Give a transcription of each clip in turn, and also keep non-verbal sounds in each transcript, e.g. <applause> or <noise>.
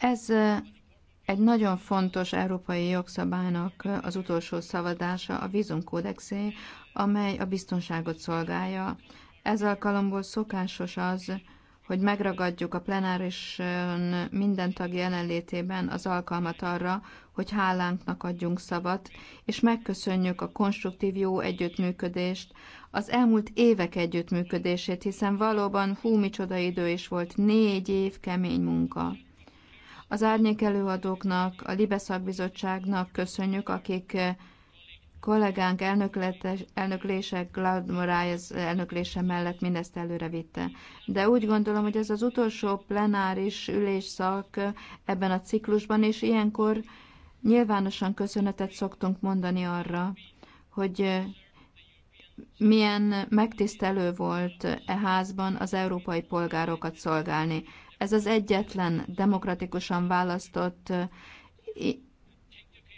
Ez egy nagyon fontos európai jogszabálynak az utolsó szavadása a vízumkódexé, amely a biztonságot szolgálja. Ez alkalomból szokásos az, hogy megragadjuk a plenáris minden tag jelenlétében az alkalmat arra, hogy hálánknak adjunk szavat, és megköszönjük a konstruktív jó együttműködést, az elmúlt évek együttműködését, hiszen valóban hú, micsoda idő is volt, négy év kemény munka. Az árnyék előadóknak, a Libeszakbizottságnak köszönjük, akik eh, kollégánk elnöklése, Glaud Moraes elnöklése mellett mindezt előre vitte. De úgy gondolom, hogy ez az utolsó plenáris ülésszak eh, ebben a ciklusban, és ilyenkor nyilvánosan köszönetet szoktunk mondani arra, hogy eh, milyen megtisztelő volt e házban az európai polgárokat szolgálni. Ez az egyetlen demokratikusan választott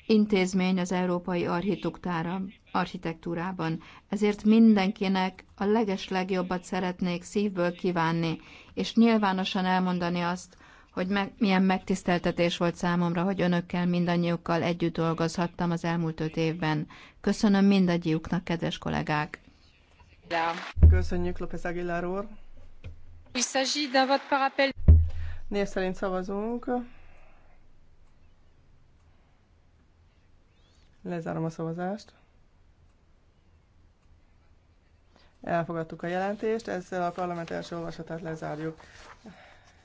intézmény az európai architektúrában. Ezért mindenkinek a leges legjobbat szeretnék szívből kívánni, és nyilvánosan elmondani azt, hogy meg, milyen megtiszteltetés volt számomra, hogy önökkel, mindannyiukkal együtt dolgozhattam az elmúlt öt évben. Köszönöm mindannyiuknak, kedves kollégák! Köszönjük, López Aguilar úr! Név szerint szavazunk. Lezárom a szavazást. Elfogadtuk a jelentést, ezzel a parlament első olvasatát lezárjuk.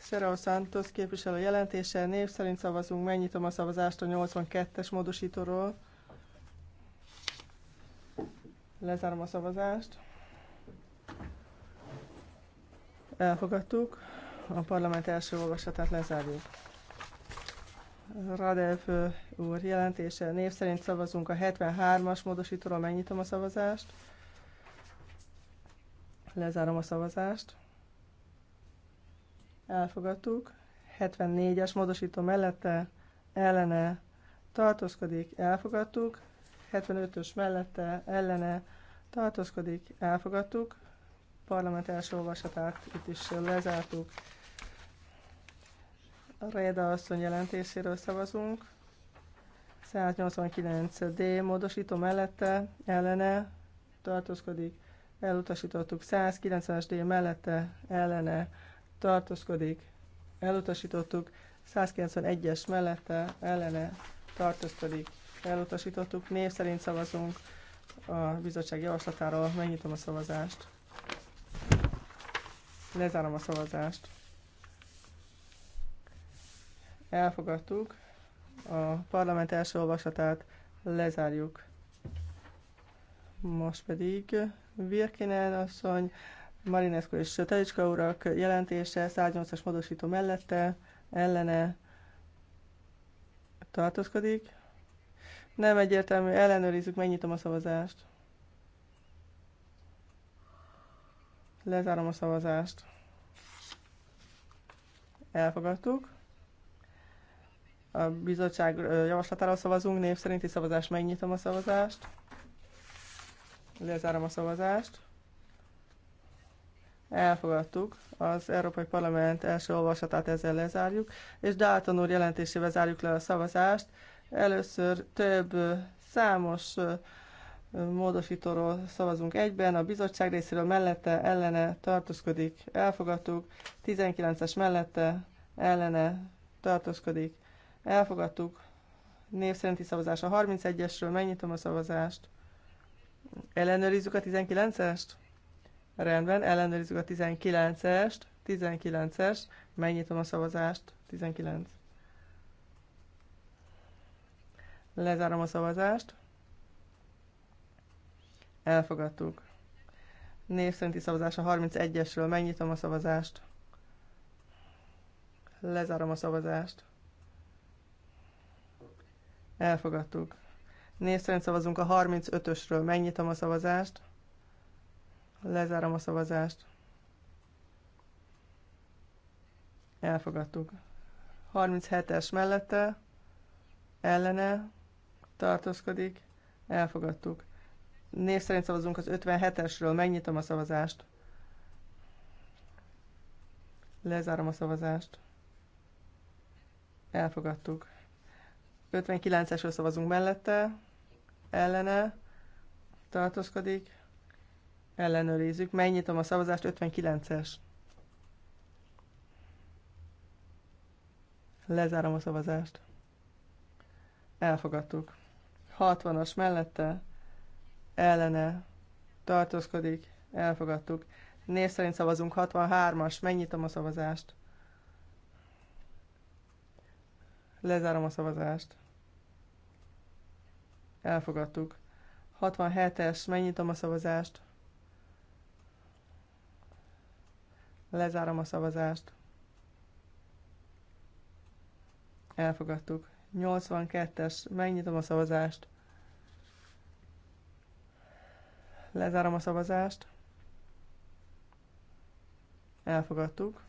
Serao Santos képviselő jelentése, név szerint szavazunk, megnyitom a szavazást a 82-es módosítóról. Lezárom a szavazást. Elfogadtuk a parlament első olvasatát lezárjuk. Radev úr jelentése. Név szerint szavazunk a 73-as módosítóra. Megnyitom a szavazást. Lezárom a szavazást. Elfogadtuk. 74-es módosító mellette ellene tartózkodik, elfogadtuk. 75-ös mellette ellene tartózkodik, elfogadtuk parlament első olvasatát itt is lezártuk. A Réda asszony jelentéséről szavazunk. 189D módosító mellette, ellene tartózkodik, elutasítottuk. 190 D mellette, ellene tartózkodik, elutasítottuk. 191-es mellette, ellene tartózkodik, elutasítottuk. Név szerint szavazunk a bizottság javaslatáról. Megnyitom a szavazást. Lezárom a szavazást. Elfogadtuk. A parlament első olvasatát lezárjuk. Most pedig Virkinen asszony, Marinescu és Telicska urak jelentése, 108-as módosító mellette, ellene tartózkodik. Nem egyértelmű, ellenőrizzük, megnyitom a szavazást. Lezárom a szavazást. Elfogadtuk. A bizottság javaslatára szavazunk, név szerinti szavazást megnyitom a szavazást. Lezárom a szavazást. Elfogadtuk. Az Európai Parlament első olvasatát ezzel lezárjuk, és Dalton úr jelentésével zárjuk le a szavazást. Először több számos módosítóról szavazunk egyben, a bizottság részéről mellette, ellene tartózkodik, elfogadtuk, 19-es mellette, ellene tartózkodik, elfogadtuk, név szerinti szavazás a 31-esről, megnyitom a szavazást, ellenőrizzük a 19-est, rendben, ellenőrizzük a 19-est, 19-es, megnyitom a szavazást, 19. Lezárom a szavazást. Elfogadtuk. Név szerinti szavazás a 31-esről. Megnyitom a szavazást. Lezárom a szavazást. Elfogadtuk. Név szerint szavazunk a 35-ösről. Megnyitom a szavazást. Lezárom a szavazást. Elfogadtuk. 37-es mellette, ellene, tartózkodik, elfogadtuk. Név szerint szavazunk az 57-esről. Megnyitom a szavazást. Lezárom a szavazást. Elfogadtuk. 59-esről szavazunk mellette. Ellene. Tartózkodik. Ellenőrizzük. Megnyitom a szavazást. 59-es. Lezárom a szavazást. Elfogadtuk. 60-as mellette ellene tartózkodik, elfogadtuk. Név szerint szavazunk 63-as, megnyitom a szavazást. Lezárom a szavazást. Elfogadtuk. 67-es, megnyitom a szavazást. Lezárom a szavazást. Elfogadtuk. 82-es, megnyitom a szavazást. Lezárom a szavazást. Elfogadtuk.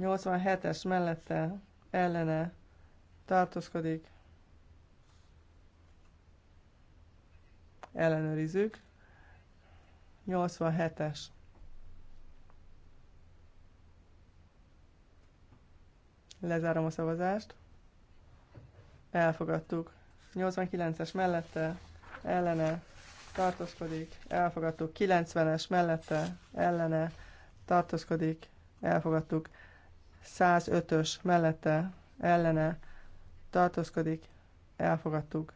87-es mellette ellene tartózkodik. Ellenőrizzük. 87-es. Lezárom a szavazást. Elfogadtuk. 89-es mellette ellene tartózkodik, elfogadtuk. 90-es mellette, ellene, tartózkodik, elfogadtuk. 105-ös mellette, ellene, tartózkodik, elfogadtuk.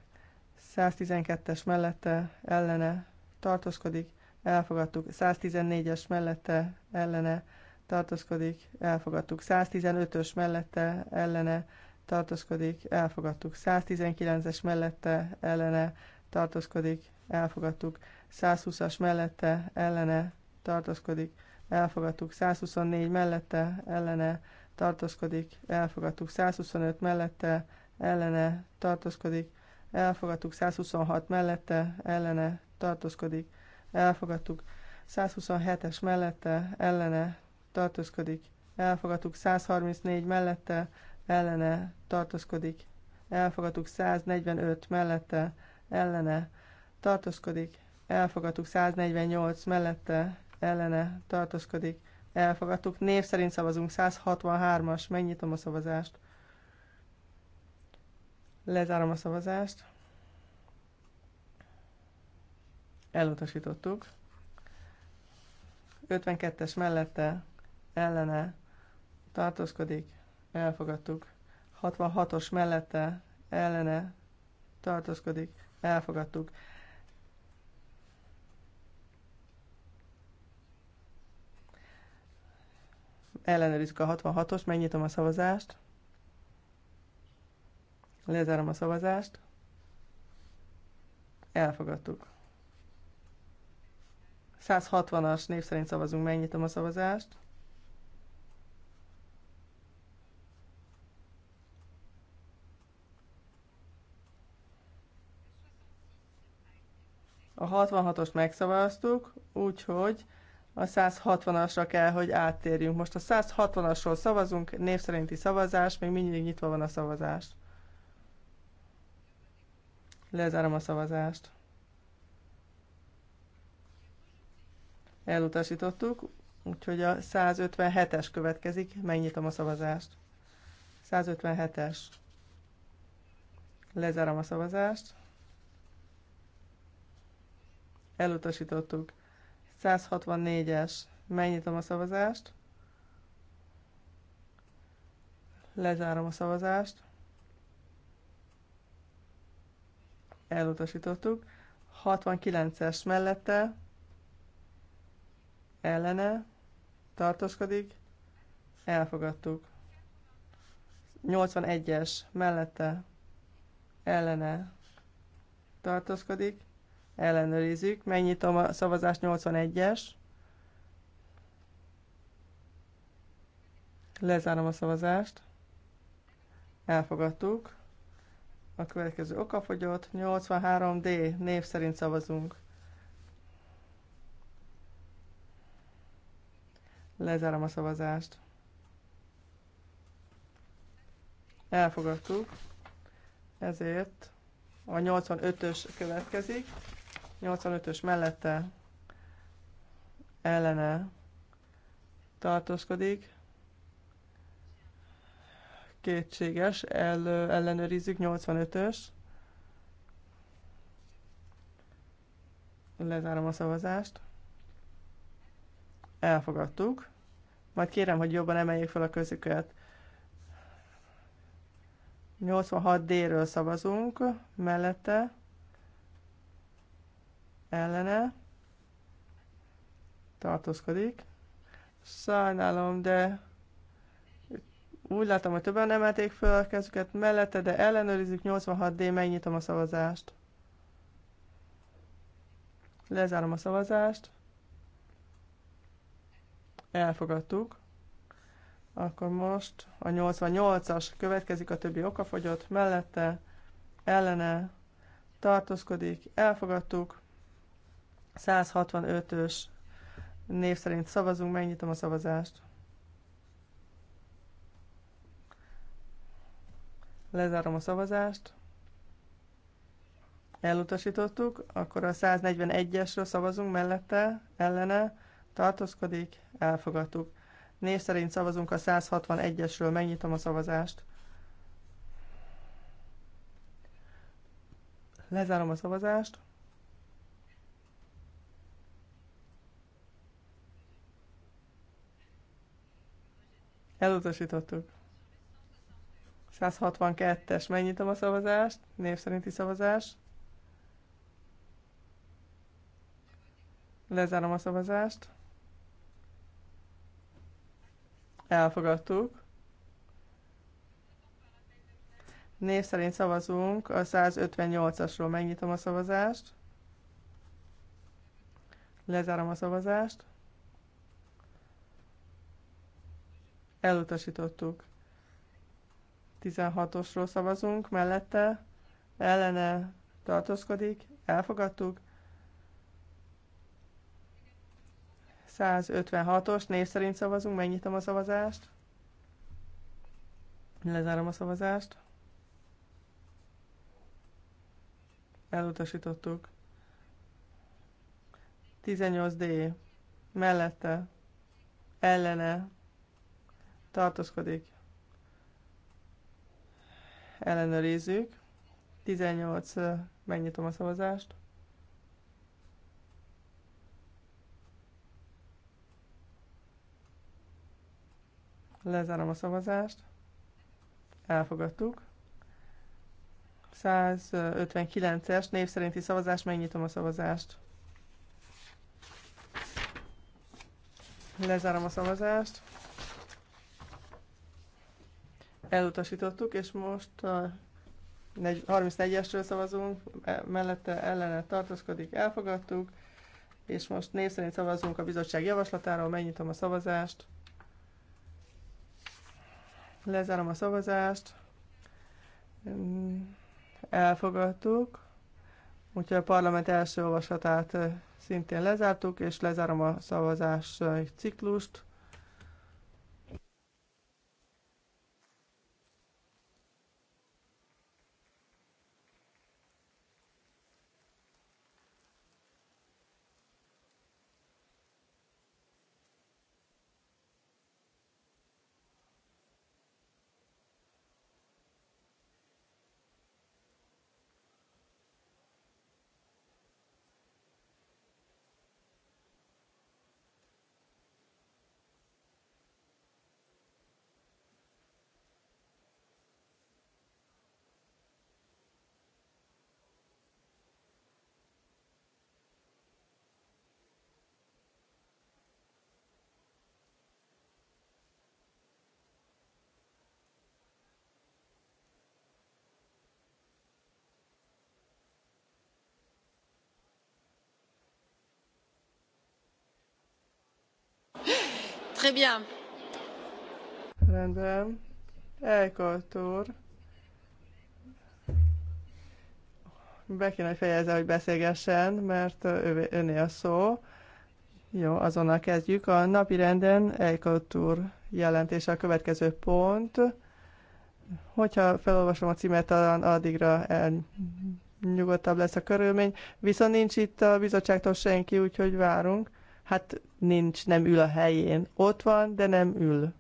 112-es mellette, ellene, tartózkodik, elfogadtuk. 114-es mellette, ellene, tartózkodik, elfogadtuk. 115-ös mellette, ellene, tartózkodik, elfogadtuk. 119-es mellette, ellene, tartózkodik, elfogadtuk. 120-as mellette ellene tartózkodik, elfogadtuk. 124 mellette ellene tartózkodik, elfogadtuk. 125 mellette ellene tartózkodik, elfogadtuk. 126 mellette ellene tartózkodik, elfogadtuk. 127-es mellette ellene tartózkodik, elfogadtuk. 134 mellette ellene tartózkodik, elfogadtuk. 145 mellette ellene tartózkodik, elfogadtuk 148 mellette, ellene tartózkodik, elfogadtuk. Név szerint szavazunk 163-as, megnyitom a szavazást. Lezárom a szavazást. Elutasítottuk. 52-es mellette, ellene tartózkodik, elfogadtuk. 66-os mellette, ellene tartózkodik, elfogadtuk. ellenőrizzük a 66-ost, megnyitom a szavazást, lezárom a szavazást, elfogadtuk. 160-as név szerint szavazunk, megnyitom a szavazást. A 66-ost megszavaztuk, úgyhogy a 160-asra kell, hogy áttérjünk. Most a 160-asról szavazunk, név szerinti szavazás, még mindig nyitva van a szavazás. Lezárom a szavazást. Elutasítottuk, úgyhogy a 157-es következik, megnyitom a szavazást. 157-es. Lezárom a szavazást. Elutasítottuk. 164-es. Megnyitom a szavazást. Lezárom a szavazást. Elutasítottuk. 69-es mellette. Ellene. Tartoskodik. Elfogadtuk. 81-es mellette. Ellene. Tartoskodik ellenőrizzük. Megnyitom a szavazást 81-es. Lezárom a szavazást. Elfogadtuk. A következő okafogyott. 83D. Név szerint szavazunk. Lezárom a szavazást. Elfogadtuk. Ezért a 85-ös következik. 85-ös mellette ellene tartózkodik. Kétséges, el, ellenőrizzük 85-ös. Lezárom a szavazást. Elfogadtuk. Majd kérem, hogy jobban emeljék fel a közüket. 86D-ről szavazunk, mellette ellene tartózkodik. Sajnálom, de úgy látom, hogy többen emelték föl a kezüket mellette, de ellenőrizzük 86D, megnyitom a szavazást. Lezárom a szavazást. Elfogadtuk. Akkor most a 88-as következik, a többi okafogyott mellette, ellene, tartózkodik, elfogadtuk. 165-ös név szerint szavazunk, megnyitom a szavazást. Lezárom a szavazást. Elutasítottuk, akkor a 141-esről szavazunk mellette, ellene, tartózkodik, elfogadtuk. Név szerint szavazunk a 161-esről, megnyitom a szavazást. Lezárom a szavazást. Elutasítottuk. 162-es. Megnyitom a szavazást. Név szerinti szavazás. Lezárom a szavazást. Elfogadtuk. Név szerint szavazunk a 158-asról. Megnyitom a szavazást. Lezárom a szavazást. elutasítottuk. 16-osról szavazunk, mellette ellene tartózkodik, elfogadtuk. 156-os név szerint szavazunk, megnyitom a szavazást. Lezárom a szavazást. Elutasítottuk. 18D. Mellette. Ellene tartózkodik. Ellenőrizzük. 18, megnyitom a szavazást. Lezárom a szavazást. Elfogadtuk. 159-es név szerinti szavazást megnyitom a szavazást. Lezárom a szavazást elutasítottuk, és most a 34-esről szavazunk, e- mellette ellene tartózkodik, elfogadtuk, és most név szerint szavazunk a bizottság javaslatáról, megnyitom a szavazást, lezárom a szavazást, elfogadtuk, úgyhogy a parlament első olvasatát szintén lezártuk, és lezárom a szavazás ciklust, Très bien. Rendben. Elkart Be kéne, hogy fejezze, hogy beszélgessen, mert ő, öné a szó. Jó, azonnal kezdjük. A napi renden Elkart jelentése a következő pont. Hogyha felolvasom a címet, talán addigra el, nyugodtabb lesz a körülmény. Viszont nincs itt a bizottságtól senki, úgyhogy várunk hát nincs, nem ül a helyén. Ott van, de nem ül.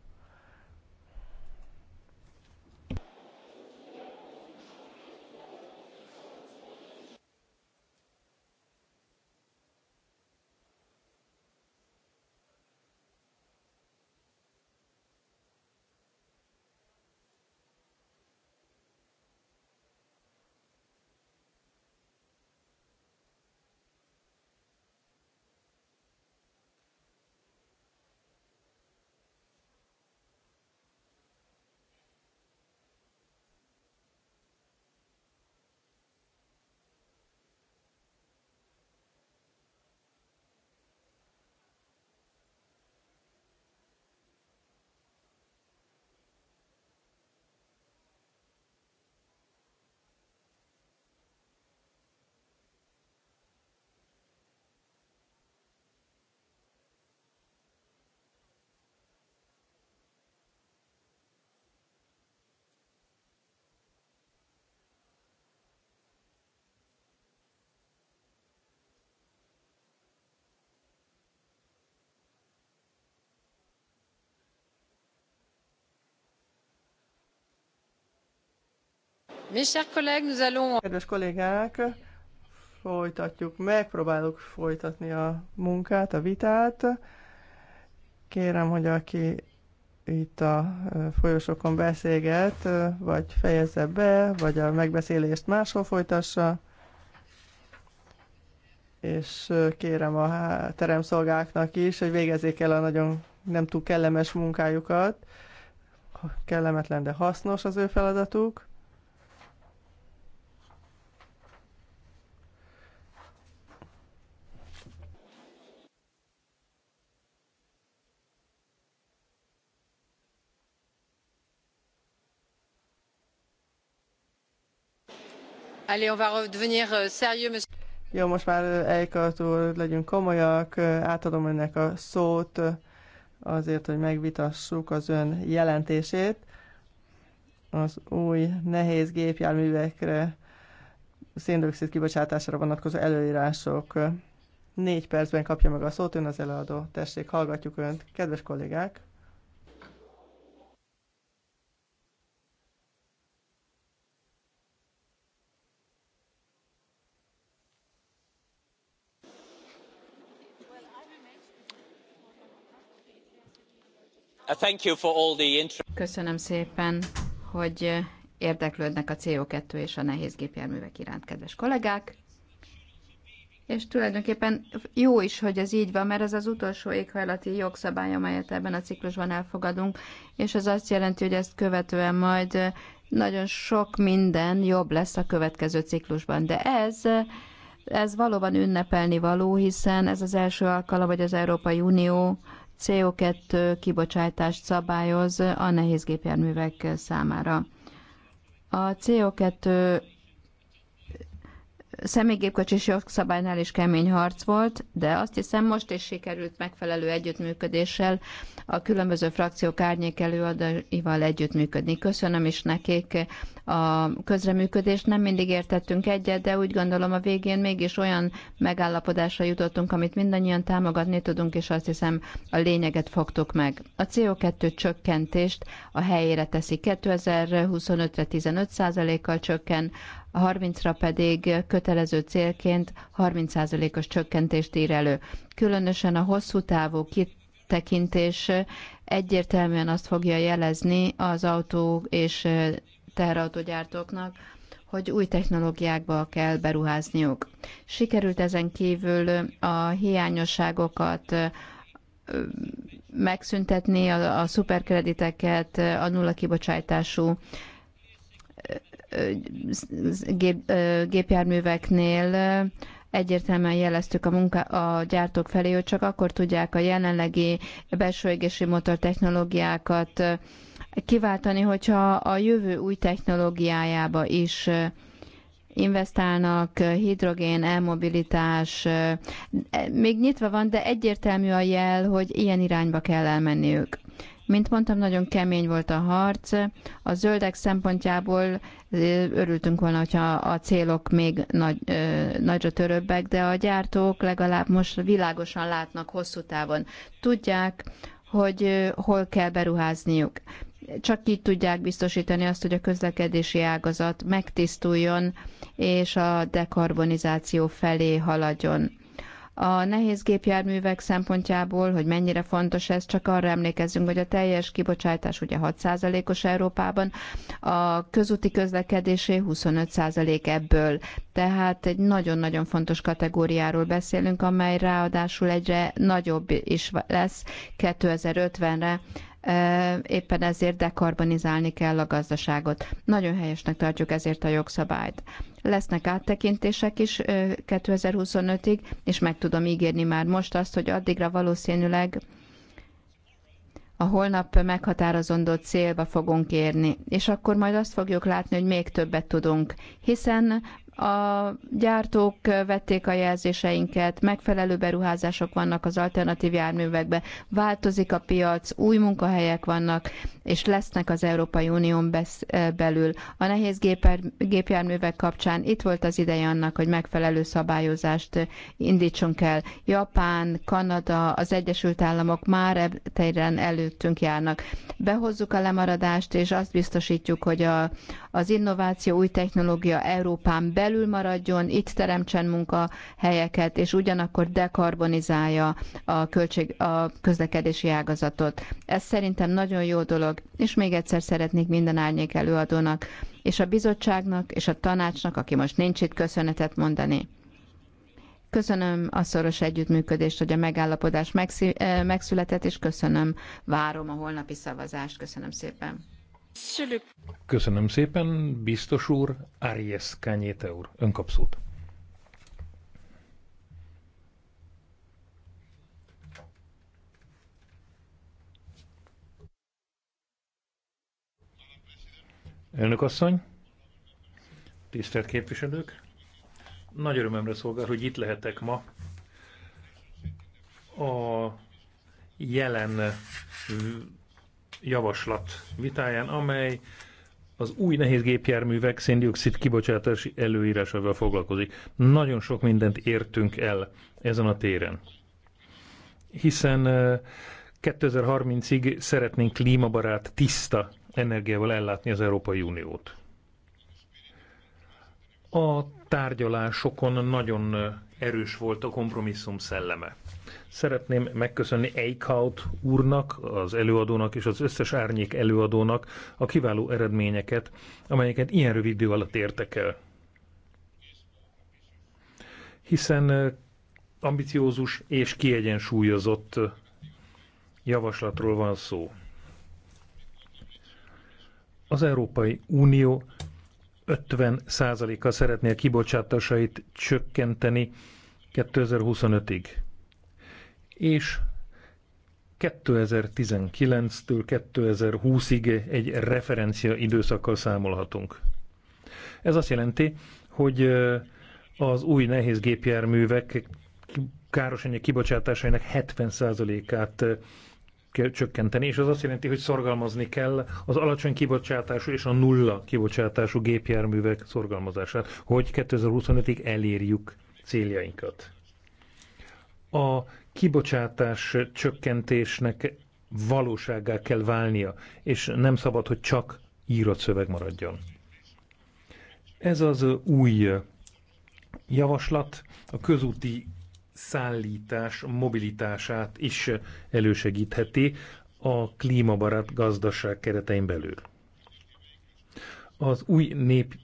Kedves kollégák, folytatjuk, megpróbáljuk folytatni a munkát, a vitát. Kérem, hogy aki itt a folyosókon beszélget, vagy fejezze be, vagy a megbeszélést máshol folytassa, és kérem a teremszolgáknak is, hogy végezzék el a nagyon nem túl kellemes munkájukat. Kellemetlen, de hasznos az ő feladatuk. Allez, on va euh, sérieux, monsieur. Jó, most már Eikart úr, legyünk komolyak, átadom önnek a szót uh, azért, hogy megvitassuk az ön jelentését az új nehéz gépjárművekre széndiokszid kibocsátására vonatkozó előírások. Négy percben kapja meg a szót ön az előadó. Tessék, hallgatjuk önt. Kedves kollégák! Köszönöm szépen, hogy érdeklődnek a CO2 és a nehéz gépjárművek iránt, kedves kollégák. És tulajdonképpen jó is, hogy ez így van, mert ez az utolsó éghajlati jogszabály, amelyet ebben a ciklusban elfogadunk, és ez azt jelenti, hogy ezt követően majd nagyon sok minden jobb lesz a következő ciklusban. De ez ez valóban ünnepelni való, hiszen ez az első alkalom, hogy az Európai Unió CO2 kibocsátást szabályoz a nehéz gépjárművek számára. A CO2 személygépkocsis jogszabálynál is kemény harc volt, de azt hiszem most is sikerült megfelelő együttműködéssel a különböző frakciók árnyék előadóival együttműködni. Köszönöm is nekik a közreműködést, nem mindig értettünk egyet, de úgy gondolom a végén mégis olyan megállapodásra jutottunk, amit mindannyian támogatni tudunk, és azt hiszem a lényeget fogtuk meg. A CO2 csökkentést a helyére teszi 2025-re 15%-kal csökken, a 30-ra pedig kötelező célként 30%-os csökkentést ír elő. Különösen a hosszú távú kitekintés egyértelműen azt fogja jelezni az autó és teherautógyártóknak, hogy új technológiákba kell beruházniuk. Sikerült ezen kívül a hiányosságokat megszüntetni, a, a szuperkrediteket, a nulla kibocsátású gép, gépjárműveknél egyértelműen jeleztük a, munka, a gyártók felé, hogy csak akkor tudják a jelenlegi belső égési motor technológiákat kiváltani, hogyha a jövő új technológiájába is investálnak, hidrogén, elmobilitás, e, még nyitva van, de egyértelmű a jel, hogy ilyen irányba kell elmenniük. Mint mondtam, nagyon kemény volt a harc. A zöldek szempontjából örültünk volna, hogyha a célok még nagy, nagyra törőbbek, de a gyártók legalább most világosan látnak hosszú távon. Tudják, hogy hol kell beruházniuk. Csak így tudják biztosítani azt, hogy a közlekedési ágazat megtisztuljon és a dekarbonizáció felé haladjon. A nehéz gépjárművek szempontjából, hogy mennyire fontos ez, csak arra emlékezzünk, hogy a teljes kibocsátás ugye 6%-os Európában, a közúti közlekedésé 25% ebből. Tehát egy nagyon-nagyon fontos kategóriáról beszélünk, amely ráadásul egyre nagyobb is lesz 2050-re, éppen ezért dekarbonizálni kell a gazdaságot. Nagyon helyesnek tartjuk ezért a jogszabályt. Lesznek áttekintések is 2025-ig, és meg tudom ígérni már most azt, hogy addigra valószínűleg a holnap meghatározandó célba fogunk érni, és akkor majd azt fogjuk látni, hogy még többet tudunk, hiszen a gyártók vették a jelzéseinket, megfelelő beruházások vannak az alternatív járművekbe, változik a piac, új munkahelyek vannak, és lesznek az Európai Unión eh, belül. A nehéz gépjárművek kapcsán itt volt az ideje annak, hogy megfelelő szabályozást eh, indítsunk el. Japán, Kanada, az Egyesült Államok már ebben előttünk járnak. Behozzuk a lemaradást, és azt biztosítjuk, hogy a, az innováció, új technológia Európán belül maradjon, itt teremtsen munkahelyeket, és ugyanakkor dekarbonizálja a, költség, a közlekedési ágazatot. Ez szerintem nagyon jó dolog, és még egyszer szeretnék minden árnyék előadónak, és a bizottságnak, és a tanácsnak, aki most nincs itt, köszönetet mondani. Köszönöm a szoros együttműködést, hogy a megállapodás eh, megszületett, és köszönöm, várom a holnapi szavazást. Köszönöm szépen. Köszönöm szépen, biztos úr, Arias Kányéte úr, önkapszót. Elnök asszony, tisztelt képviselők, nagy örömömre szolgál, hogy itt lehetek ma a jelen javaslat vitáján, amely az új nehéz gépjárművek széndiokszid kibocsátási előírásával foglalkozik. Nagyon sok mindent értünk el ezen a téren. Hiszen 2030-ig szeretnénk klímabarát, tiszta energiával ellátni az Európai Uniót. A tárgyalásokon nagyon erős volt a kompromisszum szelleme. Szeretném megköszönni Eichhout úrnak, az előadónak és az összes árnyék előadónak a kiváló eredményeket, amelyeket ilyen rövid idő alatt értek el. Hiszen ambiciózus és kiegyensúlyozott javaslatról van szó. Az Európai Unió 50%-kal szeretné a kibocsátásait csökkenteni 2025-ig és 2019-től 2020-ig egy referencia időszakkal számolhatunk. Ez azt jelenti, hogy az új nehéz gépjárművek károsanyag kibocsátásainak 70%-át kell csökkenteni, és az azt jelenti, hogy szorgalmazni kell az alacsony kibocsátású és a nulla kibocsátású gépjárművek szorgalmazását, hogy 2025-ig elérjük céljainkat. A kibocsátás csökkentésnek valósággá kell válnia, és nem szabad, hogy csak írott szöveg maradjon. Ez az új javaslat a közúti szállítás mobilitását is elősegítheti a klímabarát gazdaság keretein belül. Az új nép,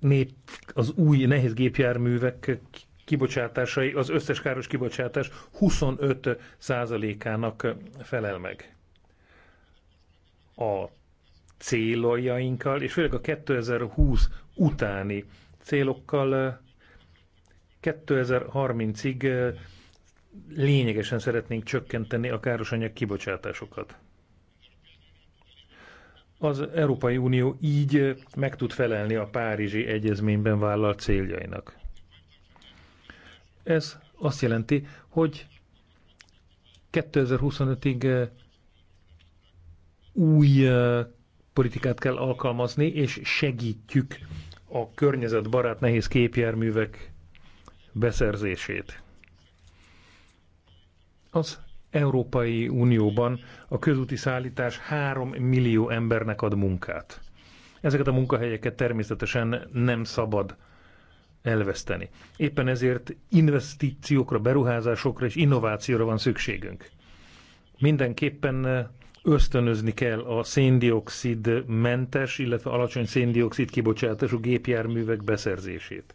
nép az új nehéz gépjárművek kibocsátásai, az összes káros kibocsátás 25 százalékának felel meg. A céljainkkal, és főleg a 2020 utáni célokkal 2030-ig lényegesen szeretnénk csökkenteni a károsanyag kibocsátásokat. Az Európai Unió így meg tud felelni a Párizsi Egyezményben vállalt céljainak. Ez azt jelenti, hogy 2025-ig eh, új eh, politikát kell alkalmazni, és segítjük a környezetbarát nehéz képjárművek beszerzését. Az Európai Unióban a közúti szállítás 3 millió embernek ad munkát. Ezeket a munkahelyeket természetesen nem szabad elveszteni. Éppen ezért investíciókra, beruházásokra és innovációra van szükségünk. Mindenképpen eh, ösztönözni kell a széndiokszid mentes, illetve alacsony széndiokszid kibocsátású gépjárművek beszerzését.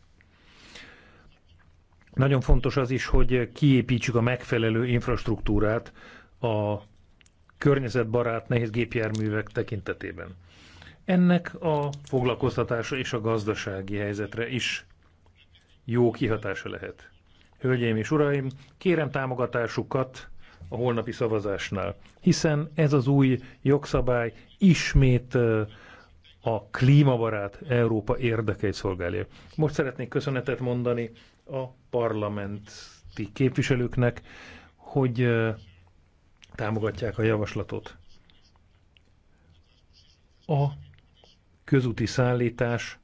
Nagyon fontos az is, hogy kiépítsük a megfelelő infrastruktúrát a környezetbarát nehéz gépjárművek tekintetében. Ennek a foglalkoztatása és a gazdasági helyzetre is jó kihatása lehet. Hölgyeim és uraim, kérem támogatásukat a holnapi szavazásnál, hiszen ez az új jogszabály ismét a klímabarát Európa érdekeit szolgálja. Most szeretnék köszönetet mondani a parlamenti képviselőknek, hogy támogatják a javaslatot. A közúti szállítás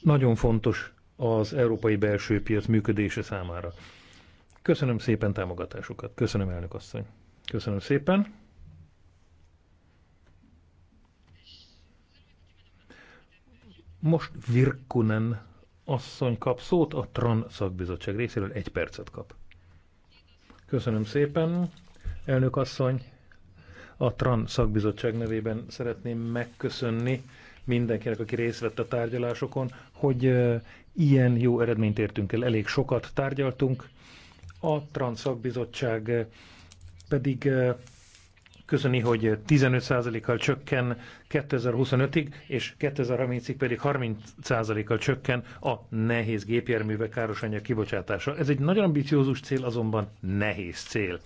nagyon fontos az európai belső piac működése számára. Köszönöm szépen támogatásukat. Köszönöm, elnök asszony. Köszönöm szépen. Most Virkunen asszony kap szót, a TRAN szakbizottság részéről egy percet kap. Köszönöm szépen, elnök asszony. A TRAN szakbizottság nevében szeretném megköszönni mindenkinek, aki részt vett a tárgyalásokon, hogy ilyen jó eredményt értünk el, elég sokat tárgyaltunk. A Transzakbizottság eh, pedig eh, köszöni, hogy 15%-kal csökken 2025-ig, és 2030-ig pedig 30%-kal csökken a nehéz gépjárművek károsanyag kibocsátása. Ez egy nagyon ambiciózus cél, azonban nehéz cél.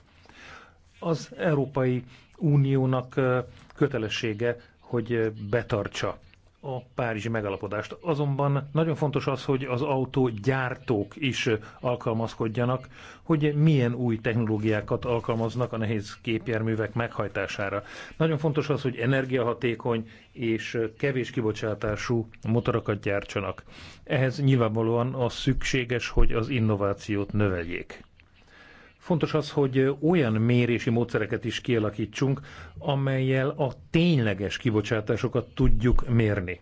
Az Európai Uniónak eh, kötelessége, hogy betartsa a párizsi megalapodást. Azonban nagyon fontos az, hogy az autógyártók is alkalmazkodjanak, hogy milyen új technológiákat alkalmaznak a nehéz képjárművek meghajtására. Nagyon fontos az, hogy energiahatékony és kevés kibocsátású motorokat gyártsanak. Ehhez nyilvánvalóan az szükséges, hogy az innovációt növeljék. Fontos az, hogy olyan mérési módszereket is kialakítsunk, amelyel a tényleges kibocsátásokat tudjuk mérni.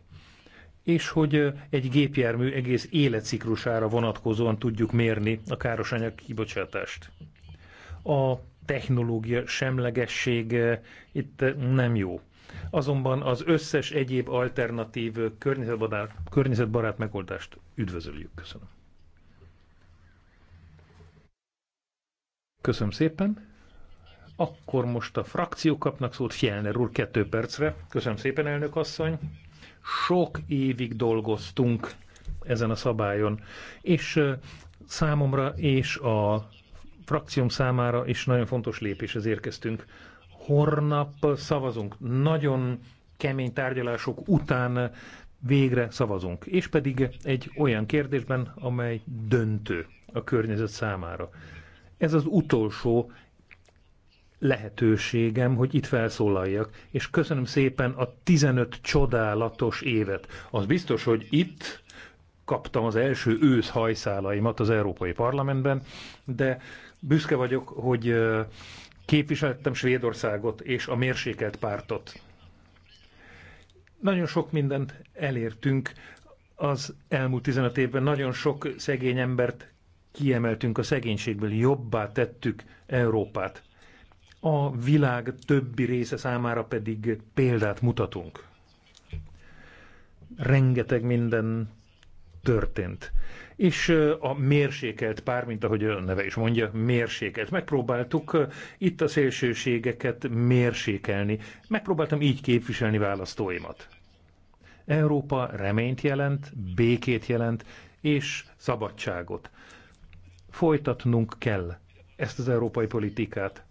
És hogy egy gépjármű egész életciklusára vonatkozóan tudjuk mérni a károsanyag kibocsátást. A technológia semlegesség itt nem jó. Azonban az összes egyéb alternatív környezetbarát, környezetbarát megoldást üdvözöljük. Köszönöm. Köszönöm szépen. Akkor most a frakciók kapnak szót, Fjellner úr, kettő percre. Köszönöm szépen, elnök asszony. Sok évig dolgoztunk ezen a szabályon, és számomra és a frakcióm számára is nagyon fontos lépéshez érkeztünk. Hornap szavazunk. Nagyon kemény tárgyalások után végre szavazunk, és pedig egy olyan kérdésben, amely döntő a környezet számára. Ez az utolsó lehetőségem, hogy itt felszólaljak, és köszönöm szépen a 15 csodálatos évet. Az biztos, hogy itt kaptam az első ősz hajszálaimat az Európai Parlamentben, de büszke vagyok, hogy képviseltem Svédországot és a mérsékelt pártot. Nagyon sok mindent elértünk az elmúlt 15 évben, nagyon sok szegény embert kiemeltünk a szegénységből, jobbá tettük Európát. A világ többi része számára pedig példát mutatunk. Rengeteg minden történt. És a mérsékelt pár, mint ahogy a neve is mondja, mérsékelt. Megpróbáltuk itt a szélsőségeket mérsékelni. Megpróbáltam így képviselni választóimat. Európa reményt jelent, békét jelent, és szabadságot folytatnunk kell ezt az európai politikát,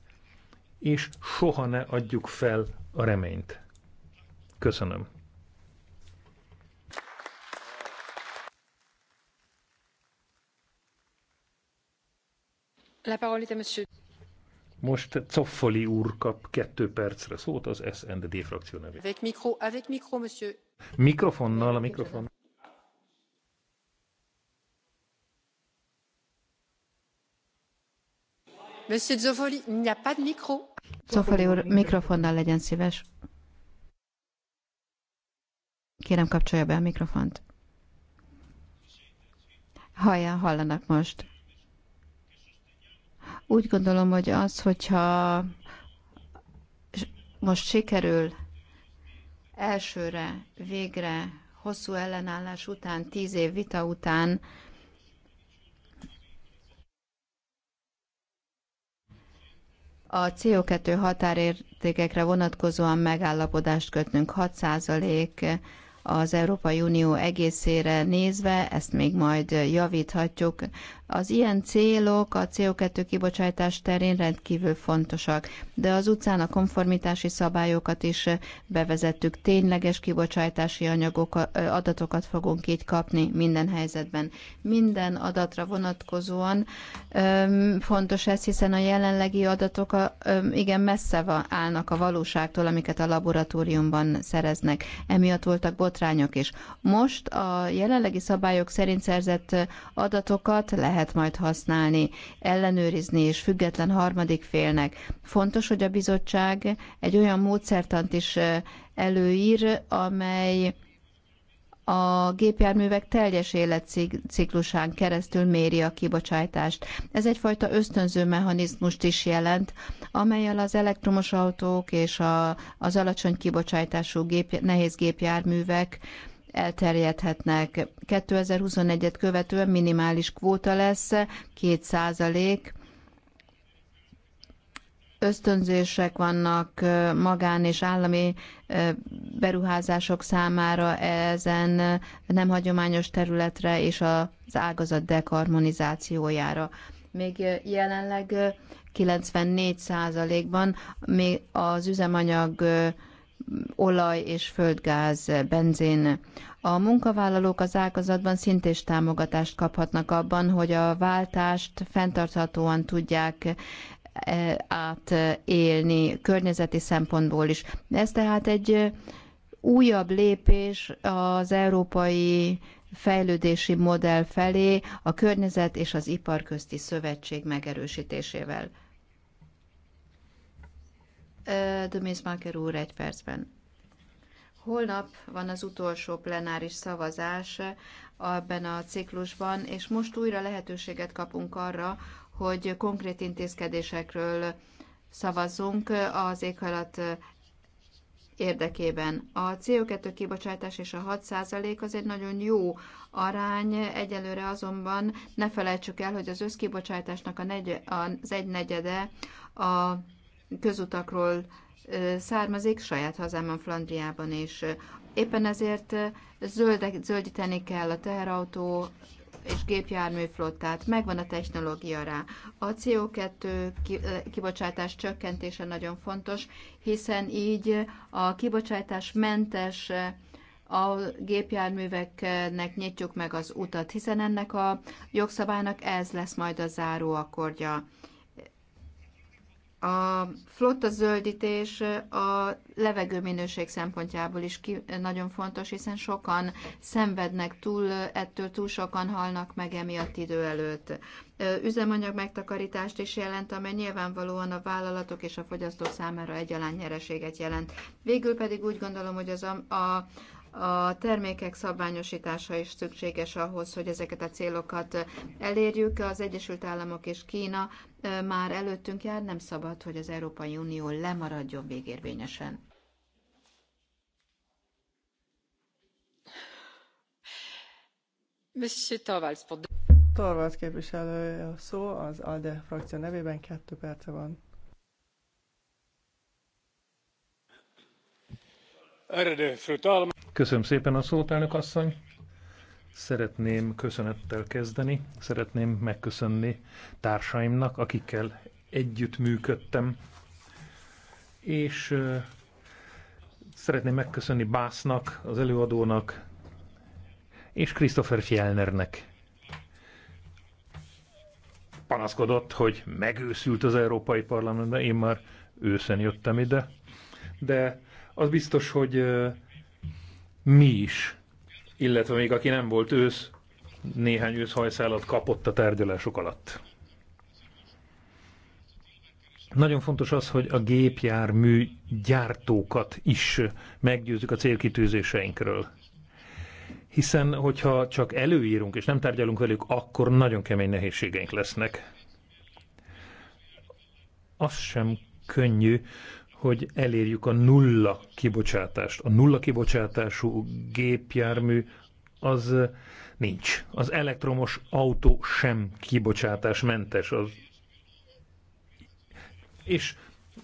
és soha ne adjuk fel a reményt. Köszönöm. Most Coffoli úr kap kettő percre szót az SND frakció nevében. Avec micro, avec micro, monsieur. Mikrofonnal, a mikrofon. Monsieur Zofoli, il n'y a pas de micro. Zofoli úr, mikrofonnal legyen szíves. Kérem, kapcsolja be a mikrofont. Hallja, hallanak most. Úgy gondolom, hogy az, hogyha most sikerül elsőre, végre, hosszú ellenállás után, tíz év vita után a CO2 határértékekre vonatkozóan megállapodást kötnünk 6% az Európai Unió egészére nézve, ezt még majd javíthatjuk. Az ilyen célok a CO2 kibocsátás terén rendkívül fontosak, de az utcán a konformitási szabályokat is eh, bevezettük. Tényleges kibocsátási anyagok, eh, adatokat fogunk így kapni minden helyzetben. Minden adatra vonatkozóan ehm, fontos ez, hiszen a jelenlegi adatok a, ehm, igen messze állnak a valóságtól, amiket a laboratóriumban szereznek. Emiatt voltak botrányok is. Most a jelenlegi szabályok szerint szerzett eh, adatokat lehet lehet majd használni, ellenőrizni és független harmadik félnek. Fontos, hogy a bizottság egy olyan módszertant is előír, amely a gépjárművek teljes életciklusán keresztül méri a kibocsátást. Ez egyfajta ösztönző mechanizmust is jelent, amelyel az elektromos autók és a, az alacsony kibocsátású gép, nehéz gépjárművek elterjedhetnek. 2021-et követően minimális kvóta lesz, 2 százalék, ösztönzések vannak magán és állami beruházások számára ezen nem hagyományos területre és az ágazat dekarmonizációjára. Még jelenleg 94 százalékban még az üzemanyag olaj és földgáz, benzin. A munkavállalók az ágazatban szintén támogatást kaphatnak abban, hogy a váltást fenntarthatóan tudják e, átélni környezeti szempontból is. Ez tehát egy újabb lépés az európai fejlődési modell felé a környezet és az ipar közti szövetség megerősítésével. Dömészmáker úr egy percben. Holnap van az utolsó plenáris szavazás ebben a ciklusban, és most újra lehetőséget kapunk arra, hogy konkrét intézkedésekről szavazzunk az éghajlat érdekében. A CO2 kibocsátás és a 6% az egy nagyon jó arány, egyelőre azonban ne felejtsük el, hogy az összkibocsátásnak a negy, az egynegyede a közutakról származik, saját hazámban, Flandriában és Éppen ezért zöldek, zöldíteni kell a teherautó és gépjárműflottát, megvan a technológia rá. A CO2 kibocsátás csökkentése nagyon fontos, hiszen így a kibocsátás mentes a gépjárműveknek nyitjuk meg az utat, hiszen ennek a jogszabálynak ez lesz majd a záró akkordja a flotta zöldítés a levegő minőség szempontjából is ki, nagyon fontos, hiszen sokan szenvednek túl, ettől túl sokan halnak meg emiatt idő előtt. Üzemanyag megtakarítást is jelent, amely nyilvánvalóan a vállalatok és a fogyasztók számára egyaránt nyereséget jelent. Végül pedig úgy gondolom, hogy az a, a a termékek szabványosítása is szükséges ahhoz, hogy ezeket a célokat elérjük. Az Egyesült Államok és Kína már előttünk jár, nem szabad, hogy az Európai Unió lemaradjon végérvényesen. Torvalds képviselő a szó, az ALDE frakció nevében kettő perce van. Köszönöm szépen a szót, elnök asszony. Szeretném köszönettel kezdeni, szeretném megköszönni társaimnak, akikkel együtt működtem, és szeretném megköszönni Básznak, az előadónak, és Christopher Fjellnernek. Panaszkodott, hogy megőszült az Európai Parlamentben, én már őszen jöttem ide, de az biztos, hogy mi is illetve még aki nem volt ősz, néhány őszhajszálat kapott a tárgyalások alatt. Nagyon fontos az, hogy a gépjármű gyártókat is meggyőzzük a célkitűzéseinkről. Hiszen, hogyha csak előírunk és nem tárgyalunk velük, akkor nagyon kemény nehézségeink lesznek. Az sem könnyű, hogy elérjük a nulla kibocsátást. A nulla kibocsátású gépjármű az nincs. Az elektromos autó sem kibocsátásmentes. Az... És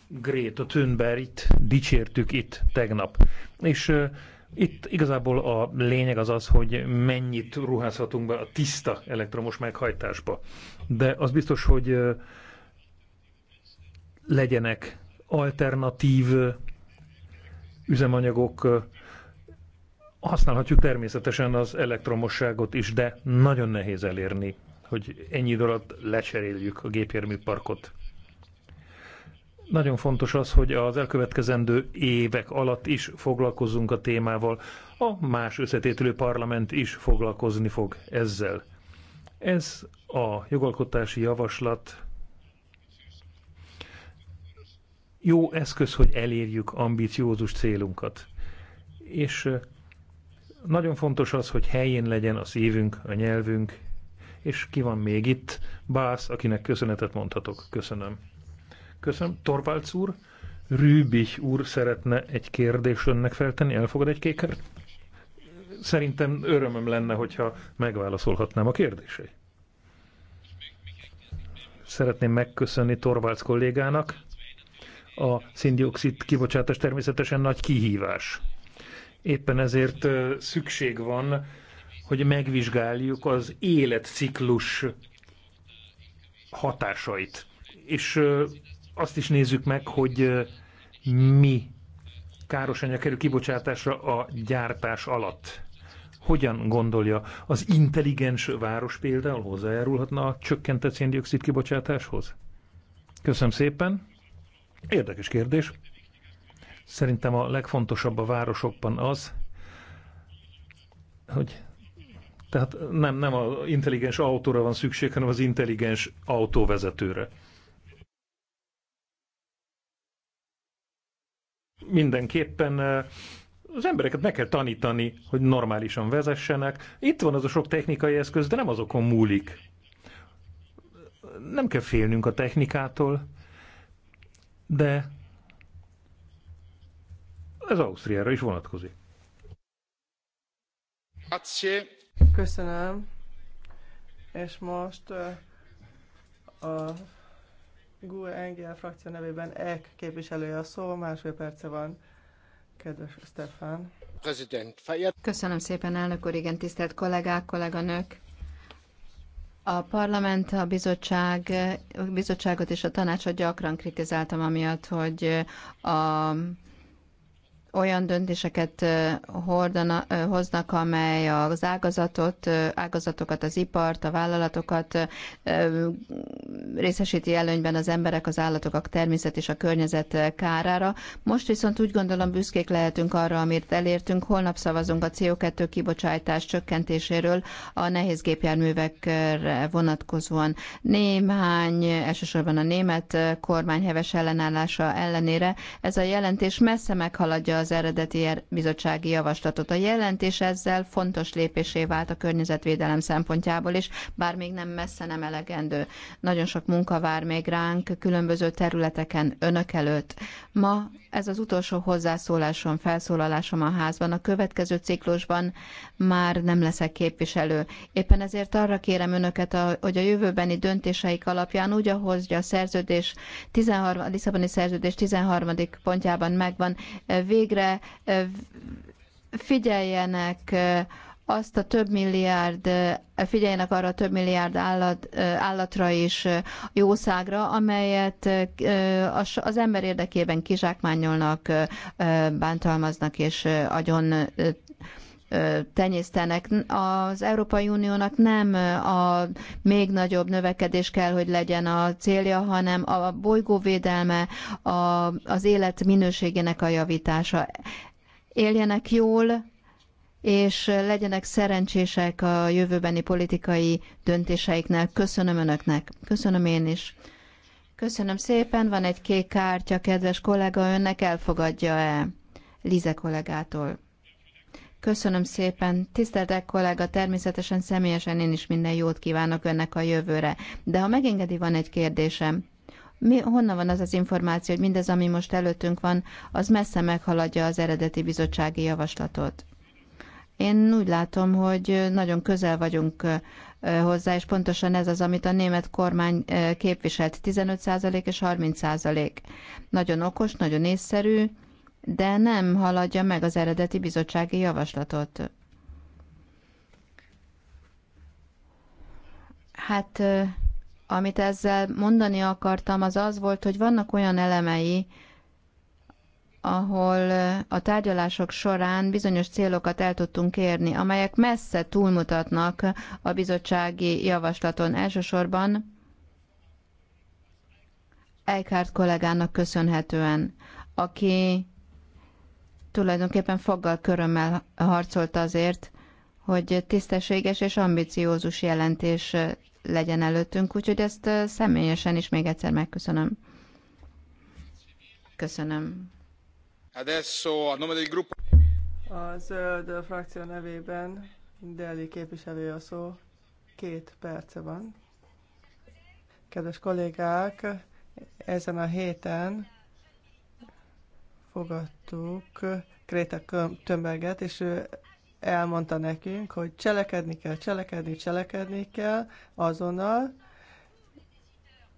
Greta Thunberg itt dicsértük itt tegnap. És uh, itt igazából a lényeg az az, hogy mennyit ruházhatunk be a tiszta elektromos meghajtásba. De az biztos, hogy uh, legyenek alternatív üzemanyagok, használhatjuk természetesen az elektromosságot is, de nagyon nehéz elérni, hogy ennyi idő alatt lecseréljük a gépjárműparkot. Nagyon fontos az, hogy az elkövetkezendő évek alatt is foglalkozzunk a témával. A más összetételő parlament is foglalkozni fog ezzel. Ez a jogalkotási javaslat jó eszköz, hogy elérjük ambiciózus célunkat. És nagyon fontos az, hogy helyén legyen a szívünk, a nyelvünk, és ki van még itt? Bász, akinek köszönetet mondhatok. Köszönöm. Köszönöm. Torvalds úr, Rübig úr szeretne egy kérdést önnek feltenni. Elfogad egy kéket? Szerintem örömöm lenne, hogyha megválaszolhatnám a kérdéseit. Szeretném megköszönni Torvalds kollégának a szindioxid kibocsátás természetesen nagy kihívás. Éppen ezért szükség van, hogy megvizsgáljuk az életciklus hatásait. És azt is nézzük meg, hogy mi káros anyag kerül kibocsátásra a gyártás alatt. Hogyan gondolja? Az intelligens város például hozzájárulhatna a csökkentett széndiokszid kibocsátáshoz? Köszönöm szépen! Érdekes kérdés. Szerintem a legfontosabb a városokban az, hogy tehát nem, nem az intelligens autóra van szükség, hanem az intelligens autóvezetőre. Mindenképpen eh, az embereket meg kell tanítani, hogy normálisan vezessenek. Itt van az a sok technikai eszköz, de nem azokon múlik. Nem kell félnünk a technikától, de ez Ausztriára is vonatkozik. Köszönöm. És most a GUE NGL frakció nevében EK képviselője a szó, másfél perce van. Kedves Stefan. Köszönöm szépen, elnök úr, igen, tisztelt kollégák, kolléganők. A parlament, a bizottság, a bizottságot és a tanácsot gyakran kritizáltam, amiatt, hogy a olyan döntéseket hordana, hoznak, amely az ágazatot, ágazatokat, az ipart, a vállalatokat részesíti előnyben az emberek, az állatok, a természet és a környezet kárára. Most viszont úgy gondolom büszkék lehetünk arra, amit elértünk. Holnap szavazunk a CO2 kibocsátás csökkentéséről a nehéz gépjárművekre vonatkozóan. Néhány, elsősorban a német kormány heves ellenállása ellenére ez a jelentés messze meghaladja az eredeti er- bizottsági javaslatot. A jelentés ezzel fontos lépésé vált a környezetvédelem szempontjából is, bár még nem messze nem elegendő. Nagyon sok munka vár még ránk különböző területeken önök előtt. Ma ez az utolsó hozzászólásom, felszólalásom a házban. A következő ciklusban már nem leszek képviselő. Éppen ezért arra kérem önöket, hogy a jövőbeni döntéseik alapján úgy, ahogy a szerződés 13, a Lisszaboni szerződés 13. pontjában megvan, eh, végre végre figyeljenek azt a több milliárd, figyeljenek arra a több milliárd állat, állatra és jószágra, amelyet az ember érdekében kizsákmányolnak, bántalmaznak és agyon tenyésztenek. Az Európai Uniónak nem a még nagyobb növekedés kell, hogy legyen a célja, hanem a bolygóvédelme, a, az élet minőségének a javítása. Éljenek jól, és legyenek szerencsések a jövőbeni politikai döntéseiknél. Köszönöm Önöknek. Köszönöm én is. Köszönöm szépen. Van egy kék kártya, kedves kollega, önnek elfogadja-e? Lize kollégától. Köszönöm szépen. Tiszteltek kollega, természetesen személyesen én is minden jót kívánok önnek a jövőre. De ha megengedi, van egy kérdésem. Mi, honnan van az az információ, hogy mindez, ami most előttünk van, az messze meghaladja az eredeti bizottsági javaslatot? Én úgy látom, hogy nagyon közel vagyunk hozzá, és pontosan ez az, amit a német kormány képviselt, 15% és 30%. Nagyon okos, nagyon észszerű, de nem haladja meg az eredeti bizottsági javaslatot. Hát, amit ezzel mondani akartam, az az volt, hogy vannak olyan elemei, ahol a tárgyalások során bizonyos célokat el tudtunk érni, amelyek messze túlmutatnak a bizottsági javaslaton. Elsősorban Eckhart kollégának köszönhetően, aki tulajdonképpen foggal körömmel harcolt azért, hogy tisztességes és ambiciózus jelentés legyen előttünk, úgyhogy ezt személyesen is még egyszer megköszönöm. Köszönöm. A zöld frakció nevében Deli képviselő a szó. Két perce van. Kedves kollégák, ezen a héten fogadtuk Kréta tömeget, és ő elmondta nekünk, hogy cselekedni kell, cselekedni, cselekedni kell azonnal.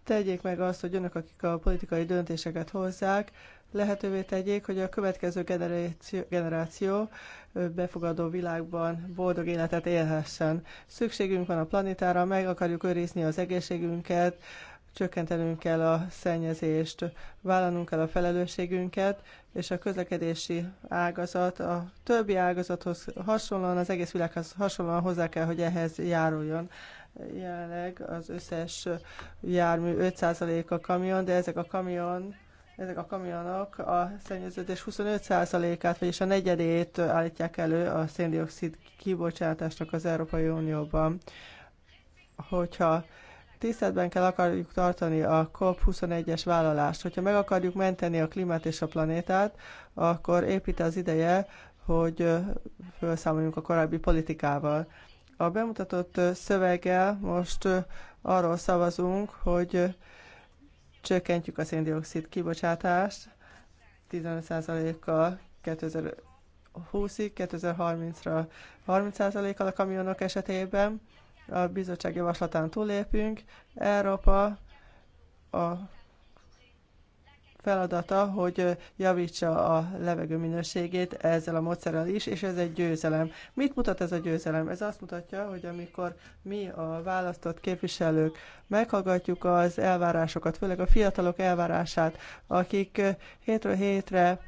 Tegyék meg azt, hogy önök, akik a politikai döntéseket hozzák, lehetővé tegyék, hogy a következő generáció, generáció befogadó világban boldog életet élhessen. Szükségünk van a planetára, meg akarjuk őrizni az egészségünket, csökkentenünk kell a szennyezést, vállalnunk kell a felelősségünket, és a közlekedési ágazat a többi ágazathoz hasonlóan, az egész világhoz hasonlóan hozzá kell, hogy ehhez járuljon. Jelenleg az összes jármű 5% a kamion, de ezek a kamion ezek a kamionok a szennyeződés 25%-át, vagyis a negyedét állítják elő a széndiokszid kibocsátásnak az Európai Unióban. Hogyha tiszteletben kell akarjuk tartani a COP21-es vállalást. Hogyha meg akarjuk menteni a klímát és a planétát, akkor épít az ideje, hogy felszámoljunk a korábbi politikával. A bemutatott szöveggel most arról szavazunk, hogy csökkentjük a széndiokszid kibocsátást 15%-kal 2020-ig, 2030-ra 30%-kal a kamionok esetében, a bizottság javaslatán túlépünk. Európa a feladata, hogy javítsa a levegő minőségét ezzel a módszerrel is, és ez egy győzelem. Mit mutat ez a győzelem? Ez azt mutatja, hogy amikor mi a választott képviselők meghallgatjuk az elvárásokat, főleg a fiatalok elvárását, akik hétről hétre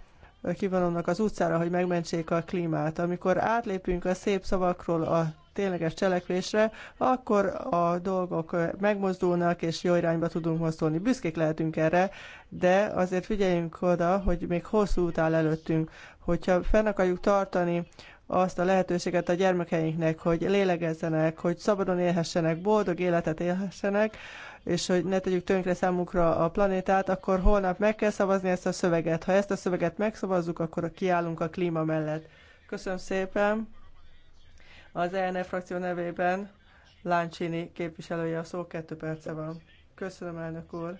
kivonulnak az utcára, hogy megmentsék a klímát. Amikor átlépünk a szép szavakról a tényleges cselekvésre, akkor a dolgok megmozdulnak, és jó irányba tudunk mozdulni. Büszkék lehetünk erre, de azért figyeljünk oda, hogy még hosszú út áll előttünk. Hogyha fenn akarjuk tartani azt a lehetőséget a gyermekeinknek, hogy lélegezzenek, hogy szabadon élhessenek, boldog életet élhessenek, és hogy ne tegyük tönkre számukra a planétát, akkor holnap meg kell szavazni ezt a szöveget. Ha ezt a szöveget megszavazzuk, akkor kiállunk a klíma mellett. Köszönöm szépen! Az ELNE e frakció nevében Láncsini képviselője a szó, kettő perce van. Köszönöm, elnök úr.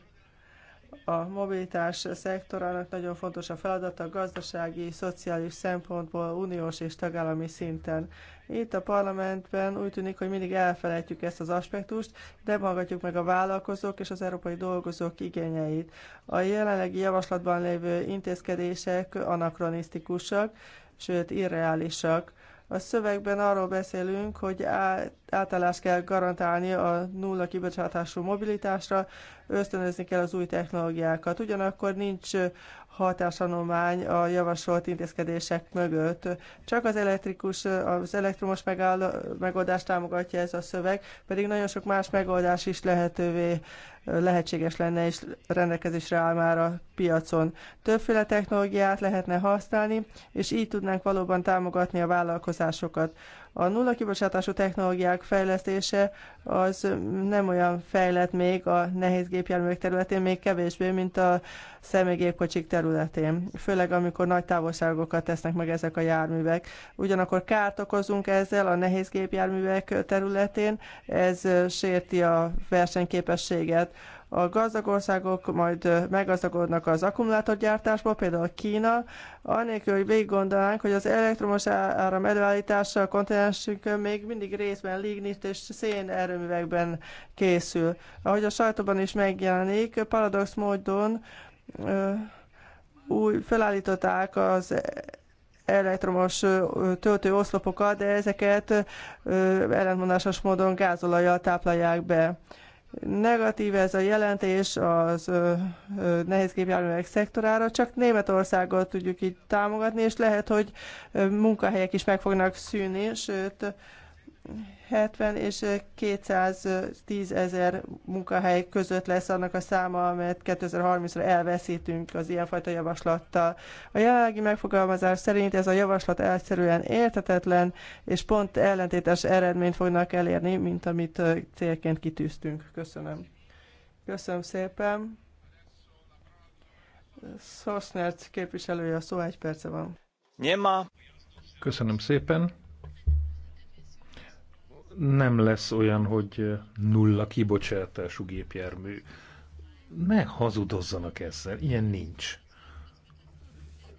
A mobilitás szektorának nagyon fontos a feladata a gazdasági, szociális szempontból uniós és tagállami szinten. Itt a parlamentben úgy tűnik, hogy mindig elfelejtjük ezt az aspektust, de hallgatjuk meg a vállalkozók és az európai dolgozók igényeit. A jelenlegi javaslatban lévő intézkedések anakronisztikusak, sőt irreálisak a szövegben arról beszélünk, hogy átállást kell garantálni a nulla kibocsátású mobilitásra, ösztönözni kell az új technológiákat. Ugyanakkor nincs hatásanomány a javasolt intézkedések mögött. Csak az elektrikus, az elektromos megáll, megoldást támogatja ez a szöveg, pedig nagyon sok más megoldás is lehetővé lehetséges lenne és rendelkezésre áll már a piacon. Többféle technológiát lehetne használni, és így tudnánk valóban támogatni a vállalkozásokat. A nulla kibocsátású technológiák fejlesztése az nem olyan fejlett még a nehéz gépjárművek területén, még kevésbé, mint a személygépkocsik területén. Főleg, amikor nagy távolságokat tesznek meg ezek a járművek. Ugyanakkor kárt okozunk ezzel a nehéz gépjárművek területén, ez sérti a versenyképességet a gazdag országok majd meggazdagodnak az akkumulátorgyártásból, például Kína, anélkül, hogy végig gondolnánk, hogy az elektromos áram előállítása a kontinensünkön még mindig részben lignit és szén erőművekben készül. Ahogy a sajtóban is megjelenik, paradox módon új felállították az e-, elektromos töltő oszlopokat, de ezeket ellentmondásos módon gázolajjal táplálják be. Negatív ez a jelentés az ö, ö, nehéz gépjárművek szektorára, csak Németországot tudjuk így támogatni, és lehet, hogy munkahelyek is meg fognak szűnni, sőt, 70 és 210 ezer munkahely között lesz annak a száma, amelyet 2030-ra elveszítünk az ilyenfajta javaslattal. A jelenlegi megfogalmazás szerint ez a javaslat egyszerűen értetetlen, és pont ellentétes eredményt fognak elérni, mint amit célként kitűztünk. Köszönöm. Köszönöm szépen. Szosznerc képviselője a szó, egy perce van. Nyilván. Köszönöm szépen nem lesz olyan, hogy nulla kibocsátású gépjármű. Ne hazudozzanak ezzel, ilyen nincs.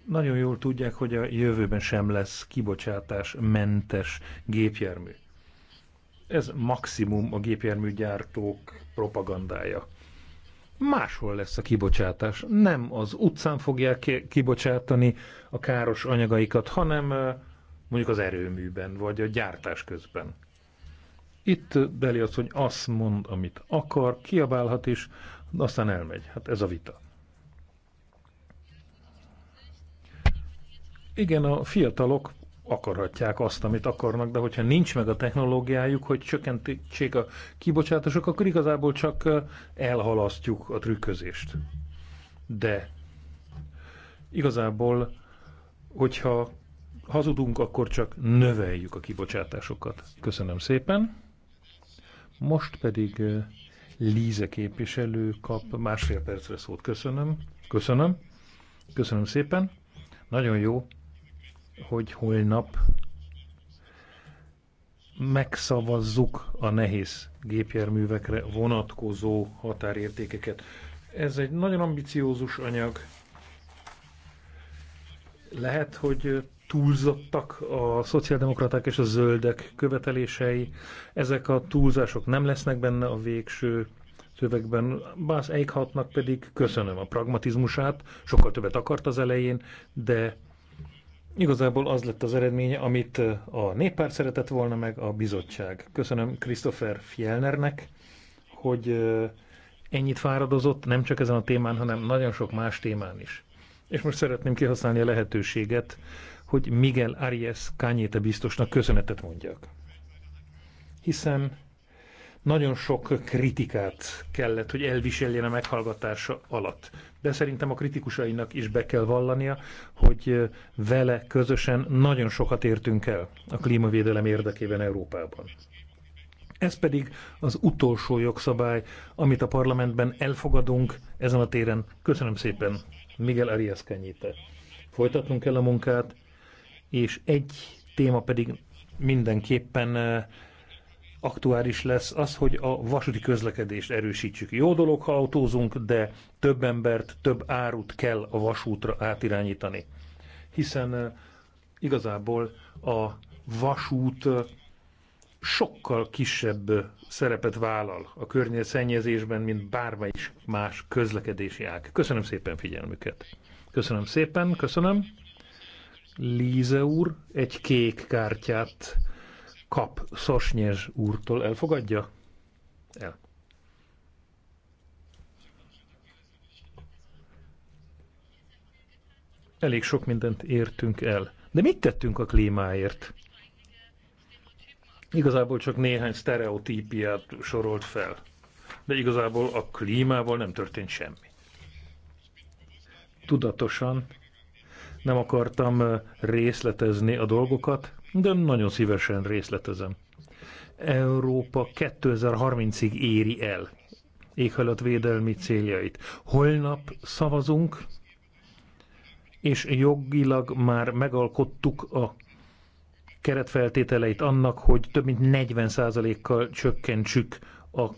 Nagyon jól tudják, hogy a jövőben sem lesz kibocsátás mentes gépjármű. Ez maximum a gépjárműgyártók propagandája. Máshol lesz a kibocsátás. Nem az utcán fogják kibocsátani a káros anyagaikat, hanem mondjuk az erőműben, vagy a gyártás közben. Itt az, hogy azt mond, amit akar, kiabálhat is, aztán elmegy. Hát ez a vita. Igen, a fiatalok akarhatják azt, amit akarnak, de hogyha nincs meg a technológiájuk, hogy csökkentsék a kibocsátások, akkor igazából csak elhalasztjuk a trükközést. De igazából, hogyha hazudunk, akkor csak növeljük a kibocsátásokat. Köszönöm szépen! Most pedig Líze képviselő kap másfél percre szót. Köszönöm. Köszönöm. Köszönöm szépen. Nagyon jó, hogy holnap megszavazzuk a nehéz gépjárművekre vonatkozó határértékeket. Ez egy nagyon ambiciózus anyag. Lehet, hogy túlzottak a szociáldemokraták és a zöldek követelései. Ezek a túlzások nem lesznek benne a végső szövegben. Bász Eichhardtnak pedig köszönöm a pragmatizmusát, sokkal többet akart az elején, de igazából az lett az eredménye, amit a néppárt szeretett volna meg a bizottság. Köszönöm Christopher Fjellnernek, hogy ennyit fáradozott, nem csak ezen a témán, hanem nagyon sok más témán is. És most szeretném kihasználni a lehetőséget, hogy Miguel Arias Kányéte biztosnak köszönetet mondjak. Hiszen nagyon sok kritikát kellett, hogy elviseljen a meghallgatása alatt. De szerintem a kritikusainak is be kell vallania, hogy vele közösen nagyon sokat értünk el a klímavédelem érdekében Európában. Ez pedig az utolsó jogszabály, amit a parlamentben elfogadunk ezen a téren. Köszönöm szépen, Miguel Arias Kenyite. Folytatnunk kell a munkát, és egy téma pedig mindenképpen aktuális lesz az, hogy a vasúti közlekedést erősítsük. Jó dolog, ha autózunk, de több embert, több árut kell a vasútra átirányítani. Hiszen igazából a vasút sokkal kisebb szerepet vállal a környezetszennyezésben, mint bármely más közlekedési ág. Köszönöm szépen figyelmüket. Köszönöm szépen, köszönöm. Líze úr egy kék kártyát kap Szosnyes úrtól. Elfogadja? El. Elég sok mindent értünk el. De mit tettünk a klímáért? Igazából csak néhány sztereotípiát sorolt fel. De igazából a klímával nem történt semmi. Tudatosan nem akartam részletezni a dolgokat, de nagyon szívesen részletezem. Európa 2030-ig éri el éghajlatvédelmi céljait. Holnap szavazunk, és jogilag már megalkottuk a keretfeltételeit annak, hogy több mint 40%-kal csökkentsük a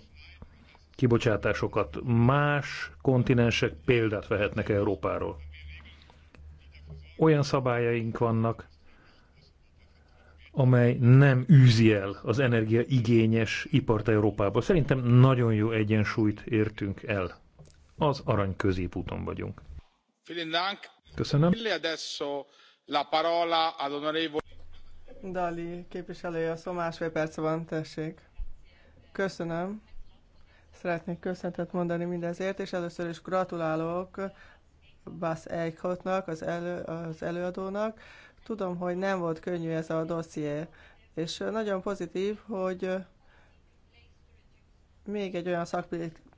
kibocsátásokat. Más kontinensek példát vehetnek Európáról olyan szabályaink vannak, amely nem űzi el az energiaigényes ipart Európába. Szerintem nagyon jó egyensúlyt értünk el. Az arany középúton vagyunk. Köszönöm. Dali képviselője, a szó másfél perc van, tessék. Köszönöm. Szeretnék köszönetet mondani mindezért, és először is gratulálok Bas Eichhotnak, az, elő, az előadónak. Tudom, hogy nem volt könnyű ez a dosszié, és nagyon pozitív, hogy még egy olyan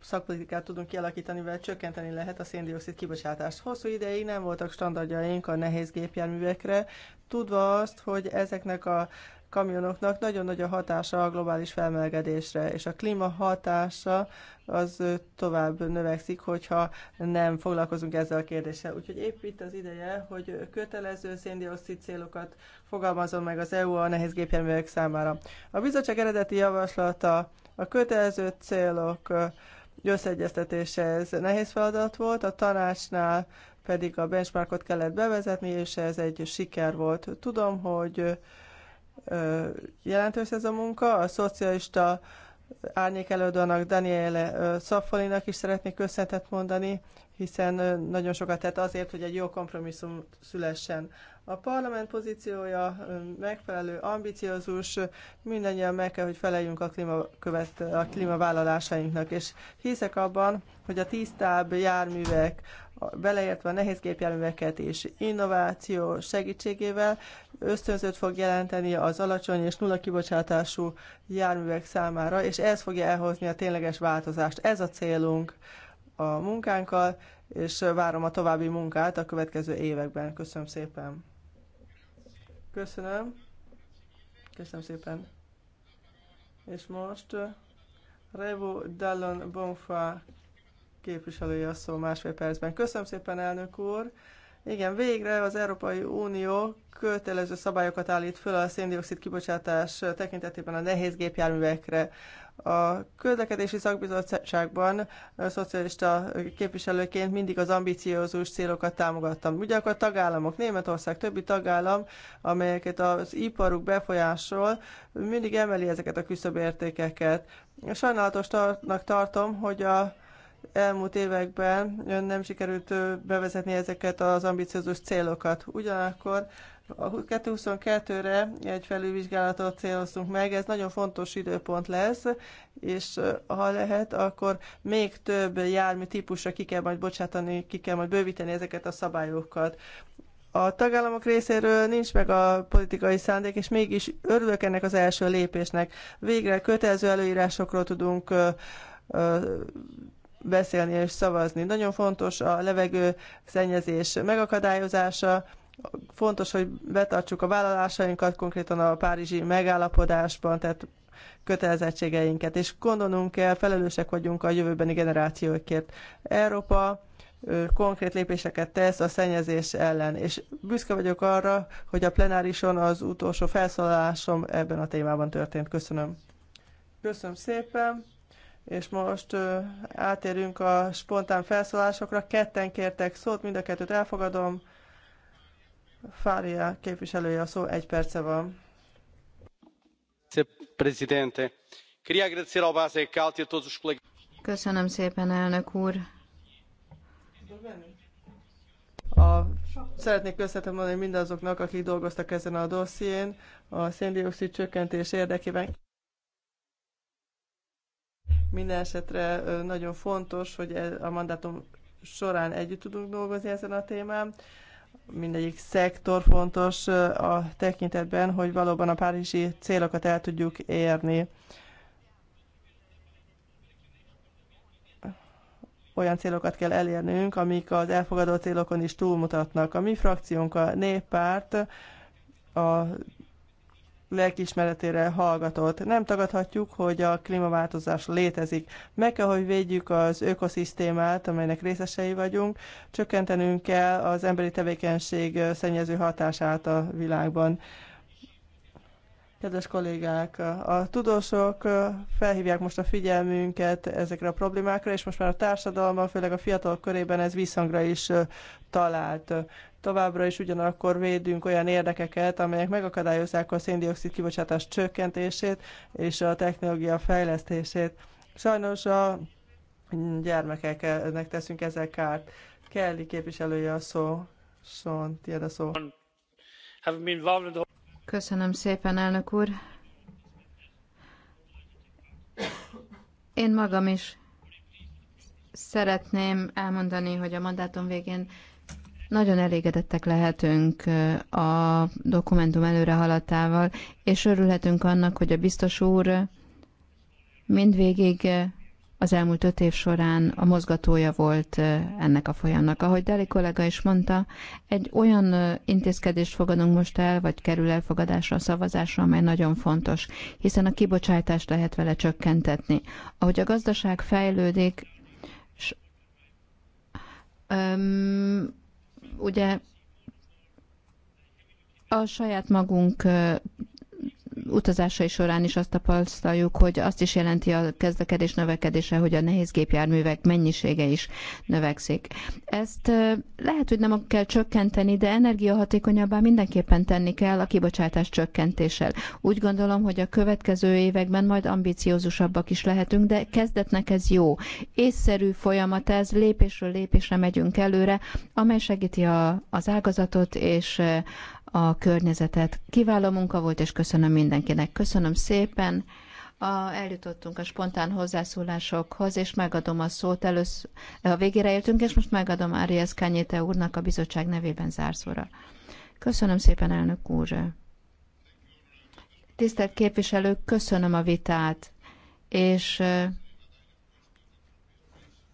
szakpolitikát tudunk kialakítani, mivel csökkenteni lehet a széndiokszid kibocsátást. Hosszú ideig nem voltak standardjaink a nehéz gépjárművekre, tudva azt, hogy ezeknek a kamionoknak nagyon nagy a hatása a globális felmelegedésre, és a klíma hatása az tovább növekszik, hogyha nem foglalkozunk ezzel a kérdéssel. Úgyhogy épp itt az ideje, hogy kötelező széndiokszid célokat fogalmazzon meg az EU a nehéz gépjárművek számára. A bizottság eredeti javaslata a kötelező célok összeegyeztetése, ez nehéz feladat volt, a tanácsnál pedig a benchmarkot kellett bevezetni, és ez egy siker volt. Tudom, hogy jelentős ez a munka. A szocialista árnyék előadónak, Daniele Szaffolinak is szeretnék köszönetet mondani, hiszen nagyon sokat tett azért, hogy egy jó kompromisszum szülessen. A parlament pozíciója megfelelő, ambiciózus, mindannyian meg kell, hogy feleljünk a, klímakövet, a klímavállalásainknak, és hiszek abban, hogy a tisztább járművek, beleértve a nehéz gépjárműveket és innováció segítségével ösztönzőt fog jelenteni az alacsony és nulla kibocsátású járművek számára, és ez fogja elhozni a tényleges változást. Ez a célunk a munkánkkal, és várom a további munkát a következő években. Köszönöm szépen! Köszönöm. Köszönöm szépen. És most uh, Revo Dallon Bonfa képviselője a szó másfél percben. Köszönöm szépen, elnök úr. Igen, végre az Európai Unió kötelező szabályokat állít föl a széndiokszid kibocsátás tekintetében a nehéz gépjárművekre. A közlekedési szakbizottságban a szocialista képviselőként mindig az ambiciózus célokat támogattam. Ugye akkor a tagállamok, Németország, többi tagállam, amelyeket az iparuk befolyásol, mindig emeli ezeket a küszöbértékeket. Sajnálatos tartnak tartom, hogy a elmúlt években nem sikerült bevezetni ezeket az ambiciózus célokat. Ugyanakkor a 2022-re egy felülvizsgálatot céloztunk meg, ez nagyon fontos időpont lesz, és ha lehet, akkor még több jármű típusra ki kell majd bocsátani, ki kell majd bővíteni ezeket a szabályokat. A tagállamok részéről nincs meg a politikai szándék, és mégis örülök ennek az első lépésnek. Végre kötelező előírásokról tudunk ö, ö, beszélni és szavazni. Nagyon fontos a levegő szennyezés megakadályozása, Fontos, hogy betartsuk a vállalásainkat, konkrétan a Párizsi megállapodásban, tehát kötelezettségeinket, és gondolnunk kell, felelősek vagyunk a jövőbeni generációkért. Európa konkrét lépéseket tesz a szennyezés ellen, és büszke vagyok arra, hogy a plenárison az utolsó felszólalásom ebben a témában történt. Köszönöm. Köszönöm szépen, és most átérünk a spontán felszólásokra. Ketten kértek szót, mind a kettőt elfogadom. Fária képviselője a szó, egy perce van. E Köszönöm szépen, elnök úr. A, szeretnék köszönetet mondani mindazoknak, akik dolgoztak ezen a dosszién a széndiokszid csökkentés érdekében. Minden esetre nagyon fontos, hogy e, a mandátum során együtt tudunk dolgozni ezen a témán mindegyik szektor fontos a tekintetben, hogy valóban a párizsi célokat el tudjuk érni. Olyan célokat kell elérnünk, amik az elfogadó célokon is túlmutatnak. A mi frakciónk, a néppárt a lelkismeretére hallgatott. Nem tagadhatjuk, hogy a klímaváltozás létezik. Meg kell, hogy védjük az ökoszisztémát, amelynek részesei vagyunk, csökkentenünk kell az emberi tevékenység szennyező hatását a világban. Kedves kollégák, a tudósok felhívják most a figyelmünket ezekre a problémákra, és most már a társadalomban, főleg a fiatalok körében ez visszhangra is talált. Továbbra is ugyanakkor védünk olyan érdekeket, amelyek megakadályozzák a széndiokszid kibocsátás csökkentését és a technológia fejlesztését. Sajnos a gyermekeknek teszünk ezzel kárt. Kelly képviselője a szó. Sean, tiéd a szó. Köszönöm szépen, elnök úr. Én magam is szeretném elmondani, hogy a mandátum végén nagyon elégedettek lehetünk a dokumentum előrehaladtával, és örülhetünk annak, hogy a biztos úr mindvégig az elmúlt öt év során a mozgatója volt ennek a folyamnak. Ahogy Deli kollega is mondta, egy olyan intézkedést fogadunk most el, vagy kerül elfogadásra, szavazásra, amely nagyon fontos, hiszen a kibocsátást lehet vele csökkentetni. Ahogy a gazdaság fejlődik, s, öm, ugye a saját magunk utazásai során is azt tapasztaljuk, hogy azt is jelenti a kezdekedés növekedése, hogy a nehéz gépjárművek mennyisége is növekszik. Ezt lehet, hogy nem kell csökkenteni, de energiahatékonyabbá mindenképpen tenni kell a kibocsátás csökkentéssel. Úgy gondolom, hogy a következő években majd ambiciózusabbak is lehetünk, de kezdetnek ez jó. Észszerű folyamat ez, lépésről lépésre megyünk előre, amely segíti a, az ágazatot és a környezetet. Kiváló munka volt, és köszönöm mindenkinek. Köszönöm szépen. A, eljutottunk a spontán hozzászólásokhoz, és megadom a szót. Először, a végére értünk, és most megadom Áriász Kányéte úrnak a bizottság nevében zárszóra. Köszönöm szépen, elnök úr. Tisztelt képviselők, köszönöm a vitát, és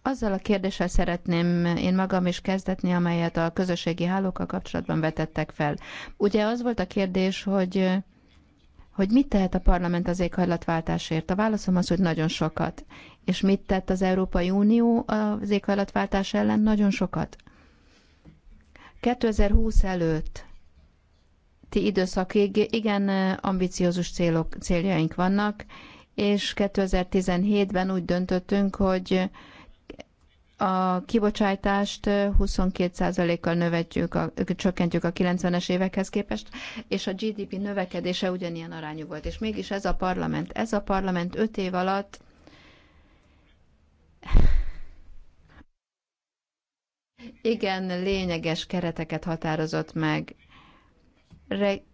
azzal a kérdéssel szeretném én magam is kezdetni, amelyet a közösségi hálókkal kapcsolatban vetettek fel. Ugye az volt a kérdés, hogy hogy mit tehet a parlament az éghajlatváltásért. A válaszom az, hogy nagyon sokat. És mit tett az Európai Unió az éghajlatváltás ellen? Nagyon sokat. 2020 előtt ti időszakig igen ambiciózus célok, céljaink vannak, és 2017-ben úgy döntöttünk, hogy a kibocsátást 22%-kal növetjük, a, csökkentjük a 90-es évekhez képest, és a GDP növekedése ugyanilyen arányú volt. És mégis ez a parlament, ez a parlament 5 év alatt igen lényeges kereteket határozott meg. Re-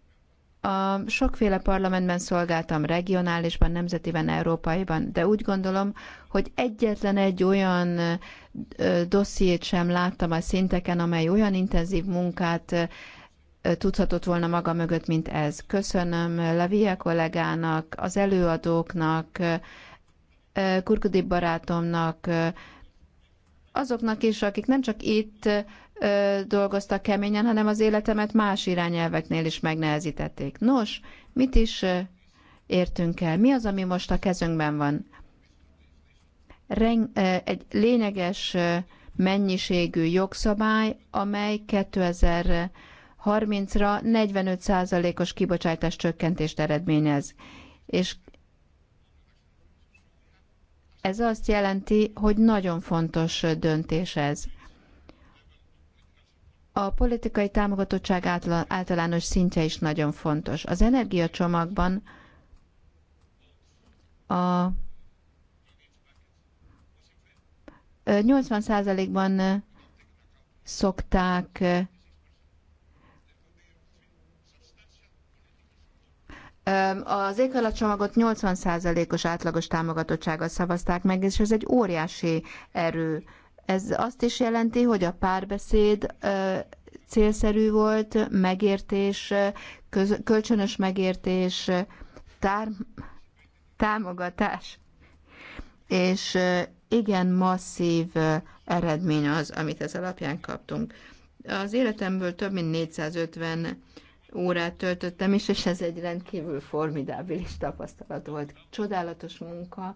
a sokféle parlamentben szolgáltam, regionálisban, nemzetiben, európaiban, de úgy gondolom, hogy egyetlen egy olyan dossziét sem láttam a szinteken, amely olyan intenzív munkát tudhatott volna maga mögött, mint ez. Köszönöm Levia kollégának, az előadóknak, Kurkudi barátomnak, azoknak is, akik nem csak itt dolgoztak keményen, hanem az életemet más irányelveknél is megnehezítették. Nos, mit is értünk el? Mi az, ami most a kezünkben van? Ren egy lényeges mennyiségű jogszabály, amely 2030-ra 45%-os kibocsátás csökkentést eredményez. És ez azt jelenti, hogy nagyon fontos döntés ez. A politikai támogatottság általános szintje is nagyon fontos. Az energiacsomagban a 80%-ban szokták Az éghajlatcsomagot 80%-os átlagos támogatottsággal szavazták meg, és ez egy óriási erő ez azt is jelenti, hogy a párbeszéd célszerű volt, megértés, köz, kölcsönös megértés, tár, támogatás, és igen masszív eredmény az, amit ez alapján kaptunk. Az életemből több mint 450 órát töltöttem is, és ez egy rendkívül formidábilis tapasztalat volt. Csodálatos munka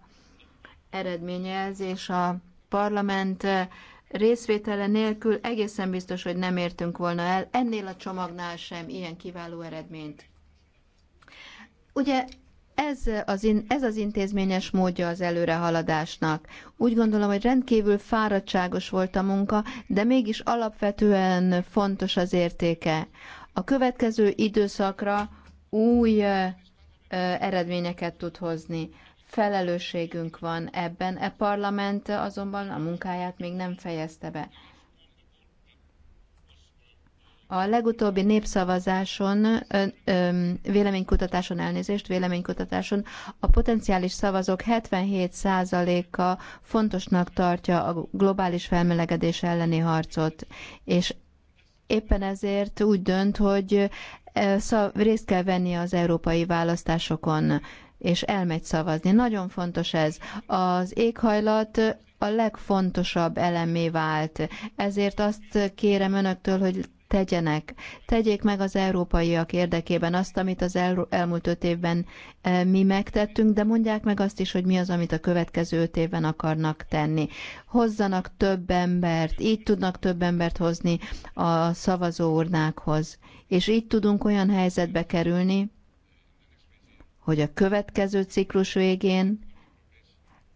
eredménye ez, és a Parlament eh, részvétele nélkül egészen biztos, hogy nem értünk volna el ennél a csomagnál sem ilyen kiváló eredményt. Ugye ez az, in, ez az intézményes módja az előrehaladásnak. Úgy gondolom, hogy rendkívül fáradtságos volt a munka, de mégis alapvetően fontos az értéke. A következő időszakra új eh, eh, eredményeket tud hozni. Felelősségünk van ebben, e parlament azonban a munkáját még nem fejezte be. A legutóbbi népszavazáson, ö, ö, véleménykutatáson elnézést, véleménykutatáson a potenciális szavazók 77%-a fontosnak tartja a globális felmelegedés elleni harcot, és éppen ezért úgy dönt, hogy részt kell venni az európai választásokon és elmegy szavazni. Nagyon fontos ez. Az éghajlat a legfontosabb elemé vált. Ezért azt kérem önöktől, hogy tegyenek. Tegyék meg az európaiak érdekében azt, amit az el, elmúlt öt évben e, mi megtettünk, de mondják meg azt is, hogy mi az, amit a következő öt évben akarnak tenni. Hozzanak több embert, így tudnak több embert hozni a szavazóurnákhoz, és így tudunk olyan helyzetbe kerülni, hogy a következő ciklus végén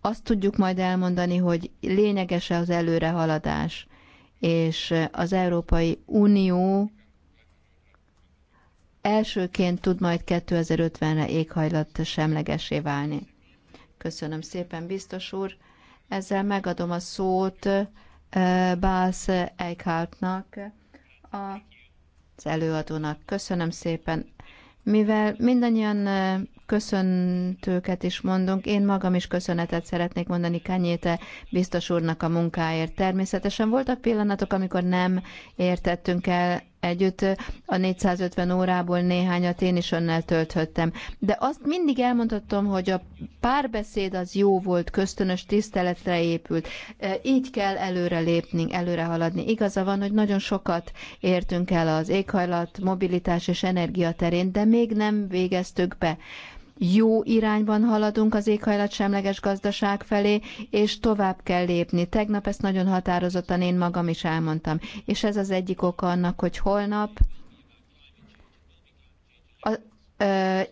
azt tudjuk majd elmondani, hogy lényeges az előrehaladás, és az Európai Unió elsőként tud majd 2050-re éghajlat semlegesé válni. Köszönöm szépen, biztos úr. Ezzel megadom a szót Bász Eichhardtnak, az előadónak. Köszönöm szépen. Mivel mindannyian köszöntőket is mondunk. Én magam is köszönetet szeretnék mondani Kányéte biztos úrnak a munkáért. Természetesen voltak pillanatok, amikor nem értettünk el együtt a 450 órából néhányat én is önnel tölthettem. De azt mindig elmondhatom, hogy a párbeszéd az jó volt, köztönös tiszteletre épült. E, így kell előre lépni, előre haladni. Igaza van, hogy nagyon sokat értünk el az éghajlat, mobilitás és energia terén, de még nem végeztük be jó irányban haladunk az éghajlatsemleges gazdaság felé, és tovább kell lépni. Tegnap ezt nagyon határozottan én magam is elmondtam. És ez az egyik oka annak, hogy holnap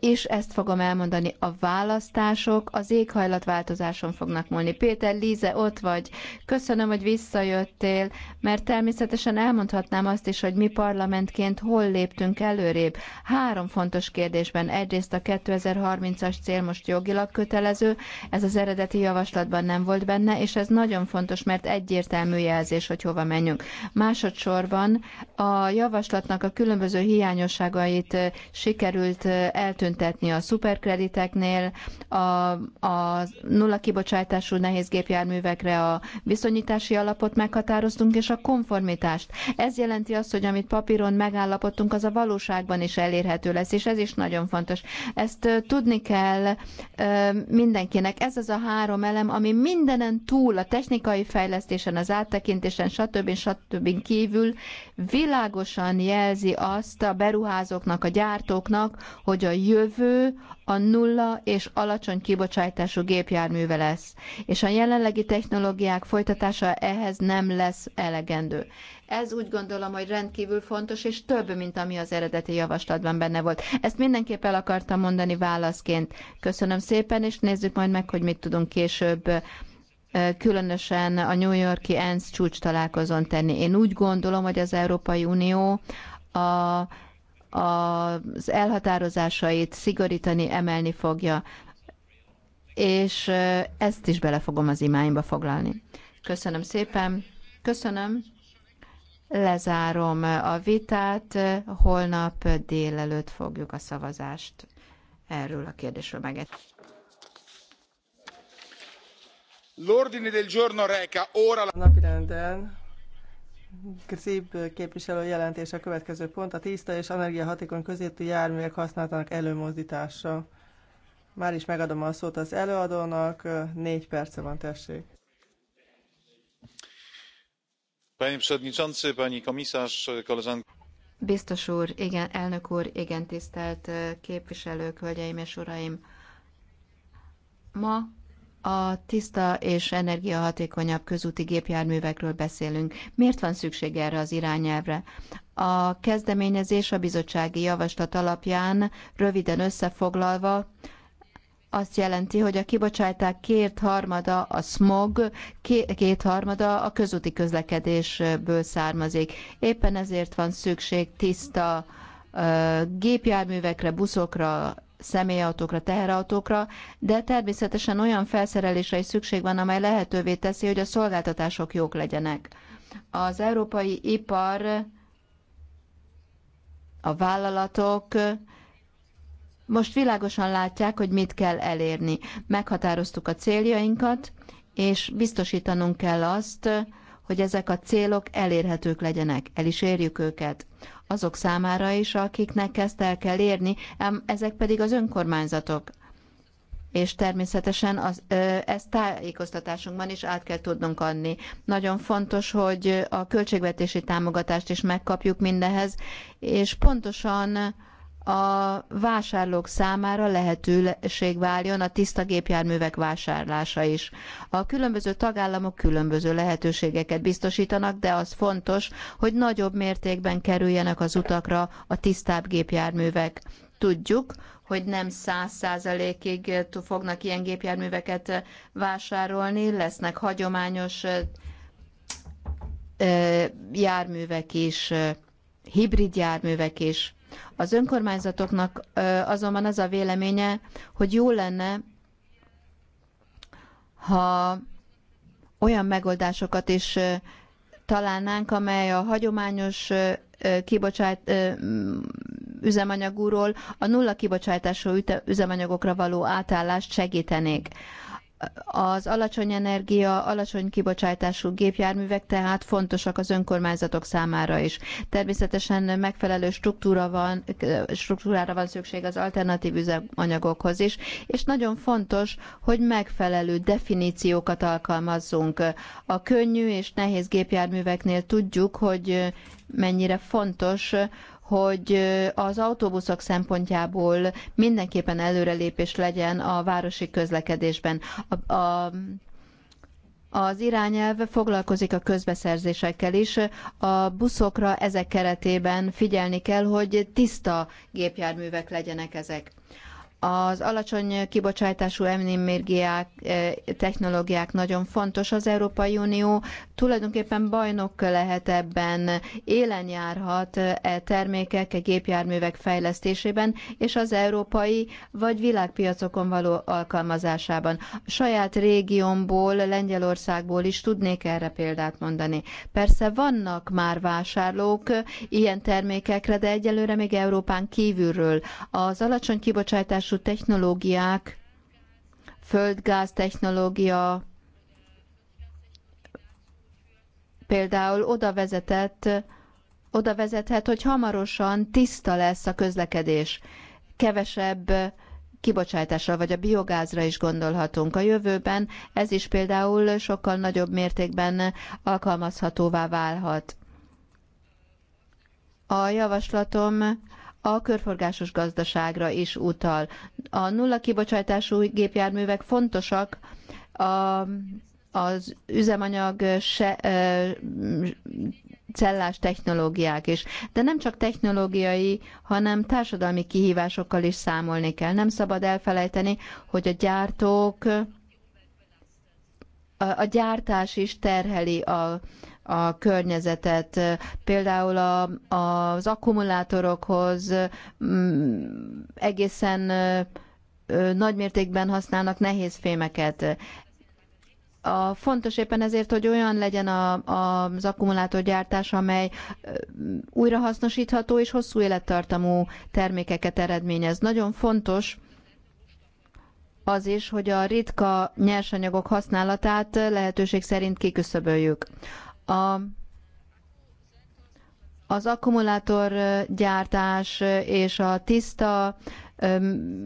és ezt fogom elmondani, a választások az éghajlatváltozáson fognak múlni. Péter, Líze, ott vagy. Köszönöm, hogy visszajöttél, mert természetesen elmondhatnám azt is, hogy mi parlamentként hol léptünk előrébb. Három fontos kérdésben. Egyrészt a 2030-as cél most jogilag kötelező, ez az eredeti javaslatban nem volt benne, és ez nagyon fontos, mert egyértelmű jelzés, hogy hova menjünk. Másodszorban a javaslatnak a különböző hiányosságait sikerült eltüntetni a szuperkrediteknél, a, a nulla kibocsátású nehéz gépjárművekre a viszonyítási alapot meghatároztunk, és a konformitást. Ez jelenti azt, hogy amit papíron megállapodtunk, az a valóságban is elérhető lesz, és ez is nagyon fontos. Ezt tudni kell mindenkinek. Ez az a három elem, ami mindenen túl, a technikai fejlesztésen, az áttekintésen, stb. stb. kívül világosan jelzi azt a beruházóknak, a gyártóknak, hogy a jövő a nulla és alacsony kibocsátású gépjárműve lesz, és a jelenlegi technológiák folytatása ehhez nem lesz elegendő. Ez úgy gondolom, hogy rendkívül fontos, és több, mint ami az eredeti javaslatban benne volt. Ezt mindenképp el akartam mondani válaszként. Köszönöm szépen, és nézzük majd meg, hogy mit tudunk később különösen a New Yorki ENSZ csúcs találkozón tenni. Én úgy gondolom, hogy az Európai Unió a az elhatározásait szigorítani, emelni fogja, és ezt is bele fogom az imáimba foglalni. Köszönöm szépen, köszönöm. Lezárom a vitát, holnap délelőtt fogjuk a szavazást erről a kérdésről meget. L'ordine del giorno reca ora la... Grib képviselő jelentés a következő pont, a tiszta és energiahatékony közétű járművek használatának előmozdítása. Már is megadom a szót az előadónak, négy perce van, tessék. Panie przewodniczący, pani komisarz, koleżanki. Biztos úr, igen, elnök úr, igen, tisztelt e, képviselők, hölgyeim és uraim. Ma a tiszta és energiahatékonyabb közúti gépjárművekről beszélünk. Miért van szükség erre az irányelvre? A kezdeményezés a bizottsági javaslat alapján röviden összefoglalva azt jelenti, hogy a kibocsáták kétharmada a smog, kétharmada a közúti közlekedésből származik. Éppen ezért van szükség tiszta gépjárművekre, buszokra, személyautókra, teherautókra, de természetesen olyan felszerelésre is szükség van, amely lehetővé teszi, hogy a szolgáltatások jók legyenek. Az európai ipar, a vállalatok most világosan látják, hogy mit kell elérni. Meghatároztuk a céljainkat, és biztosítanunk kell azt, hogy ezek a célok elérhetők legyenek, el is érjük őket azok számára is, akiknek ezt el kell érni, ezek pedig az önkormányzatok. És természetesen az, ezt tájékoztatásunkban is át kell tudnunk adni. Nagyon fontos, hogy a költségvetési támogatást is megkapjuk mindehez, és pontosan a vásárlók számára lehetőség váljon a tiszta gépjárművek vásárlása is. A különböző tagállamok különböző lehetőségeket biztosítanak, de az fontos, hogy nagyobb mértékben kerüljenek az utakra a tisztább gépjárművek. Tudjuk, hogy nem száz százalékig fognak ilyen gépjárműveket vásárolni, lesznek hagyományos járművek is, hibrid járművek is, az önkormányzatoknak azonban az a véleménye, hogy jó lenne, ha olyan megoldásokat is találnánk, amely a hagyományos kibocsát, üzemanyagúról a nulla kibocsátású üzemanyagokra való átállást segítenék az alacsony energia, alacsony kibocsátású gépjárművek tehát fontosak az önkormányzatok számára is. Természetesen megfelelő struktúra van, struktúrára van szükség az alternatív üzemanyagokhoz is, és nagyon fontos, hogy megfelelő definíciókat alkalmazzunk. A könnyű és nehéz gépjárműveknél tudjuk, hogy mennyire fontos, hogy az autóbuszok szempontjából mindenképpen előrelépés legyen a városi közlekedésben. A, a, az irányelv foglalkozik a közbeszerzésekkel is. A buszokra ezek keretében figyelni kell, hogy tiszta gépjárművek legyenek ezek az alacsony kibocsátású energiák, eh, technológiák nagyon fontos. Az Európai Unió tulajdonképpen bajnok lehet ebben, élen járhat e termékek, e gépjárművek fejlesztésében, és az európai vagy világpiacokon való alkalmazásában. saját régiómból, Lengyelországból is tudnék erre példát mondani. Persze vannak már vásárlók ilyen termékekre, de egyelőre még Európán kívülről. Az alacsony kibocsátású típusú technológiák, földgáz technológia például oda vezetett, oda vezethet, hogy hamarosan tiszta lesz a közlekedés. Kevesebb kibocsátásra vagy a biogázra is gondolhatunk a jövőben, ez is például sokkal nagyobb mértékben alkalmazhatóvá válhat. A javaslatom a körforgásos gazdaságra is utal. A nulla kibocsátású gépjárművek fontosak a, az üzemanyag se, cellás technológiák is. De nem csak technológiai, hanem társadalmi kihívásokkal is számolni kell. Nem szabad elfelejteni, hogy a gyártók, a, a gyártás is terheli a, a környezetet. Például a, az akkumulátorokhoz mm, egészen nagymértékben használnak nehéz fémeket. A, fontos éppen ezért, hogy olyan legyen a, a, az akkumulátorgyártás, amely újrahasznosítható és hosszú élettartamú termékeket eredményez. Nagyon fontos, az is, hogy a ritka nyersanyagok használatát lehetőség szerint kiküszöböljük. A, az akkumulátorgyártás és a tiszta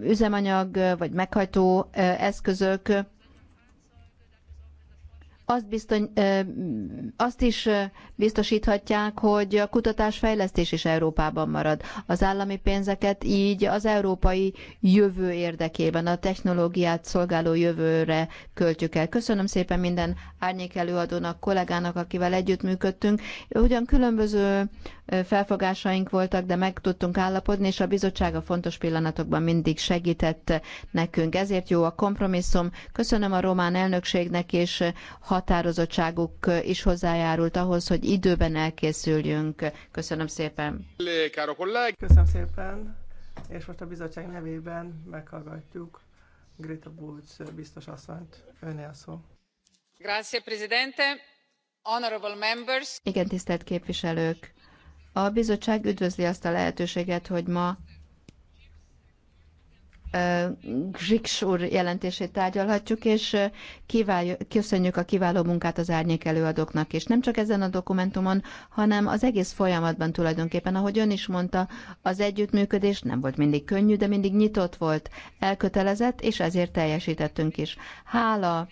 üzemanyag vagy meghajtó eszközök azt, bizton, azt is biztosíthatják, hogy a kutatásfejlesztés is Európában marad. Az állami pénzeket így az európai jövő érdekében, a technológiát szolgáló jövőre költjük el. Köszönöm szépen minden árnyék előadónak, kollégának, akivel együttműködtünk. Ugyan különböző felfogásaink voltak, de meg tudtunk állapodni, és a bizottság a fontos pillanatokban mindig segített nekünk. Ezért jó a kompromisszum. Köszönöm a román elnökségnek, és határozottságuk is hozzájárult ahhoz, hogy időben elkészüljünk. Köszönöm szépen. Köszönöm szépen, és most a bizottság nevében meghallgatjuk Greta Bulc biztos asszonyt. Öné a szó. Grazie, Presidente. Honorable members. Igen, tisztelt képviselők! A bizottság üdvözli azt a lehetőséget, hogy ma Zsiks úr jelentését tárgyalhatjuk, és kiválj, köszönjük a kiváló munkát az árnyék előadóknak is. Nem csak ezen a dokumentumon, hanem az egész folyamatban tulajdonképpen, ahogy ön is mondta, az együttműködés nem volt mindig könnyű, de mindig nyitott volt, elkötelezett, és ezért teljesítettünk is. Hála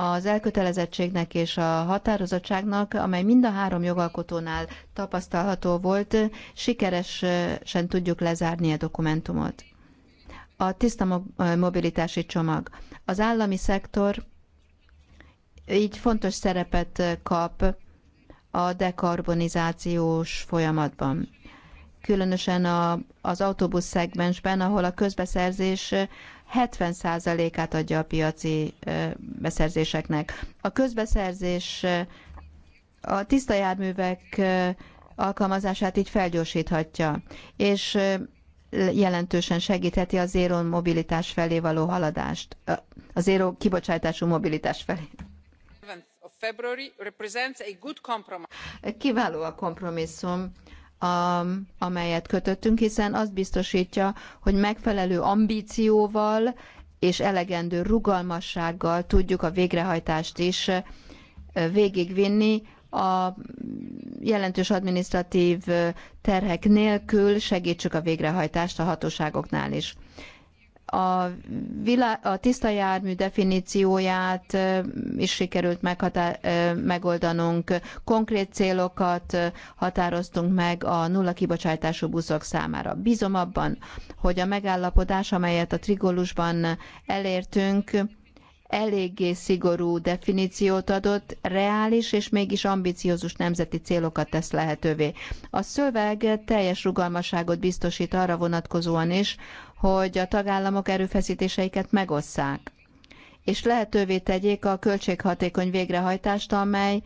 az elkötelezettségnek és a határozottságnak, amely mind a három jogalkotónál tapasztalható volt, sikeresen tudjuk lezárni a dokumentumot. A tiszta mobilitási csomag. Az állami szektor így fontos szerepet kap a dekarbonizációs folyamatban. Különösen a, az autóbusz szegmensben, ahol a közbeszerzés 70%-át adja a piaci beszerzéseknek. A közbeszerzés a tiszta járművek alkalmazását így felgyorsíthatja, és jelentősen segítheti a zéro mobilitás felé való haladást, a zéro kibocsátású mobilitás felé. Kiváló a kompromisszum a, amelyet kötöttünk, hiszen azt biztosítja, hogy megfelelő ambícióval és elegendő rugalmassággal tudjuk a végrehajtást is végigvinni, a jelentős adminisztratív terhek nélkül segítsük a végrehajtást a hatóságoknál is a, vilá, a tiszta jármű definícióját is sikerült megoldanunk. Konkrét célokat határoztunk meg a nulla kibocsátású buszok számára. Bízom abban, hogy a megállapodás, amelyet a Trigolusban elértünk, eléggé szigorú definíciót adott, reális és mégis ambiciózus nemzeti célokat tesz lehetővé. A szöveg teljes rugalmasságot biztosít arra vonatkozóan is, hogy a tagállamok erőfeszítéseiket megosszák, és lehetővé tegyék a költséghatékony végrehajtást, amely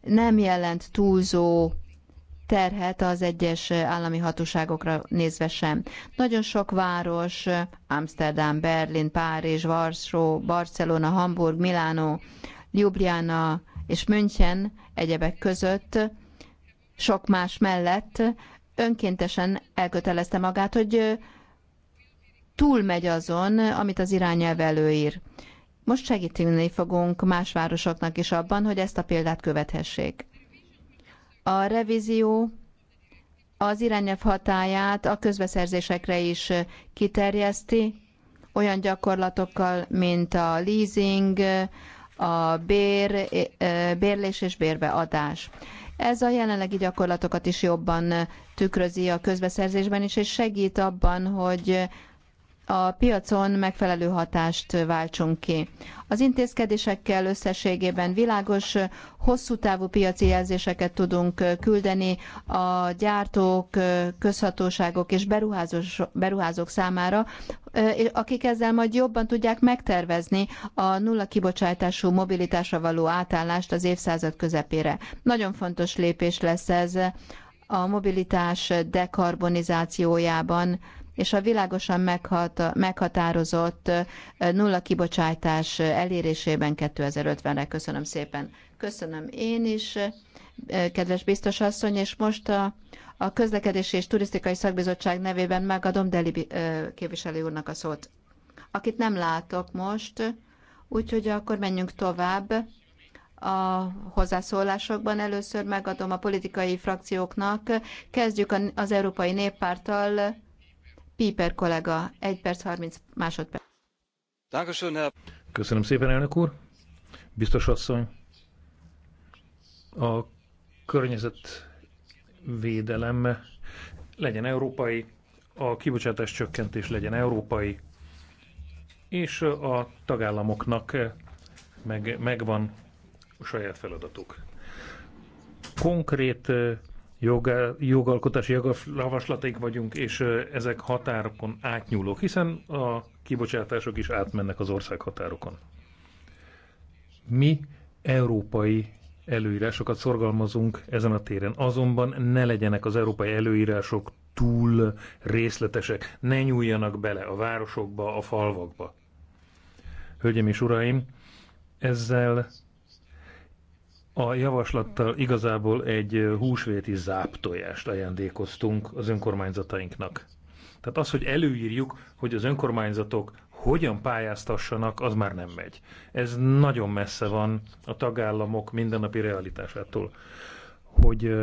nem jelent túlzó terhet az egyes állami hatóságokra nézve sem. Nagyon sok város, Amsterdam, Berlin, Párizs, Varsó, Barcelona, Hamburg, Milánó, Ljubljana és München egyebek között, sok más mellett önkéntesen elkötelezte magát, hogy túlmegy azon, amit az irányelv előír. Most segíteni fogunk más városoknak is abban, hogy ezt a példát követhessék. A revízió az irányelv hatáját a közbeszerzésekre is kiterjeszti, olyan gyakorlatokkal, mint a leasing, a bér, eh, bérlés és bérbeadás. Ez a jelenlegi gyakorlatokat is jobban tükrözi a közbeszerzésben is, és segít abban, hogy a piacon megfelelő hatást váltsunk ki. Az intézkedésekkel összességében világos, hosszú távú piaci jelzéseket tudunk küldeni a gyártók, közhatóságok és beruházók számára, akik ezzel majd jobban tudják megtervezni a nulla kibocsátású mobilitásra való átállást az évszázad közepére. Nagyon fontos lépés lesz ez a mobilitás dekarbonizációjában és a világosan meghat, meghatározott nulla kibocsátás elérésében 2050-re. Köszönöm szépen. Köszönöm én is, kedves biztos asszony, és most a, a Közlekedési és Turisztikai Szakbizottság nevében megadom Deli képviselő úrnak a szót, akit nem látok most, úgyhogy akkor menjünk tovább a hozzászólásokban. Először megadom a politikai frakcióknak. Kezdjük az Európai Néppárttal. Piper kollega, 1 perc 30 másodperc. Köszönöm szépen, elnök úr. Biztos asszony. A környezetvédelem legyen európai, a kibocsátás csökkentés legyen európai, és a tagállamoknak meg, megvan a saját feladatuk. Konkrét jog, jogalkotási javaslataik vagyunk, és ezek határokon átnyúlók, hiszen a kibocsátások is átmennek az ország határokon. Mi európai előírásokat szorgalmazunk ezen a téren, azonban ne legyenek az európai előírások túl részletesek, ne nyúljanak bele a városokba, a falvakba. Hölgyeim és uraim, ezzel a javaslattal igazából egy húsvéti záptojást ajándékoztunk az önkormányzatainknak. Tehát az, hogy előírjuk, hogy az önkormányzatok hogyan pályáztassanak, az már nem megy. Ez nagyon messze van a tagállamok mindennapi realitásától. Hogy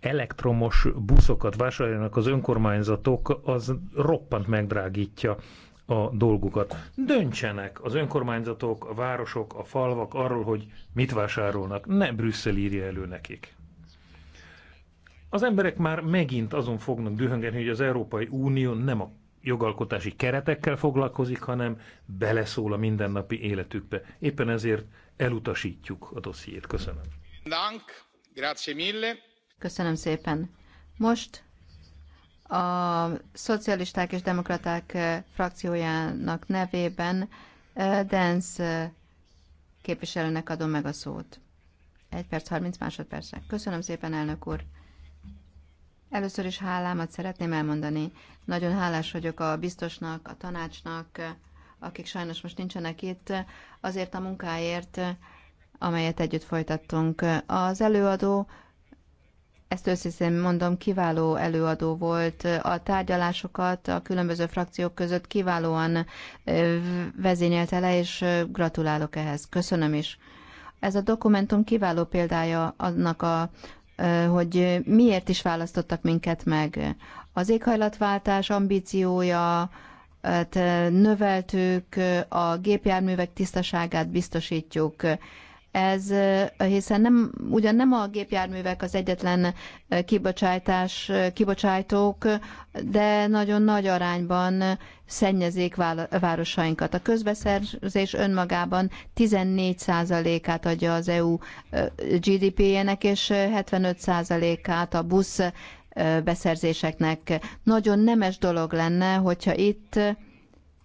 elektromos buszokat vásároljanak az önkormányzatok, az roppant megdrágítja a dolgukat. Döntsenek az önkormányzatok, a városok, a falvak arról, hogy mit vásárolnak. Ne Brüsszel írja elő nekik. Az emberek már megint azon fognak dühöngeni, hogy az Európai Unió nem a jogalkotási keretekkel foglalkozik, hanem beleszól a mindennapi életükbe. Éppen ezért elutasítjuk a dossziét. Köszönöm. Köszönöm szépen. Most a szocialisták és demokraták frakciójának nevében Denz képviselőnek adom meg a szót. Egy perc 30 másodperc. Köszönöm szépen, elnök úr. Először is hálámat szeretném elmondani. Nagyon hálás vagyok a biztosnak, a tanácsnak, akik sajnos most nincsenek itt, azért a munkáért, amelyet együtt folytattunk. Az előadó ezt őszintén mondom, kiváló előadó volt. A tárgyalásokat a különböző frakciók között kiválóan vezényelte le, és gratulálok ehhez. Köszönöm is. Ez a dokumentum kiváló példája annak a hogy miért is választottak minket meg. Az éghajlatváltás ambíciója, hát, növeltük, a gépjárművek tisztaságát biztosítjuk, ez hiszen nem, ugyan nem a gépjárművek az egyetlen kibocsátás, kibocsátók, de nagyon nagy arányban szennyezik városainkat. A közbeszerzés önmagában 14%-át adja az EU GDP-jének, és 75%-át a busz beszerzéseknek. Nagyon nemes dolog lenne, hogyha itt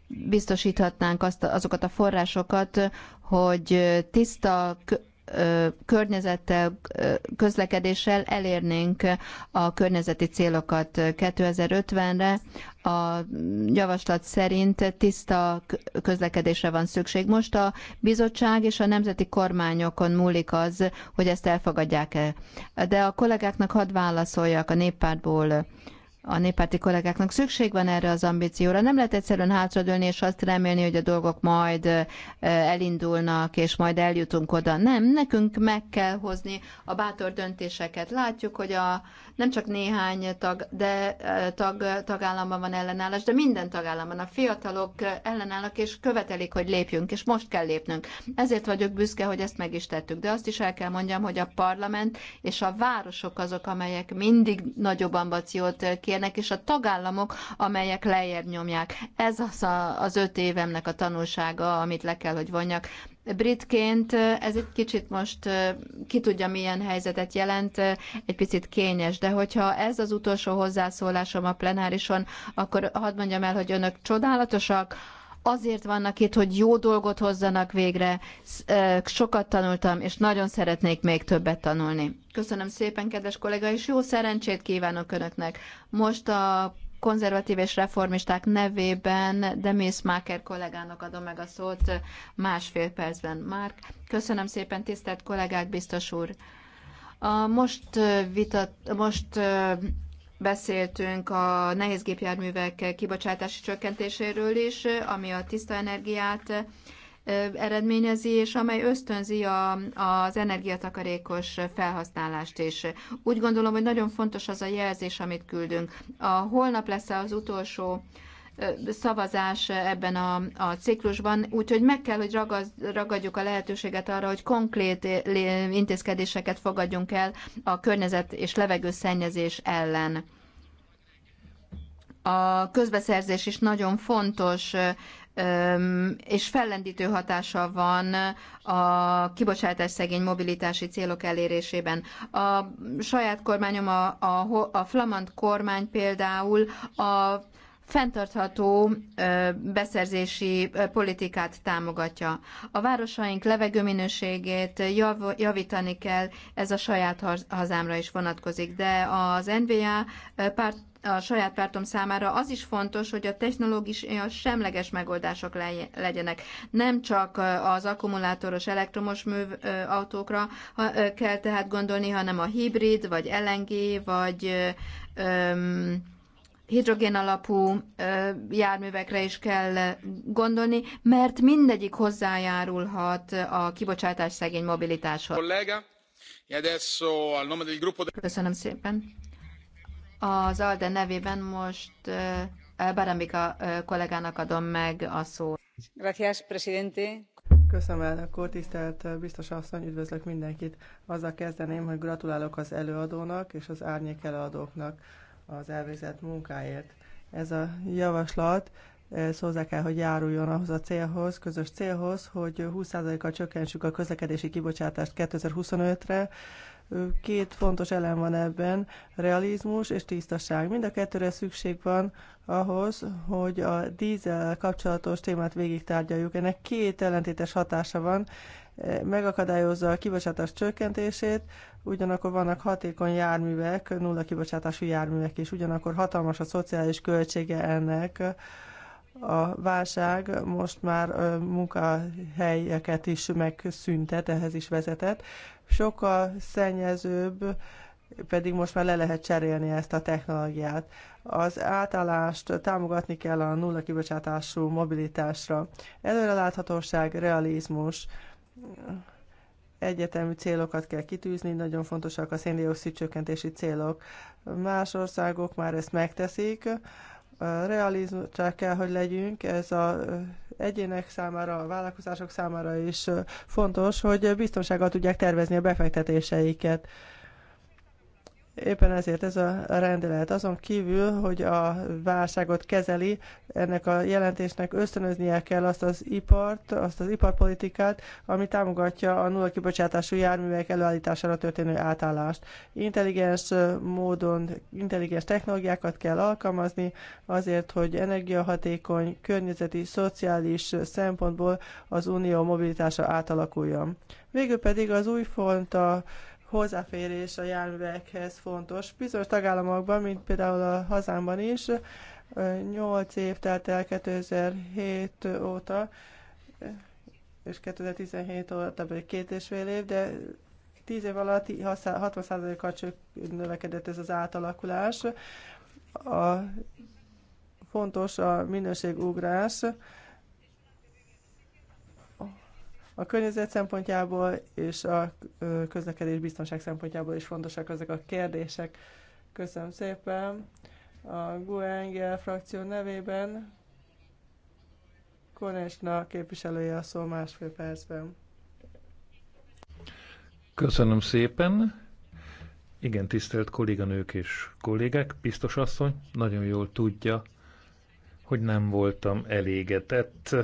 biztosíthatnánk azt, azokat a forrásokat, hogy tiszta környezettel, közlekedéssel elérnénk a környezeti célokat 2050-re. A javaslat szerint tiszta közlekedésre van szükség. Most a bizottság és a nemzeti kormányokon múlik az, hogy ezt elfogadják-e. De a kollégáknak hadd válaszoljak a néppártból a néppárti kollégáknak szükség van erre az ambícióra. Nem lehet egyszerűen hátradőlni és azt remélni, hogy a dolgok majd elindulnak, és majd eljutunk oda. Nem, nekünk meg kell hozni a bátor döntéseket. Látjuk, hogy a nem csak néhány tag, de, tag, tagállamban van ellenállás, de minden tagállamban a fiatalok ellenállnak és követelik, hogy lépjünk, és most kell lépnünk. Ezért vagyok büszke, hogy ezt meg is tettük. De azt is el kell mondjam, hogy a parlament és a városok azok, amelyek mindig nagyobb ambíciót kérnek, és a tagállamok, amelyek lejjebb nyomják. Ez az, a, az öt évemnek a tanulsága, amit le kell, hogy vonjak. Britként ez egy kicsit most ki tudja, milyen helyzetet jelent, egy picit kényes, de hogyha ez az utolsó hozzászólásom a plenárison, akkor hadd mondjam el, hogy önök csodálatosak, azért vannak itt, hogy jó dolgot hozzanak végre. Sokat tanultam, és nagyon szeretnék még többet tanulni. Köszönöm szépen, kedves kollega, és jó szerencsét kívánok Önöknek. Most a konzervatív és reformisták nevében Demész Máker kollégának adom meg a szót másfél percben. Márk, köszönöm szépen, tisztelt kollégák, biztos úr. A most, vitat, most beszéltünk a nehéz gépjárművek kibocsátási csökkentéséről is, ami a tiszta energiát eredményezi, és amely ösztönzi a, az energiatakarékos felhasználást is. Úgy gondolom, hogy nagyon fontos az a jelzés, amit küldünk. A holnap lesz az utolsó szavazás ebben a, a ciklusban, úgyhogy meg kell, hogy ragaz, ragadjuk a lehetőséget arra, hogy konkrét intézkedéseket fogadjunk el a környezet és levegőszennyezés ellen. A közbeszerzés is nagyon fontos és fellendítő hatása van a kibocsátás szegény mobilitási célok elérésében. A saját kormányom, a, a, a flamand kormány például a fenntartható beszerzési politikát támogatja. A városaink levegőminőségét jav, javítani kell, ez a saját hazámra is vonatkozik, de az NVA párt a saját pártom számára az is fontos, hogy a a semleges megoldások legyenek. Nem csak az akkumulátoros elektromos műv, autókra kell tehát gondolni, hanem a hibrid, vagy LNG, vagy öm, hidrogén alapú járművekre is kell gondolni, mert mindegyik hozzájárulhat a kibocsátás szegény mobilitáshoz. E Köszönöm szépen. Az ALDE nevében most Barambika kollégának adom meg a szót. Gracias, presidente. Köszönöm, elnök úr, tisztelt biztos asszony, üdvözlök mindenkit. Azzal kezdeném, hogy gratulálok az előadónak és az árnyék előadóknak az elvégzett munkáért. Ez a javaslat ez hozzá kell, hogy járuljon ahhoz a célhoz, közös célhoz, hogy 20%-kal csökkentsük a közlekedési kibocsátást 2025-re, Két fontos elem van ebben, realizmus és tisztaság. Mind a kettőre szükség van ahhoz, hogy a dízel kapcsolatos témát végig tárgyaljuk. Ennek két ellentétes hatása van, e, megakadályozza a kibocsátás csökkentését, ugyanakkor vannak hatékony járművek, nulla kibocsátású járművek is, ugyanakkor hatalmas a szociális költsége ennek, a válság most már munkahelyeket is megszüntet, ehhez is vezetett. Sokkal szennyezőbb, pedig most már le lehet cserélni ezt a technológiát. Az átállást támogatni kell a nulla kibocsátású mobilitásra. Előreláthatóság, realizmus, egyetemű célokat kell kitűzni, nagyon fontosak a széndiokszid csökkentési célok. Más országok már ezt megteszik, realizmusra kell, hogy legyünk, ez a egyének számára, a vállalkozások számára is fontos, hogy biztonsággal tudják tervezni a befektetéseiket. Éppen ezért ez a rendelet. Azon kívül, hogy a válságot kezeli, ennek a jelentésnek ösztönöznie kell azt az ipart, azt az iparpolitikát, ami támogatja a nulla kibocsátású járművek előállítására történő átállást. Intelligens módon, intelligens technológiákat kell alkalmazni azért, hogy energiahatékony, környezeti, szociális szempontból az unió mobilitása átalakuljon. Végül pedig az új font a hozzáférés a járművekhez fontos. Bizonyos tagállamokban, mint például a hazámban is, 8 év telt el 2007 óta, és 2017 óta pedig két és fél év, de 10 év alatt 60%-kal csak növekedett ez az átalakulás. A, fontos a minőségugrás, a környezet szempontjából és a közlekedés biztonság szempontjából is fontosak ezek a kérdések. Köszönöm szépen. A GUE frakció nevében Konesna képviselője a szó másfél percben. Köszönöm szépen. Igen, tisztelt kolléganők és kollégek, biztos asszony, nagyon jól tudja, hogy nem voltam elégedett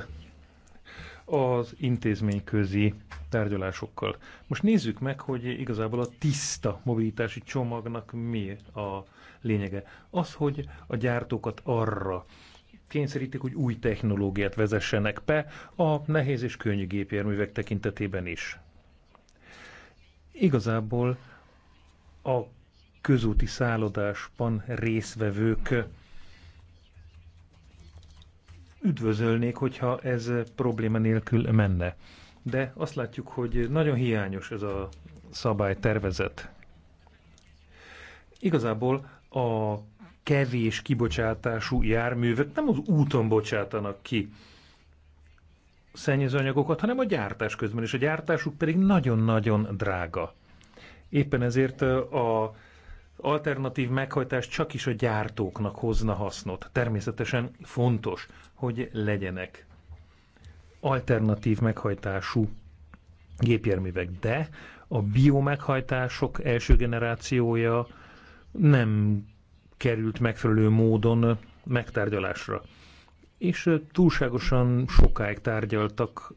az intézményközi tárgyalásokkal. Most nézzük meg, hogy igazából a tiszta mobilitási csomagnak mi a lényege. Az, hogy a gyártókat arra kényszerítik, hogy új technológiát vezessenek be a nehéz és könnyű gépjárművek tekintetében is. Igazából a közúti szállodásban részvevők üdvözölnék, hogyha ez probléma nélkül menne. De azt látjuk, hogy nagyon hiányos ez a szabálytervezet. Igazából a kevés kibocsátású járművek nem az úton bocsátanak ki szennyezőanyagokat, hanem a gyártás közben, és a gyártásuk pedig nagyon-nagyon drága. Éppen ezért a alternatív meghajtás csak is a gyártóknak hozna hasznot. Természetesen fontos, hogy legyenek alternatív meghajtású gépjárművek, de a biomeghajtások első generációja nem került megfelelő módon megtárgyalásra. És túlságosan sokáig tárgyaltak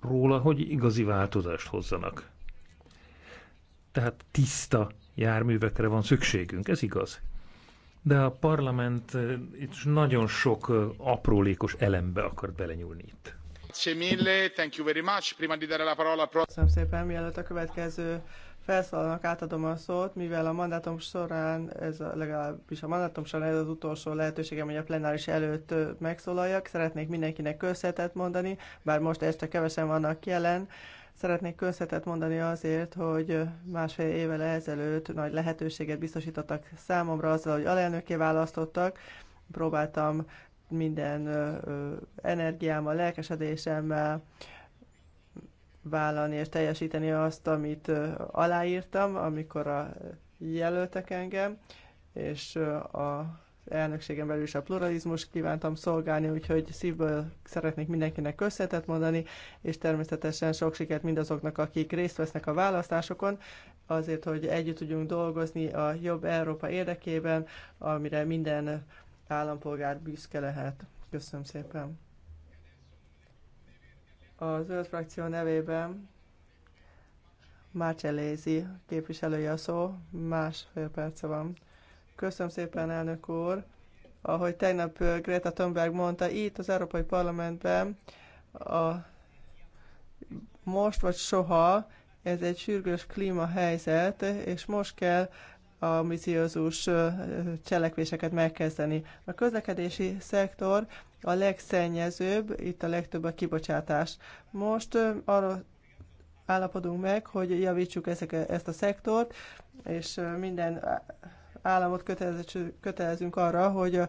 róla, hogy igazi változást hozzanak. Tehát tiszta járművekre van szükségünk, ez igaz. De a parlament eh, itt nagyon sok eh, aprólékos elembe akar belenyúlni itt. Köszönöm szépen, mielőtt a következő felszólalnak átadom a szót, mivel a mandátum során, ez a, legalábbis a mandátum során ez az utolsó lehetőségem, hogy a plenáris előtt megszólaljak. Szeretnék mindenkinek köszönetet mondani, bár most este kevesen vannak jelen, Szeretnék köszönetet mondani azért, hogy másfél évvel ezelőtt nagy lehetőséget biztosítottak számomra azzal, hogy alelnöké választottak. Próbáltam minden energiámmal, lelkesedésemmel vállalni és teljesíteni azt, amit aláírtam, amikor a jelöltek engem, és a elnökségen belül is a pluralizmus kívántam szolgálni, úgyhogy szívből szeretnék mindenkinek köszönetet mondani, és természetesen sok sikert mindazoknak, akik részt vesznek a választásokon, azért, hogy együtt tudjunk dolgozni a jobb Európa érdekében, amire minden állampolgár büszke lehet. Köszönöm szépen. A zöld frakció nevében Márcselézi képviselője a szó, másfél perce van. Köszönöm szépen, elnök úr. Ahogy tegnap Greta Thunberg mondta, itt az Európai Parlamentben a most vagy soha, ez egy sürgős klímahelyzet, és most kell ambiciózus cselekvéseket megkezdeni. A közlekedési szektor a legszennyezőbb, itt a legtöbb a kibocsátás. Most arra állapodunk meg, hogy javítsuk ezek, ezt a szektort, és minden államot kötelezünk arra, hogy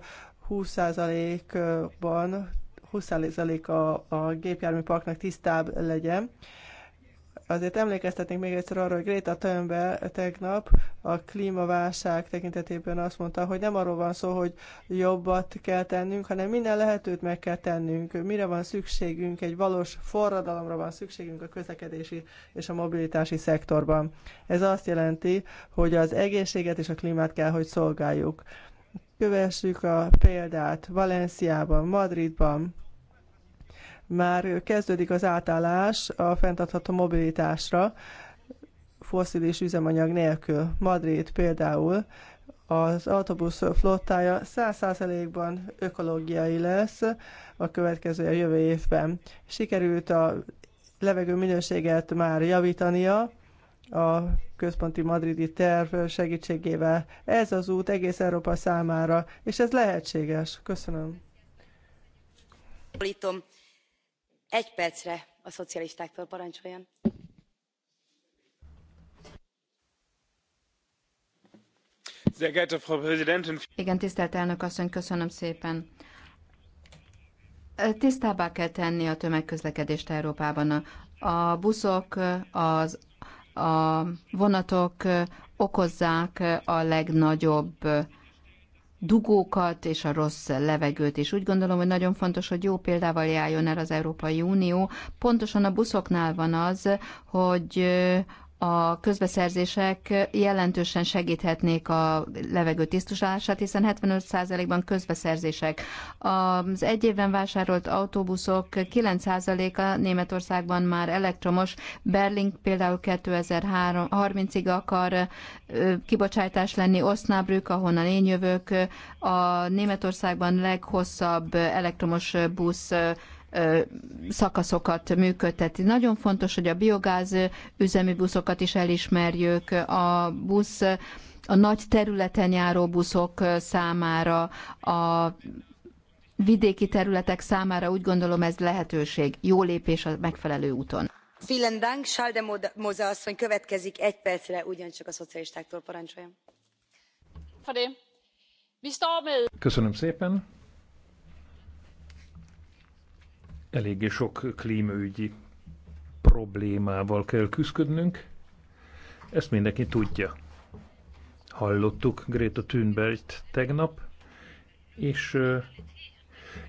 20%-ban 20% a, a gépjárműparknak tisztább legyen, Azért emlékeztetnék még egyszer arra, hogy Greta Thunberg tegnap a klímaválság tekintetében azt mondta, hogy nem arról van szó, hogy jobbat kell tennünk, hanem minden lehetőt meg kell tennünk. Mire van szükségünk? Egy valós forradalomra van szükségünk a közlekedési és a mobilitási szektorban. Ez azt jelenti, hogy az egészséget és a klímát kell, hogy szolgáljuk. Kövessük a példát Valenciában, Madridban, már kezdődik az átállás a fenntartható mobilitásra, foszilis üzemanyag nélkül. Madrid például az autóbusz flottája 100%-ban ökológiai lesz a következő a jövő évben. Sikerült a levegő minőséget már javítania a központi madridi terv segítségével. Ez az út egész Európa számára, és ez lehetséges. Köszönöm egy percre a Igen, tisztelt elnök asszony, köszönöm szépen. Tisztábbá kell tenni a tömegközlekedést Európában. A buszok, az, a vonatok okozzák a legnagyobb dugókat és a rossz levegőt is. Úgy gondolom, hogy nagyon fontos, hogy jó példával járjon el az Európai Unió. Pontosan a buszoknál van az, hogy a közbeszerzések jelentősen segíthetnék a levegő tisztulását, hiszen 75%-ban közbeszerzések. Az egy évben vásárolt autóbuszok 9%-a Németországban már elektromos. Berlin például 2030-ig akar kibocsátás lenni, Osnabrück, ahonnan én jövök, a Németországban leghosszabb elektromos busz szakaszokat működteti. Nagyon fontos, hogy a biogáz üzemi buszokat is elismerjük. A busz a nagy területen járó buszok számára, a vidéki területek számára úgy gondolom ez lehetőség, jó lépés a megfelelő úton. Vielen Dank, Schalde Moza asszony következik egy percre, ugyancsak a szocialistáktól parancsoljon. Köszönöm szépen. eléggé sok klímaügyi problémával kell küzdködnünk. Ezt mindenki tudja. Hallottuk Greta thunberg tegnap, és uh,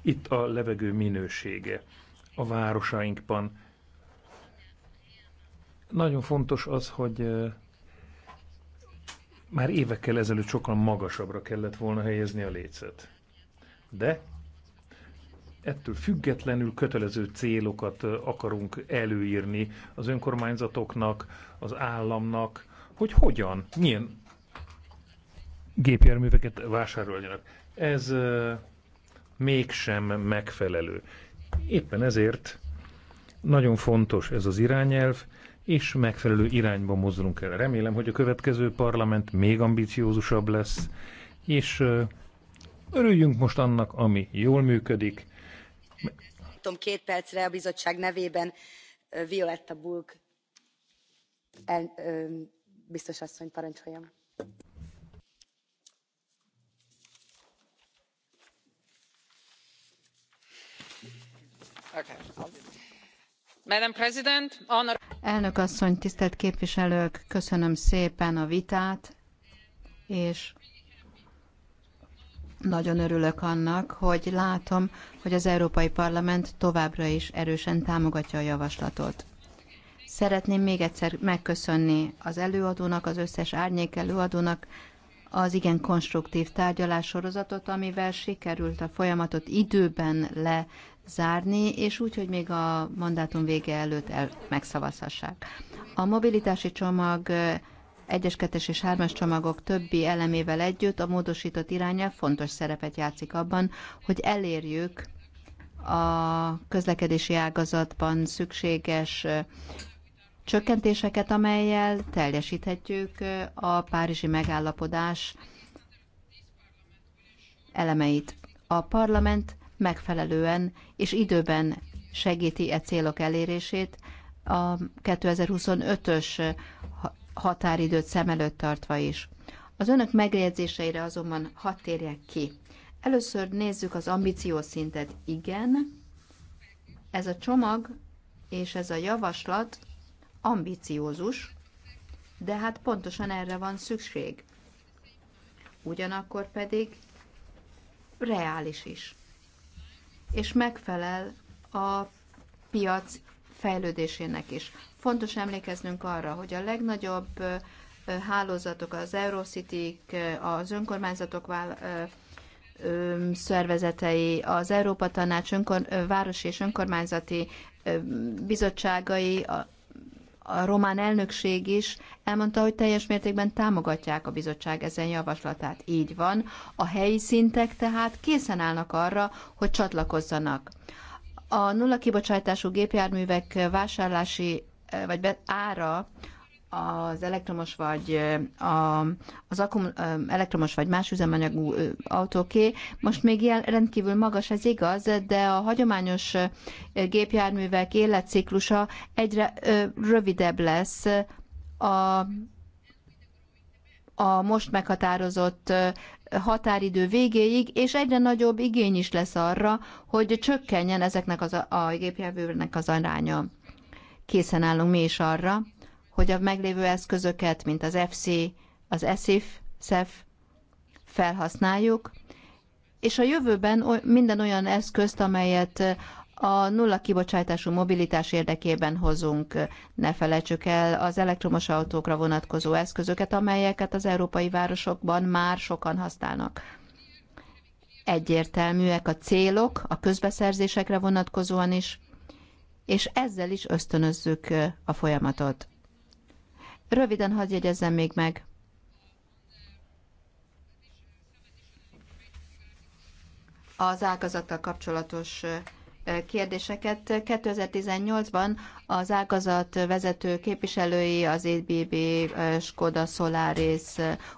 itt a levegő minősége a városainkban. Nagyon fontos az, hogy uh, már évekkel ezelőtt sokkal magasabbra kellett volna helyezni a lécet. De ettől függetlenül kötelező célokat akarunk előírni az önkormányzatoknak, az államnak, hogy hogyan, milyen gépjárműveket vásároljanak. Ez mégsem megfelelő. Éppen ezért nagyon fontos ez az irányelv, és megfelelő irányba mozdulunk el. Remélem, hogy a következő parlament még ambiciózusabb lesz, és örüljünk most annak, ami jól működik, tudom két percre a bizottság nevében violetta bulc biztos asszony parancsoljon. elnök asszony tisztelt képviselők köszönöm szépen a vitát és nagyon örülök annak, hogy látom, hogy az Európai Parlament továbbra is erősen támogatja a javaslatot. Szeretném még egyszer megköszönni az előadónak, az összes árnyék előadónak az igen konstruktív tárgyalássorozatot, amivel sikerült a folyamatot időben lezárni, és úgy, hogy még a mandátum vége előtt el megszavazhassák. A mobilitási csomag 1-es, 2-es és 3-as csomagok többi elemével együtt a módosított irányelv fontos szerepet játszik abban, hogy elérjük a közlekedési ágazatban szükséges csökkentéseket, amelyel teljesíthetjük a párizsi megállapodás elemeit. A parlament megfelelően és időben segíti e célok elérését a 2025-ös határidőt szem előtt tartva is. Az önök megjegyzéseire azonban hadd térjek ki. Először nézzük az ambíciószintet. Igen, ez a csomag és ez a javaslat ambiciózus, de hát pontosan erre van szükség. Ugyanakkor pedig reális is. És megfelel a piac fejlődésének is. Fontos emlékeznünk arra, hogy a legnagyobb hálózatok, az eurocity az önkormányzatok szervezetei, az Európa Tanács önkor, városi és önkormányzati bizottságai, a, a román elnökség is elmondta, hogy teljes mértékben támogatják a bizottság ezen javaslatát. Így van. A helyi szintek tehát készen állnak arra, hogy csatlakozzanak. A nulla kibocsátású gépjárművek vásárlási eh, vagy be, ára az elektromos vagy eh, a, az akum, eh, elektromos vagy más üzemanyagú autóké. Most még ilyen rendkívül magas, ez igaz, de a hagyományos gépjárművek életciklusa egyre rövidebb lesz a, a most meghatározott határidő végéig, és egyre nagyobb igény is lesz arra, hogy csökkenjen ezeknek az a, a gépjárműveknek az aránya. Készen állunk mi is arra, hogy a meglévő eszközöket, mint az FC, az ESIF, SEF felhasználjuk, és a jövőben minden olyan eszközt, amelyet a nulla kibocsátású mobilitás érdekében hozunk, ne felejtsük el az elektromos autókra vonatkozó eszközöket, amelyeket az európai városokban már sokan használnak. Egyértelműek a célok a közbeszerzésekre vonatkozóan is, és ezzel is ösztönözzük a folyamatot. Röviden hadd jegyezzem még meg, az ágazattal kapcsolatos kérdéseket. 2018-ban az ágazat vezető képviselői, az ABB, Skoda, Solaris,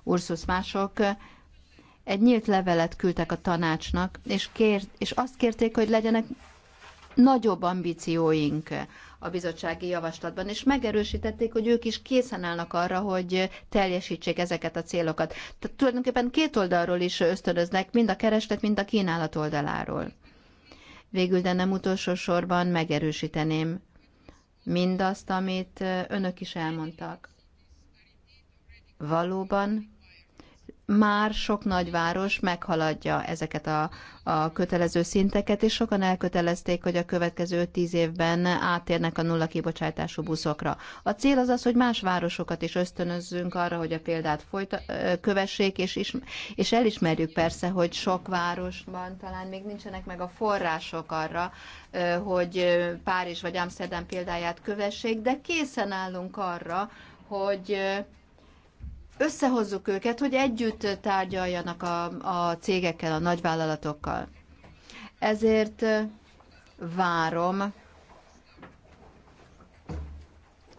Ursus mások egy nyílt levelet küldtek a tanácsnak, és, kért, és azt kérték, hogy legyenek nagyobb ambícióink a bizottsági javaslatban, és megerősítették, hogy ők is készen állnak arra, hogy teljesítsék ezeket a célokat. Tehát tulajdonképpen két oldalról is ösztönöznek, mind a kereslet, mind a kínálat oldaláról. Végül, de nem utolsó sorban megerősíteném mindazt, amit önök is elmondtak. Valóban már sok nagyváros meghaladja ezeket a, a kötelező szinteket, és sokan elkötelezték, hogy a következő tíz évben átérnek a nulla kibocsátású buszokra. A cél az az, hogy más városokat is ösztönözzünk arra, hogy a példát folyta, kövessék, és, is, és elismerjük persze, hogy sok városban talán még nincsenek meg a források arra, hogy Párizs vagy Amsterdam példáját kövessék, de készen állunk arra, hogy összehozzuk őket, hogy együtt tárgyaljanak a, a cégekkel, a nagyvállalatokkal. Ezért várom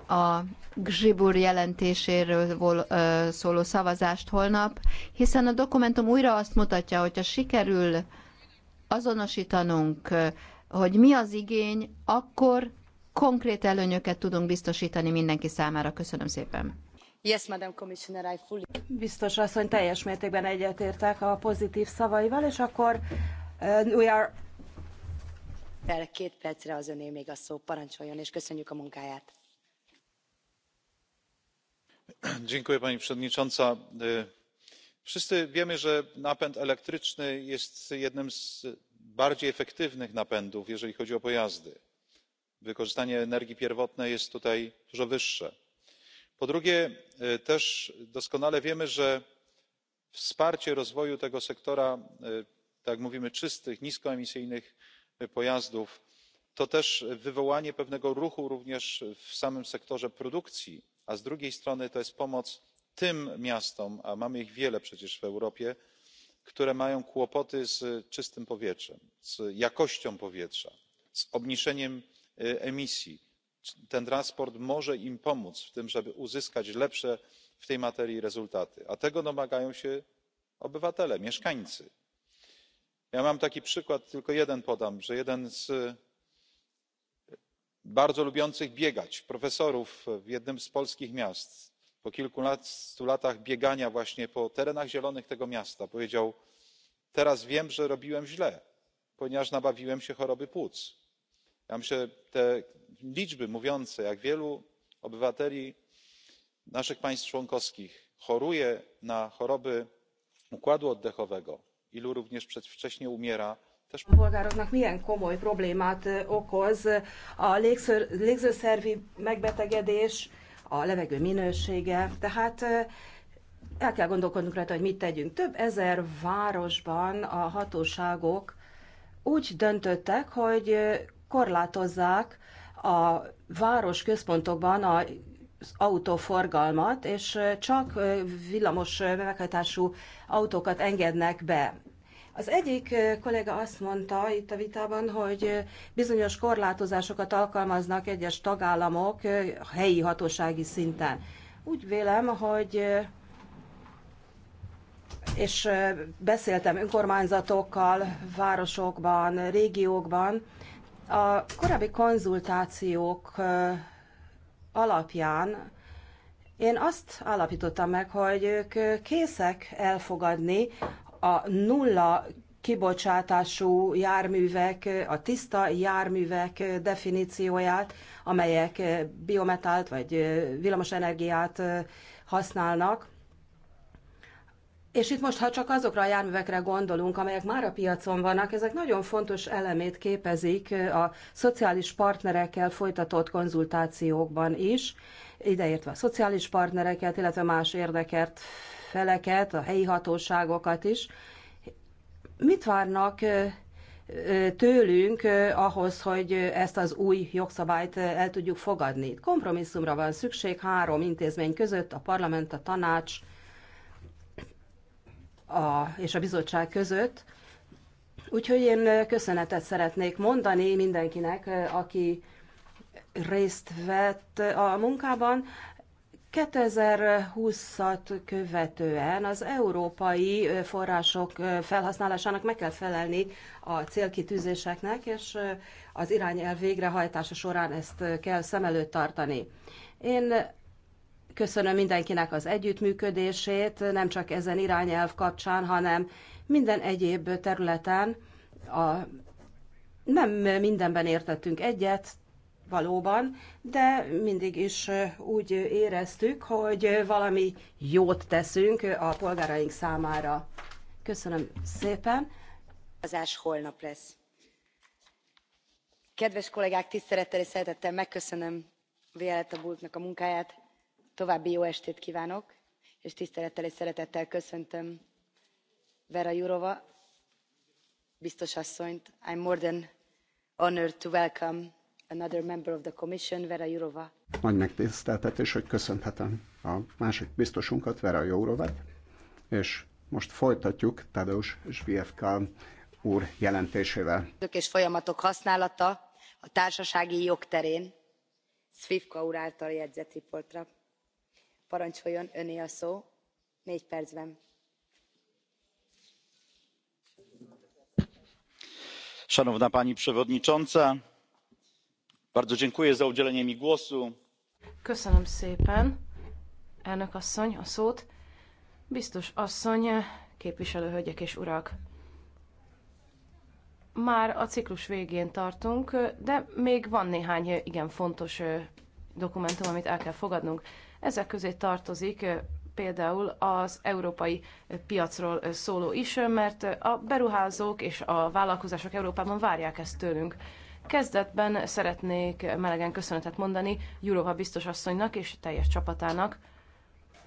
a Gzsibur jelentéséről szóló szavazást holnap, hiszen a dokumentum újra azt mutatja, hogyha sikerül azonosítanunk, hogy mi az igény, akkor konkrét előnyöket tudunk biztosítani mindenki számára. Köszönöm szépen! Madam Biztos asszony, teljes mértékben egyetértek a pozitív szavaival, és akkor uh, Két percre az öné még a szó, parancsoljon, és köszönjük a munkáját. Dziękuję, pani przewodnicząca! E, wszyscy wiemy że napęd elektryczny jest jednym z bardziej efektywnych napędów jeżeli chodzi o pojazdy. wykorzystanie energii pierwotnej jest tutaj dużo wyższe po drugie e, też doskonale wiemy że wsparcie rozwoju tego sektora e, tak jak mówimy czystych niskoemisyjnych e, pojazdów to też wywołanie pewnego ruchu również w samym sektorze produkcji a z drugiej strony to jest pomoc tym miastom a mamy ich wiele przecież w europie które mają kłopoty z czystym powietrzem z jakością powietrza z obniżeniem emisji ten transport może im pomóc w tym żeby uzyskać lepsze w tej materii rezultaty a tego domagają się obywatele mieszkańcy. ja mam taki przykład tylko jeden podam że jeden z bardzo lubiących biegać profesorów w jednym z polskich miast po kilkunastu latach biegania właśnie po terenach zielonych tego miasta powiedział teraz wiem że robiłem źle ponieważ nabawiłem się choroby płuc myślę że te liczby mówiące jak wielu obywateli naszych państw członkowskich choruje na choroby układu oddechowego ilu również przedwcześnie umiera też. a polgároknak milyen komoly problémát e, okoz a légzőszervi megbetegedés a levegő minősége tehát e, el kell gondolkodnunk rajta, hogy mit tegyünk. Több ezer városban a hatóságok úgy döntöttek, hogy e, korlátozzák a város központokban a az autóforgalmat, és csak villamos meghajtású autókat engednek be. Az egyik kollega azt mondta itt a vitában, hogy bizonyos korlátozásokat alkalmaznak egyes tagállamok helyi hatósági szinten. Úgy vélem, hogy és beszéltem önkormányzatokkal, városokban, régiókban, a korábbi konzultációk alapján én azt állapítottam meg, hogy ők készek elfogadni a nulla kibocsátású járművek, a tiszta járművek definícióját, amelyek biometált vagy villamosenergiát használnak. És itt most, ha csak azokra a járművekre gondolunk, amelyek már a piacon vannak, ezek nagyon fontos elemét képezik a szociális partnerekkel folytatott konzultációkban is, ideértve a szociális partnereket, illetve más érdekert feleket, a helyi hatóságokat is. Mit várnak tőlünk ahhoz, hogy ezt az új jogszabályt el tudjuk fogadni? Kompromisszumra van szükség három intézmény között, a parlament, a tanács, a, és a bizottság között. Úgyhogy én köszönetet szeretnék mondani mindenkinek, aki részt vett a munkában. 2020-at követően az európai források felhasználásának meg kell felelni a célkitűzéseknek, és az irányelv végrehajtása során ezt kell szem előtt tartani. Én Köszönöm mindenkinek az együttműködését, nem csak ezen irányelv kapcsán, hanem minden egyéb területen. A, nem mindenben értettünk egyet, valóban, de mindig is úgy éreztük, hogy valami jót teszünk a polgáraink számára. Köszönöm szépen. Az holnap lesz. Kedves kollégák, tisztelettel és szeretettel megköszönöm Violetta Bultnak a munkáját, további jó estét kvánok és tisztelettel és szeretettel köszöntöm Vera jourov biztos asszonyt. i am more than honoured to welcome another member of the commission Vera jourov. nagy megtiszteltetés hogy köszönhetem a másik biztosunkat Vera jourovet és most folytatjuk tadeusz zsvijevka úr jelentésével. és folyamatok használata a társasági jog terén. Szvivka úr által jegyzett riportra parancsoljon öné a szó négy percben. szanowna pani przewodnicząca! bardzo dziękuję za udzielenie mi głosu. köszönöm szépen elnök asszony a szót. biztos asszony hölgyek és urak! Már a ciklus végén tartunk, de még van néhány igen fontos dokumentum, amit el kell fogadnunk. Ezek közé tartozik például az európai piacról szóló is, mert a beruházók és a vállalkozások Európában várják ezt tőlünk. Kezdetben szeretnék melegen köszönetet mondani Jurova biztos asszonynak és teljes csapatának,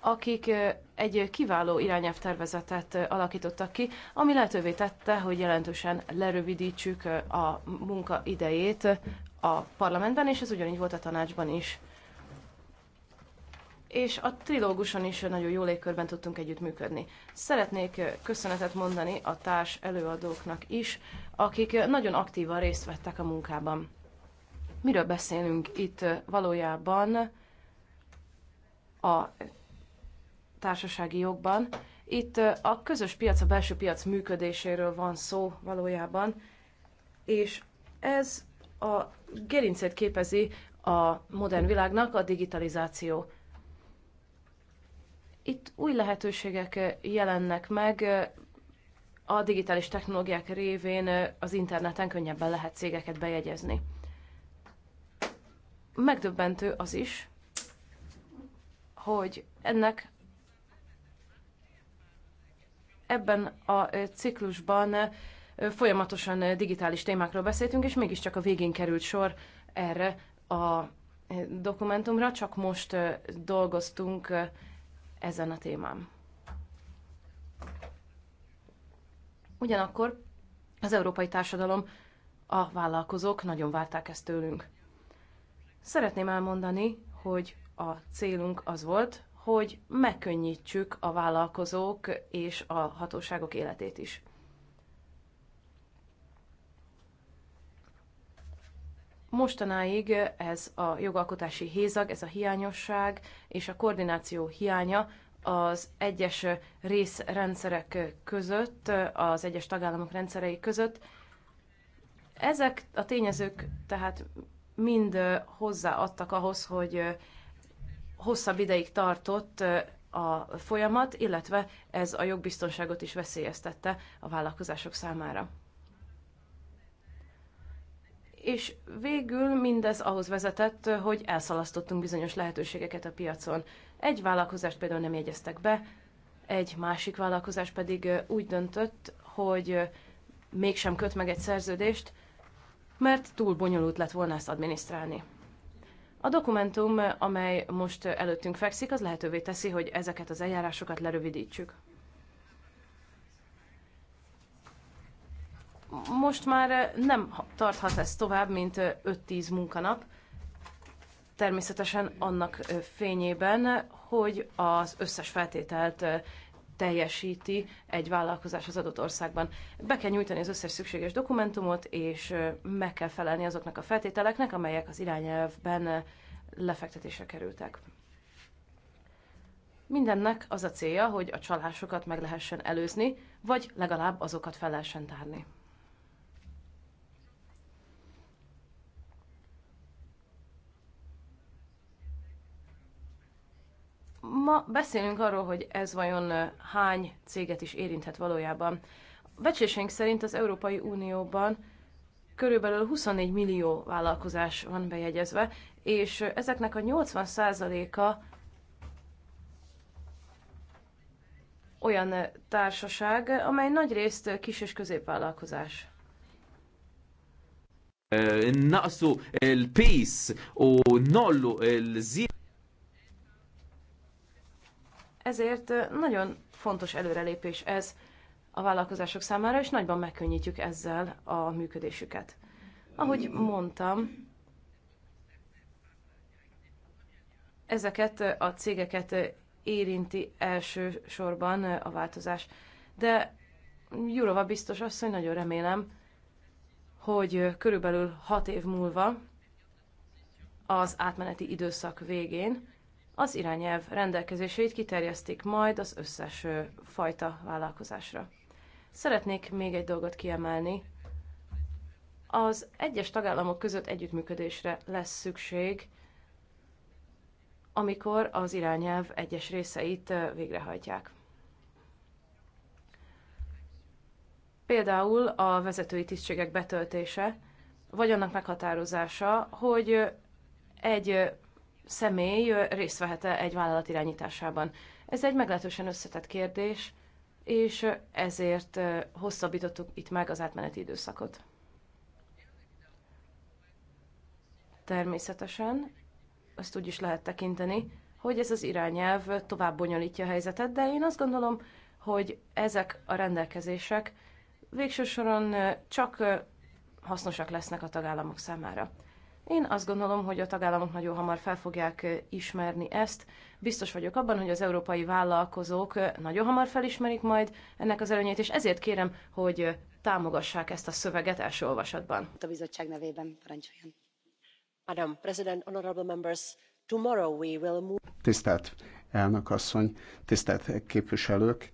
akik egy kiváló irányelvtervezetet alakítottak ki, ami lehetővé tette, hogy jelentősen lerövidítsük a munka idejét a parlamentben, és ez ugyanígy volt a tanácsban is és a trilóguson is nagyon jó légkörben tudtunk együttműködni. Szeretnék köszönetet mondani a társ előadóknak is, akik nagyon aktívan részt vettek a munkában. Miről beszélünk itt valójában a társasági jogban? Itt a közös piac, a belső piac működéséről van szó valójában, és ez a gerincét képezi a modern világnak a digitalizáció itt új lehetőségek jelennek meg, a digitális technológiák révén az interneten könnyebben lehet cégeket bejegyezni. Megdöbbentő az is, hogy ennek ebben a ciklusban folyamatosan digitális témákról beszéltünk, és mégiscsak a végén került sor erre a dokumentumra, csak most dolgoztunk ezen a témán. Ugyanakkor az európai társadalom, a vállalkozók nagyon várták ezt tőlünk. Szeretném elmondani, hogy a célunk az volt, hogy megkönnyítsük a vállalkozók és a hatóságok életét is. Mostanáig ez a jogalkotási hézag, ez a hiányosság és a koordináció hiánya az egyes részrendszerek között, az egyes tagállamok rendszerei között. Ezek a tényezők tehát mind hozzáadtak ahhoz, hogy hosszabb ideig tartott a folyamat, illetve ez a jogbiztonságot is veszélyeztette a vállalkozások számára és végül mindez ahhoz vezetett, hogy elszalasztottunk bizonyos lehetőségeket a piacon. Egy vállalkozást például nem jegyeztek be, egy másik vállalkozás pedig úgy döntött, hogy mégsem köt meg egy szerződést, mert túl bonyolult lett volna ezt adminisztrálni. A dokumentum, amely most előttünk fekszik, az lehetővé teszi, hogy ezeket az eljárásokat lerövidítsük. most már eh, nem tarthat ez tovább, mint 5-10 eh, munkanap. Természetesen annak eh, fényében, hogy az összes feltételt teljesíti egy vállalkozás az adott országban. Be kell nyújtani az összes szükséges dokumentumot, és meg kell felelni azoknak a feltételeknek, amelyek az irányelvben lefektetésre kerültek. Mindennek az a célja, hogy a csalásokat meg lehessen előzni, vagy legalább azokat fel lehessen tárni. Ma beszélünk arról, hogy ez vajon hány céget is érinthet valójában. A szerint az Európai Unióban körülbelül 24 millió vállalkozás van bejegyezve, és ezeknek a 80%-a olyan társaság, amely nagyrészt kis- és középvállalkozás. Naqsu el pis o nollu el zi... Ezért nagyon fontos előrelépés ez a vállalkozások számára, és nagyban megkönnyítjük ezzel a működésüket. Ahogy mondtam, ezeket a cégeket érinti elsősorban a változás. De Jurova biztos asszony, nagyon remélem, hogy körülbelül hat év múlva az átmeneti időszak végén az irányelv rendelkezéseit kiterjesztik majd az összes fajta vállalkozásra. Szeretnék még egy dolgot kiemelni. Az egyes tagállamok között együttműködésre lesz szükség, amikor az irányelv egyes részeit végrehajtják. Például a vezetői tisztségek betöltése, vagy annak meghatározása, hogy egy személy részt vehet-e egy vállalat irányításában. Ez egy meglehetősen összetett kérdés, és ezért hosszabbítottuk itt meg az átmeneti időszakot. Természetesen azt úgy is lehet tekinteni, hogy ez az irányelv tovább bonyolítja a helyzetet, de én azt gondolom, hogy ezek a rendelkezések végső soron csak hasznosak lesznek a tagállamok számára. Én azt gondolom, hogy a tagállamok nagyon hamar fel fogják ismerni ezt. Biztos vagyok abban, hogy az európai vállalkozók nagyon hamar felismerik majd ennek az előnyét, és ezért kérem, hogy támogassák ezt a szöveget első olvasatban. A bizottság nevében parancsoljon. Madam President, honorable members, tomorrow we will move... Tisztelt elnök asszony, tisztelt képviselők!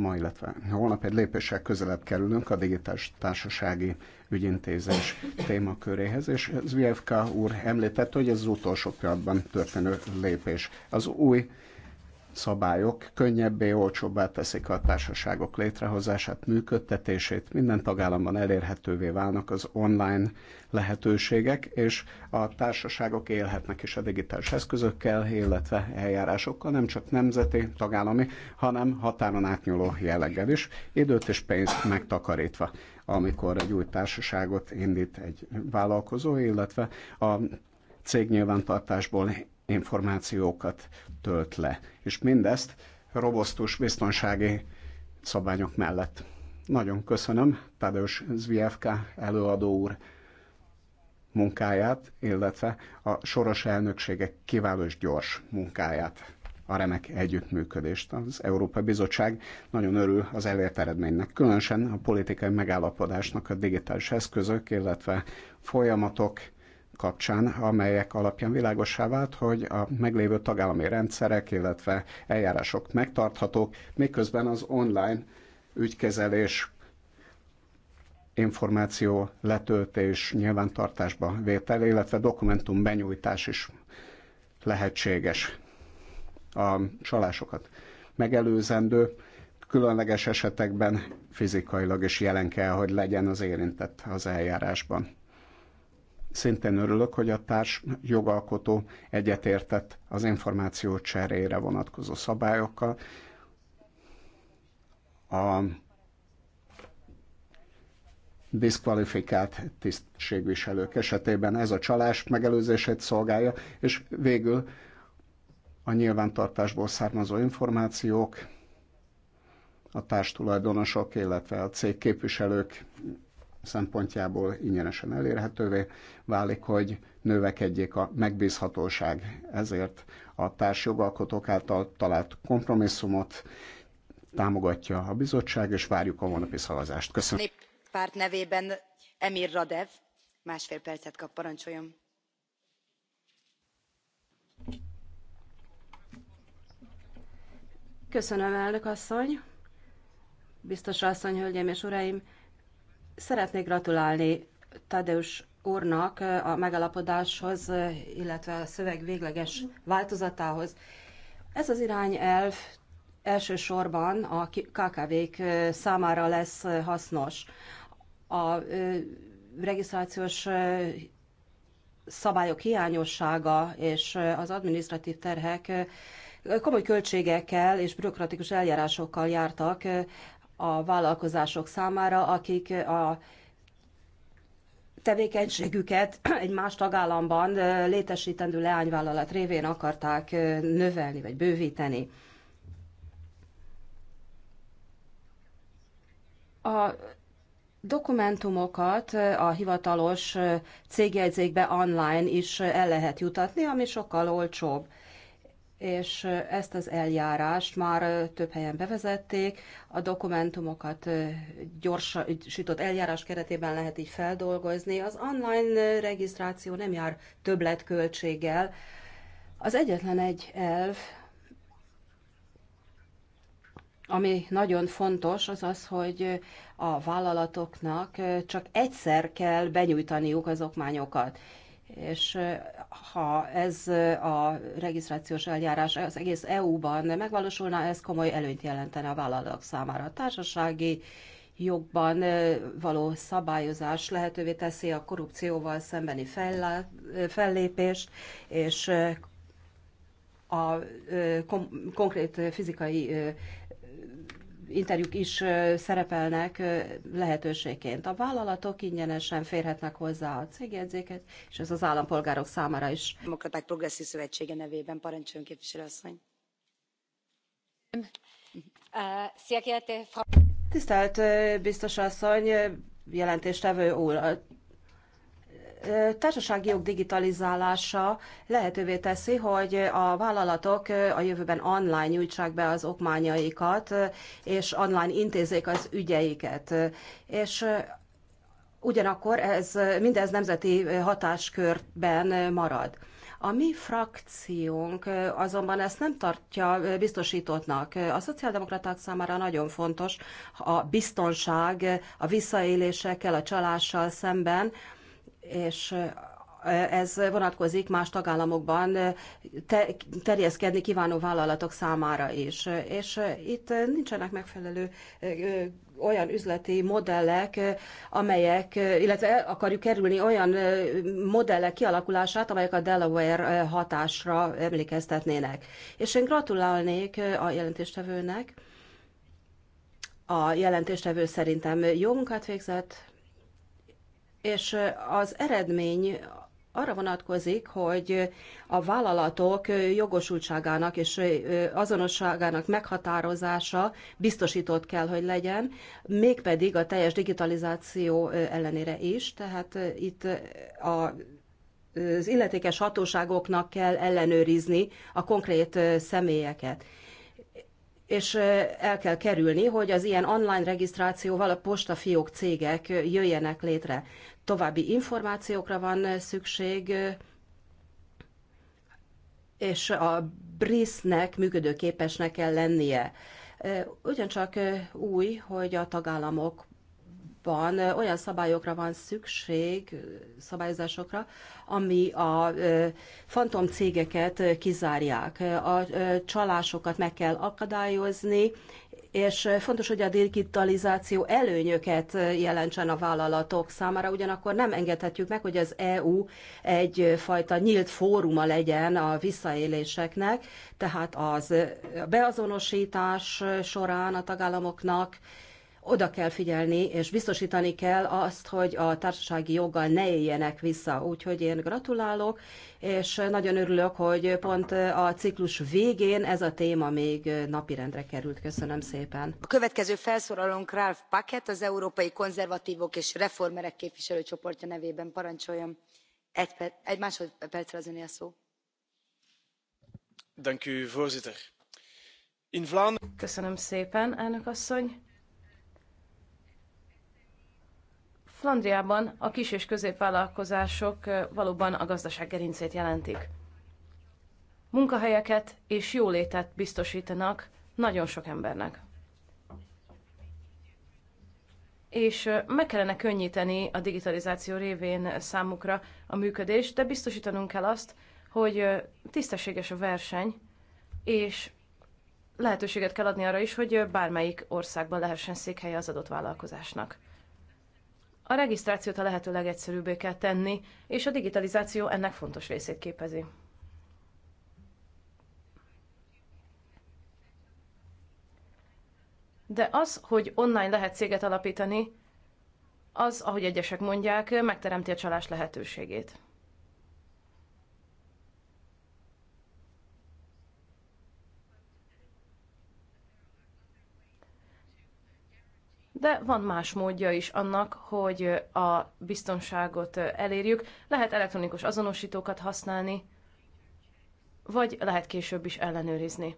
ma, illetve holnap egy lépéssel közelebb kerülünk a digitális társasági ügyintézés témaköréhez, és Zvijevka úr említette, hogy ez az utolsó pillanatban történő lépés. Az új szabályok könnyebbé, olcsóbbá teszik a társaságok létrehozását, működtetését, minden tagállamban elérhetővé válnak az online lehetőségek, és a társaságok élhetnek is a digitális eszközökkel, illetve eljárásokkal, nem csak nemzeti, tagállami, hanem határon átnyúló jelleggel is, időt és pénzt megtakarítva amikor egy új társaságot indít egy vállalkozó, illetve a cégnyilvántartásból információkat tölt le. És mindezt robosztus biztonsági szabályok mellett. Nagyon köszönöm Tadeusz Zvijevka előadó úr munkáját, illetve a soros elnökségek kiváló és gyors munkáját, a remek együttműködést. Az Európa Bizottság nagyon örül az elért eredménynek, különösen a politikai megállapodásnak a digitális eszközök, illetve folyamatok kapcsán, amelyek alapján világosá vált, hogy a meglévő tagállami rendszerek, illetve eljárások megtarthatók, miközben az online ügykezelés információ letöltés, nyilvántartásba vétel, illetve dokumentum benyújtás is lehetséges. A csalásokat megelőzendő, különleges esetekben fizikailag is jelen kell, hogy legyen az érintett az eljárásban. Szintén örülök, hogy a társ jogalkotó egyetértett az információ cserére vonatkozó szabályokkal. A diszkvalifikált tisztségviselők esetében ez a csalás megelőzését szolgálja, és végül a nyilvántartásból származó információk a társtulajdonosok, illetve a cég képviselők szempontjából ingyenesen elérhetővé válik, hogy növekedjék a megbízhatóság. Ezért a társjogalkotók által talált kompromisszumot támogatja a bizottság, és várjuk a holnapi szavazást. Köszönöm. Párt nevében Emir Radev másfél percet kap, parancsoljon. Köszönöm, elnök asszony. Biztos asszony, hölgyeim és uraim! Szeretnék gratulálni Tadeusz úrnak a megalapodáshoz, illetve a szöveg végleges változatához. Ez az irányelv elsősorban a KKV-k számára lesz hasznos. A regisztrációs szabályok hiányossága és az adminisztratív terhek komoly költségekkel és bürokratikus eljárásokkal jártak a vállalkozások számára, akik a tevékenységüket egy más tagállamban létesítendő leányvállalat révén akarták növelni vagy bővíteni. A dokumentumokat a hivatalos cégjegyzékbe online is el lehet jutatni, ami sokkal olcsóbb és ezt az eljárást már több helyen bevezették, a dokumentumokat gyorsított eljárás keretében lehet így feldolgozni. Az online regisztráció nem jár többletköltséggel. Az egyetlen egy elv, ami nagyon fontos, az az, hogy a vállalatoknak csak egyszer kell benyújtaniuk az okmányokat és ha ez a regisztrációs eljárás az egész EU-ban megvalósulna, ez komoly előnyt jelentene a vállalatok számára. A társasági jogban való szabályozás lehetővé teszi a korrupcióval szembeni fellépést, és a konkrét fizikai interjúk is szerepelnek lehetőségként. A vállalatok ingyenesen férhetnek hozzá a cégjegyzéket, és ez az állampolgárok számára is. Demokraták Progresszív Szövetsége nevében parancsoljon képviselőasszony. Tisztelt biztos asszony, jelentéstevő úr, társasági jog digitalizálása lehetővé teszi, hogy a vállalatok a jövőben online nyújtsák be az okmányaikat, és online intézzék az ügyeiket. És ugyanakkor ez mindez nemzeti hatáskörben marad. A mi frakciónk azonban ezt nem tartja biztosítottnak. A szociáldemokraták számára nagyon fontos a biztonság a visszaélésekkel, a csalással szemben, és ez vonatkozik más tagállamokban terjeszkedni kívánó vállalatok számára is. És itt nincsenek megfelelő olyan üzleti modellek, amelyek, illetve akarjuk kerülni olyan modellek kialakulását, amelyek a Delaware hatásra emlékeztetnének. És én gratulálnék a jelentéstevőnek. A jelentéstevő szerintem jó munkát végzett, és az eredmény arra vonatkozik, hogy a vállalatok jogosultságának és azonosságának meghatározása biztosított kell, hogy legyen, mégpedig a teljes digitalizáció ellenére is. Tehát itt a az illetékes hatóságoknak kell ellenőrizni a konkrét személyeket. És el kell kerülni, hogy az ilyen online regisztrációval a postafiók cégek jöjjenek létre további információkra van szükség, és a BRIS-nek működőképesnek kell lennie. Ugyancsak új, hogy a tagállamokban olyan szabályokra van szükség, szabályozásokra, ami a fantom cégeket kizárják. A csalásokat meg kell akadályozni, és fontos, hogy a digitalizáció előnyöket jelentsen a vállalatok számára, ugyanakkor nem engedhetjük meg, hogy az EU egyfajta nyílt fóruma legyen a visszaéléseknek, tehát az beazonosítás során a tagállamoknak oda kell figyelni, és biztosítani kell azt, hogy a társasági joggal ne éljenek vissza. Úgyhogy én gratulálok, és nagyon örülök, hogy pont a ciklus végén ez a téma még napirendre került. Köszönöm szépen. A következő felszólalónk Ralph Paket, az Európai Konzervatívok és Reformerek képviselőcsoportja nevében parancsoljon. Egy, per, egy másodpercre az öné a szó. Dank u, voorzitter. In Vlaanderen... Köszönöm szépen, elnök asszony. Flandriában a kis- és középvállalkozások valóban a gazdaság gerincét jelentik. Munkahelyeket és jólétet biztosítanak nagyon sok embernek. És meg kellene könnyíteni a digitalizáció révén számukra a működést, de biztosítanunk kell azt, hogy tisztességes a verseny, és lehetőséget kell adni arra is, hogy bármelyik országban lehessen székhelye az adott vállalkozásnak. A regisztrációt a lehető legegyszerűbbé kell tenni, és a digitalizáció ennek fontos részét képezi. De az, hogy online lehet céget alapítani, az, ahogy egyesek mondják, megteremti a csalás lehetőségét. de van más módja is annak, hogy a biztonságot elérjük. Lehet elektronikus azonosítókat használni, vagy lehet később is ellenőrizni.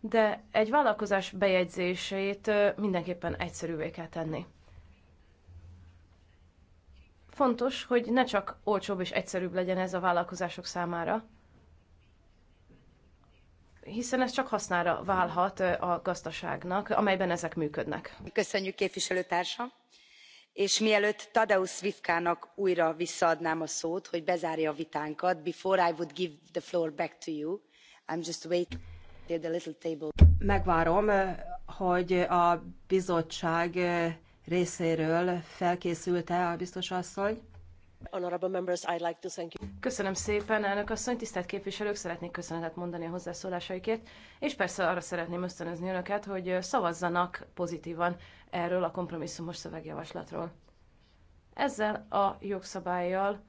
De egy vállalkozás bejegyzését mindenképpen egyszerűvé kell tenni. Fontos, hogy ne csak olcsóbb és egyszerűbb legyen ez a vállalkozások számára, hiszen ez csak hasznára válhat a gazdaságnak, amelyben ezek működnek. Köszönjük képviselőtársam! és mielőtt tadeusz zwiefkának újra visszaadnám a szót hogy bezárja a vitánkat before i would give the floor back to you i'm just waiting till the little table. megvárom hogy a bizottság részéről felkészült e a biztos asszony. Köszönöm szépen, elnök asszony, tisztelt képviselők, szeretnék köszönetet mondani a hozzászólásaikért, és persze arra szeretném ösztönözni önöket, hogy szavazzanak pozitívan erről a kompromisszumos szövegjavaslatról. Ezzel a jogszabályjal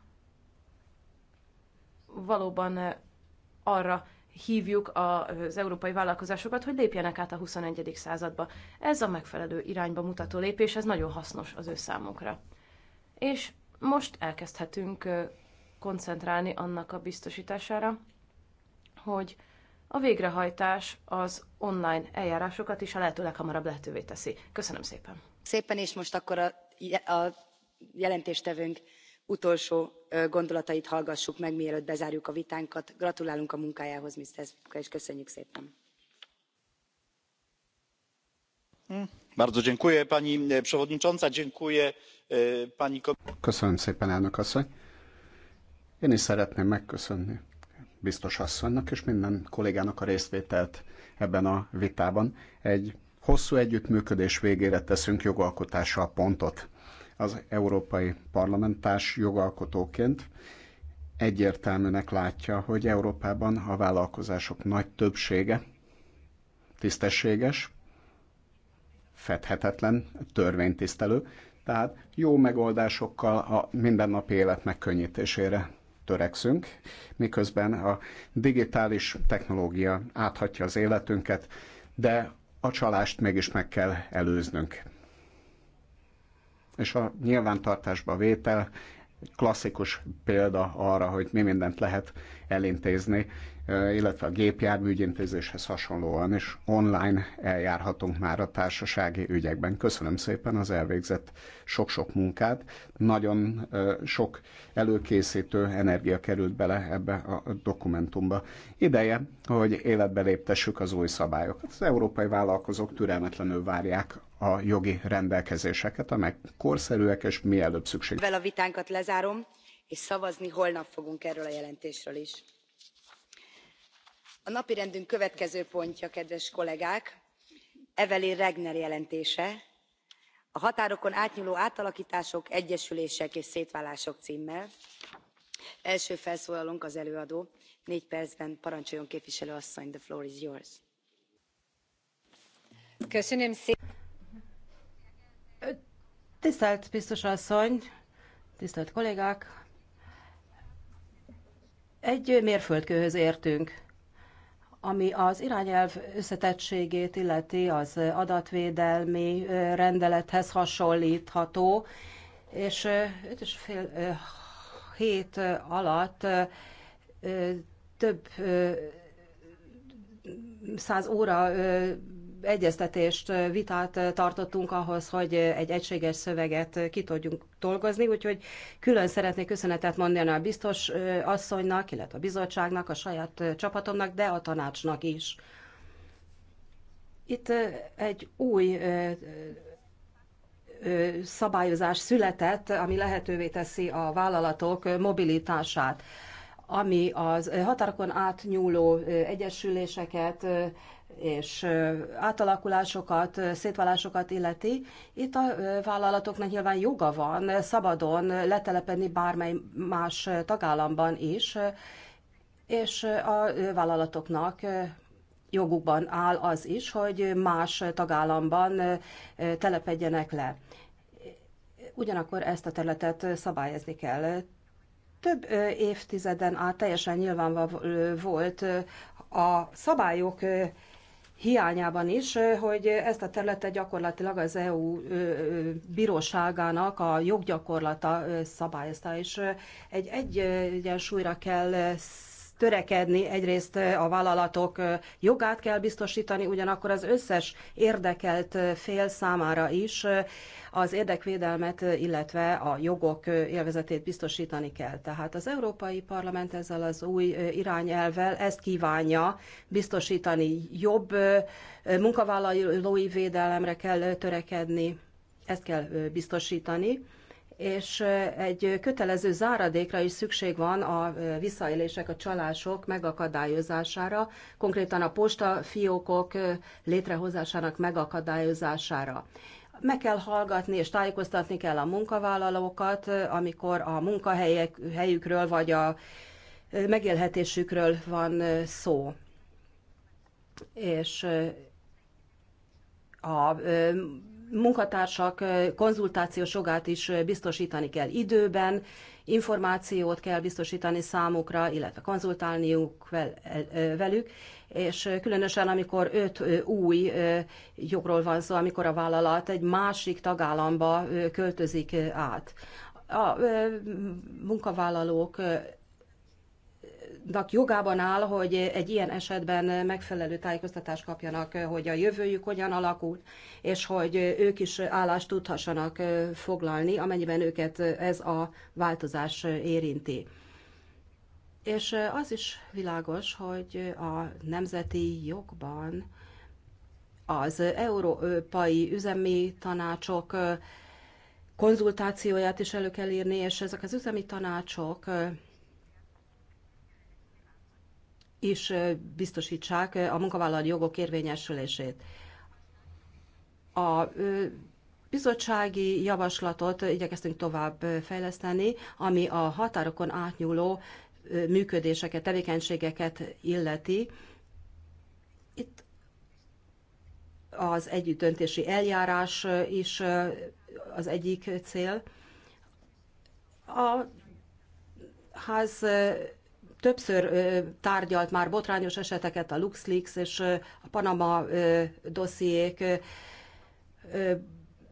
valóban arra hívjuk az európai vállalkozásokat, hogy lépjenek át a 21. századba. Ez a megfelelő irányba mutató lépés, ez nagyon hasznos az ő számukra. És most elkezdhetünk koncentrálni annak a biztosítására, hogy a végrehajtás az online eljárásokat is a lehető leghamarabb lehetővé teszi. Köszönöm szépen. Szépen, és most akkor a, a jelentéstevőnk utolsó gondolatait hallgassuk meg, mielőtt bezárjuk a vitánkat. Gratulálunk a munkájához, Mr. Zwiefka, és köszönjük szépen. Mm. E, e, Köszönöm szépen, elnök asszony. Én is szeretném megköszönni biztos asszonynak és minden kollégának a részvételt ebben a vitában. Egy hosszú együttműködés végére teszünk jogalkotással pontot. Az Európai Parlamentás jogalkotóként egyértelműnek látja, hogy Európában a vállalkozások nagy többsége tisztességes, fedhetetlen, törvénytisztelő, tehát jó megoldásokkal a mindennapi élet megkönnyítésére törekszünk, miközben a digitális technológia áthatja az életünket, de a csalást mégis meg kell előznünk. És a nyilvántartásba vétel egy klasszikus példa arra, hogy mi mindent lehet elintézni illetve a gépjárműgyintézéshez hasonlóan is online eljárhatunk már a társasági ügyekben. Köszönöm szépen az elvégzett sok-sok munkát. Nagyon sok előkészítő energia került bele ebbe a dokumentumba. Ideje, hogy életbe léptessük az új szabályokat. Az európai vállalkozók türelmetlenül várják a jogi rendelkezéseket, amelyek korszerűek és mielőbb szükség. Vel a vitánkat lezárom, és szavazni holnap fogunk erről a jelentésről is a napirendünk következő pontja kedves kollégák evelyn regner jelentése a határokon átnyúló átalaktások egyesülések és szétválások cmmel. első felszólalónk az előadó négy percben parancsoljon képviselő asszony the floor is yours. köszönöm tisztelt biztos asszony tisztelt kollégák! Egy mérföldkőhöz értünk. Ami az irányelv összetettségét illeti, az adatvédelmi rendelethez hasonlítható, és 5,5 és hét alatt több száz óra egyeztetést, vitát tartottunk ahhoz, hogy egy egységes szöveget ki tudjunk dolgozni, úgyhogy külön szeretnék köszönetet mondani a biztos asszonynak, illetve a bizottságnak, a saját csapatomnak, de a tanácsnak is. Itt egy új szabályozás született, ami lehetővé teszi a vállalatok mobilitását ami az határokon átnyúló egyesüléseket, és átalakulásokat, szétválásokat illeti, itt a vállalatoknak nyilván joga van szabadon letelepedni bármely más tagállamban is, és a vállalatoknak jogukban áll az is, hogy más tagállamban telepedjenek le. Ugyanakkor ezt a területet szabályozni kell. Több évtizeden át teljesen nyilvánvaló volt a szabályok hiányában is, hogy ezt a területet gyakorlatilag az EU bíróságának a joggyakorlata szabályozta, és egy egyensúlyra kell törekedni. Egyrészt a vállalatok jogát kell biztosítani, ugyanakkor az összes érdekelt fél számára is az érdekvédelmet, illetve a jogok élvezetét biztosítani kell. Tehát az Európai Parlament ezzel az új irányelvel ezt kívánja biztosítani. Jobb munkavállalói védelemre kell törekedni, ezt kell biztosítani és egy kötelező záradékra is szükség van a visszaélések, a csalások megakadályozására, konkrétan a posta fiókok létrehozásának megakadályozására. Meg kell hallgatni és tájékoztatni kell a munkavállalókat, amikor a munkahelyek, helyükről vagy a megélhetésükről van szó. És a munkatársak konzultációs jogát is biztosítani kell időben, információt kell biztosítani számukra, illetve konzultálniuk velük, és különösen amikor öt új jogról van szó, amikor a vállalat egy másik tagállamba költözik át. A munkavállalók azoknak jogában áll, hogy egy ilyen esetben megfelelő tájékoztatást kapjanak, hogy a jövőjük hogyan alakul, és hogy ők is állást tudhassanak foglalni, amennyiben őket ez a változás érinti. És az is világos, hogy a nemzeti jogban az európai üzemi tanácsok konzultációját is elő kell írni, és ezek az üzemi tanácsok is biztosítsák a munkavállalói jogok érvényesülését. A bizottsági javaslatot igyekeztünk tovább fejleszteni, ami a határokon átnyúló működéseket, tevékenységeket illeti. Itt az együttöntési eljárás is az egyik cél. A ház többször tárgyalt már botrányos eseteket, a LuxLeaks és a Panama dossziék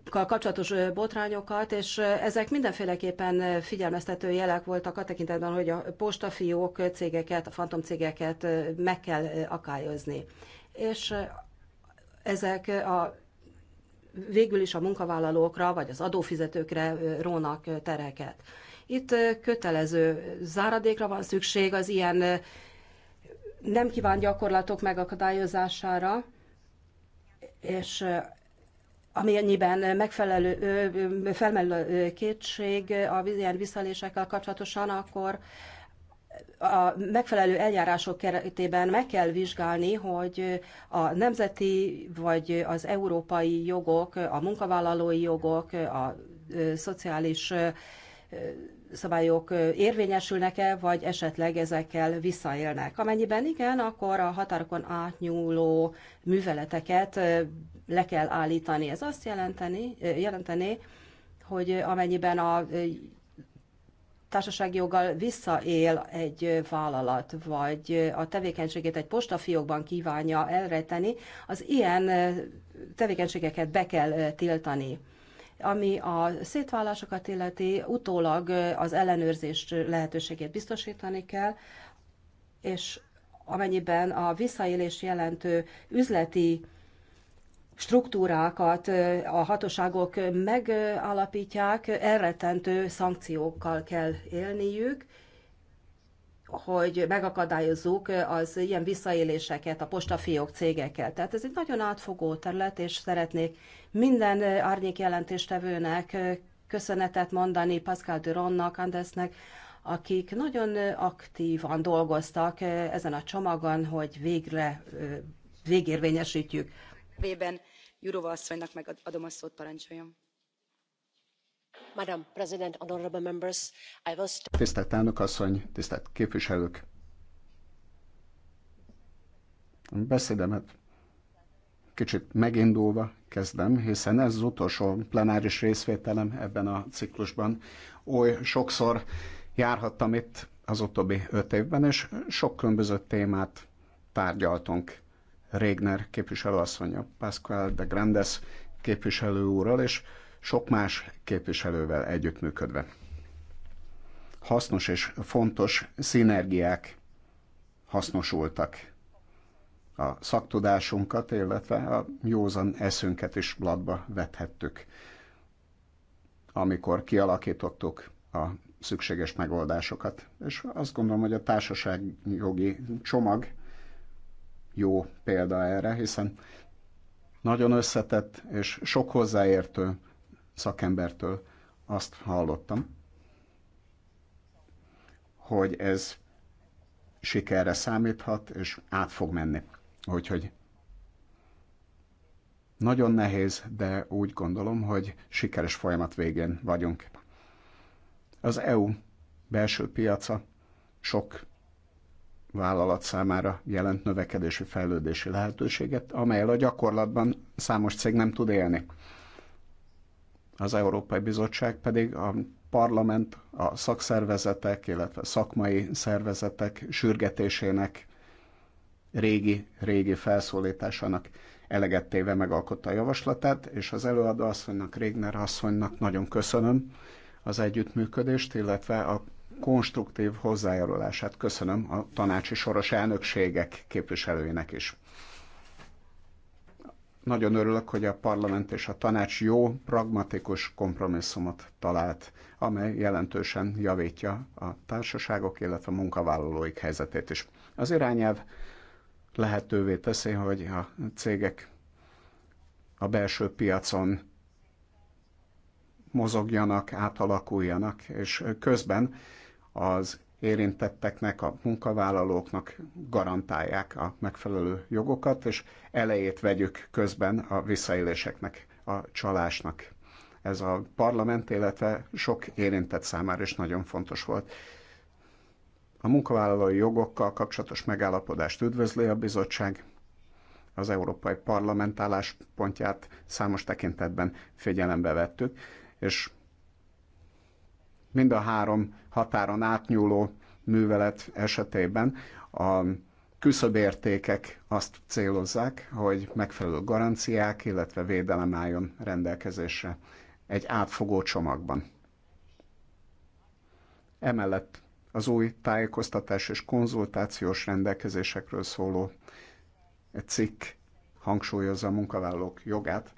kapcsolatos botrányokat, és ezek mindenféleképpen figyelmeztető jelek voltak a tekintetben, hogy a postafiók cégeket, a fantomcégeket meg kell akályozni. És ezek a végül is a munkavállalókra vagy az adófizetőkre rónak tereket. Itt kötelező záradékra van szükség az ilyen nem kíván gyakorlatok megakadályozására, és amennyiben megfelelő, felmerül kétség a ilyen visszalésekkel kapcsolatosan, akkor a megfelelő eljárások keretében meg kell vizsgálni, hogy a nemzeti vagy az európai jogok, a munkavállalói jogok, a szociális szabályok érvényesülnek-e, vagy esetleg ezekkel visszaélnek. Amennyiben igen, akkor a határokon átnyúló műveleteket le kell állítani. Ez azt jelenteni, jelenteni hogy amennyiben a társasági joggal visszaél egy vállalat, vagy a tevékenységét egy postafiókban kívánja elrejteni, az ilyen tevékenységeket be kell tiltani. Ami a szétválásokat illeti, utólag az ellenőrzés lehetőségét biztosítani kell, és amennyiben a visszaélés jelentő üzleti struktúrákat a hatóságok megállapítják, elrettentő szankciókkal kell élniük, hogy megakadályozzuk az ilyen visszaéléseket a postafiók cégekkel. Tehát ez egy nagyon átfogó terület, és szeretnék minden árnyék jelentéstevőnek köszönetet mondani, Pascal Duronnak, Andesnek, akik nagyon aktívan dolgoztak ezen a csomagon, hogy végre végérvényesítjük. Vében Jurova asszonynak megadom a szót, parancsoljon Tisztelt elnök asszony, tisztelt képviselők! Beszédemet kicsit megindulva kezdem, hiszen ez az utolsó plenáris részvételem ebben a ciklusban. Oly sokszor járhattam itt az utóbbi öt évben, és sok különböző témát tárgyaltunk Régner képviselőasszonya, Pascual de Grandes képviselő úrral, és sok más képviselővel együttműködve. Hasznos és fontos szinergiák hasznosultak a szaktudásunkat, illetve a józan eszünket is blatba vethettük, amikor kialakítottuk a szükséges megoldásokat. És azt gondolom, hogy a társaság jogi csomag jó példa erre, hiszen nagyon összetett és sok hozzáértő szakembertől azt hallottam, hogy ez sikerre számíthat, és át fog menni. Úgyhogy nagyon nehéz, de úgy gondolom, hogy sikeres folyamat végén vagyunk. Az EU belső piaca sok vállalat számára jelent növekedési fejlődési lehetőséget, amelyel a gyakorlatban számos cég nem tud élni. Az Európai Bizottság pedig a parlament, a szakszervezetek, illetve szakmai szervezetek sürgetésének régi-régi felszólításának eleget téve megalkotta a javaslatát, és az előadó asszonynak, Régner asszonynak nagyon köszönöm az együttműködést, illetve a konstruktív hozzájárulását köszönöm a tanácsi soros elnökségek képviselőinek is. Nagyon örülök, hogy a parlament és a tanács jó, pragmatikus kompromisszumot talált, amely jelentősen javítja a társaságok, illetve a munkavállalóik helyzetét is. Az irányelv lehetővé teszi, hogy a cégek a belső piacon mozogjanak, átalakuljanak, és közben az érintetteknek, a munkavállalóknak garantálják a megfelelő jogokat, és elejét vegyük közben a visszaéléseknek, a csalásnak. Ez a parlament, illetve sok érintett számára is nagyon fontos volt. A munkavállalói jogokkal kapcsolatos megállapodást üdvözli a bizottság, az Európai Parlament álláspontját számos tekintetben figyelembe vettük, és mind a három határon átnyúló művelet esetében a küszöbértékek azt célozzák, hogy megfelelő garanciák, illetve védelem álljon rendelkezésre egy átfogó csomagban. Emellett az új tájékoztatás és konzultációs rendelkezésekről szóló cikk hangsúlyozza a munkavállalók jogát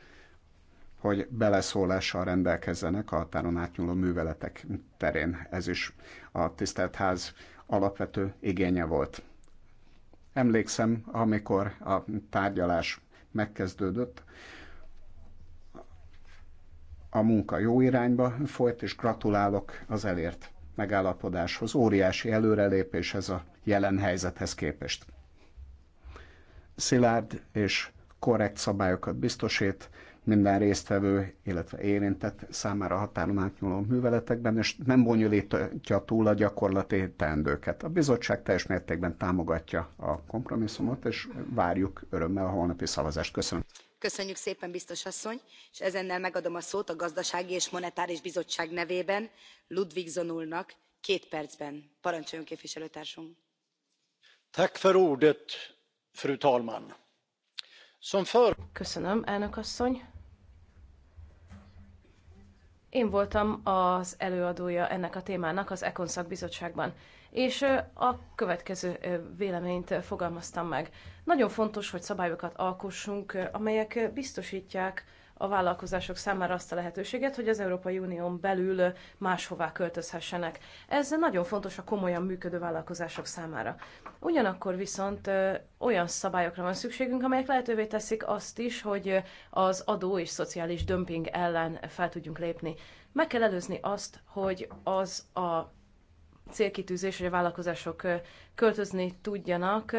hogy beleszólással rendelkezzenek a határon átnyúló műveletek terén. Ez is a tisztelt ház alapvető igénye volt. Emlékszem, amikor a tárgyalás megkezdődött, a munka jó irányba folyt, és gratulálok az elért megállapodáshoz. Óriási előrelépés ez a jelen helyzethez képest. Szilárd és korrekt szabályokat biztosít, minden résztvevő, illetve érintett számára határon átnyúló műveletekben, és nem bonyolítja túl a gyakorlati teendőket. A bizottság teljes mértékben támogatja a kompromisszumot, és várjuk örömmel a holnapi szavazást. Köszönöm. Köszönjük szépen, biztos asszony, és ezennel megadom a szót a Gazdasági és Monetáris Bizottság nevében Ludwig Zonulnak két percben. Parancsoljon képviselőtársunk! Köszönöm, elnök asszony! Én voltam az előadója ennek a témának az Econ szakbizottságban, és a következő véleményt fogalmaztam meg. Nagyon fontos, hogy szabályokat alkossunk, amelyek biztosítják, a vállalkozások számára azt a lehetőséget, hogy az Európai Unión belül máshová költözhessenek. Ez nagyon fontos a komolyan működő vállalkozások számára. Ugyanakkor viszont olyan szabályokra van szükségünk, amelyek lehetővé teszik azt is, hogy az adó és szociális dömping ellen fel tudjunk lépni. Meg kell előzni azt, hogy az a célkitűzés, hogy a vállalkozások költözni tudjanak,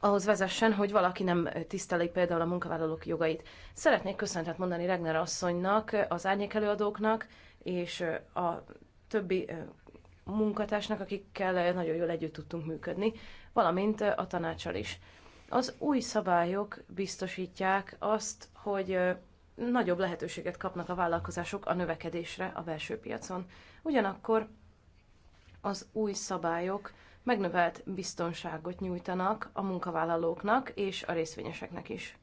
ahhoz vezessen, hogy valaki nem tiszteli például a munkavállalók jogait. Szeretnék köszönetet mondani Regner asszonynak, az árnyékelőadóknak és a többi munkatársnak, akikkel nagyon jól együtt tudtunk működni, valamint a tanácsal is. Az új szabályok biztosítják azt, hogy nagyobb lehetőséget kapnak a vállalkozások a növekedésre a belső piacon. Ugyanakkor az új szabályok megnövelt biztonságot nyújtanak a munkavállalóknak és a részvényeseknek is.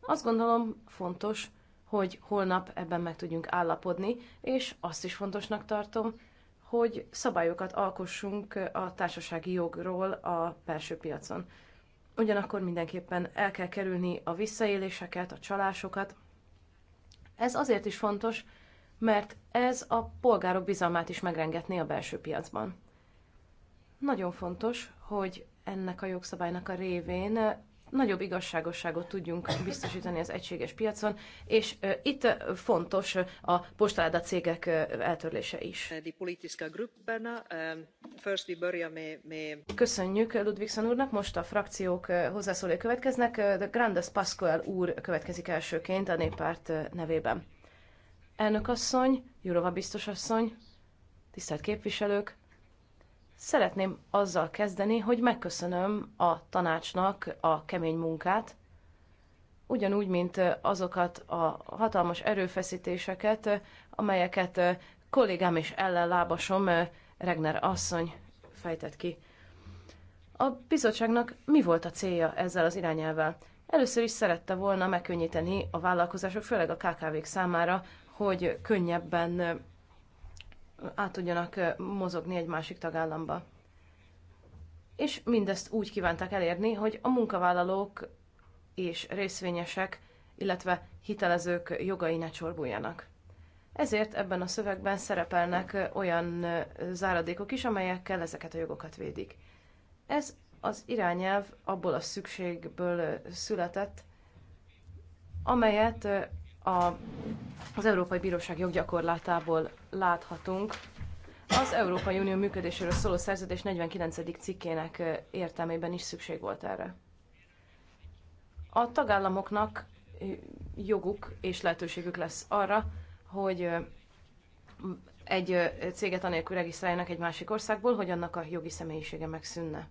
Azt gondolom fontos, hogy holnap ebben meg tudjunk állapodni, és azt is fontosnak tartom, hogy szabályokat alkossunk a társasági jogról a belső piacon. Ugyanakkor mindenképpen el kell kerülni a visszaéléseket, a csalásokat. Ez azért is fontos, mert ez a polgárok bizalmát is megrengetné a belső piacban. Nagyon fontos, hogy ennek a jogszabálynak a révén nagyobb igazságosságot tudjunk biztosítani az egységes piacon, és itt fontos a postaláda cégek eltörlése is. Ehm, Köszönjük Ludvigson úrnak, most a frakciók hozzászólói következnek, de Grandes Pascual úr következik elsőként a néppárt nevében. Elnök asszony, Jurova biztos asszony, tisztelt képviselők, Szeretném azzal kezdeni, hogy megköszönöm a tanácsnak a kemény munkát, ugyanúgy, mint azokat a hatalmas erőfeszítéseket, amelyeket kollégám és ellenlábasom Regner asszony fejtett ki. A bizottságnak mi volt a célja ezzel az irányelvel? Először is szerette volna megkönnyíteni a vállalkozások, főleg a KKV-k számára, hogy könnyebben át tudjanak mozogni egy másik tagállamba. És mindezt úgy kívánták elérni, hogy a munkavállalók és részvényesek, illetve hitelezők jogai ne csorbuljanak. Ezért ebben a szövegben szerepelnek olyan záradékok is, amelyekkel ezeket a jogokat védik. Ez az irányelv abból a szükségből született, amelyet a, az Európai Bíróság joggyakorlátából láthatunk. Az Európai Unió működéséről szóló szerződés 49. cikkének értelmében is szükség volt erre. A tagállamoknak joguk és lehetőségük lesz arra, hogy egy céget anélkül regisztráljanak egy másik országból, hogy annak a jogi személyisége megszűnne.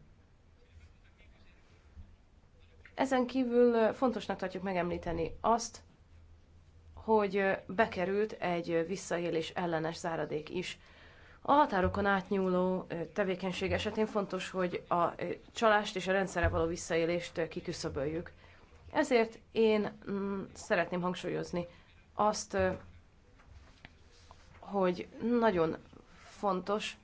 Ezen kívül fontosnak tartjuk megemlíteni azt, hogy bekerült egy visszaélés ellenes záradék is. A határokon átnyúló tevékenység esetén fontos, hogy a csalást és a rendszerre való visszaélést kiküszöböljük. Ezért én mm, szeretném hangsúlyozni azt, hogy nagyon fontos,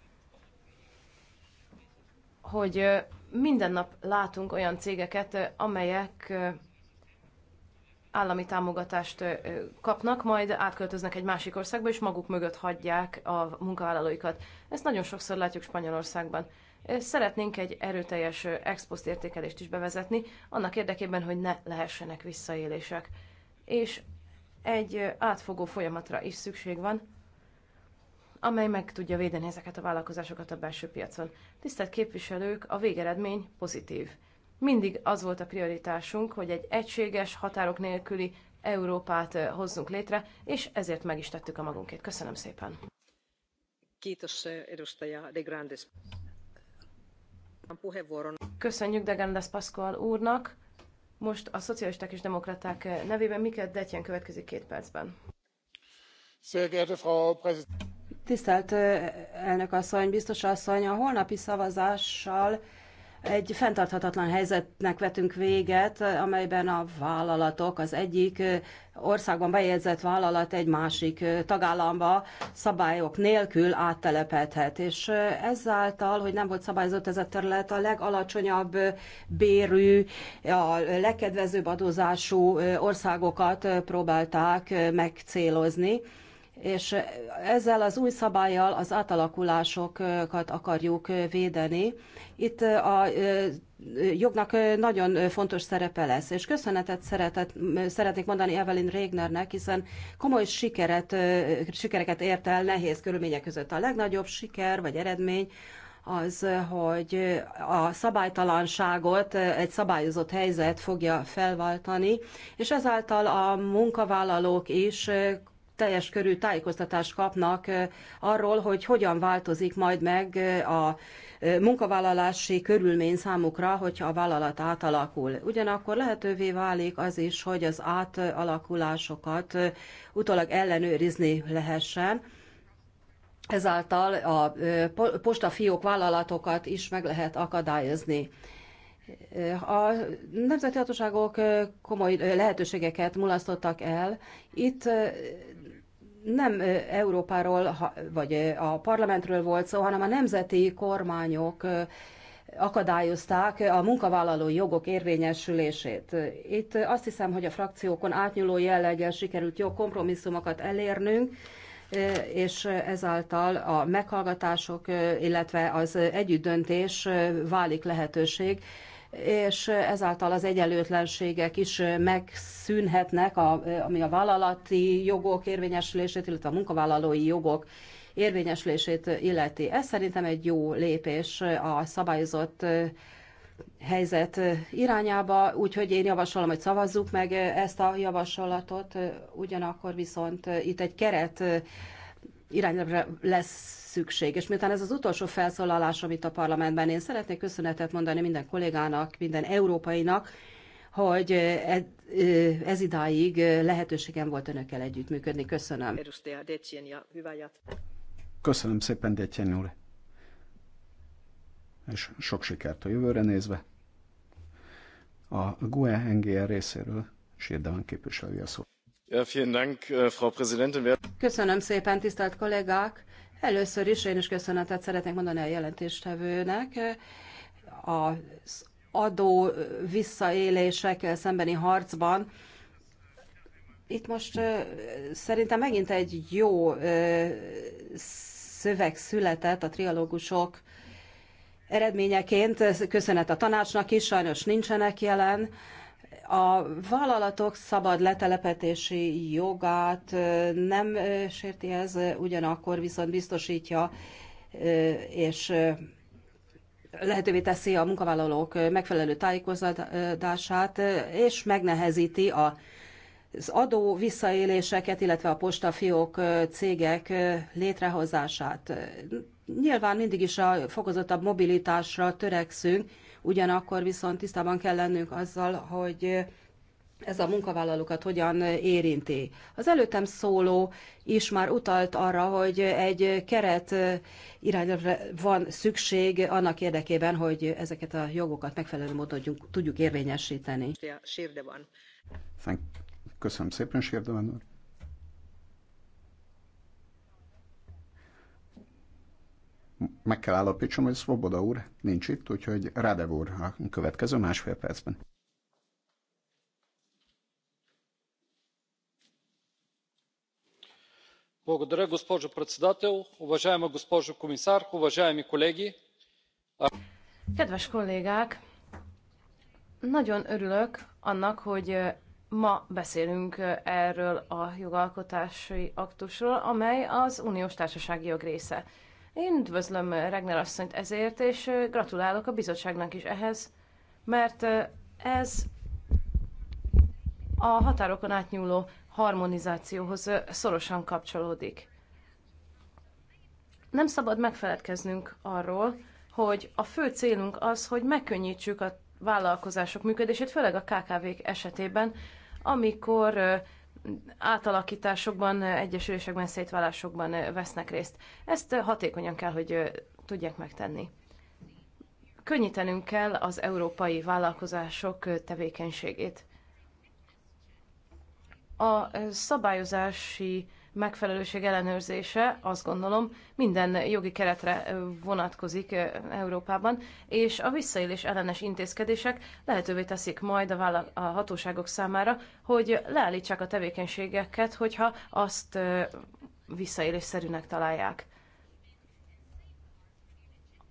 hogy minden nap látunk olyan cégeket, amelyek állami támogatást kapnak, majd átköltöznek egy másik országba, és maguk mögött hagyják a munkavállalóikat. Ezt nagyon sokszor látjuk Spanyolországban. Szeretnénk egy erőteljes exposzt értékelést is bevezetni, annak érdekében, hogy ne lehessenek visszaélések. És egy átfogó folyamatra is szükség van, amely meg tudja védeni ezeket a vállalkozásokat a belső piacon. Tisztelt képviselők, a végeredmény pozitív. Mindig az volt a prioritásunk, hogy egy egységes, határok nélküli Európát hozzunk létre, és ezért meg is tettük a magunkét. Köszönöm szépen. Köszönjük De Grandes Pascual úrnak. Most a szocialisták és demokraták nevében Miket Detjen következik két percben. Tisztelt elnök asszony, biztos asszony, a holnapi szavazással egy fenntarthatatlan helyzetnek vetünk véget, amelyben a vállalatok az egyik országban bejegyzett vállalat egy másik tagállamba szabályok nélkül áttelepedhet. És ezáltal, hogy nem volt szabályozott ez a terület, a legalacsonyabb bérű, a legkedvezőbb adózású országokat próbálták megcélozni és ezzel az új szabályjal az átalakulásokat akarjuk védeni. Itt a jognak nagyon fontos szerepe lesz, és köszönetet szeretett, szeretnék mondani Evelyn Regnernek, hiszen komoly sikeret, sikereket ért el nehéz körülmények között. A legnagyobb siker vagy eredmény az, hogy a szabálytalanságot egy szabályozott helyzet fogja felváltani, és ezáltal a munkavállalók is teljes körű tájékoztatást kapnak arról, hogy hogyan változik majd meg a munkavállalási körülmény számukra, hogyha a vállalat átalakul. Ugyanakkor lehetővé válik az is, hogy az átalakulásokat utólag ellenőrizni lehessen. Ezáltal a postafiók vállalatokat is meg lehet akadályozni. A nemzeti hatóságok komoly lehetőségeket mulasztottak el. Itt nem Európáról vagy a parlamentről volt szó, hanem a nemzeti kormányok akadályozták a munkavállalói jogok érvényesülését. Itt azt hiszem, hogy a frakciókon átnyúló jelleggel sikerült jó kompromisszumokat elérnünk, és ezáltal a meghallgatások, illetve az együttdöntés válik lehetőség és ezáltal az egyenlőtlenségek is megszűnhetnek, a, ami a vállalati jogok érvényesülését, illetve a munkavállalói jogok érvényesülését illeti. Ez szerintem egy jó lépés a szabályozott helyzet irányába, úgyhogy én javasolom, hogy szavazzuk meg ezt a javasolatot, ugyanakkor viszont itt egy keret irányra lesz szükség. És miután ez az utolsó felszólalás, amit a parlamentben, én szeretnék köszönetet mondani minden kollégának, minden európainak, hogy e, e, ez idáig lehetőségem volt önökkel együttműködni. Köszönöm. Köszönöm szépen, Detjen úr. És sok sikert a jövőre nézve. A GUE NGR részéről Sérdevan képviselője a szó. Köszönöm szépen, tisztelt kollégák! Először is én is köszönetet szeretnék mondani a jelentéstevőnek. Az adó visszaélések szembeni harcban itt most szerintem megint egy jó szöveg született a trialógusok eredményeként. Köszönet a tanácsnak is, sajnos nincsenek jelen a vállalatok szabad letelepetési jogát nem sérti ez, ugyanakkor viszont biztosítja és lehetővé teszi a munkavállalók megfelelő tájékozódását, és megnehezíti a az adó visszaéléseket, illetve a postafiók cégek létrehozását. Nyilván mindig is a fokozottabb mobilitásra törekszünk, ugyanakkor viszont tisztában kell lennünk azzal, hogy ez a munkavállalókat hogyan érinti. Az előttem szóló is már utalt arra, hogy egy keret irányra van szükség annak érdekében, hogy ezeket a jogokat megfelelő módon tudjuk érvényesíteni. Sérde van. Köszönöm szépen, Sérde van úr. meg kell állapítsam, hogy Svoboda úr nincs itt, úgyhogy Radev úr a következő másfél percben. Благодаря, госпожо председател, уважаема госпожо комисар, уважаеми колеги. Kedves kollégák, nagyon örülök annak, hogy eh, ma beszélünk eh, erről a jogalkotási aktusról, amely az uniós társasági jog része. Én üdvözlöm eh, Regner asszonyt ezért, és eh, gratulálok a bizottságnak is ehhez, mert eh, ez a határokon átnyúló harmonizációhoz szorosan kapcsolódik. Nem szabad megfeledkeznünk arról, hogy a fő célunk az, hogy megkönnyítsük a vállalkozások működését, főleg a KKV-k esetében, amikor átalakításokban, egyesülésekben, szétválásokban vesznek részt. Ezt hatékonyan kell, hogy tudják megtenni. Könnyítenünk kell az európai vállalkozások tevékenységét. A szabályozási megfelelőség ellenőrzése, azt gondolom, minden jogi keretre vonatkozik eh, Európában, és a visszaélés ellenes intézkedések lehetővé teszik majd a, vállal- a hatóságok számára, hogy leállítsák a tevékenységeket, hogyha azt eh, visszaélésszerűnek találják.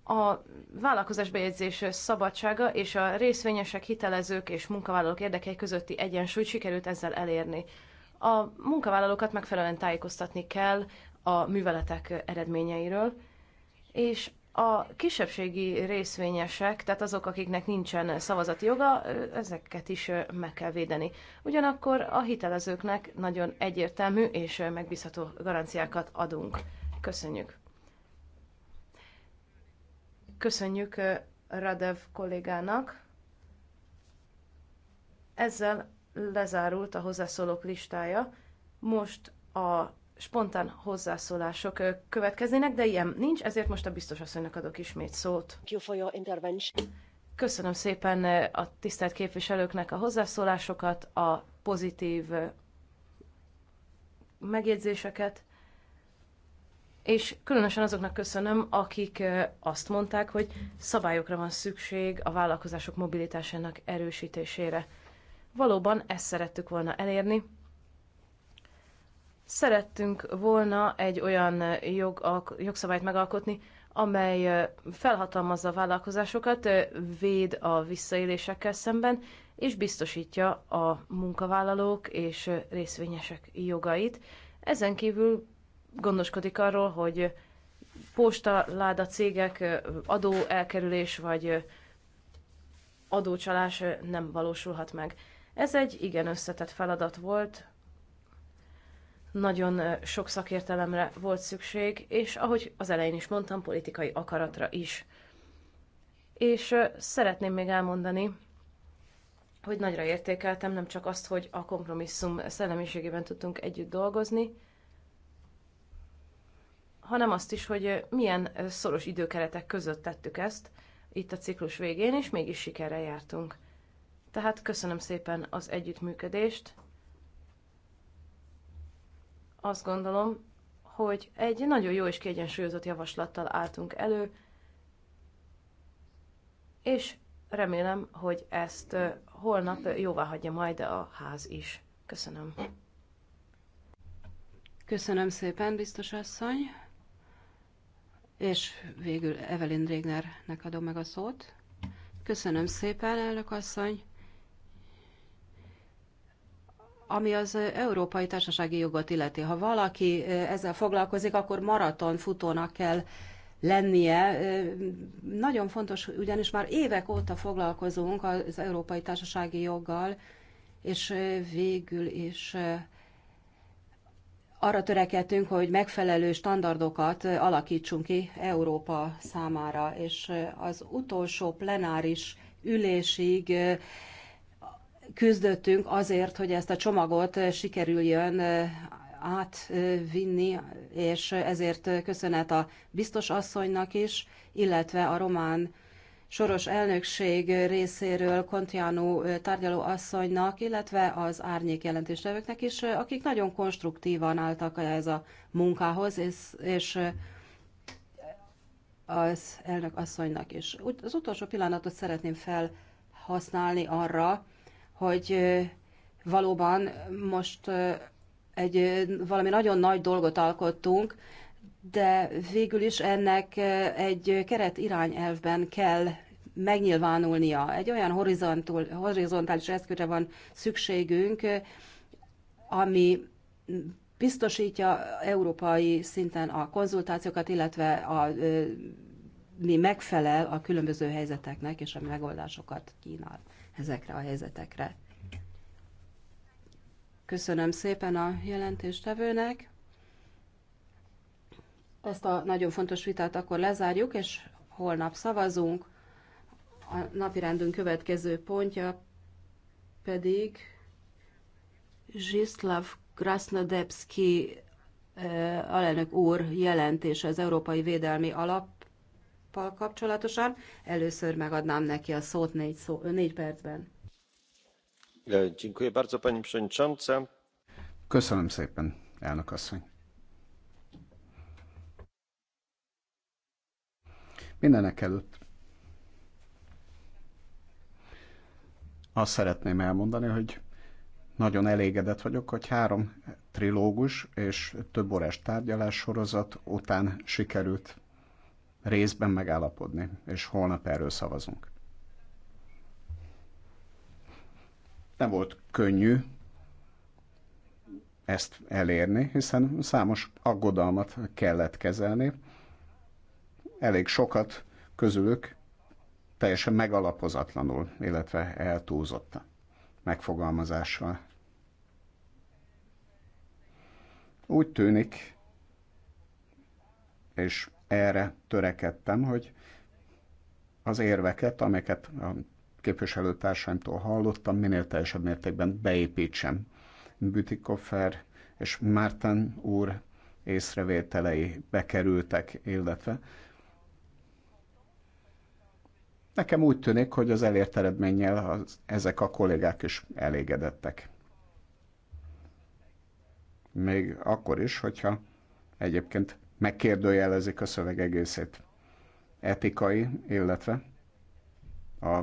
A vállalkozásbejegyzés szabadsága és a részvényesek, hitelezők és munkavállalók érdekei közötti egyensúlyt sikerült ezzel elérni. A munkavállalókat megfelelően tájékoztatni kell a műveletek eredményeiről, és a kisebbségi részvényesek, tehát azok, akiknek nincsen szavazati joga, ezeket is meg kell védeni. Ugyanakkor a hitelezőknek nagyon egyértelmű és megbízható garanciákat adunk. Köszönjük. Köszönjük Radev kollégának. Ezzel lezárult a hozzászólók listája. Most a spontán hozzászólások következnének, de ilyen nincs, ezért most a biztos asszonynak adok ismét szót. Köszönöm szépen a tisztelt képviselőknek a hozzászólásokat, a pozitív megjegyzéseket, és különösen azoknak köszönöm, akik azt mondták, hogy szabályokra van szükség a vállalkozások mobilitásának erősítésére. Valóban ezt szerettük volna elérni. Szerettünk volna egy olyan jogalk- jogszabályt megalkotni, amely felhatalmazza a vállalkozásokat, véd a visszaélésekkel szemben, és biztosítja a munkavállalók és részvényesek jogait. Ezen kívül gondoskodik arról, hogy posta, láda cégek, adó elkerülés vagy adócsalás nem valósulhat meg. Ez egy igen összetett feladat volt, nagyon sok szakértelemre volt szükség, és ahogy az elején is mondtam, politikai akaratra is. És szeretném még elmondani, hogy nagyra értékeltem nem csak azt, hogy a kompromisszum szellemiségében tudtunk együtt dolgozni, hanem azt is, hogy milyen szoros időkeretek között tettük ezt, itt a ciklus végén, és mégis sikerrel jártunk. Tehát köszönöm szépen az együttműködést. Azt gondolom, hogy egy nagyon jó és kiegyensúlyozott javaslattal álltunk elő, és remélem, hogy ezt holnap jóvá hagyja majd a ház is. Köszönöm. Köszönöm szépen, biztos asszony. És végül Evelyn Régnernek adom meg a szót. Köszönöm szépen, elnök asszony ami az európai társasági jogot illeti. Ha valaki ezzel foglalkozik, akkor maraton futónak kell lennie. Nagyon fontos, ugyanis már évek óta foglalkozunk az európai társasági joggal, és végül is arra törekedtünk, hogy megfelelő standardokat alakítsunk ki Európa számára, és az utolsó plenáris ülésig küzdöttünk azért, hogy ezt a csomagot sikerüljön átvinni, és ezért köszönet a biztos asszonynak is, illetve a román soros elnökség részéről Kontianu tárgyaló asszonynak, illetve az árnyék jelentéstevőknek is, akik nagyon konstruktívan álltak ez a munkához, és, és az elnök asszonynak is. Az utolsó pillanatot szeretném felhasználni arra, hogy valóban most egy valami nagyon nagy dolgot alkottunk, de végül is ennek egy keret irányelvben kell megnyilvánulnia. Egy olyan horizontális eszközre van szükségünk, ami biztosítja európai szinten a konzultációkat, illetve a, mi megfelel a különböző helyzeteknek, és a megoldásokat kínál ezekre a helyzetekre. Köszönöm szépen a jelentéstevőnek. Ezt a nagyon fontos vitát akkor lezárjuk, és holnap szavazunk. A napirendünk következő pontja pedig Zsislav Krasnodebski eh, alelnök úr jelentése az Európai Védelmi Alap pal kapcsolatosan. Először megadnám neki a szót négy, szó, négy percben. Dziękuję bardzo, pani przewodnicząca. Köszönöm szépen, elnök asszony. Mindenek előtt azt szeretném elmondani, hogy nagyon elégedett vagyok, hogy három trilógus és több órás tárgyalás sorozat után sikerült részben megállapodni, és holnap erről szavazunk. Nem volt könnyű ezt elérni, hiszen számos aggodalmat kellett kezelni. Elég sokat közülük teljesen megalapozatlanul, illetve eltúlzott megfogalmazással. Úgy tűnik, és erre törekedtem, hogy az érveket, amelyeket a képviselőtársaimtól hallottam, minél teljesebb mértékben beépítsem. Bütikoffer és Márten úr észrevételei bekerültek, illetve nekem úgy tűnik, hogy az elért eredménnyel az, ezek a kollégák is elégedettek. Még akkor is, hogyha egyébként megkérdőjelezik a szöveg egészét. Etikai, illetve a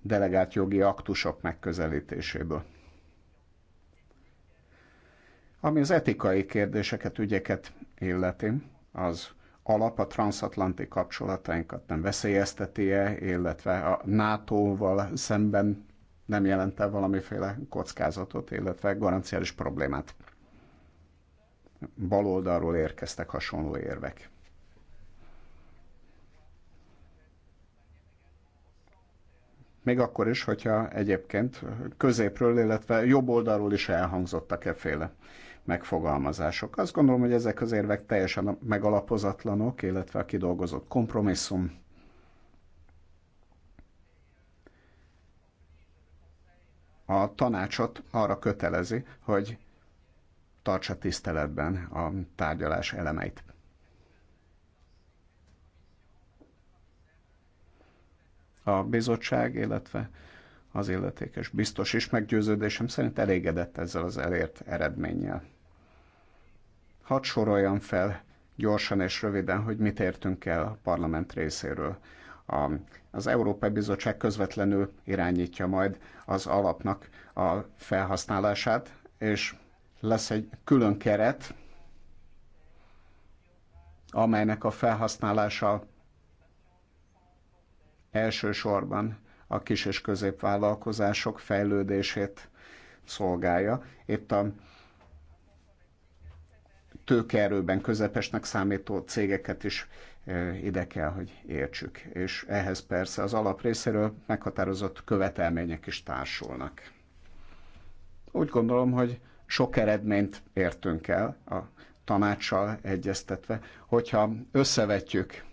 delegált jogi aktusok megközelítéséből. Ami az etikai kérdéseket, ügyeket illeti, az alap a transatlanti kapcsolatainkat nem veszélyezteti-e, illetve a NATO-val szemben nem jelent -e valamiféle kockázatot, illetve garanciális problémát baloldalról érkeztek hasonló érvek. Még akkor is, hogyha egyébként középről, illetve jobb oldalról is elhangzottak eféle megfogalmazások. Azt gondolom, hogy ezek az érvek teljesen megalapozatlanok, illetve a kidolgozott kompromisszum a tanácsot arra kötelezi, hogy tartsa tiszteletben a tárgyalás elemeit. A bizottság, illetve az illetékes biztos is meggyőződésem szerint elégedett ezzel az elért eredménnyel. Hadd soroljam fel gyorsan és röviden, hogy mit értünk el a parlament részéről. A, az Európai Bizottság közvetlenül irányítja majd az alapnak a felhasználását, és lesz egy külön keret, amelynek a felhasználása elsősorban a kis- és középvállalkozások fejlődését szolgálja. Itt a tőkeerőben közepesnek számító cégeket is e, ide kell, hogy értsük. És ehhez persze az alap részéről meghatározott követelmények is társulnak. Úgy gondolom, hogy sok eredményt értünk el a tanácssal egyeztetve, hogyha összevetjük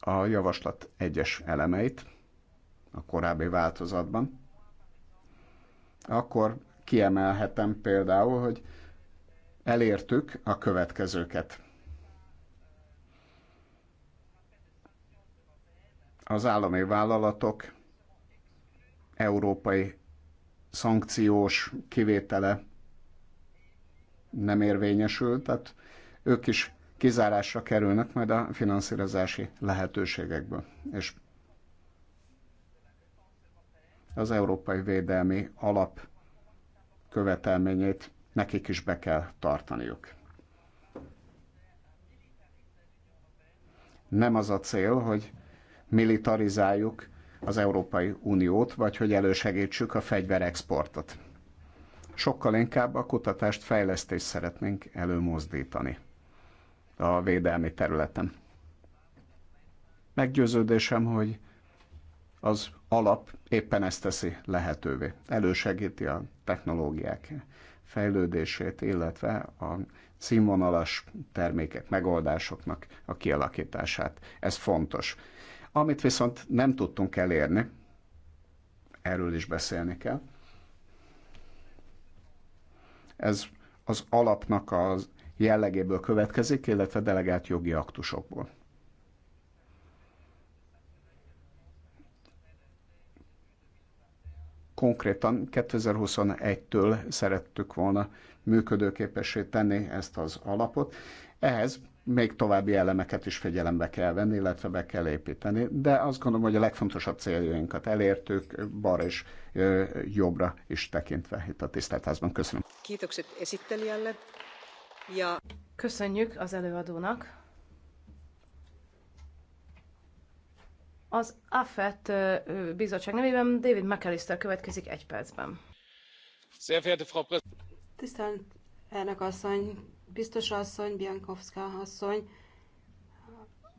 a javaslat egyes elemeit a korábbi változatban, akkor kiemelhetem például, hogy elértük a következőket. Az állami vállalatok európai szankciós kivétele nem érvényesül, tehát ők is kizárásra kerülnek majd a finanszírozási lehetőségekből. És az Európai Védelmi Alap követelményét nekik is be kell tartaniuk. Nem az a cél, hogy militarizáljuk az Európai Uniót, vagy hogy elősegítsük a fegyverexportot. Sokkal inkább a kutatást, fejlesztést szeretnénk előmozdítani a védelmi területen. Meggyőződésem, hogy az alap éppen ezt teszi lehetővé. Elősegíti a technológiák fejlődését, illetve a színvonalas termékek, megoldásoknak a kialakítását. Ez fontos. Amit viszont nem tudtunk elérni, erről is beszélni kell, ez az alapnak a jellegéből következik, illetve delegált jogi aktusokból. Konkrétan 2021-től szerettük volna működőképessé tenni ezt az alapot. Ehhez még további elemeket is figyelembe kell venni, illetve be kell építeni, de azt gondolom, hogy a legfontosabb céljainkat elértük, bar és jobbra is tekintve itt a tiszteltházban. Köszönöm. Kiitokset esittelijälle. Ja. Köszönjük az előadónak. Az AFET bizottság nevében David McAllister következik egy percben. Tisztelt elnök asszony, biztos asszony, Biankovská asszony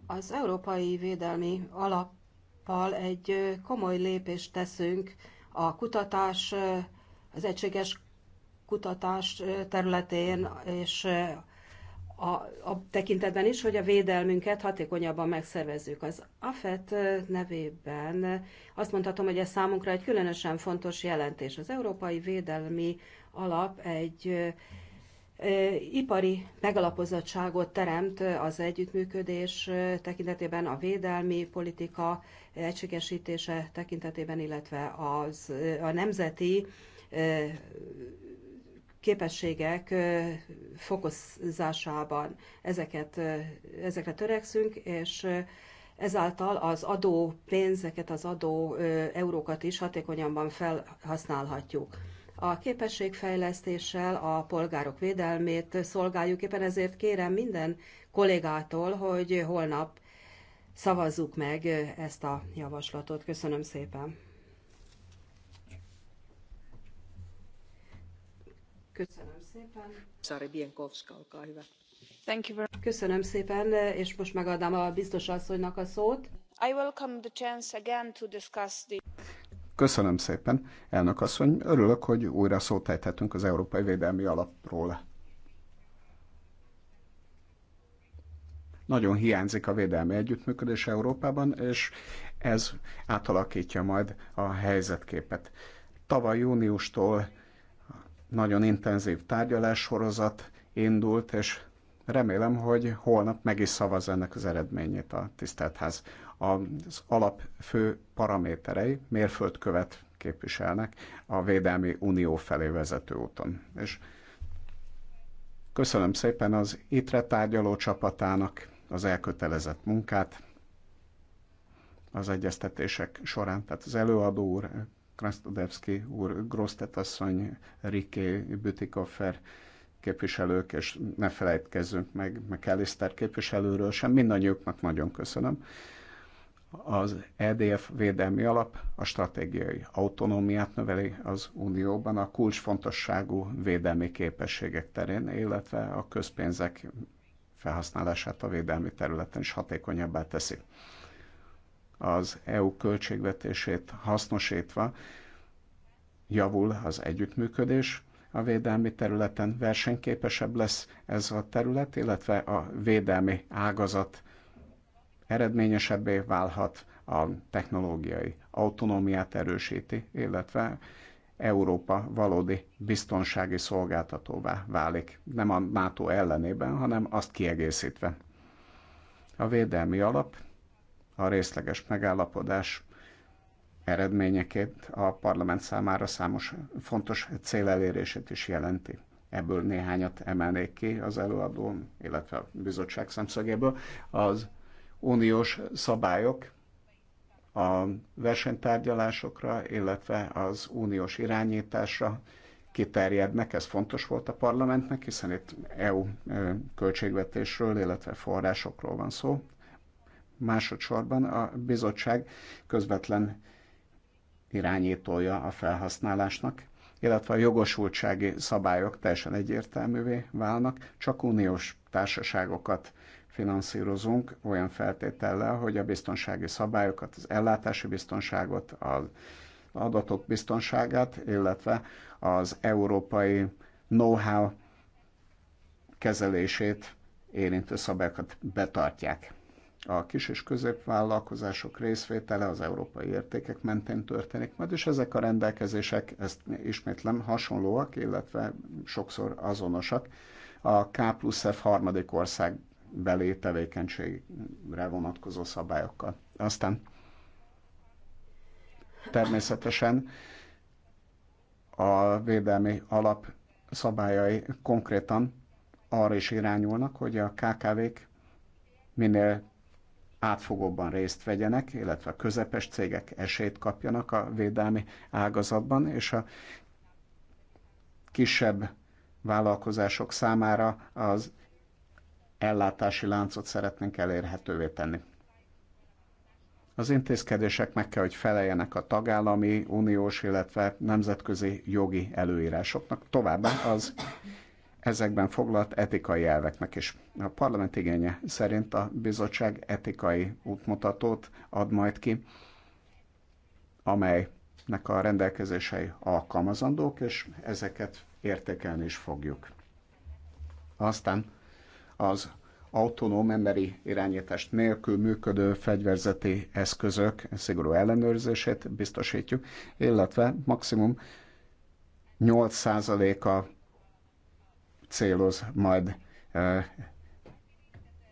az Európai Védelmi Alappal egy komoly lépést teszünk a kutatás, az egységes kutatás területén, és a, a tekintetben is, hogy a védelmünket hatékonyabban megszervezzük. Az AFET nevében azt mondhatom, hogy ez számunkra egy különösen fontos jelentés. Az Európai Védelmi Alap egy ipari megalapozottságot teremt az együttműködés tekintetében, a védelmi politika egységesítése tekintetében, illetve az, a nemzeti képességek fokozásában ezeket, ezekre törekszünk, és ezáltal az adó pénzeket, az adó eurókat is hatékonyabban felhasználhatjuk a képességfejlesztéssel a polgárok védelmét szolgáljuk. Éppen ezért kérem minden kollégától, hogy holnap szavazzuk meg ezt a javaslatot. Köszönöm szépen. Köszönöm szépen. Sari Bienkowska, Thank you very Köszönöm szépen, és most megadám a biztos asszonynak a szót. I welcome the chance again to discuss the... Köszönöm szépen, elnök asszony. Örülök, hogy újra szót ejthetünk az Európai Védelmi Alapról. Nagyon hiányzik a védelmi együttműködés Európában, és ez átalakítja majd a helyzetképet. Tavaly júniustól nagyon intenzív tárgyalássorozat indult, és remélem, hogy holnap meg is szavaz ennek az eredményét a tisztelt ház az alapfő paraméterei mérföldkövet képviselnek a Védelmi Unió felé vezető úton. És köszönöm szépen az ITRE tárgyaló csapatának az elkötelezett munkát az egyeztetések során, tehát az előadó úr, Krasztodevski úr, Grosztet asszony, Riké Bütikoffer képviselők, és ne felejtkezzünk meg Elisztár képviselőről sem, mindannyiuknak nagyon köszönöm az EDF védelmi alap a stratégiai autonómiát növeli az Unióban a kulcsfontosságú védelmi képességek terén, illetve a közpénzek felhasználását a védelmi területen is hatékonyabbá teszi. Az EU költségvetését hasznosítva javul az együttműködés, a védelmi területen versenyképesebb lesz ez a terület, illetve a védelmi ágazat eredményesebbé válhat, a technológiai autonómiát erősíti, illetve Európa valódi biztonsági szolgáltatóvá válik, nem a NATO ellenében, hanem azt kiegészítve. A védelmi alap, a részleges megállapodás eredményeként a parlament számára számos fontos cél elérését is jelenti. Ebből néhányat emelnék ki az előadón, illetve a bizottság szemszögéből. Az uniós szabályok a versenytárgyalásokra, illetve az uniós irányításra kiterjednek. Ez fontos volt a parlamentnek, hiszen itt EU költségvetésről, illetve forrásokról van szó. Másodszorban a bizottság közvetlen irányítója a felhasználásnak, illetve a jogosultsági szabályok teljesen egyértelművé válnak, csak uniós társaságokat finanszírozunk olyan feltétellel, hogy a biztonsági szabályokat, az ellátási biztonságot, az adatok biztonságát, illetve az európai know-how kezelését érintő szabályokat betartják. A kis és középvállalkozások részvétele az európai értékek mentén történik majd, és ezek a rendelkezések, ezt ismétlem, hasonlóak, illetve sokszor azonosak a K plusz F harmadik ország beli tevékenységre vonatkozó szabályokkal. Aztán természetesen a védelmi alap szabályai konkrétan arra is irányulnak, hogy a KKV-k minél átfogóbban részt vegyenek, illetve a közepes cégek esélyt kapjanak a védelmi ágazatban, és a kisebb vállalkozások számára az ellátási láncot szeretnénk elérhetővé tenni. Az intézkedések meg kell, hogy feleljenek a tagállami, uniós, illetve nemzetközi jogi előírásoknak, továbbá az ezekben foglalt etikai elveknek is. A parlament igénye szerint a bizottság etikai útmutatót ad majd ki, amelynek a rendelkezései alkalmazandók, és ezeket értékelni is fogjuk. Aztán az autonóm emberi irányítást nélkül működő fegyverzeti eszközök szigorú ellenőrzését biztosítjuk, illetve maximum 8%-a céloz majd e,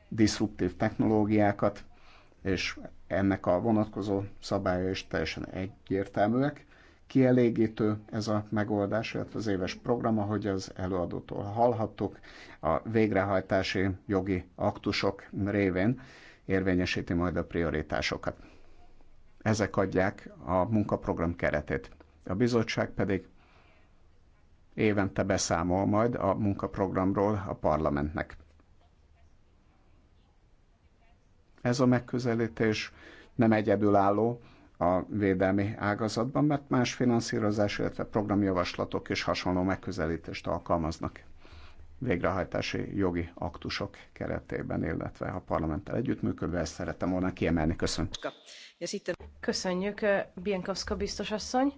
diszruptív technológiákat, és ennek a vonatkozó szabálya is teljesen egyértelműek kielégítő ez a megoldás, illetve az éves program, ahogy az előadótól hallhattuk, a végrehajtási jogi aktusok révén érvényesíti majd a prioritásokat. Ezek adják a munkaprogram keretét. A bizottság pedig évente beszámol majd a munkaprogramról a parlamentnek. Ez a megközelítés nem egyedülálló, a védelmi ágazatban, mert más finanszírozás, illetve programjavaslatok és hasonló megközelítést alkalmaznak végrehajtási jogi aktusok keretében, illetve a parlamenttel együttműködve, ezt szerettem volna kiemelni. Köszönöm. Köszönjük, eh, Bienkowska biztos asszony.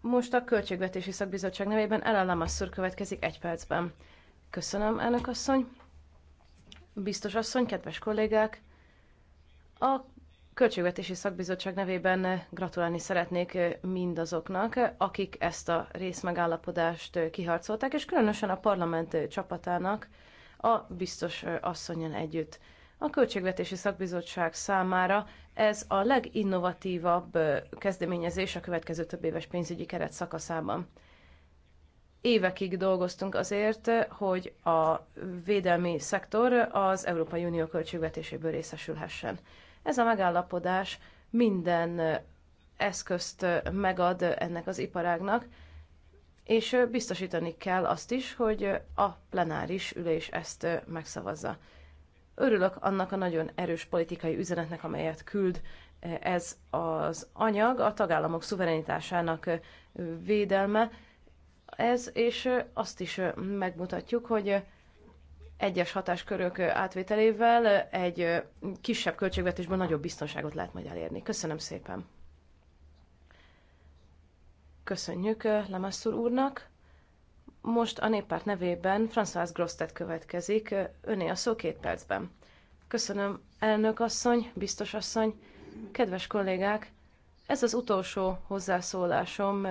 Most a Költségvetési Szakbizottság nevében Ellen Lamasszur következik egy percben. Köszönöm, elnök asszony. Biztos asszony, kedves kollégák! A Költségvetési Szakbizottság nevében eh, gratulálni szeretnék eh, mindazoknak, eh, akik ezt a részmegállapodást kiharcolták, és különösen a parlament csapatának a biztos asszonyon együtt. A Költségvetési Szakbizottság számára ez a leginnovatívabb kezdeményezés a következő több éves pénzügyi keret szakaszában. Évekig dolgoztunk azért, hogy a védelmi szektor az Európai Unió költségvetéséből részesülhessen. Ez a megállapodás minden eszközt megad ennek az iparágnak, és biztosítani kell azt is, hogy a plenáris ülés ezt megszavazza. Örülök annak a nagyon erős politikai üzenetnek, amelyet küld ez az anyag, a tagállamok szuverenitásának védelme, ez, és azt is megmutatjuk, hogy egyes hatáskörök átvételével egy kisebb költségvetésben nagyobb biztonságot lehet majd elérni. Köszönöm szépen! Köszönjük Lemasszur úrnak! Most a néppárt nevében François Grosztet következik, öné a szó két percben. Köszönöm, elnök asszony, biztos asszony, kedves kollégák! Ez az utolsó hozzászólásom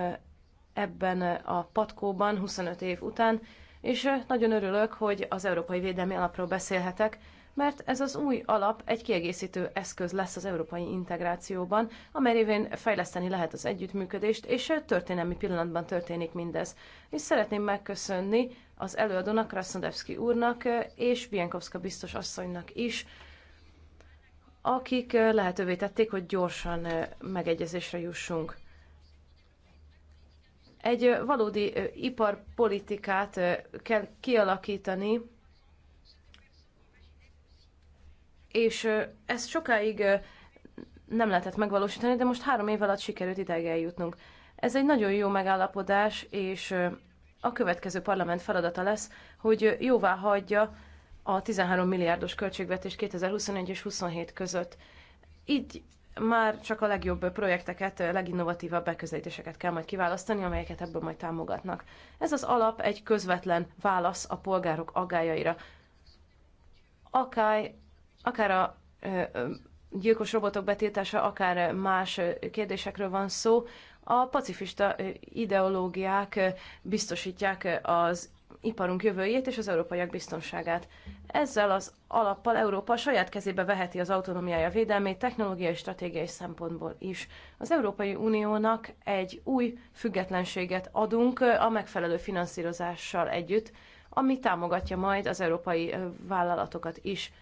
ebben a patkóban 25 év után és nagyon örülök, hogy az Európai Védelmi Alapról beszélhetek, mert ez az új alap egy kiegészítő eszköz lesz az európai integrációban, amely révén fejleszteni lehet az együttműködést, és történelmi pillanatban történik mindez. És szeretném megköszönni az előadónak, Krasznodevszki úrnak és Bienkowska biztos asszonynak is, akik lehetővé tették, hogy gyorsan megegyezésre jussunk. Egy valódi iparpolitikát kell kialakítani, és ezt sokáig nem lehetett megvalósítani, de most három év alatt sikerült ideig eljutnunk. Ez egy nagyon jó megállapodás, és a következő parlament feladata lesz, hogy jóvá hagyja a 13 milliárdos költségvetés 2021 és 27 között. Így már csak a legjobb projekteket, leginnovatívabb beközelítéseket kell majd kiválasztani, amelyeket ebből majd támogatnak. Ez az alap egy közvetlen válasz a polgárok aggájaira. Akár, akár a gyilkos robotok betiltása, akár más kérdésekről van szó, a pacifista ideológiák biztosítják az iparunk jövőjét és az európaiak biztonságát. Ezzel az alappal Európa saját kezébe veheti az autonómiája védelmét technológiai és stratégiai szempontból is. Az Európai Uniónak egy új függetlenséget adunk a megfelelő finanszírozással együtt, ami támogatja majd az európai vállalatokat is.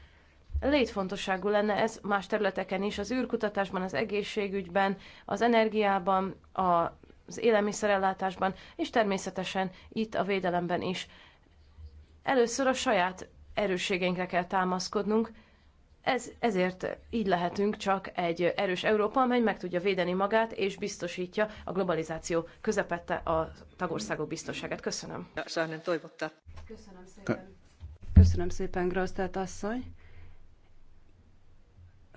Létfontosságú lenne ez más területeken is, az űrkutatásban, az egészségügyben, az energiában, a az élelmiszerellátásban, és természetesen itt a védelemben is. Először a saját erősségeinkre kell támaszkodnunk, ez, ezért így lehetünk csak egy erős Európa, amely meg tudja védeni magát, és biztosítja a globalizáció közepette a tagországok biztonságát. Köszönöm. Sajnálom, toivotta. Köszönöm szépen. Köszönöm szépen, Grosztelt asszony.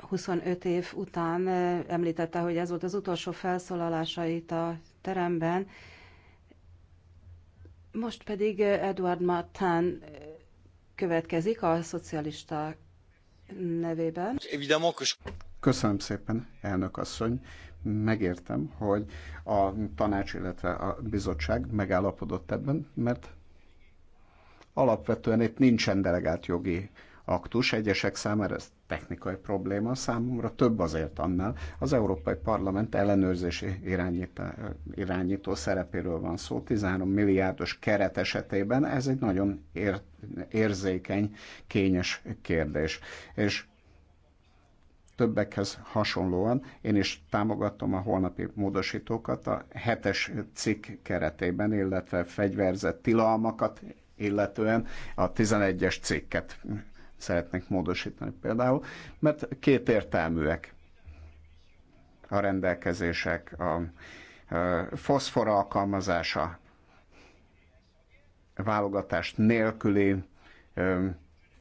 25 év után eh, említette, hogy ez volt az utolsó felszólalása itt a teremben. Most pedig Eduard Martin következik a szocialista nevében. Köszönöm szépen, elnök asszony. Megértem, hogy a tanács, illetve a bizottság megállapodott ebben, mert alapvetően itt nincsen delegált jogi aktus. Egyesek számára ez technikai probléma, számomra több azért annál. Az Európai Parlament ellenőrzési irányító, irányító szerepéről van szó. 13 milliárdos keret esetében ez egy nagyon ér, érzékeny, kényes kérdés. És többekhez hasonlóan én is támogatom a holnapi módosítókat a hetes cikk keretében, illetve fegyverzett tilalmakat, illetően a 11-es cikket szeretnénk módosítani például, mert két értelműek a rendelkezések, a, a foszfor alkalmazása, válogatást nélküli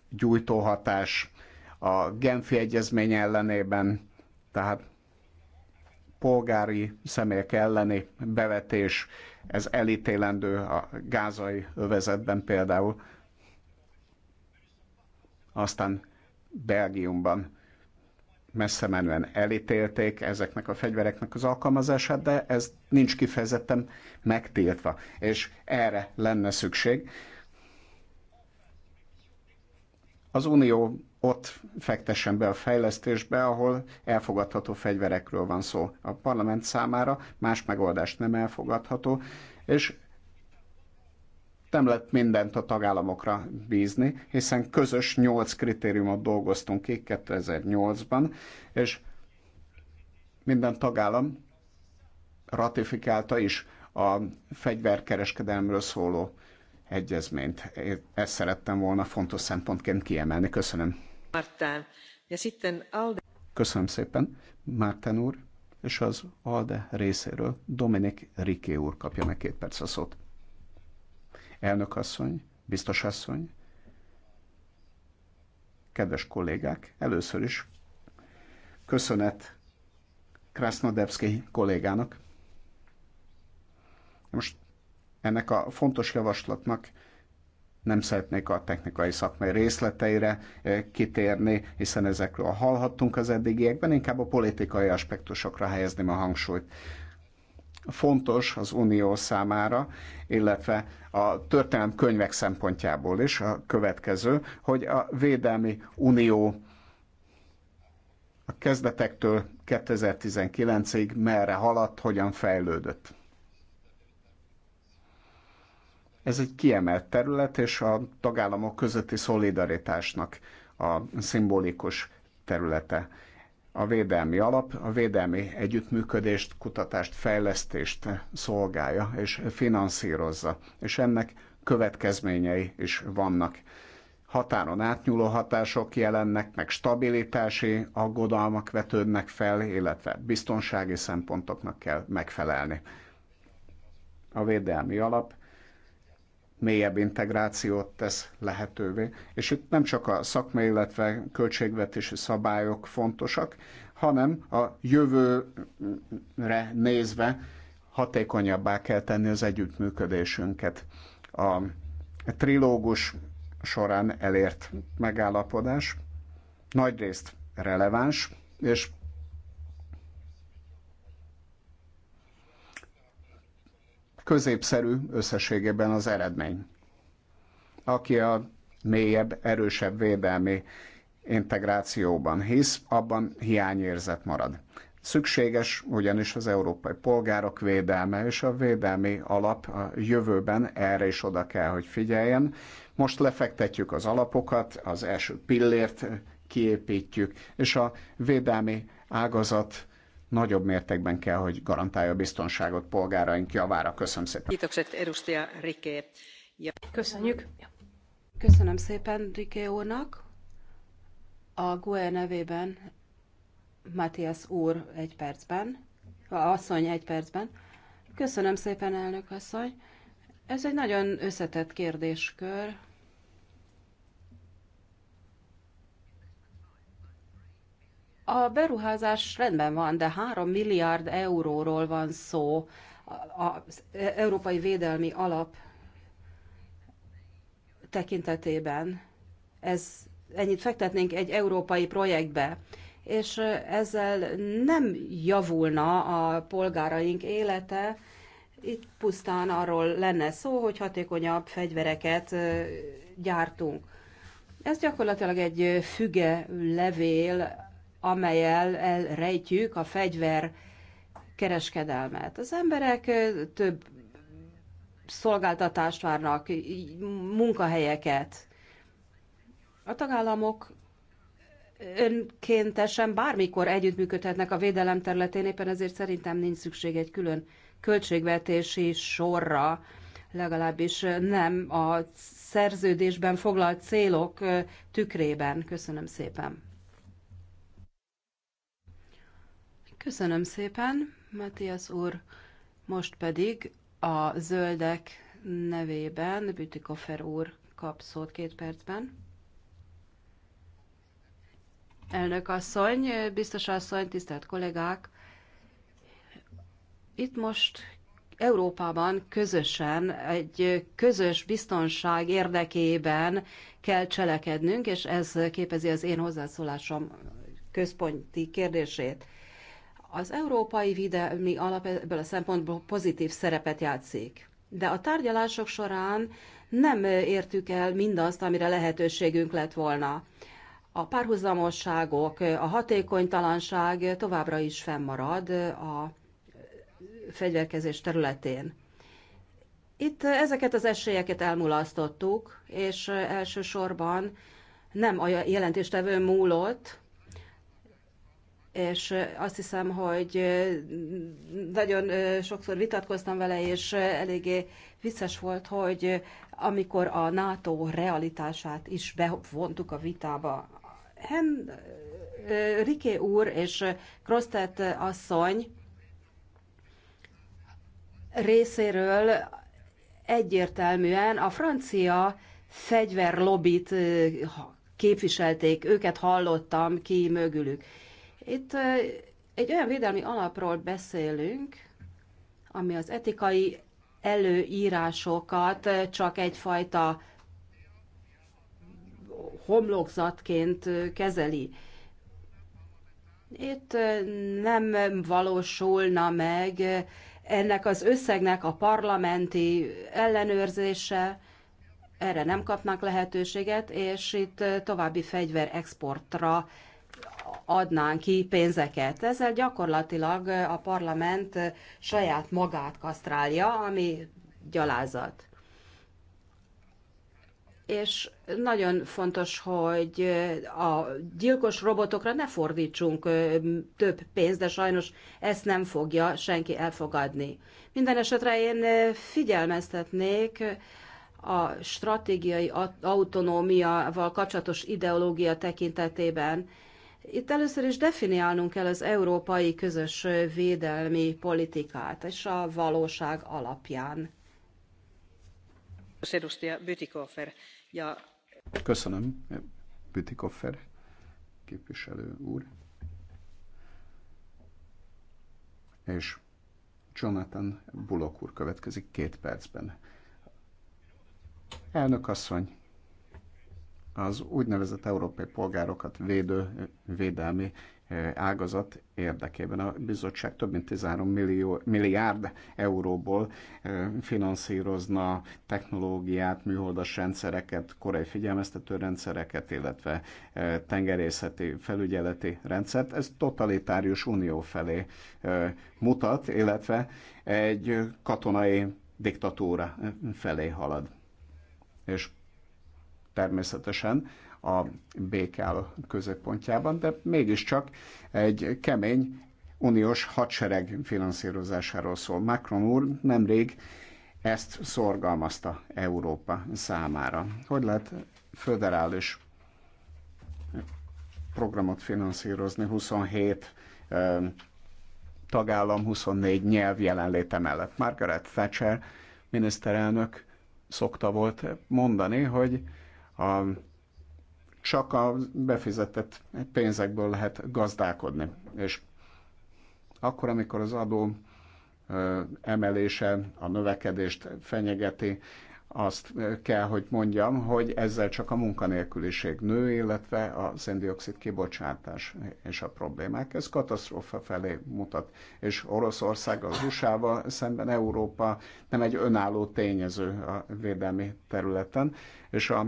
gyújtóhatás, a Genfi Egyezmény ellenében, tehát polgári személyek elleni bevetés, ez elítélendő a gázai övezetben például aztán Belgiumban messze menően elítélték ezeknek a fegyvereknek az alkalmazását, de ez nincs kifejezetten megtiltva, és erre lenne szükség. Az Unió ott fektessen be a fejlesztésbe, ahol elfogadható fegyverekről van szó. A parlament számára más megoldást nem elfogadható, és nem lehet mindent a tagállamokra bízni, hiszen közös nyolc kritériumot dolgoztunk ki 2008-ban, és minden tagállam ratifikálta is a fegyverkereskedelmről szóló egyezményt. Én ezt szerettem volna fontos szempontként kiemelni. Köszönöm. Alde. Köszönöm szépen, Márten úr, és az Alde részéről Dominik Riké úr kapja meg két perc a szót elnökasszony, biztosasszony, kedves kollégák, először is köszönet Krasznodebszki kollégának. Most ennek a fontos javaslatnak nem szeretnék a technikai szakmai részleteire eh, kitérni, hiszen ezekről hallhattunk az eddigiekben, inkább a politikai aspektusokra helyezném a hangsúlyt fontos az Unió számára, illetve a történelem könyvek szempontjából is a következő, hogy a Védelmi Unió a kezdetektől 2019-ig merre haladt, hogyan fejlődött. Ez egy kiemelt terület, és a tagállamok közötti szolidaritásnak a szimbolikus területe a védelmi alap a védelmi együttműködést, kutatást, fejlesztést szolgálja és finanszírozza, és ennek következményei is vannak. Határon átnyúló hatások jelennek, meg stabilitási aggodalmak vetődnek fel, illetve biztonsági szempontoknak kell megfelelni. A védelmi alap mélyebb integrációt tesz lehetővé. És itt nem csak a szakmai, illetve költségvetési szabályok fontosak, hanem a jövőre nézve hatékonyabbá kell tenni az együttműködésünket. A trilógus során elért megállapodás nagyrészt releváns, és középszerű összességében az eredmény. Aki a mélyebb, erősebb védelmi integrációban hisz, abban hiányérzet marad. Szükséges ugyanis az európai polgárok védelme, és a védelmi alap a jövőben erre is oda kell, hogy figyeljen. Most lefektetjük az alapokat, az első pillért kiépítjük, és a védelmi ágazat nagyobb mértékben kell, hogy garantálja a biztonságot polgáraink javára. Köszönöm szépen. Köszönjük. Köszönöm szépen Riké úrnak. A GUE nevében Matthias úr egy percben, a asszony egy percben. Köszönöm szépen, elnök asszony. Ez egy nagyon összetett kérdéskör. A beruházás rendben van, de 3 milliárd euróról van szó az Európai Védelmi Alap tekintetében. Ez, ennyit fektetnénk egy európai projektbe, és ezzel nem javulna a polgáraink élete, itt pusztán arról lenne szó, hogy hatékonyabb fegyvereket gyártunk. Ez gyakorlatilag egy füge levél amelyel elrejtjük a fegyver kereskedelmet. Az emberek több szolgáltatást várnak, munkahelyeket. A tagállamok önkéntesen bármikor együttműködhetnek a védelem területén, éppen ezért szerintem nincs szükség egy külön költségvetési sorra, legalábbis nem a szerződésben foglalt célok tükrében. Köszönöm szépen. Köszönöm szépen, Matthias úr. Most pedig a zöldek nevében Bütikofer úr kap szót két percben. Elnök asszony, biztos asszony, tisztelt kollégák! Itt most Európában közösen, egy közös biztonság érdekében kell cselekednünk, és ez képezi az én hozzászólásom központi kérdését. Az Európai Védelmi Alap ebből a szempontból pozitív szerepet játszik. De a tárgyalások során nem értük el mindazt, amire lehetőségünk lett volna. A párhuzamosságok, a hatékonytalanság továbbra is fennmarad a fegyverkezés területén. Itt ezeket az esélyeket elmulasztottuk, és elsősorban nem a jelentéstevő múlott, és azt hiszem, hogy nagyon sokszor vitatkoztam vele, és eléggé vicces volt, hogy amikor a NATO realitását is bevontuk a vitába, Hen, Riké úr és Krosztet asszony részéről egyértelműen a francia fegyverlobit képviselték, őket hallottam ki mögülük. Itt egy olyan védelmi alapról beszélünk, ami az etikai előírásokat csak egyfajta homlokzatként kezeli. Itt nem valósulna meg ennek az összegnek a parlamenti ellenőrzése, erre nem kapnak lehetőséget, és itt további fegyverexportra adnánk ki pénzeket. Ezzel gyakorlatilag a parlament saját magát kasztrálja, ami gyalázat. És nagyon fontos, hogy a gyilkos robotokra ne fordítsunk több pénzt, de sajnos ezt nem fogja senki elfogadni. Minden esetre én figyelmeztetnék, a stratégiai autonómiával kapcsolatos ideológia tekintetében itt először is definiálnunk kell az európai közös védelmi politikát, és a valóság alapján. Köszönöm, Bütikoffer képviselő úr. És Jonathan Bulok úr következik két percben. Elnök asszony, az úgynevezett európai polgárokat védő védelmi ágazat érdekében. A bizottság több mint 13 millió, milliárd euróból finanszírozna technológiát, műholdas rendszereket, korai figyelmeztető rendszereket, illetve tengerészeti felügyeleti rendszert. Ez totalitárius unió felé mutat, illetve egy katonai diktatúra felé halad. És természetesen a békál középpontjában, de mégiscsak egy kemény uniós hadsereg finanszírozásáról szól. Macron úr nemrég ezt szorgalmazta Európa számára. Hogy lehet föderális programot finanszírozni 27 tagállam 24 nyelv jelenléte mellett. Margaret Thatcher miniszterelnök szokta volt mondani, hogy a, csak a befizetett pénzekből lehet gazdálkodni. És akkor, amikor az adó emelése a növekedést fenyegeti, azt kell, hogy mondjam, hogy ezzel csak a munkanélküliség nő, illetve a széndiokszid kibocsátás és a problémák. Ez katasztrófa felé mutat. És Oroszország az usa szemben Európa nem egy önálló tényező a védelmi területen, és a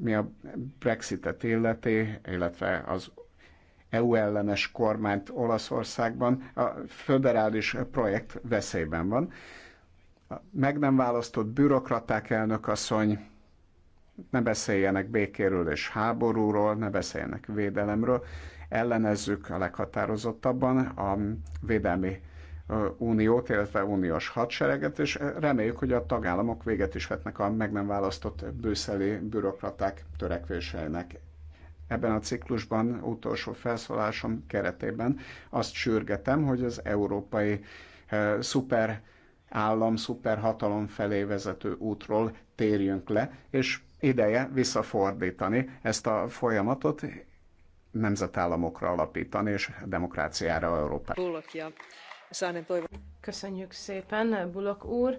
mi a Brexitet illeti, illetve az EU ellenes kormányt Olaszországban, a föderális projekt veszélyben van. A meg nem választott bürokraták asszony ne beszéljenek békéről és háborúról, ne beszéljenek védelemről, ellenezzük a leghatározottabban a védelmi uniót, illetve uniós hadsereget, és reméljük, hogy a tagállamok véget is vetnek a meg nem választott bőszeli bürokraták törekvéseinek. Ebben a ciklusban, utolsó felszólásom keretében azt sürgetem, hogy az európai e, szuper állam, szuperhatalom felé vezető útról térjünk le, és ideje visszafordítani ezt a folyamatot, nemzetállamokra alapítani, és demokráciára Európát. Köszönjük szépen, Bulok úr,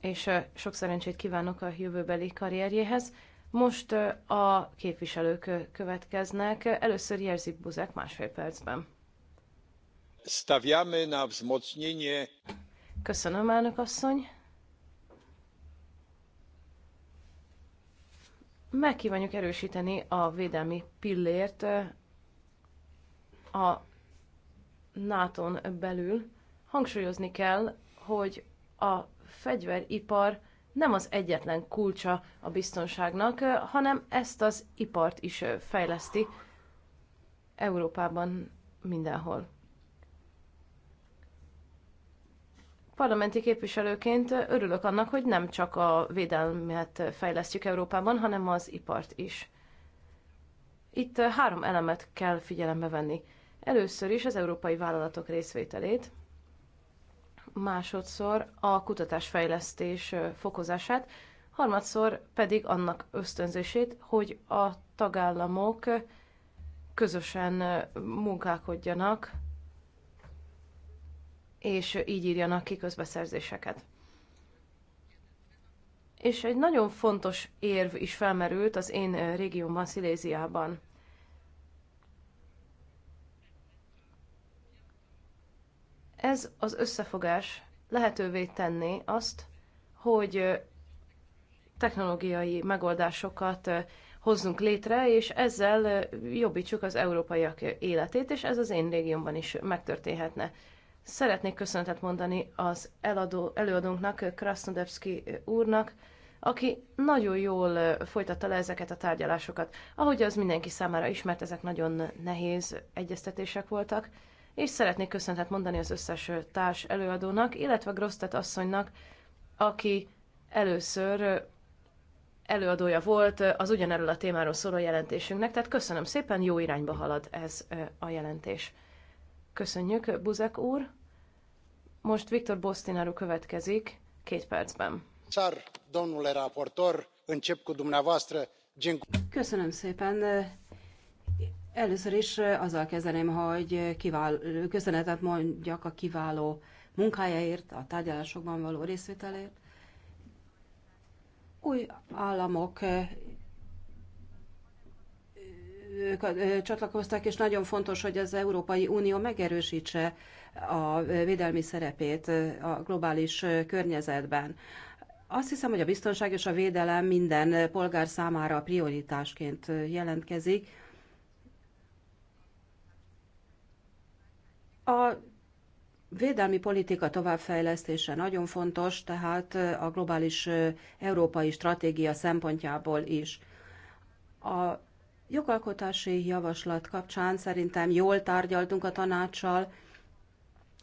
és eh, sok szerencsét kívánok a jövőbeli karrierjéhez. Most eh, a képviselők eh, következnek. Először Jerzy Buzek másfél percben. Stawiamy na wzmocnienie. Köszönöm, elnök asszony. Meg kívánjuk erősíteni a védelmi pillért a nato belül hangsúlyozni kell, hogy a fegyveripar nem az egyetlen kulcsa a biztonságnak, hanem ezt az ipart is fejleszti Európában mindenhol. Parlamenti képviselőként örülök annak, hogy nem csak a védelmet fejlesztjük Európában, hanem az ipart is. Itt három elemet kell figyelembe venni. Először is az európai vállalatok részvételét, másodszor a kutatásfejlesztés fokozását, harmadszor pedig annak ösztönzését, hogy a tagállamok közösen munkálkodjanak, és így írjanak ki közbeszerzéseket. És egy nagyon fontos érv is felmerült az én régiómban, Sziléziában – Ez az összefogás lehetővé tenni azt, hogy technológiai megoldásokat hozzunk létre, és ezzel jobbítsuk az európaiak életét, és ez az én régiómban is megtörténhetne. Szeretnék köszönetet mondani az eladó, előadónknak, Krasnodebski úrnak, aki nagyon jól folytatta le ezeket a tárgyalásokat. Ahogy az mindenki számára ismert, ezek nagyon nehéz egyeztetések voltak, és szeretnék köszönhet mondani az összes társ előadónak, illetve Grosztet asszonynak, aki először előadója volt az ugyanerről a témáról szóló jelentésünknek, tehát köszönöm szépen, jó irányba halad ez a jelentés. Köszönjük, Buzek úr. Most Viktor Bostinaru következik két percben. Csár, domnule raportor, încep cu dumneavoastră. Köszönöm szépen, Először is azzal kezdeném, hogy kiváló, köszönetet mondjak a kiváló munkájáért, a tárgyalásokban való részvételért. Új államok csatlakoztak, és nagyon fontos, hogy az Európai Unió megerősítse a védelmi szerepét a globális környezetben. Azt hiszem, hogy a biztonság és a védelem minden polgár számára prioritásként jelentkezik A védelmi politika továbbfejlesztése nagyon fontos, tehát a globális európai stratégia szempontjából is. A jogalkotási javaslat kapcsán szerintem jól tárgyaltunk a tanácssal,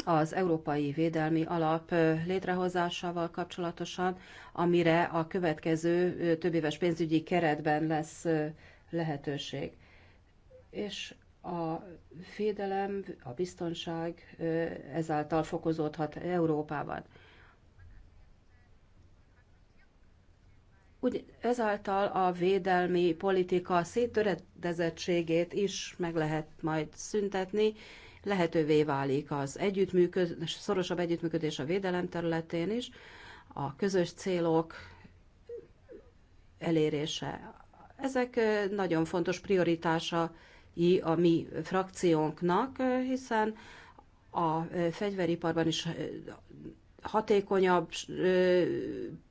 az Európai Védelmi Alap létrehozásával kapcsolatosan, amire a következő többéves pénzügyi keretben lesz lehetőség. És a védelem, a biztonság ezáltal fokozódhat Európában. Úgy ezáltal a védelmi politika széttöredezettségét is meg lehet majd szüntetni, lehetővé válik az együttműködés, szorosabb együttműködés a védelem területén is, a közös célok elérése. Ezek nagyon fontos prioritása a mi frakciónknak, hiszen a fegyveriparban is hatékonyabb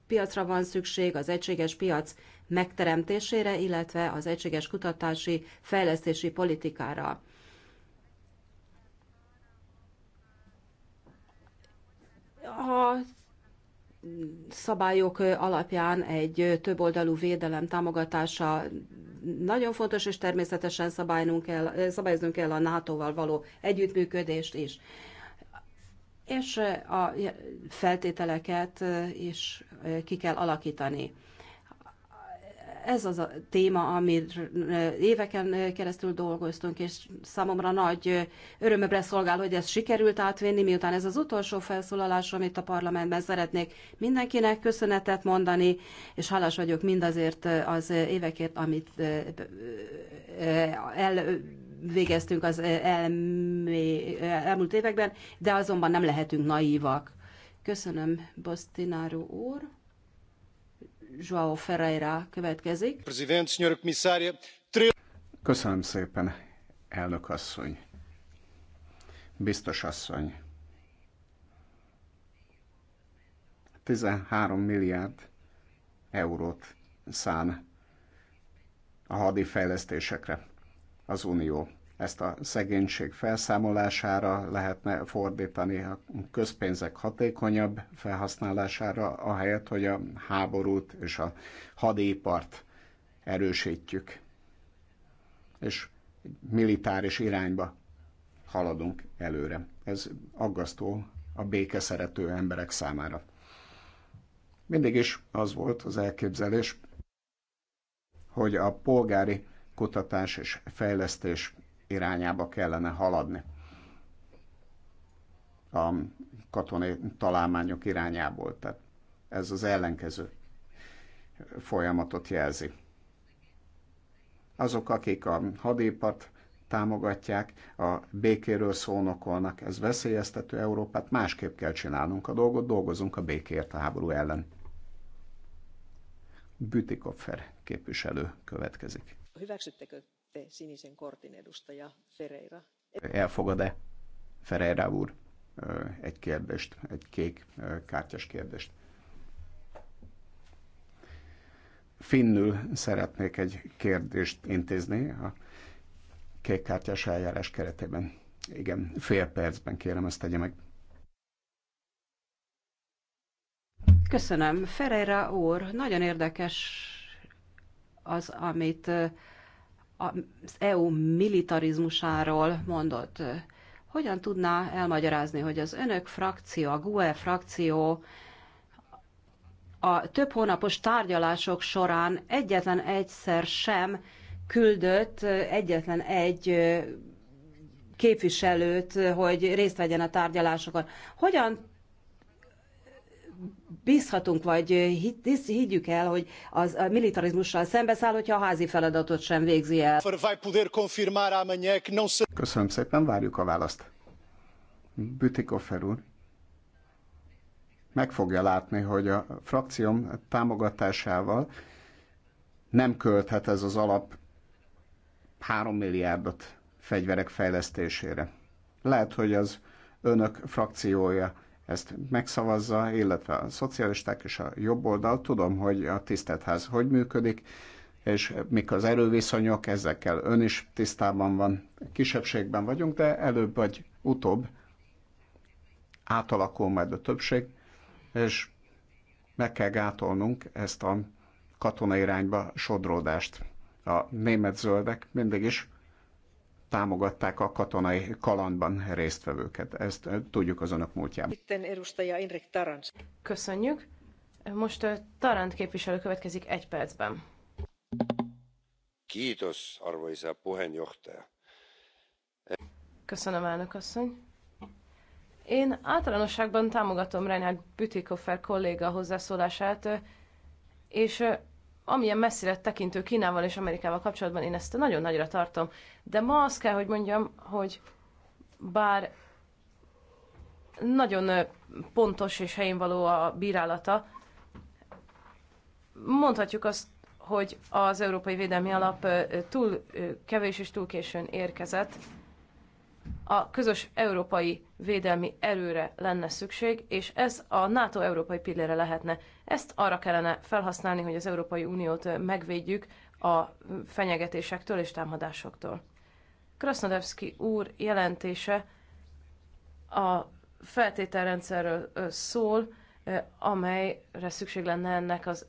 piacra van szükség, az egységes piac megteremtésére, illetve az egységes kutatási fejlesztési politikára. A szabályok alapján egy többoldalú védelem támogatása nagyon fontos, és természetesen szabálynunk kell, szabályoznunk kell a NATO-val való együttműködést is. És eh, a feltételeket eh, is eh, ki kell alakítani. Ez az a téma, amit éveken keresztül dolgoztunk, és számomra nagy örömöbre szolgál, hogy ezt sikerült átvinni, miután ez az utolsó felszólalás, amit a parlamentben szeretnék mindenkinek köszönetet mondani, és hálás vagyok mindazért az évekért, amit el végeztünk az elmé, elmúlt években, de azonban nem lehetünk naívak. Köszönöm, Bosztináró úr. João Ferreira következik. Köszönöm szépen, elnök asszony. Biztos asszony. 13 milliárd eurót szán a hadifejlesztésekre az Unió ezt a szegénység felszámolására lehetne fordítani, a közpénzek hatékonyabb felhasználására, ahelyett, hogy a háborút és a hadépart erősítjük, és militáris irányba haladunk előre. Ez aggasztó a béke szerető emberek számára. Mindig is az volt az elképzelés, hogy a polgári kutatás és fejlesztés irányába kellene haladni. A katonai találmányok irányából. Tehát ez az ellenkező folyamatot jelzi. Azok, akik a hadépat támogatják, a békéről szónokolnak, ez veszélyeztető Európát, másképp kell csinálnunk a dolgot, dolgozunk a békért a háború ellen. Bütikoffer képviselő következik te sinisen kortin edustaja Ferreira. Elfogad-e Ferreira úr egy kérdést, egy kék kártyás kérdést? Finnül szeretnék egy kérdést intézni a kék kártyás eljárás keretében. Igen, fél percben kérem, ezt tegye meg. Köszönöm. Ferreira úr, nagyon érdekes az, amit az EU militarizmusáról mondott. Hogyan tudná elmagyarázni, hogy az önök frakció, a GUE frakció a több hónapos tárgyalások során egyetlen egyszer sem küldött egyetlen egy képviselőt, hogy részt vegyen a tárgyalásokon. Hogyan bízhatunk, vagy higgyük el, hogy az a militarizmussal szembeszáll, hogyha a házi feladatot sem végzi el. Köszönöm szépen, várjuk a választ. Bütikofer úr meg fogja látni, hogy a frakcióm támogatásával nem költhet ez az alap 3 milliárdot fegyverek fejlesztésére. Lehet, hogy az önök frakciója ezt megszavazza, illetve a szocialisták és a jobb oldal. Tudom, hogy a tiszteltház hogy működik, és mik az erőviszonyok, ezekkel ön is tisztában van. Kisebbségben vagyunk, de előbb vagy utóbb átalakul majd a többség, és meg kell gátolnunk ezt a katona irányba sodródást. A német zöldek mindig is támogatták a katonai kalandban résztvevőket. Ezt eh, tudjuk az önök múltjában. Itten Erustaja Inrik Tarant. Köszönjük. Most eh, Tarant képviselő következik egy percben. Kiitos, arvoisa puheenjohtaja. Köszönöm, elnök asszony. Én általánosságban támogatom Reinhard Bütikofer kolléga hozzászólását, eh, és amilyen messzire tekintő Kínával és Amerikával kapcsolatban én ezt nagyon nagyra tartom. De ma azt kell, hogy mondjam, hogy bár nagyon pontos és helyén való a bírálata, mondhatjuk azt, hogy az Európai Védelmi Alap túl kevés és túl későn érkezett, a közös európai védelmi erőre lenne szükség, és ez a NATO európai pillére lehetne. Ezt arra kellene felhasználni, hogy az Európai Uniót megvédjük a fenyegetésektől és támadásoktól. Krasnodevski úr jelentése a feltételrendszerről szól, amelyre szükség lenne ennek az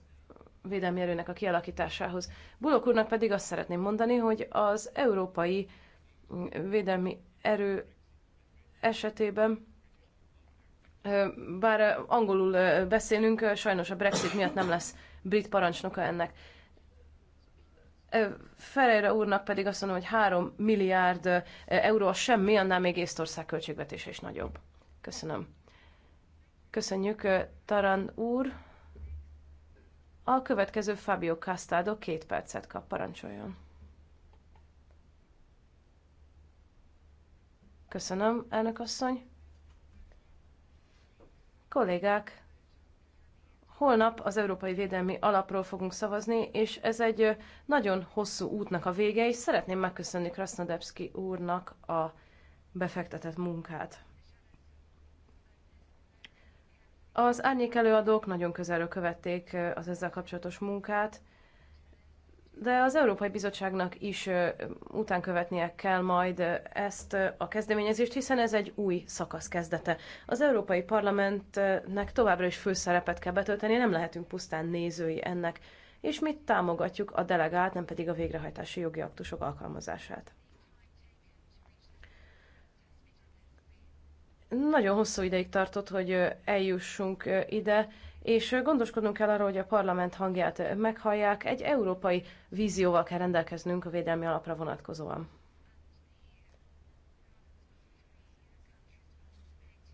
védelmi erőnek a kialakításához. Bulok úrnak pedig azt szeretném mondani, hogy az európai védelmi erő esetében, bár angolul beszélünk, sajnos a Brexit miatt nem lesz brit parancsnoka ennek. Ferreira úrnak pedig azt mondom, hogy 3 milliárd euró a semmi, annál még Észtország költségvetése is nagyobb. Köszönöm. Köszönjük, Taran úr. A következő Fabio Castaldo két percet kap, parancsoljon. Köszönöm, elnök asszony. Kollégák, holnap az Európai Védelmi Alapról fogunk szavazni, és ez egy nagyon hosszú útnak a vége, és szeretném megköszönni Krasnodebski úrnak a befektetett munkát. Az árnyék előadók nagyon közelről követték az ezzel kapcsolatos munkát, de az Európai Bizottságnak is utánkövetnie kell majd ezt a kezdeményezést, hiszen ez egy új szakasz kezdete. Az Európai Parlamentnek továbbra is főszerepet kell betölteni, nem lehetünk pusztán nézői ennek, és mit támogatjuk a delegált, nem pedig a végrehajtási jogi aktusok alkalmazását. Nagyon hosszú ideig tartott, hogy eljussunk ide, és gondoskodnunk kell arról, hogy a parlament hangját meghallják. Egy európai vízióval kell rendelkeznünk a védelmi alapra vonatkozóan.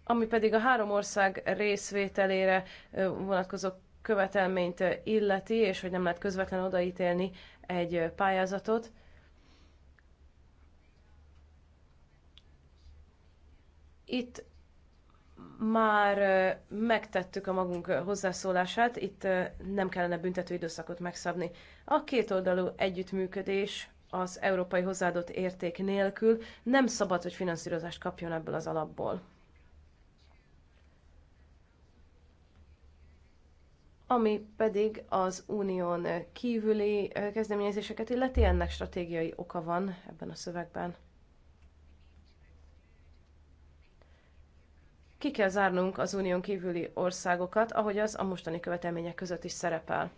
Ami pedig a három ország részvételére vonatkozó követelményt illeti, és hogy nem lehet közvetlenül odaítélni egy pályázatot, itt már megtettük a magunk hozzászólását, itt nem kellene büntető időszakot megszabni. A kétoldalú együttműködés az európai hozzáadott érték nélkül nem szabad, hogy finanszírozást kapjon ebből az alapból. Ami pedig az unión kívüli kezdeményezéseket illeti, ennek stratégiai oka van ebben a szövegben. ki kell zárnunk az unión kívüli országokat, ahogy az a mostani követelmények között is szerepel.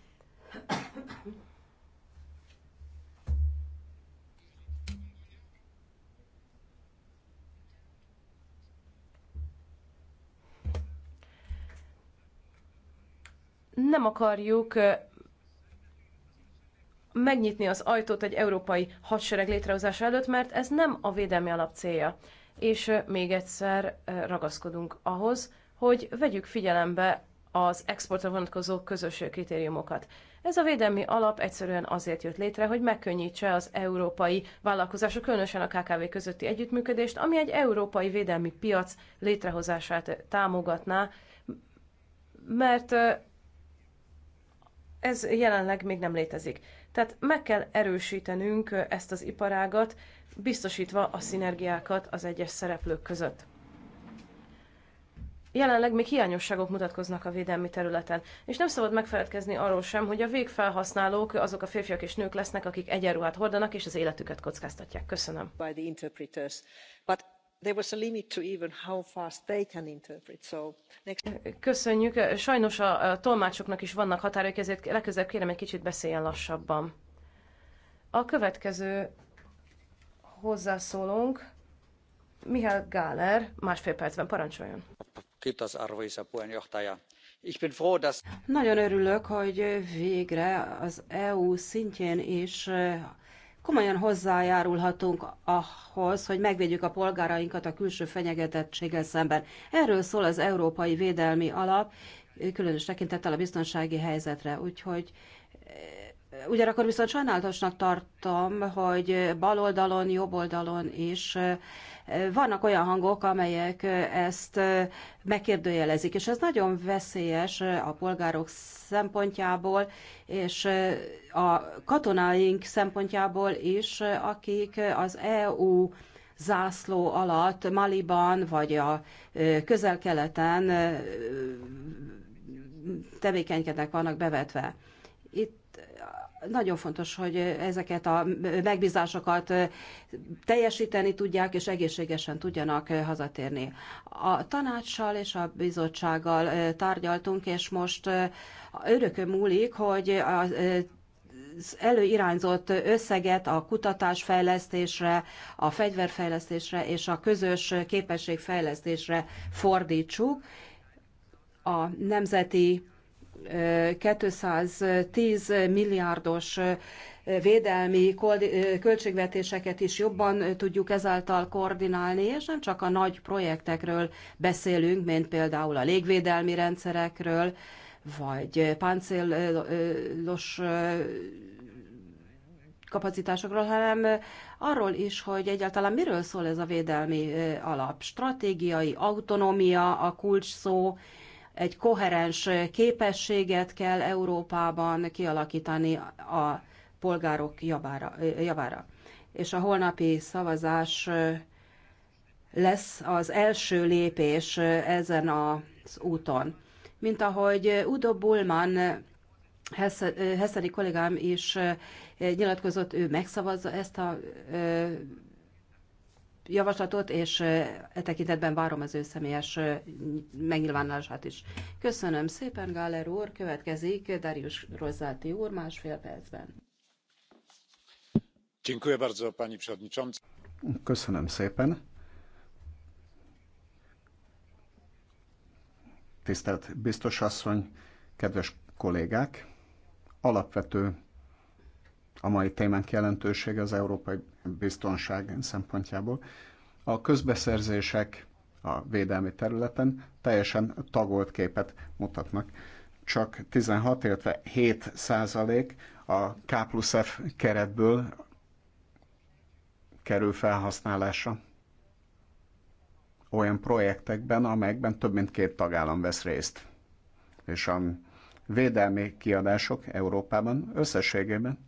Nem akarjuk megnyitni az ajtót egy európai hadsereg létrehozása előtt, mert ez nem a védelmi alap célja és még egyszer ragaszkodunk ahhoz, hogy vegyük figyelembe az exportra vonatkozó közös kritériumokat. Ez a védelmi alap egyszerűen azért jött létre, hogy megkönnyítse az európai vállalkozások, különösen a KKV közötti együttműködést, ami egy európai védelmi piac létrehozását támogatná, mert ez jelenleg még nem létezik. Tehát meg kell erősítenünk ezt az iparágat, biztosítva a szinergiákat az egyes szereplők között. Jelenleg még hiányosságok mutatkoznak a védelmi területen, és nem szabad megfeledkezni arról sem, hogy a végfelhasználók azok a férfiak és nők lesznek, akik egyenruhát hordanak és az életüket kockáztatják. Köszönöm. By the interpreters. But there was a limit to even how fast they can interpret. So next... Köszönjük. Sajnos a, tolmácsoknak is vannak határok, ezért legközelebb kérem egy kicsit beszéljen lassabban. A következő hozzászólónk, Mihály Gáler, másfél percben parancsoljon. Nagyon örülök, hogy végre az EU szintjén is komolyan hozzájárulhatunk ahhoz, hogy megvédjük a polgárainkat a külső fenyegetettséggel szemben. Erről szól az Európai Védelmi Alap, különös tekintettel a biztonsági helyzetre, úgyhogy Ugyanakkor viszont sajnálatosnak tartom, hogy bal oldalon, jobb oldalon is vannak olyan hangok, amelyek ezt megkérdőjelezik, és ez nagyon veszélyes a polgárok szempontjából, és a katonáink szempontjából is, akik az EU zászló alatt Maliban vagy a közel-keleten tevékenykednek, vannak bevetve. Itt nagyon fontos, hogy ezeket a megbízásokat teljesíteni tudják, és egészségesen tudjanak hazatérni. A tanácssal és a bizottsággal tárgyaltunk, és most örökön múlik, hogy az előirányzott összeget a kutatásfejlesztésre, a fegyverfejlesztésre és a közös képességfejlesztésre fordítsuk. A nemzeti 210 milliárdos védelmi költségvetéseket is jobban tudjuk ezáltal koordinálni, és nem csak a nagy projektekről beszélünk, mint például a légvédelmi rendszerekről, vagy páncélos kapacitásokról, hanem arról is, hogy egyáltalán miről szól ez a védelmi alap. Stratégiai autonómia a kulcs szó, egy koherens képességet kell Európában kialakítani a polgárok javára. javára. És a holnapi szavazás lesz az első lépés ezen az úton. Mint ahogy Udo Bullman, hesseni kollégám is nyilatkozott, ő megszavazza ezt a javaslatot, és e tekintetben várom az ő személyes megnyilvánulását is. Köszönöm szépen, Gáler úr. Következik Darius Rozzáti úr másfél percben. Köszönöm szépen. Tisztelt biztos asszony, kedves kollégák! Alapvető a mai témánk jelentősége az európai biztonság szempontjából. A közbeszerzések a védelmi területen teljesen tagolt képet mutatnak. Csak 16, illetve 7 százalék a K plusz F keretből kerül felhasználásra olyan projektekben, amelyekben több mint két tagállam vesz részt. És a védelmi kiadások Európában összességében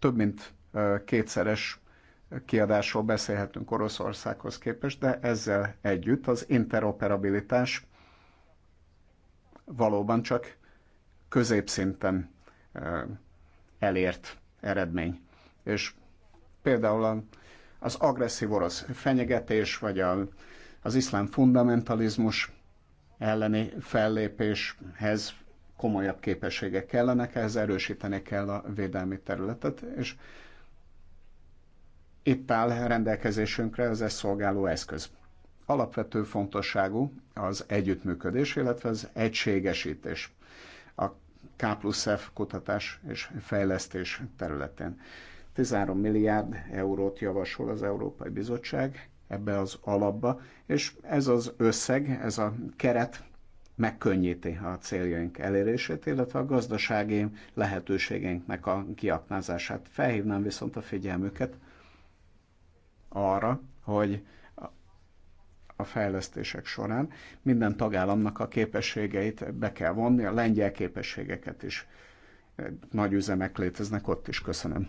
több mint kétszeres kiadásról beszélhetünk Oroszországhoz képest, de ezzel együtt az interoperabilitás valóban csak középszinten elért eredmény. És például az agresszív orosz fenyegetés, vagy az iszlám fundamentalizmus elleni fellépéshez komolyabb képességek kellenek, ehhez erősíteni kell a védelmi területet, és itt áll rendelkezésünkre az ezt szolgáló eszköz. Alapvető fontosságú az együttműködés, illetve az egységesítés a K plusz F kutatás és fejlesztés területén. 13 milliárd eurót javasol az Európai Bizottság ebbe az alapba, és ez az összeg, ez a keret megkönnyíti a céljaink elérését, illetve a gazdasági lehetőségeinknek a kiaknázását. Felhívnám viszont a figyelmüket arra, hogy a fejlesztések során minden tagállamnak a képességeit be kell vonni, a lengyel képességeket is. Nagy üzemek léteznek ott is, köszönöm.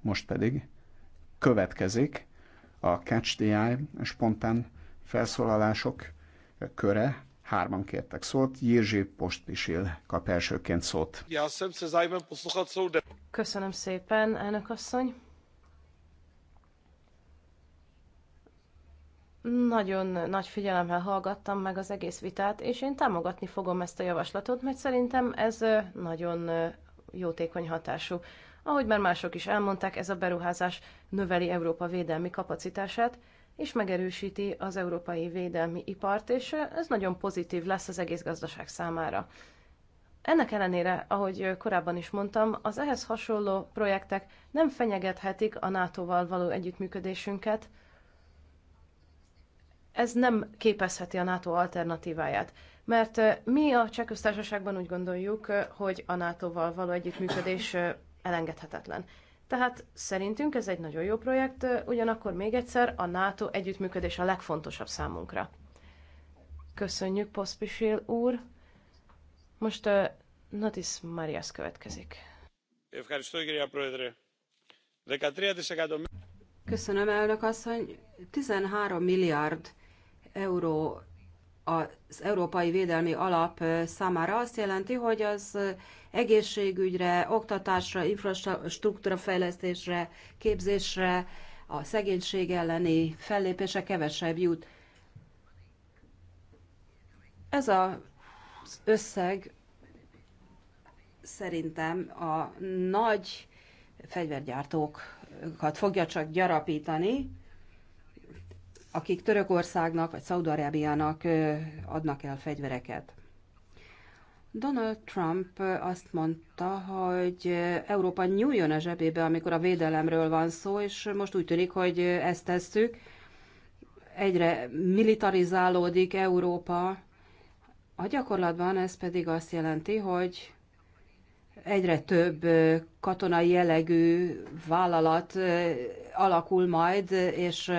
Most pedig következik a Catch the Eye spontán felszólalások köre. Hárman kértek szót, Jirzsi Postpisil kap elsőként szót. Köszönöm szépen, elnök asszony. Nagyon nagy figyelemmel hallgattam meg az egész vitát, és én támogatni fogom ezt a javaslatot, mert szerintem ez nagyon jótékony hatású. Ahogy már mások is elmondták, ez a beruházás növeli Európa védelmi kapacitását, és megerősíti az európai védelmi ipart, és ez nagyon pozitív lesz az egész gazdaság számára. Ennek ellenére, ahogy korábban is mondtam, az ehhez hasonló projektek nem fenyegethetik a NATO-val való együttműködésünket. Ez nem képezheti a NATO alternatíváját. Mert eh, mi a Cseh Köztársaságban úgy gondoljuk, eh, hogy a NATO-val való együttműködés eh, elengedhetetlen. Tehát szerintünk ez egy nagyon jó projekt, ugyanakkor még egyszer a NATO együttműködés a legfontosabb számunkra. Köszönjük, Pospisil úr. Most uh, Natis Marias következik. Köszönöm, elnök asszony. 13 milliárd euró az Európai Védelmi Alap számára azt jelenti, hogy az egészségügyre, oktatásra, infrastruktúra fejlesztésre, képzésre, a szegénység elleni fellépése kevesebb jut. Ez az összeg szerintem a nagy fegyvergyártókat fogja csak gyarapítani, akik Törökországnak vagy Szaudarábiának adnak el fegyvereket. Donald Trump azt mondta, hogy Európa nyúljon a zsebébe, amikor a védelemről van szó, és most úgy tűnik, hogy ezt tesszük. Egyre militarizálódik Európa. A gyakorlatban ez pedig azt jelenti, hogy egyre több katonai jellegű vállalat alakul majd, és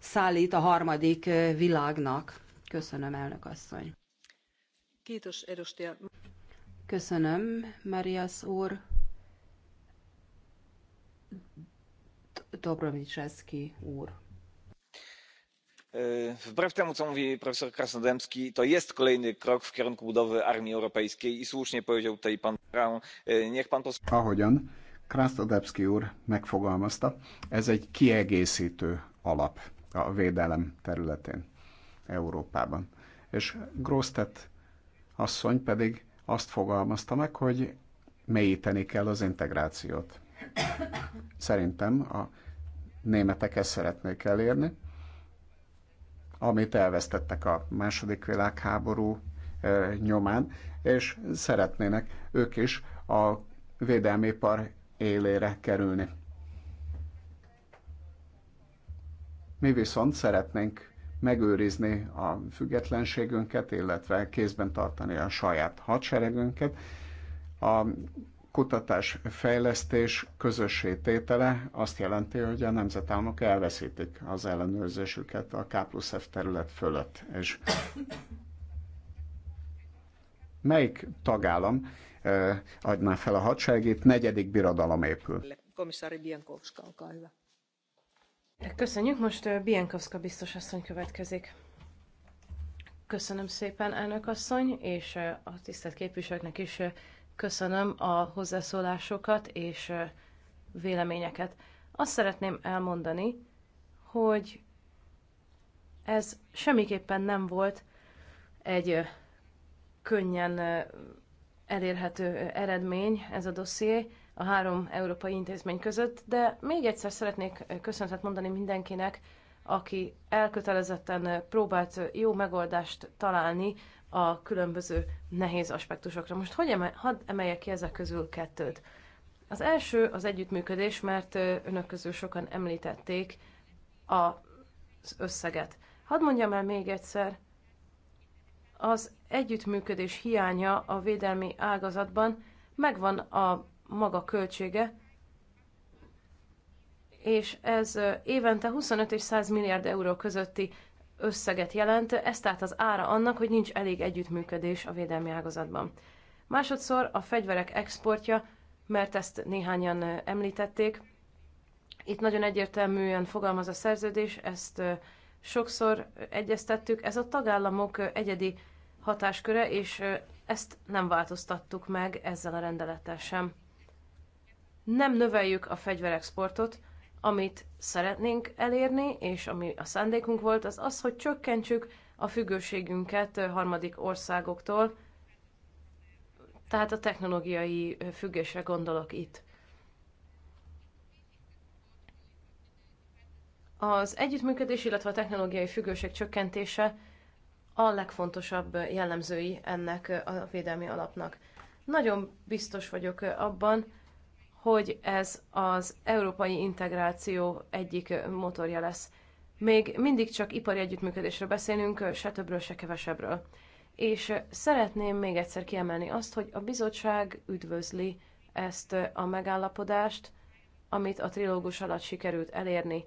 szállít a harmadik világnak. Köszönöm, elnök asszony. Köszönöm, Marias úr. Dobromiczewski úr. E, wbrew temu, co mówi profesor Krasnodębski, to jest kolejny krok w kierunku budowy armii europejskiej i słusznie powiedział tutaj pan Brown. E, niech pan posłucha. Ahogyan Krasnodębski úr megfogalmazta, ez egy kiegészítő alap a védelem területén Európában. És Grosztet asszony pedig azt fogalmazta meg, hogy mélyíteni kell az integrációt. Szerintem a németek ezt szeretnék elérni, amit elvesztettek a második világháború nyomán, és szeretnének ők is a védelmipar élére kerülni. Mi viszont szeretnénk megőrizni a függetlenségünket, illetve kézben tartani a saját hadseregünket. A kutatás fejlesztés közössé tétele azt jelenti, hogy a nemzetállamok elveszítik az ellenőrzésüket a K plusz F terület fölött. És melyik tagállam eh, adná fel a hadseregét, negyedik birodalom épül. Komissári Biankovska, hyvä. Köszönjük, most Bienkowska biztos asszony következik. Köszönöm szépen, elnök asszony, és a tisztelt képviselőknek is köszönöm a hozzászólásokat és véleményeket. Azt szeretném elmondani, hogy ez semmiképpen nem volt egy könnyen elérhető eredmény, ez a dosszié a három európai intézmény között, de még egyszer szeretnék köszönetet mondani mindenkinek, aki elkötelezetten próbált jó megoldást találni a különböző nehéz aspektusokra. Most hogy emel, hadd emeljek ki ezek közül kettőt. Az első az együttműködés, mert önök közül sokan említették az összeget. Hadd mondjam el még egyszer, az együttműködés hiánya a védelmi ágazatban megvan a maga költsége, és ez évente 25 és 100 milliárd euró közötti összeget jelent, ez tehát az ára annak, hogy nincs elég együttműködés a védelmi ágazatban. Másodszor a fegyverek exportja, mert ezt néhányan említették. Itt nagyon egyértelműen fogalmaz a szerződés, ezt sokszor egyeztettük, ez a tagállamok egyedi hatásköre, és ezt nem változtattuk meg ezzel a rendelettel sem nem növeljük a fegyverexportot, amit szeretnénk elérni, és ami a szándékunk volt, az az, hogy csökkentsük a függőségünket harmadik országoktól, tehát a technológiai függésre gondolok itt. Az együttműködés, illetve a technológiai függőség csökkentése a legfontosabb jellemzői ennek a védelmi alapnak. Nagyon biztos vagyok abban, hogy ez az európai integráció egyik motorja lesz. Még mindig csak ipari együttműködésről beszélünk, se többről, se kevesebbről. És szeretném még egyszer kiemelni azt, hogy a bizottság üdvözli ezt a megállapodást, amit a trilógus alatt sikerült elérni.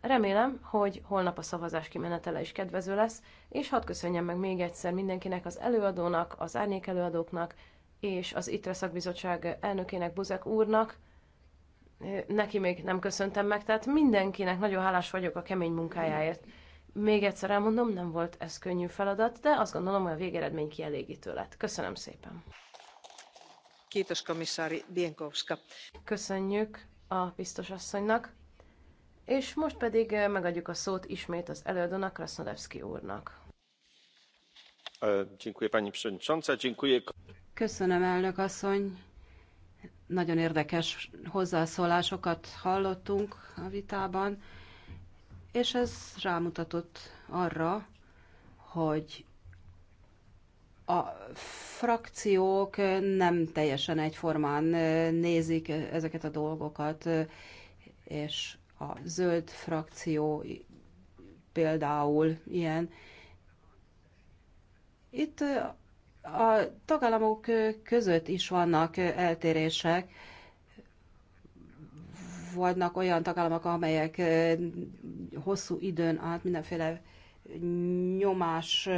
Remélem, hogy holnap a szavazás kimenetele is kedvező lesz, és hadd köszönjem meg még egyszer mindenkinek, az előadónak, az árnyékelőadóknak, és az ITRE szakbizottság elnökének, Buzek úrnak. Neki még nem köszöntem meg, tehát mindenkinek nagyon hálás vagyok a kemény munkájáért. Még egyszer elmondom, nem volt ez könnyű feladat, de azt gondolom, hogy a végeredmény kielégítő lett. Köszönöm szépen. Kétos komissári Bienkowska. Köszönjük a biztos asszonynak. És most pedig megadjuk a szót ismét az előadónak, Krasznodevszki úrnak. Köszönöm, pani przewodnicząca, dziękuję Köszönöm, elnök asszony. Nagyon érdekes hozzászólásokat hallottunk a vitában, és ez rámutatott arra, hogy a frakciók nem teljesen egyformán nézik ezeket a dolgokat, és a zöld frakció például ilyen. Itt a tagállamok között is vannak eltérések, vannak olyan tagállamok, amelyek hosszú időn át mindenféle nyomás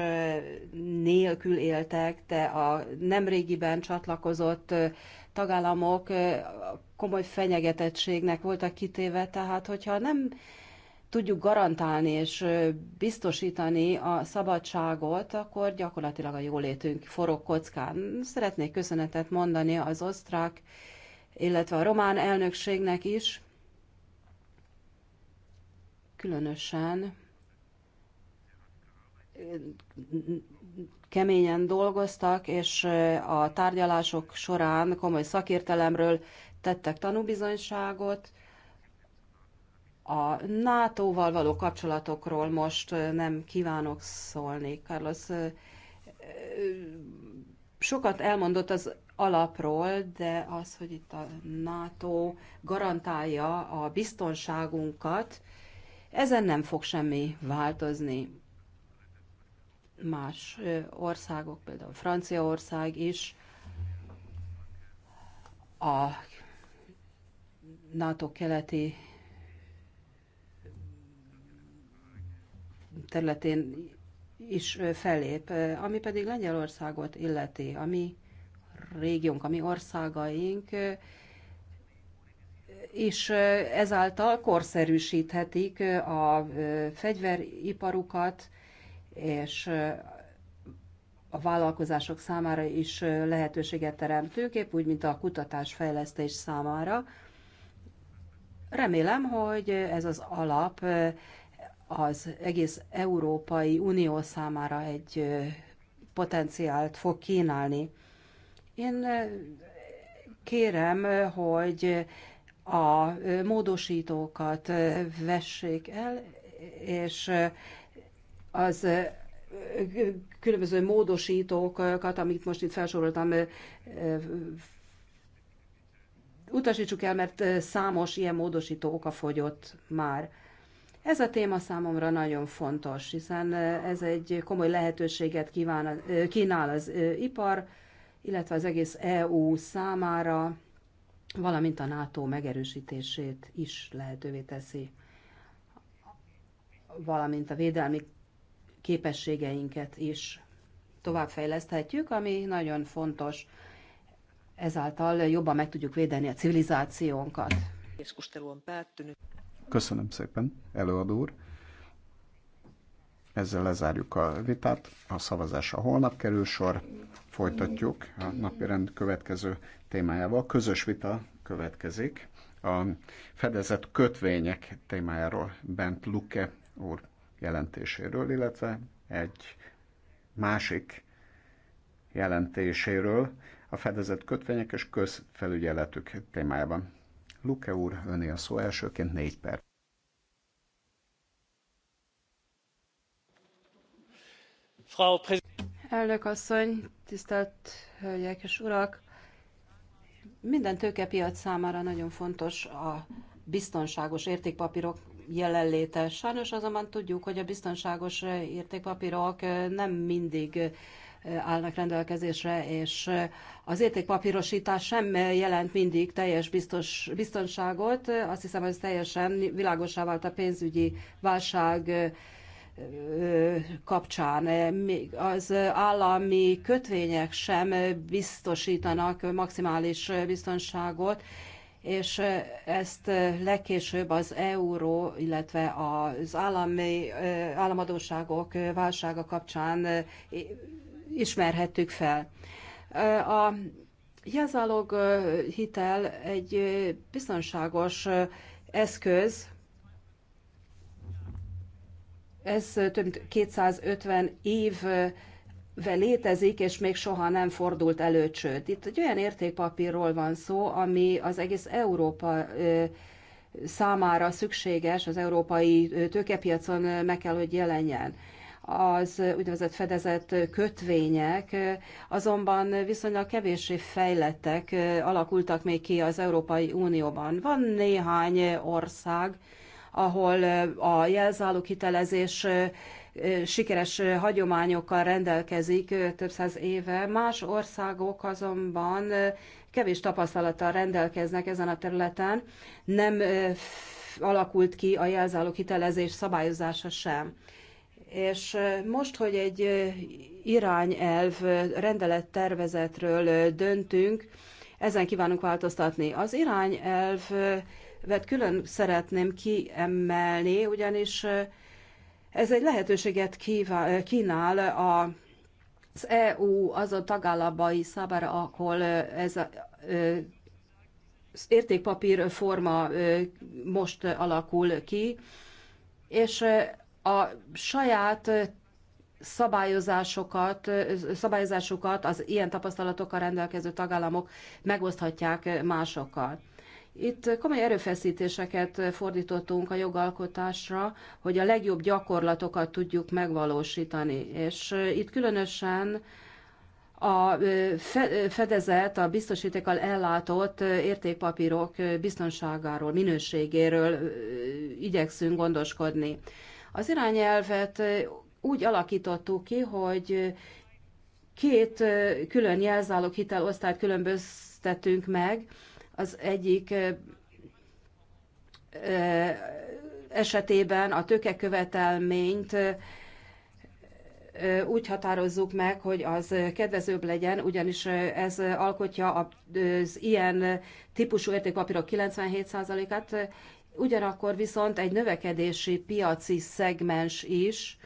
nélkül éltek, de a nemrégiben csatlakozott tagállamok komoly fenyegetettségnek voltak kitéve, tehát hogyha nem tudjuk garantálni és biztosítani a szabadságot, akkor gyakorlatilag a jólétünk forog kockán. Szeretnék köszönetet mondani az osztrák, illetve a román elnökségnek is, különösen keményen dolgoztak, és a tárgyalások során komoly szakértelemről tettek tanúbizonyságot, a NATO-val való kapcsolatokról most nem kívánok szólni. Carlos sokat elmondott az alapról, de az, hogy itt a NATO garantálja a biztonságunkat, ezen nem fog semmi változni. Más országok, például Franciaország is a NATO keleti területén is fellép, ami pedig Lengyelországot illeti, ami régiónk, ami országaink és ezáltal korszerűsíthetik a fegyveriparukat, és a vállalkozások számára is lehetőséget teremtők, épp úgy, mint a kutatásfejlesztés számára. Remélem, hogy ez az alap az egész Európai Unió számára egy potenciált fog kínálni. Én kérem, hogy a módosítókat vessék el, és az különböző módosítókat, amit most itt felsoroltam, utasítsuk el, mert számos ilyen módosító oka fogyott már. Ez a téma számomra nagyon fontos, hiszen eh, ez egy komoly lehetőséget kíván, eh, kínál az eh, ipar, illetve az egész EU számára, valamint a NATO megerősítését is lehetővé teszi, valamint a védelmi képességeinket is továbbfejleszthetjük, ami nagyon fontos. Ezáltal jobban meg tudjuk védeni a civilizációnkat. Köszönöm szépen, előadó úr. Ezzel lezárjuk a vitát. A szavazás a holnap kerül sor. Folytatjuk a napirend következő témájával. Közös vita következik. A fedezett kötvények témájáról Bent Luke úr jelentéséről, illetve egy másik jelentéséről a fedezett kötvények és közfelügyeletük témájában. Luke úr, öné a szó elsőként négy perc. Elnök asszony, tisztelt hölgyek és urak! Minden tőkepiac számára nagyon fontos a biztonságos értékpapírok jelenléte. Sajnos azonban tudjuk, hogy a biztonságos értékpapírok nem mindig állnak rendelkezésre, és az értékpapírosítás sem jelent mindig teljes biztos, biztonságot. Azt hiszem, hogy ez teljesen világosá vált a pénzügyi válság kapcsán. Még az állami kötvények sem biztosítanak maximális biztonságot, és ezt legkésőbb az euró, illetve az állami államadóságok válsága kapcsán ismerhettük fel. A jazalog hitel egy biztonságos eszköz, ez több mint 250 évvel létezik, és még soha nem fordult elő csőd. Itt egy olyan értékpapírról van szó, ami az egész Európa számára szükséges, az európai tőkepiacon meg kell, hogy jelenjen az úgynevezett fedezett kötvények, azonban viszonylag kevéssé fejlettek alakultak még ki az Európai Unióban. Van néhány ország, ahol a jelzálók hitelezés sikeres hagyományokkal rendelkezik több száz éve. Más országok azonban kevés tapasztalattal rendelkeznek ezen a területen. Nem alakult ki a jelzálók hitelezés szabályozása sem. És most, hogy egy irányelv rendelettervezetről döntünk, ezen kívánunk változtatni. Az irányelvet külön szeretném kiemelni, ugyanis ez egy lehetőséget kínál a az EU azon tagállabai számára, ahol ez a, értékpapír forma most alakul ki, és a saját szabályozásokat, szabályozásokat az ilyen tapasztalatokkal rendelkező tagállamok megoszthatják másokkal. Itt komoly erőfeszítéseket fordítottunk a jogalkotásra, hogy a legjobb gyakorlatokat tudjuk megvalósítani. És itt különösen a fedezet, a biztosítékkal ellátott értékpapírok biztonságáról, minőségéről igyekszünk gondoskodni. Az irányelvet úgy alakítottuk ki, hogy két külön jelzálók hitelosztályt különböztetünk meg. Az egyik esetében a követelményt úgy határozzuk meg, hogy az kedvezőbb legyen, ugyanis ez alkotja az ilyen típusú értékpapírok 97%-át, Ugyanakkor viszont egy növekedési piaci szegmens is,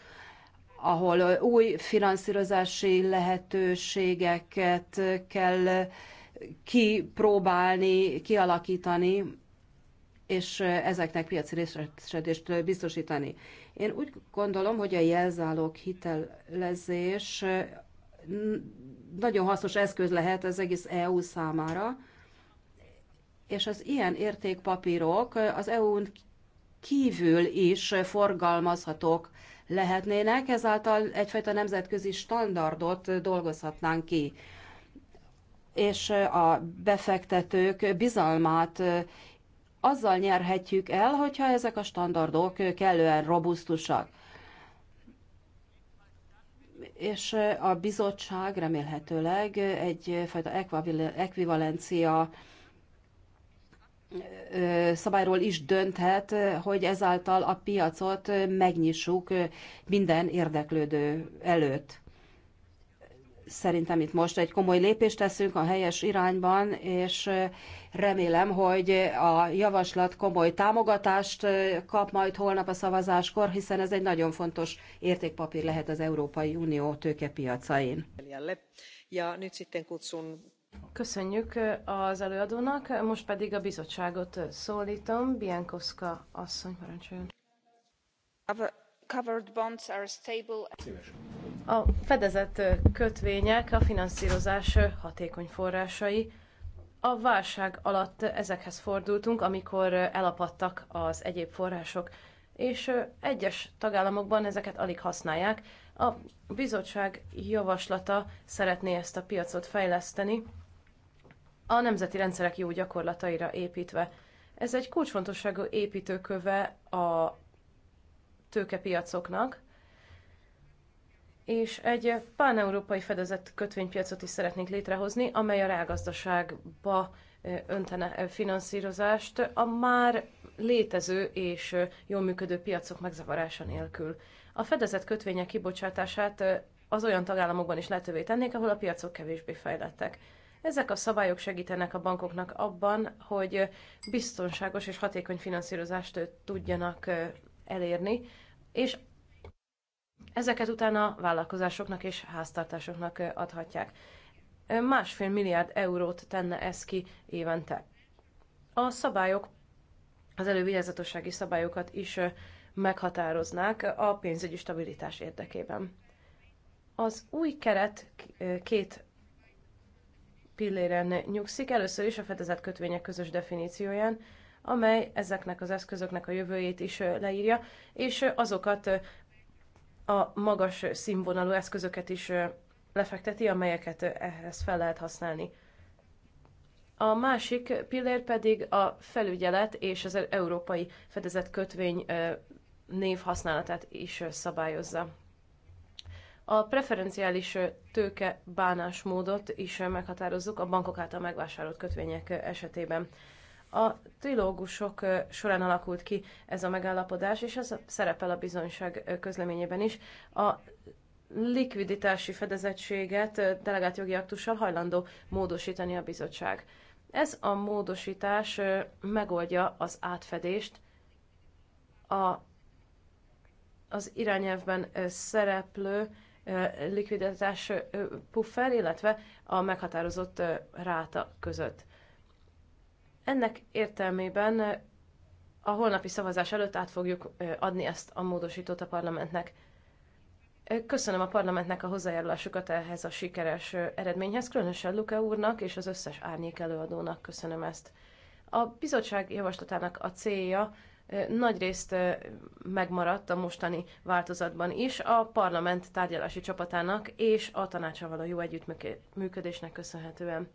ahol új finanszírozási lehetőségeket kell kipróbálni, kialakítani, és ezeknek piaci részesedést biztosítani. Én úgy gondolom, hogy a jelzálók hitelezés nagyon hasznos eszköz lehet az egész EU számára, és az ilyen értékpapírok az EU-n kívül is forgalmazhatók lehetnének, ezáltal egyfajta nemzetközi standardot dolgozhatnánk ki. És a befektetők bizalmát azzal nyerhetjük el, hogyha ezek a standardok kellően robusztusak. És a bizottság remélhetőleg egyfajta ekvivalencia szabályról is dönthet, hogy ezáltal a piacot megnyissuk minden érdeklődő előtt. Szerintem itt most egy komoly lépést teszünk a helyes irányban, és remélem, hogy a javaslat komoly támogatást kap majd holnap a szavazáskor, hiszen ez egy nagyon fontos értékpapír lehet az Európai Unió tőkepiacain. Ja nyt sitten kutsun Köszönjük az előadónak, most pedig a bizottságot szólítom. Biankoszka asszony, parancsoljon. A fedezett kötvények a finanszírozás hatékony forrásai. A válság alatt ezekhez fordultunk, amikor elapadtak az egyéb források, és egyes tagállamokban ezeket alig használják. A bizottság javaslata szeretné ezt a piacot fejleszteni, a nemzeti rendszerek jó gyakorlataira építve. Ez egy kulcsfontosságú építőköve a tőkepiacoknak, és egy páneurópai fedezett kötvénypiacot is szeretnénk létrehozni, amely a rágazdaságba öntene finanszírozást a már létező és jól működő piacok megzavarása nélkül. A fedezett kötvények kibocsátását az olyan tagállamokban is lehetővé tennék, ahol a piacok kevésbé fejlettek. Ezek a szabályok segítenek a bankoknak abban, hogy biztonságos és hatékony finanszírozást tudjanak elérni, és ezeket utána vállalkozásoknak és háztartásoknak adhatják. Másfél milliárd eurót tenne ez ki évente. A szabályok, az elővigyázatossági szabályokat is meghatároznák a pénzügyi stabilitás érdekében. Az új keret két pilléren nyugszik, először is a fedezett kötvények közös definícióján, amely ezeknek az eszközöknek a jövőjét is leírja, és azokat a magas színvonalú eszközöket is lefekteti, amelyeket ehhez fel lehet használni. A másik pillér pedig a felügyelet és az e-, európai fedezett kötvény név használatát is szabályozza. A preferenciális tőke bánásmódot is meghatározzuk a bankok által megvásárolt kötvények esetében. A trilógusok során alakult ki ez a megállapodás, és ez szerepel a bizonyság közleményében is. A likviditási fedezettséget delegált jogi aktussal hajlandó módosítani a bizottság. Ez a módosítás megoldja az átfedést a, az irányelvben szereplő likviditás puffer, illetve a meghatározott ráta között. Ennek értelmében a holnapi szavazás előtt át fogjuk adni ezt a módosítót a parlamentnek. Köszönöm a parlamentnek a hozzájárulásukat ehhez a sikeres eredményhez, különösen Luke úrnak és az összes árnyék előadónak köszönöm ezt. A bizottság javaslatának a célja, nagyrészt megmaradt a mostani változatban is a parlament tárgyalási csapatának és a tanácsa való jó együttműködésnek köszönhetően.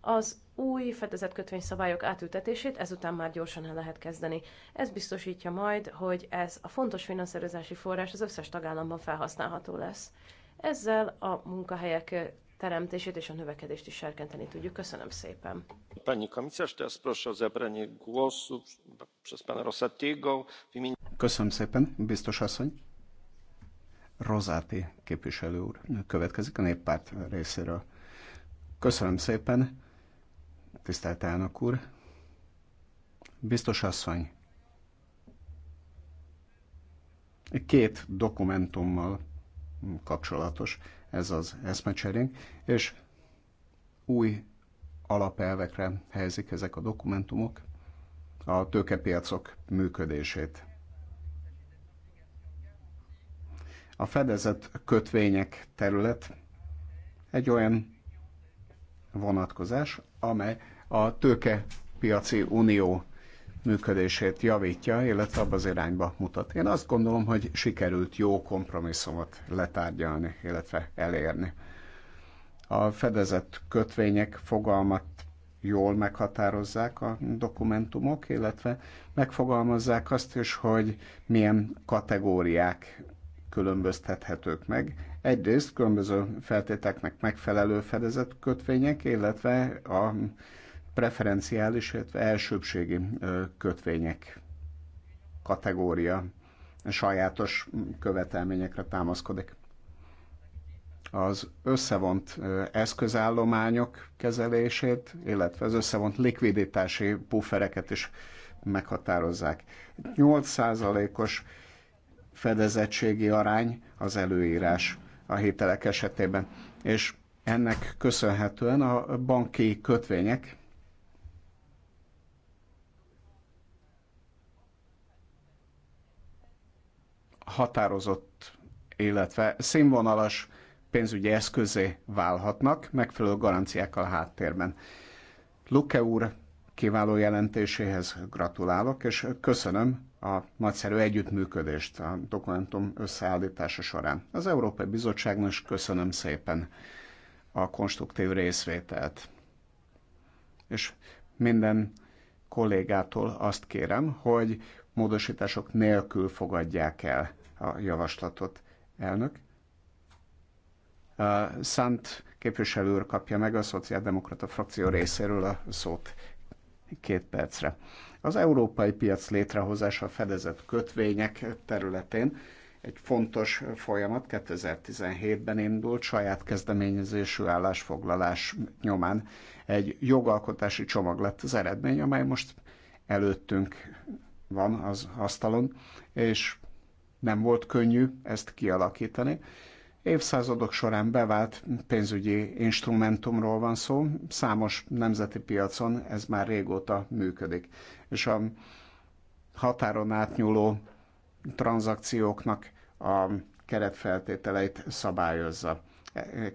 Az új fedezetkötvény szabályok átültetését ezután már gyorsan el lehet kezdeni. Ez biztosítja majd, hogy ez a fontos finanszírozási forrás az összes tagállamban felhasználható lesz. Ezzel a munkahelyek teremtését és a növekedést is serkenteni tudjuk. Köszönöm szépen. Pani Köszönöm szépen, biztos asszony. Rozáti képviselő úr következik a néppárt részéről. Köszönöm szépen, tisztelt elnök úr. Biztos asszony, két dokumentummal kapcsolatos ez az eszmecserénk, és új alapelvekre helyezik ezek a dokumentumok a tőkepiacok működését. A fedezett kötvények terület egy olyan vonatkozás, amely a tőkepiaci unió működését javítja, illetve abba az irányba mutat. Én azt gondolom, hogy sikerült jó kompromisszumot letárgyalni, illetve elérni. A fedezett kötvények fogalmat jól meghatározzák a dokumentumok, illetve megfogalmazzák azt is, hogy milyen kategóriák különböztethetők meg. Egyrészt különböző feltételeknek megfelelő fedezett kötvények, illetve a preferenciális, illetve elsőbségi kötvények kategória sajátos követelményekre támaszkodik. Az összevont eszközállományok kezelését, illetve az összevont likviditási puffereket is meghatározzák. 8%-os fedezettségi arány az előírás a hitelek esetében, és ennek köszönhetően a banki kötvények határozott, illetve színvonalas pénzügyi eszközé válhatnak, megfelelő garanciákkal háttérben. Luke úr kiváló jelentéséhez gratulálok, és köszönöm a nagyszerű együttműködést a dokumentum összeállítása során. Az Európai Bizottságnak is köszönöm szépen a konstruktív részvételt. És minden kollégától azt kérem, hogy módosítások nélkül fogadják el a javaslatot. Elnök. Szent képviselő úr kapja meg a Szociáldemokrata frakció részéről a szót két percre. Az európai piac létrehozása fedezett kötvények területén egy fontos folyamat 2017-ben indult saját kezdeményezésű állásfoglalás nyomán. Egy jogalkotási csomag lett az eredmény, amely most előttünk van az asztalon, és nem volt könnyű ezt kialakítani. Évszázadok során bevált pénzügyi instrumentumról van szó, számos nemzeti piacon ez már régóta működik. És a határon átnyúló tranzakcióknak a keretfeltételeit szabályozza.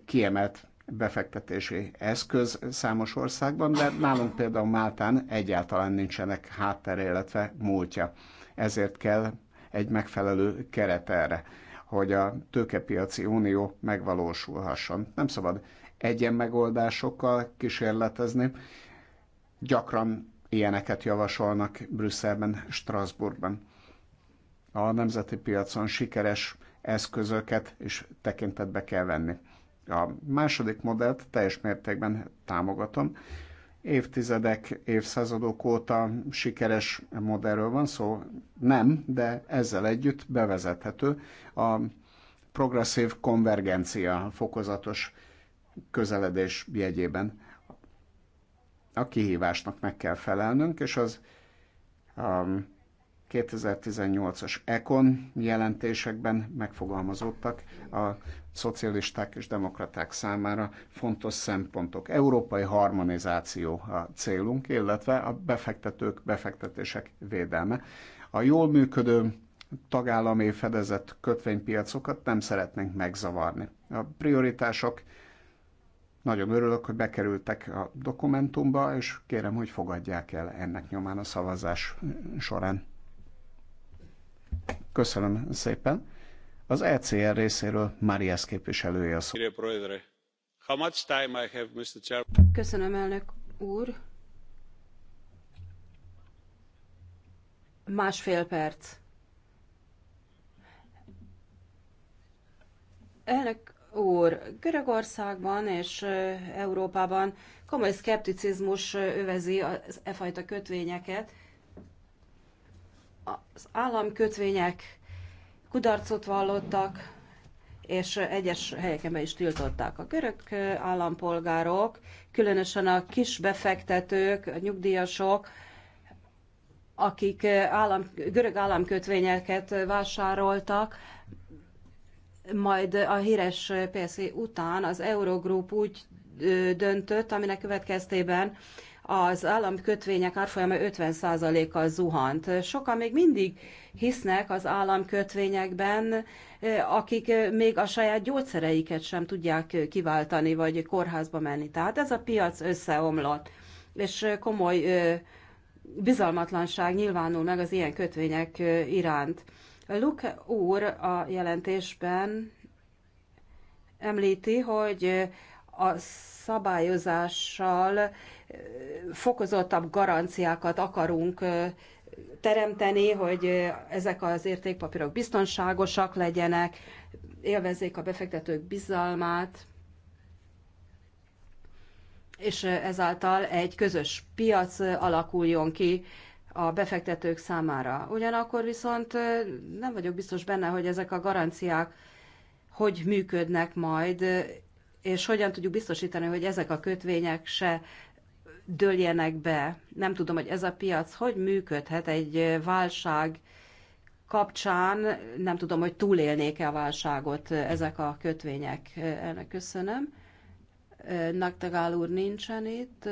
Kiemelt befektetési eszköz számos országban, de nálunk például Máltán egyáltalán nincsenek háttere, illetve múltja. Ezért kell egy megfelelő keret erre, hogy a tőkepiaci unió megvalósulhasson. Nem szabad egyen megoldásokkal kísérletezni. Gyakran ilyeneket javasolnak Brüsszelben, Strasbourgban. A nemzeti piacon sikeres eszközöket is tekintetbe kell venni a második modellt teljes mértékben támogatom. Évtizedek, évszázadok óta sikeres modellről van szó, nem, de ezzel együtt bevezethető a progresszív konvergencia fokozatos közeledés jegyében. A kihívásnak meg kell felelnünk, és az a um, 2018-as ECON jelentésekben megfogalmazottak a szocialisták és demokraták számára fontos szempontok. Európai harmonizáció a célunk, illetve a befektetők, befektetések védelme. A jól működő tagállami fedezett kötvénypiacokat nem szeretnénk megzavarni. A prioritások nagyon örülök, hogy bekerültek a dokumentumba, és kérem, hogy fogadják el ennek nyomán a szavazás során. Köszönöm szépen! Az ECR részéről Marias képviselője a szó. Köszönöm, elnök úr. Másfél perc. Elnök úr, Görögországban és Európában komoly szkepticizmus övezi az e fajta kötvényeket. Az államkötvények kudarcot vallottak, és egyes helyeken be is tiltották a görög állampolgárok, különösen a kis befektetők, a nyugdíjasok, akik állam, görög államkötvényeket vásároltak, majd a híres PSZ után az Eurogroup úgy döntött, aminek következtében az államkötvények árfolyama 50%-kal zuhant. Sokan még mindig hisznek az államkötvényekben, akik még a saját gyógyszereiket sem tudják kiváltani, vagy kórházba menni. Tehát ez a piac összeomlott, és komoly bizalmatlanság nyilvánul meg az ilyen kötvények iránt. Luke úr a jelentésben említi, hogy a szabályozással fokozottabb garanciákat akarunk teremteni, hogy ezek az értékpapírok biztonságosak legyenek, élvezzék a befektetők bizalmát, és ezáltal egy közös piac alakuljon ki a befektetők számára. Ugyanakkor viszont nem vagyok biztos benne, hogy ezek a garanciák hogy működnek majd, és hogyan tudjuk biztosítani, hogy ezek a kötvények se dőljenek be. Nem tudom, hogy ez a piac hogy működhet egy válság kapcsán, nem tudom, hogy túlélnék-e a válságot ezek a kötvények. Ennek köszönöm. Naktagál úr nincsen itt,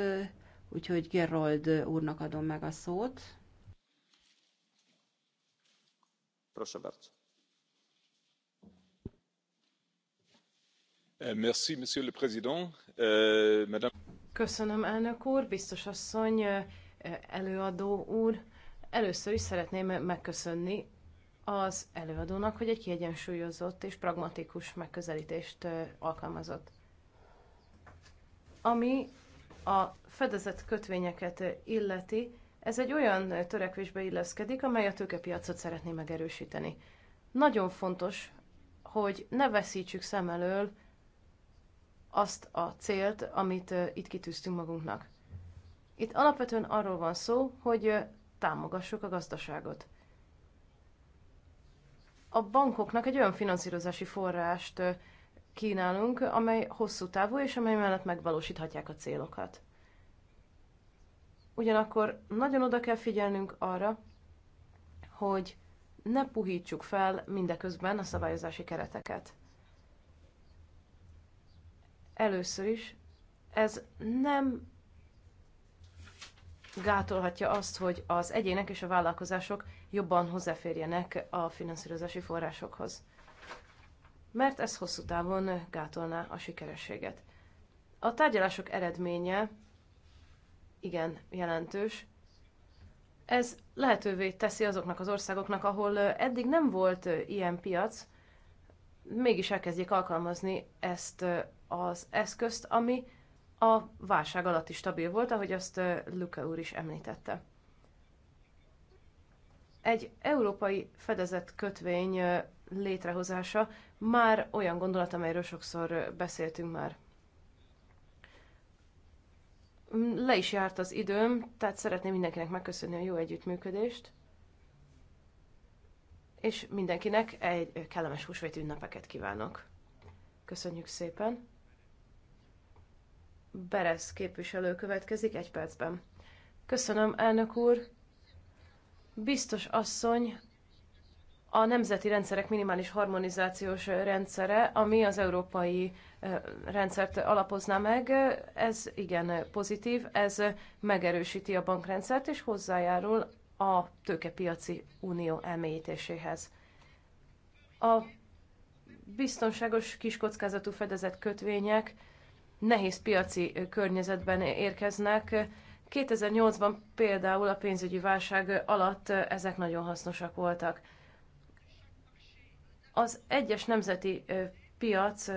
úgyhogy Gerold úrnak adom meg a szót. Proszę bardzo. Euh, merci, monsieur le président. Euh, madame... Köszönöm, elnök úr, biztos asszony, előadó úr. Először is szeretném megköszönni az előadónak, hogy egy kiegyensúlyozott és pragmatikus megközelítést alkalmazott. Ami a fedezett kötvényeket illeti, ez egy olyan törekvésbe illeszkedik, amely a tőkepiacot szeretné megerősíteni. Nagyon fontos, hogy ne veszítsük szem elől azt a célt, amit itt kitűztünk magunknak. Itt alapvetően arról van szó, hogy támogassuk a gazdaságot. A bankoknak egy olyan finanszírozási forrást kínálunk, amely hosszú távú, és amely mellett megvalósíthatják a célokat. Ugyanakkor nagyon oda kell figyelnünk arra, hogy ne puhítsuk fel mindeközben a szabályozási kereteket. Először is ez nem gátolhatja azt, hogy az egyének és a vállalkozások jobban hozzáférjenek a finanszírozási forrásokhoz. Mert ez hosszú távon gátolná a sikerességet. A tárgyalások eredménye igen jelentős. Ez lehetővé teszi azoknak az országoknak, ahol eddig nem volt ilyen piac, mégis elkezdjék alkalmazni ezt az eszközt, ami a válság alatt is stabil volt, ahogy azt Luke úr is említette. Egy európai fedezett kötvény létrehozása már olyan gondolat, amelyről sokszor beszéltünk már. Le is járt az időm, tehát szeretném mindenkinek megköszönni a jó együttműködést, és mindenkinek egy kellemes húsvét ünnepeket kívánok. Köszönjük szépen! Beresz képviselő következik egy percben. Köszönöm, elnök úr. Biztos asszony, a nemzeti rendszerek minimális harmonizációs rendszere, ami az európai rendszert alapozná meg, ez igen pozitív, ez megerősíti a bankrendszert és hozzájárul a tőkepiaci unió elmélyítéséhez. A biztonságos kiskockázatú fedezett kötvények nehéz piaci környezetben érkeznek. 2008-ban például a pénzügyi válság alatt ezek nagyon hasznosak voltak. Az egyes nemzeti piac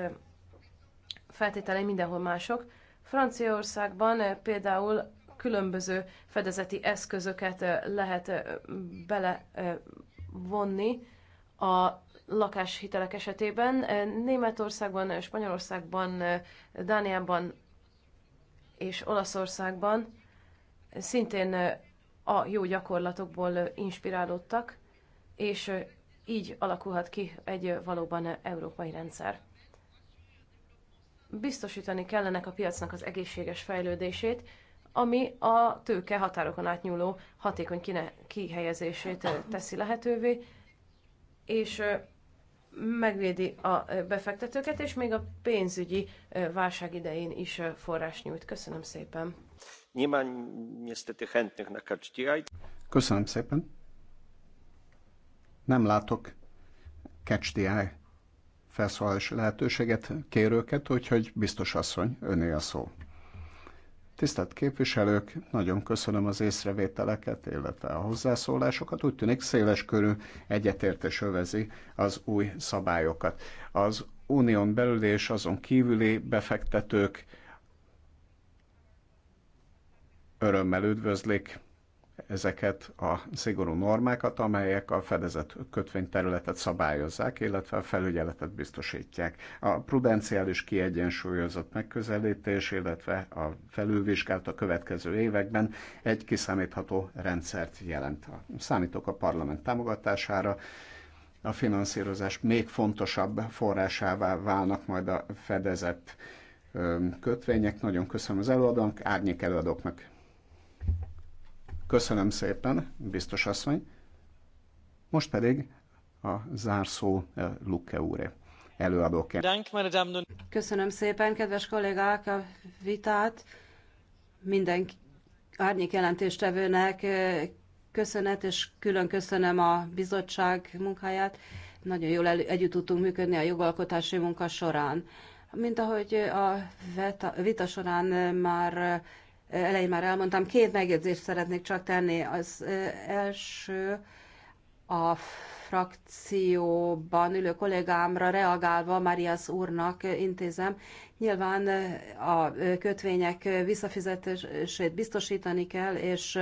feltételei mindenhol mások. Franciaországban például különböző fedezeti eszközöket lehet belevonni a lakáshitelek esetében. Eh, Németországban, eh, Spanyolországban, eh, Dániában és Olaszországban szintén a jó gyakorlatokból inspirálódtak, és így alakulhat ki egy valóban európai rendszer. Biztosítani kellene a piacnak az egészséges fejlődését, ami a tőke határokon átnyúló hatékony kihelyezését teszi lehetővé, és megvédi a befektetőket, és még a pénzügyi válság idején is forrás nyújt. Köszönöm szépen. Nyilván niestety chętnych na Köszönöm szépen. Nem látok catch felszólalási lehetőséget kérőket, úgyhogy biztos asszony, öné a szó. Tisztelt képviselők, nagyon köszönöm az észrevételeket, illetve a hozzászólásokat. Úgy tűnik széles körű egyetértés övezi az új szabályokat. Az unión belül és azon kívüli befektetők örömmel üdvözlik ezeket a szigorú normákat, amelyek a fedezett kötvényterületet szabályozzák, illetve a felügyeletet biztosítják. A prudenciális kiegyensúlyozott megközelítés, illetve a felülvizsgált a következő években egy kiszámítható rendszert jelent. Számítok a parlament támogatására, a finanszírozás még fontosabb forrásává válnak majd a fedezett kötvények. Nagyon köszönöm az előadónk, árnyék előadóknak Köszönöm szépen, biztos asszony. Most pedig a zárszó eh, Lukke úré előadóként. Köszönöm szépen, kedves kollégák, a vitát. Minden árnyék jelentéstevőnek eh, köszönet, és külön köszönöm a bizottság munkáját. Nagyon jól együtt tudtunk működni a jogalkotási munka során. Mint ahogy a vita során eh, már elején már elmondtam, két megjegyzést szeretnék csak tenni. Az első a frakcióban ülő kollégámra reagálva, Marias úrnak intézem, nyilván a kötvények visszafizetését biztosítani kell, és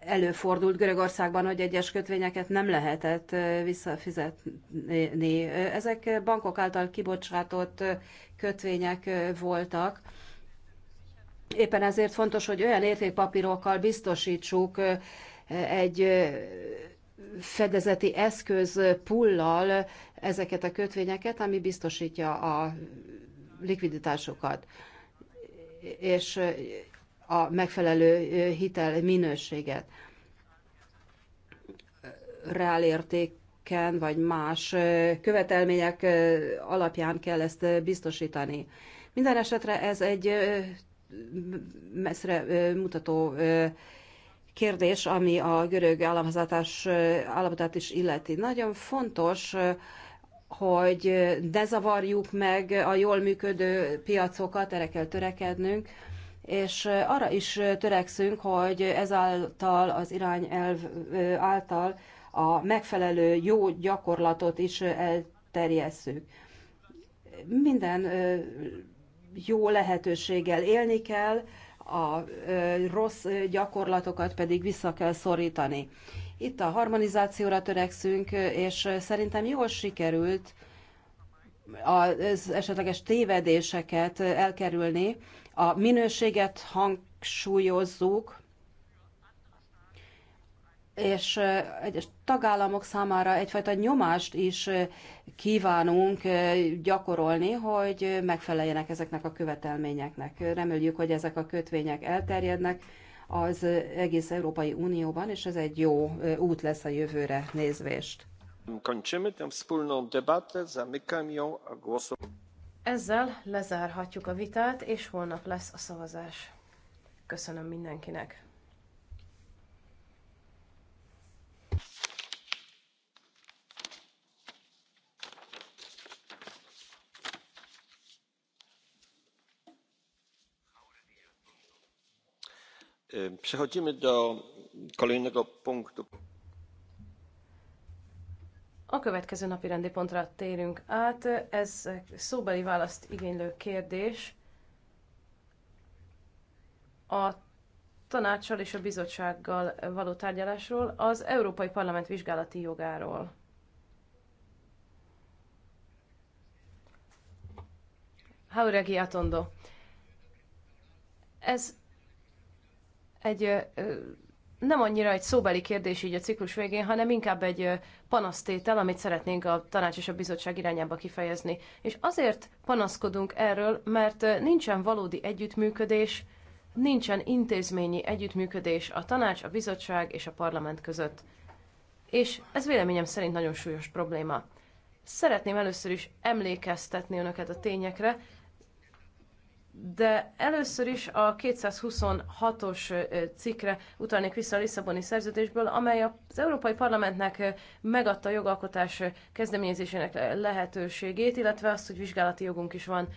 előfordult Görögországban, hogy egyes kötvényeket nem lehetett visszafizetni. Ezek bankok által kibocsátott kötvények voltak, Éppen ezért fontos, hogy olyan értékpapírokkal biztosítsuk egy fedezeti eszköz pullal ezeket a kötvényeket, ami biztosítja a likviditásokat és a megfelelő hitel minőséget reálértéken vagy más követelmények alapján kell ezt biztosítani. Minden esetre ez egy messzre mutató kérdés, ami a görög államhazatás állapotát is illeti. Nagyon fontos, hogy ne zavarjuk meg a jól működő piacokat, erre kell törekednünk, és arra is törekszünk, hogy ezáltal az irányelv által a megfelelő jó gyakorlatot is elterjesszük. Minden jó lehetőséggel élni kell, a rossz gyakorlatokat pedig vissza kell szorítani. Itt a harmonizációra törekszünk, és szerintem jól sikerült az esetleges tévedéseket elkerülni. A minőséget hangsúlyozzuk, és egyes tagállamok számára egyfajta nyomást is kívánunk gyakorolni, hogy megfeleljenek ezeknek a követelményeknek. Reméljük, hogy ezek a kötvények elterjednek az egész Európai Unióban, és ez egy jó út lesz a jövőre nézvést. Ezzel lezárhatjuk a vitát, és holnap lesz a szavazás. Köszönöm mindenkinek! A következő napirendi pontra térünk át. Ez szóbeli választ igénylő kérdés. A tanácssal és a bizottsággal való tárgyalásról, az Európai Parlament vizsgálati jogáról. Hauregi Atondo. Ez egy nem annyira egy szóbeli kérdés így a ciklus végén, hanem inkább egy panasztétel, amit szeretnénk a tanács és a bizottság irányába kifejezni. És azért panaszkodunk erről, mert nincsen valódi együttműködés, nincsen intézményi együttműködés a tanács, a bizottság és a parlament között. És ez véleményem szerint nagyon súlyos probléma. Szeretném először is emlékeztetni önöket a tényekre, de először is a 226-os cikkre utalnék vissza a Lisszaboni szerződésből, amely az Európai Parlamentnek megadta a jogalkotás kezdeményezésének lehetőségét, illetve azt, hogy vizsgálati jogunk is van.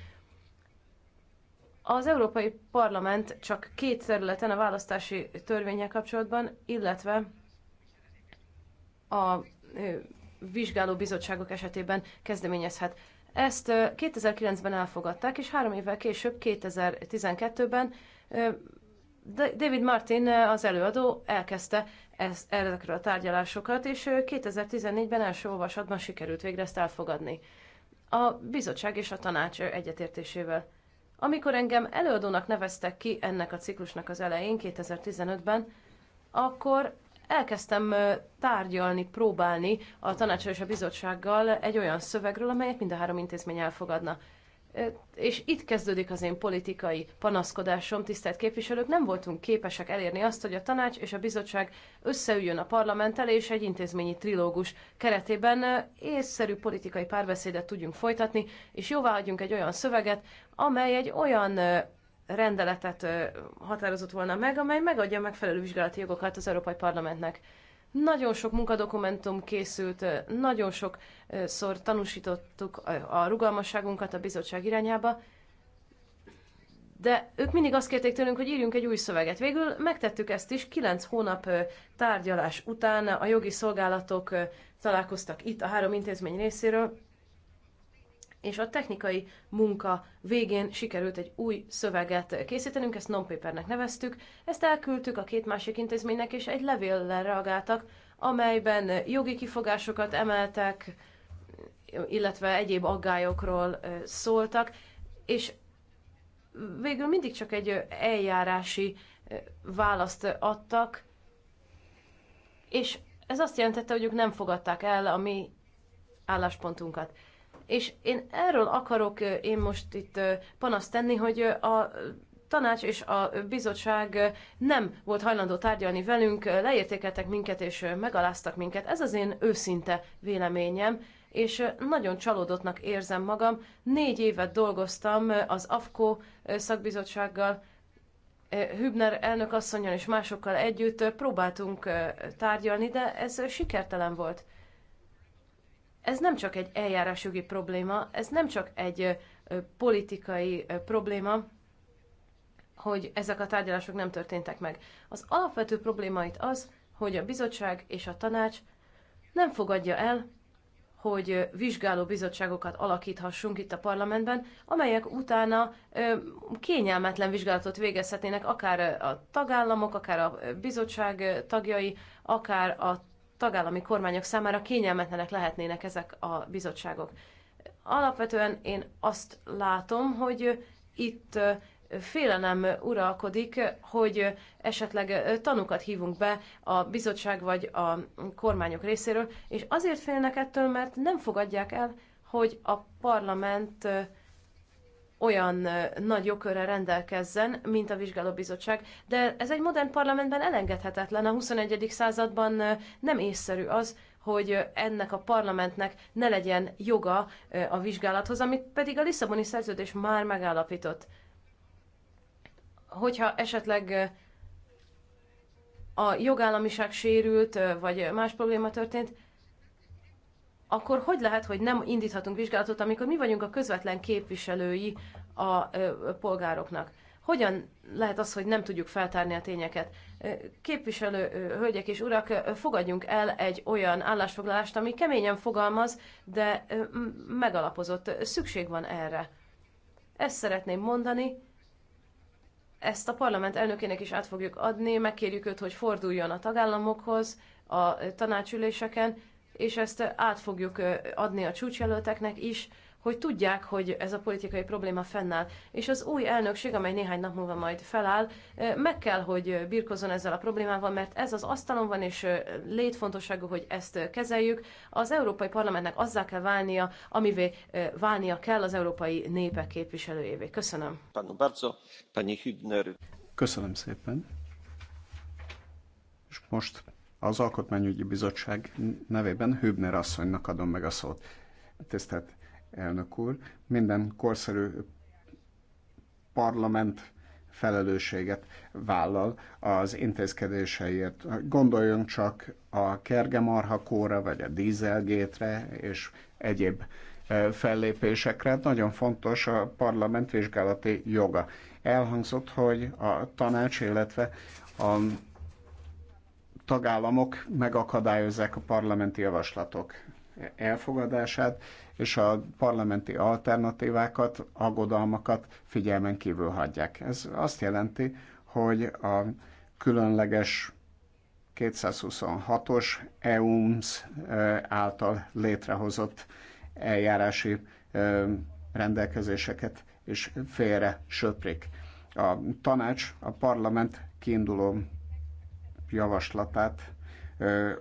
Az Európai Parlament csak két területen a választási törvények kapcsolatban, illetve a vizsgáló bizottságok esetében kezdeményezhet. Ezt 2009-ben elfogadták, és három évvel később, 2012-ben David Martin, az előadó, elkezdte ezt, ezekről a tárgyalásokat, és 2014-ben első olvasatban sikerült végre ezt elfogadni. A bizottság és a tanács egyetértésével. Amikor engem előadónak neveztek ki ennek a ciklusnak az elején, 2015-ben, akkor elkezdtem tárgyalni, próbálni a tanácsal és a bizottsággal egy olyan szövegről, amelyet mind a három intézmény elfogadna. És itt kezdődik az én politikai panaszkodásom, tisztelt képviselők, nem voltunk képesek elérni azt, hogy a tanács és a bizottság összeüljön a parlamenttel, és egy intézményi trilógus keretében észszerű politikai párbeszédet tudjunk folytatni, és jóváhagyjunk egy olyan szöveget, amely egy olyan rendeletet határozott volna meg, amely megadja megfelelő vizsgálati jogokat az Európai Parlamentnek. Nagyon sok munkadokumentum készült, nagyon sokszor tanúsítottuk a rugalmasságunkat a bizottság irányába, de ők mindig azt kérték tőlünk, hogy írjunk egy új szöveget. Végül megtettük ezt is, kilenc hónap tárgyalás után a jogi szolgálatok találkoztak itt a három intézmény részéről, és a technikai munka végén sikerült egy új szöveget készítenünk, ezt non-papernek neveztük, ezt elküldtük a két másik intézménynek, és egy levéllel reagáltak, amelyben jogi kifogásokat emeltek, illetve egyéb aggályokról szóltak, és végül mindig csak egy eljárási választ adtak, és ez azt jelentette, hogy ők nem fogadták el a mi álláspontunkat. És én erről akarok én most itt panaszt tenni, hogy a tanács és a bizottság nem volt hajlandó tárgyalni velünk, leértékeltek minket és megaláztak minket. Ez az én őszinte véleményem, és nagyon csalódottnak érzem magam. Négy évet dolgoztam az AFKO szakbizottsággal, Hübner elnök asszonyon és másokkal együtt próbáltunk tárgyalni, de ez sikertelen volt ez nem csak egy eljárásjogi probléma, ez nem csak egy politikai probléma, hogy ezek a tárgyalások nem történtek meg. Az alapvető probléma itt az, hogy a bizottság és a tanács nem fogadja el, hogy vizsgáló bizottságokat alakíthassunk itt a parlamentben, amelyek utána kényelmetlen vizsgálatot végezhetnének akár a tagállamok, akár a bizottság tagjai, akár a tagállami kormányok számára kényelmetlenek lehetnének ezek a bizottságok. Alapvetően én azt látom, hogy itt félelem uralkodik, hogy esetleg tanukat hívunk be a bizottság vagy a kormányok részéről, és azért félnek ettől, mert nem fogadják el, hogy a parlament olyan nagy jogkörrel rendelkezzen, mint a vizsgálóbizottság, de ez egy modern parlamentben elengedhetetlen. A 21. században nem észszerű az, hogy ennek a parlamentnek ne legyen joga a vizsgálathoz, amit pedig a Lisszaboni szerződés már megállapított. Hogyha esetleg a jogállamiság sérült, vagy más probléma történt, akkor hogy lehet, hogy nem indíthatunk vizsgálatot, amikor mi vagyunk a közvetlen képviselői a polgároknak? Hogyan lehet az, hogy nem tudjuk feltárni a tényeket? Képviselő hölgyek és urak, fogadjunk el egy olyan állásfoglalást, ami keményen fogalmaz, de megalapozott. Szükség van erre. Ezt szeretném mondani. Ezt a parlament elnökének is át fogjuk adni, megkérjük őt, hogy forduljon a tagállamokhoz, a tanácsüléseken, és ezt át fogjuk adni a csúcsjelölteknek is, hogy tudják, hogy ez a politikai probléma fennáll. És az új elnökség, amely néhány nap múlva majd feláll, meg kell, hogy birkozzon ezzel a problémával, mert ez az asztalon van, és létfontosságú, hogy ezt kezeljük. Az Európai Parlamentnek azzá kell válnia, amivé válnia kell az európai népek képviselőjévé. Köszönöm. Köszönöm szépen. És most az Alkotmányügyi Bizottság nevében Hübner asszonynak adom meg a szót. Tisztelt elnök úr, minden korszerű parlament felelősséget vállal az intézkedéseiért. Gondoljunk csak a kergemarha kóra vagy a dízelgétre, és egyéb e, fellépésekre. Nagyon fontos a parlament vizsgálati joga. Elhangzott, hogy a tanács, illetve a tagállamok megakadályozzák a parlamenti javaslatok elfogadását, és a parlamenti alternatívákat, aggodalmakat figyelmen kívül hagyják. Ez azt jelenti, hogy a különleges 226-os EUMS e, által létrehozott eljárási e, rendelkezéseket és félre söprik. A tanács, a parlament kiinduló javaslatát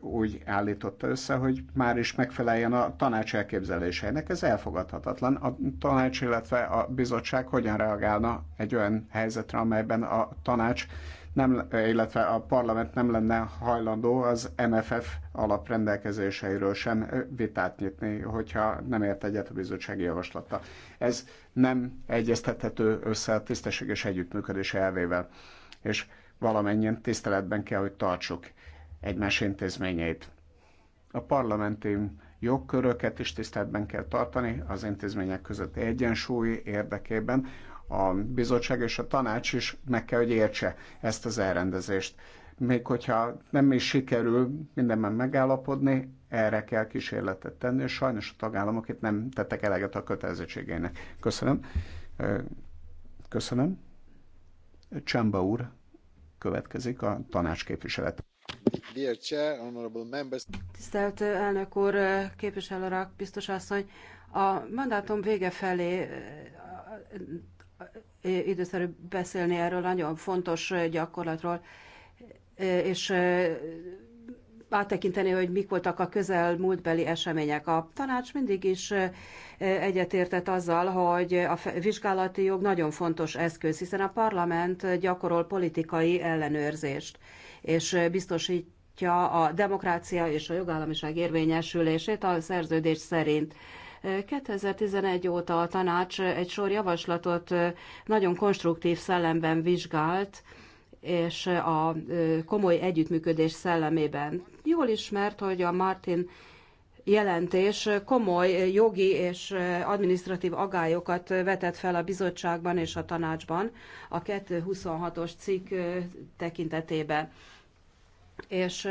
úgy állította össze, hogy már is megfeleljen a tanács elképzeléseinek. Ez elfogadhatatlan. A tanács, illetve a bizottság hogyan reagálna egy olyan helyzetre, amelyben a tanács nem, illetve a parlament nem lenne hajlandó az MFF alaprendelkezéseiről sem vitát nyitni, hogyha nem ért egyet a bizottsági javaslata. Ez nem egyeztethető össze a tisztességes együttműködés elvével. És valamennyien tiszteletben kell, hogy tartsuk egymás intézményeit. A parlamenti jogköröket is tiszteletben kell tartani az intézmények között egyensúly érdekében. A bizottság és a tanács is meg kell, hogy értse ezt az elrendezést. Még hogyha nem is sikerül mindenben megállapodni, erre kell kísérletet tenni, és sajnos a tagállamok itt nem tettek eleget a kötelezettségének. Köszönöm. Köszönöm. Csamba úr Következik a tanácsképviselet. Tisztelt eh, elnök úr, eh, képviselőrak, biztos asszony, a mandátum vége felé eh, időszerű beszélni erről nagyon fontos gyakorlatról, és áttekinteni, hogy mik voltak a közel múltbeli események. A tanács mindig is egyetértett azzal, hogy a vizsgálati jog nagyon fontos eszköz, hiszen a parlament gyakorol politikai ellenőrzést, és biztosítja a demokrácia és a jogállamiság érvényesülését a szerződés szerint. 2011 óta a tanács egy sor javaslatot nagyon konstruktív szellemben vizsgált, és a komoly együttműködés szellemében. Jól ismert, hogy a Martin jelentés komoly jogi és administratív agályokat vetett fel a bizottságban és a tanácsban a 226-os cikk tekintetében. És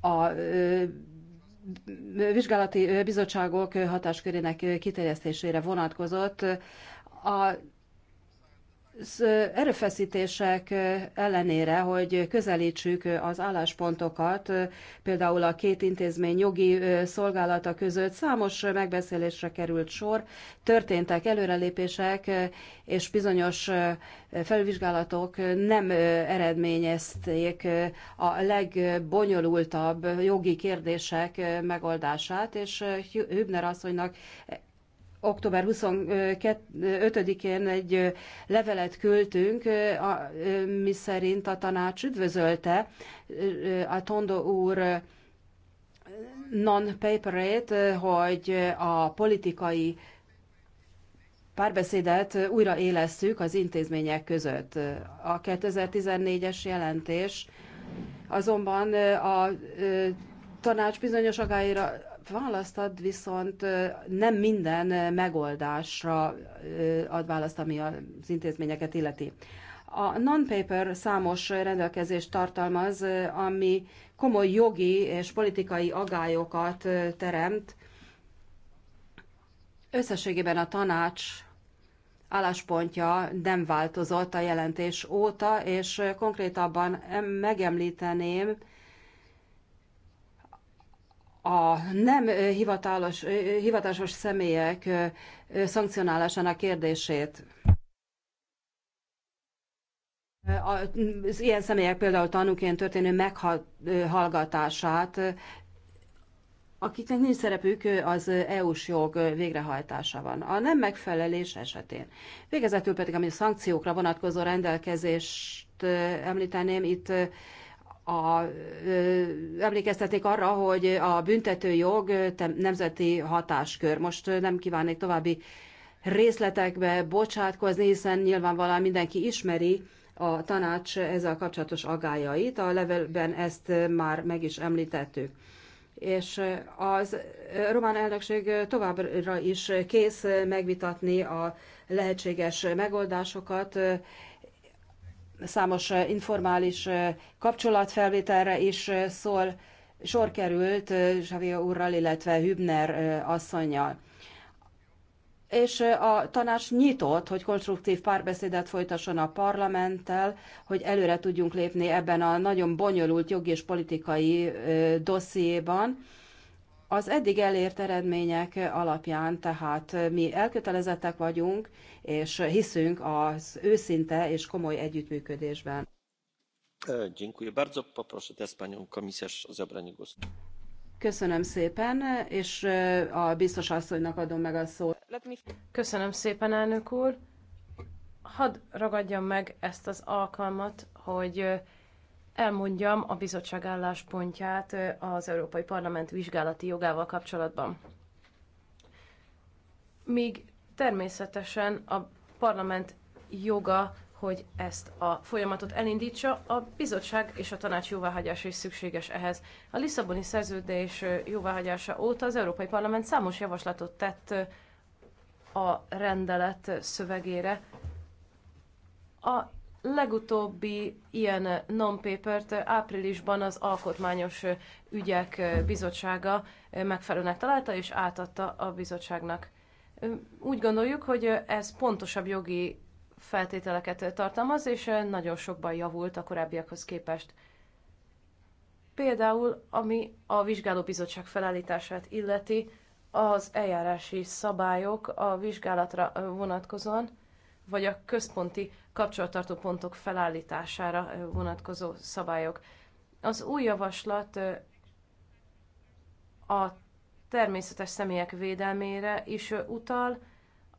a vizsgálati bizottságok hatáskörének kiterjesztésére vonatkozott a erőfeszítések ellenére, hogy közelítsük az álláspontokat, például a két intézmény jogi szolgálata között számos megbeszélésre került sor, történtek előrelépések, és bizonyos felvizsgálatok nem eredményezték a legbonyolultabb jogi kérdések megoldását, és Hübner asszonynak október 25-én egy levelet küldtünk, mi szerint a tanács üdvözölte a Tondo úr non paperét, hogy a politikai párbeszédet újraélesztjük az intézmények között. A 2014-es jelentés azonban a tanács bizonyos választ ad, viszont nem minden megoldásra ad választ, ami az intézményeket illeti. A non-paper számos rendelkezést tartalmaz, ami komoly jogi és politikai agályokat teremt. Összességében a tanács álláspontja nem változott a jelentés óta, és konkrétabban megemlíteném, a nem hivatalos, hivatásos személyek szankcionálásának kérdését. Az ilyen személyek például tanúként történő meghallgatását, akiknek nincs szerepük, az EU-s jog végrehajtása van. A nem megfelelés esetén. Végezetül pedig, ami a szankciókra vonatkozó rendelkezést említeném, itt a, emlékeztetik arra, hogy a büntetőjog nemzeti hatáskör. Most nem kívánnék további részletekbe bocsátkozni, hiszen nyilvánvalóan mindenki ismeri a tanács ezzel kapcsolatos agályait. A levelben ezt már meg is említettük. És az román elnökség továbbra is kész megvitatni a lehetséges megoldásokat, számos eh, informális eh, kapcsolatfelvételre is eh, szól, sor került Xavier úrral, illetve Hübner asszonyjal. És a tanács nyitott, hogy konstruktív párbeszédet folytasson a parlamenttel, hogy előre tudjunk lépni ebben a nagyon bonyolult jogi és politikai dossziéban az eddig elért eredmények alapján tehát mi elkötelezettek vagyunk, és hiszünk az őszinte és komoly együttműködésben. E, Köszönöm szépen, és e, a biztos asszonynak adom meg a szót. Köszönöm szépen, elnök úr. Hadd ragadjam meg ezt az alkalmat, hogy e, elmondjam a bizottság álláspontját az Európai Parlament vizsgálati jogával kapcsolatban. Míg természetesen a parlament joga, hogy ezt a folyamatot elindítsa, a bizottság és a tanács jóváhagyása is szükséges ehhez. A Lisszaboni szerződés jóváhagyása óta az Európai Parlament számos javaslatot tett a rendelet szövegére. A legutóbbi ilyen non-papert áprilisban az Alkotmányos Ügyek Bizottsága megfelelőnek találta és átadta a bizottságnak. Úgy gondoljuk, hogy ez pontosabb jogi feltételeket tartalmaz, és nagyon sokban javult a korábbiakhoz képest. Például, ami a vizsgálóbizottság felállítását illeti, az eljárási szabályok a vizsgálatra vonatkozóan, vagy a központi kapcsolattartó pontok felállítására vonatkozó szabályok. Az új javaslat a természetes személyek védelmére is utal,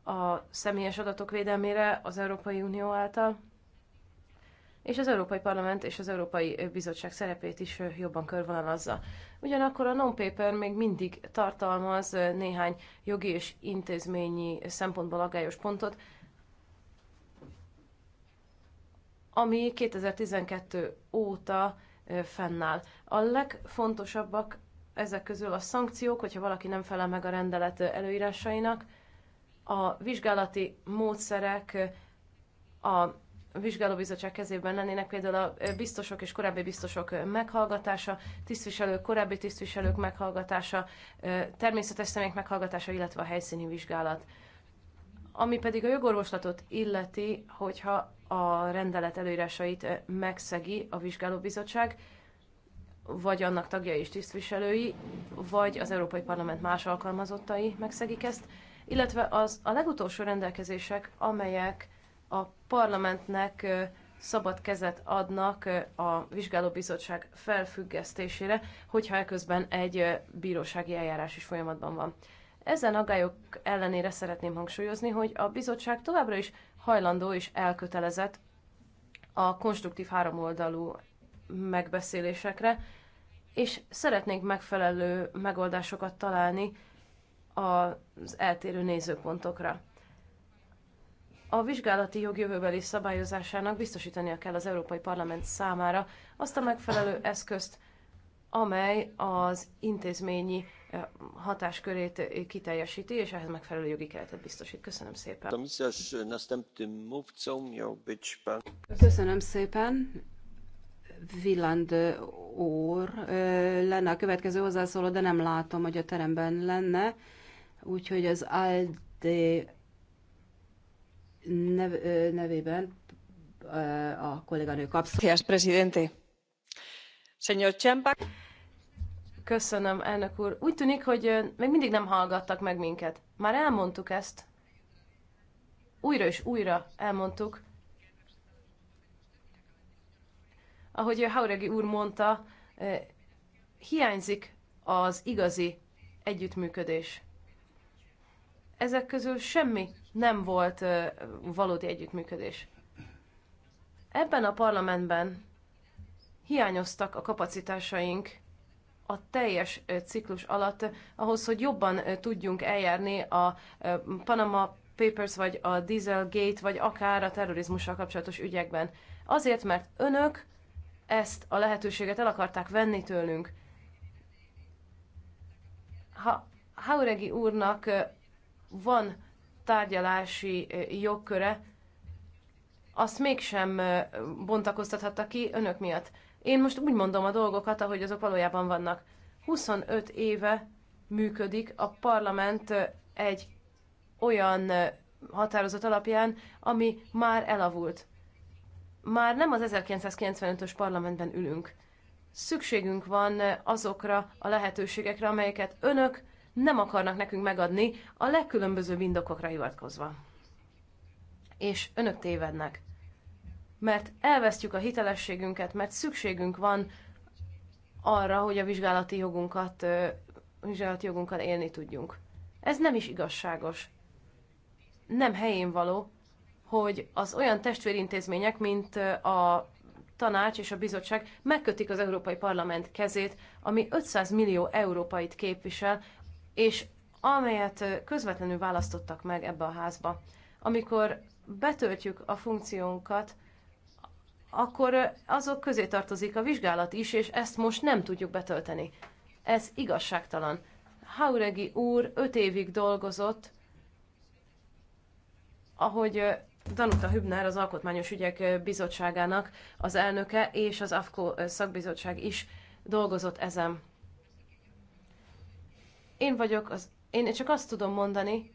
a személyes adatok védelmére az Európai Unió által, és az Európai Parlament és az Európai Bizottság szerepét is jobban körvonalazza. Ugyanakkor a non-paper még mindig tartalmaz néhány jogi és intézményi szempontból aggályos pontot, ami 2012 óta fennáll. A legfontosabbak ezek közül a szankciók, hogyha valaki nem felel meg a rendelet előírásainak, a vizsgálati módszerek a vizsgálóbizottság kezében lennének például a biztosok és korábbi biztosok meghallgatása, tisztviselők, korábbi tisztviselők meghallgatása, természetes személyek meghallgatása, illetve a helyszíni vizsgálat. Ami pedig a jogorvoslatot illeti, hogyha a rendelet előírásait megszegi a vizsgálóbizottság, vagy annak tagjai és tisztviselői, vagy az Európai Parlament más alkalmazottai megszegik ezt, illetve az a legutolsó rendelkezések, amelyek a parlamentnek szabad kezet adnak a vizsgálóbizottság felfüggesztésére, hogyha eközben egy bírósági eljárás is folyamatban van. Ezen agályok ellenére szeretném hangsúlyozni, hogy a bizottság továbbra is hajlandó és elkötelezett a konstruktív háromoldalú megbeszélésekre, és szeretnénk megfelelő megoldásokat találni az eltérő nézőpontokra. A vizsgálati jog jövőbeli szabályozásának biztosítania kell az Európai Parlament számára azt a megfelelő eszközt, amely az intézményi hatáskörét kiteljesíti, és ehhez megfelelő jogi keretet biztosít. Köszönöm szépen. Köszönöm szépen. Villand úr lenne a következő hozzászóló, de nem látom, hogy a teremben lenne. Úgyhogy az ald nev, nevében a kolléganő kapsz. Köszönöm, presidente. Señor Csempak. Köszönöm, elnök úr. Úgy tűnik, hogy még mindig nem hallgattak meg minket. Már elmondtuk ezt. Újra és újra elmondtuk. Ahogy Hauregi úr mondta, hiányzik az igazi együttműködés. Ezek közül semmi nem volt valódi együttműködés. Ebben a parlamentben hiányoztak a kapacitásaink a teljes ciklus alatt ahhoz, hogy jobban tudjunk eljárni a Panama Papers, vagy a Dieselgate, vagy akár a terrorizmussal kapcsolatos ügyekben. Azért, mert önök ezt a lehetőséget el akarták venni tőlünk. Ha Hauregi úrnak van tárgyalási jogköre, azt mégsem bontakoztathatta ki önök miatt. Én most úgy mondom a dolgokat, ahogy azok valójában vannak. 25 éve működik a parlament egy olyan határozat alapján, ami már elavult. Már nem az 1995-ös parlamentben ülünk. Szükségünk van azokra a lehetőségekre, amelyeket önök nem akarnak nekünk megadni, a legkülönbözőbb indokokra hivatkozva. És önök tévednek mert elvesztjük a hitelességünket, mert szükségünk van arra, hogy a vizsgálati jogunkat, a vizsgálati jogunkkal élni tudjunk. Ez nem is igazságos. Nem helyén való, hogy az olyan testvérintézmények, mint a tanács és a bizottság megkötik az Európai Parlament kezét, ami 500 millió európait képvisel, és amelyet közvetlenül választottak meg ebbe a házba. Amikor betöltjük a funkciónkat, akkor azok közé tartozik a vizsgálat is, és ezt most nem tudjuk betölteni. Ez igazságtalan. Hauregi úr öt évig dolgozott, ahogy Danuta Hübner, az Alkotmányos Ügyek Bizottságának az elnöke, és az AFKO szakbizottság is dolgozott ezen. Én vagyok az... Én csak azt tudom mondani,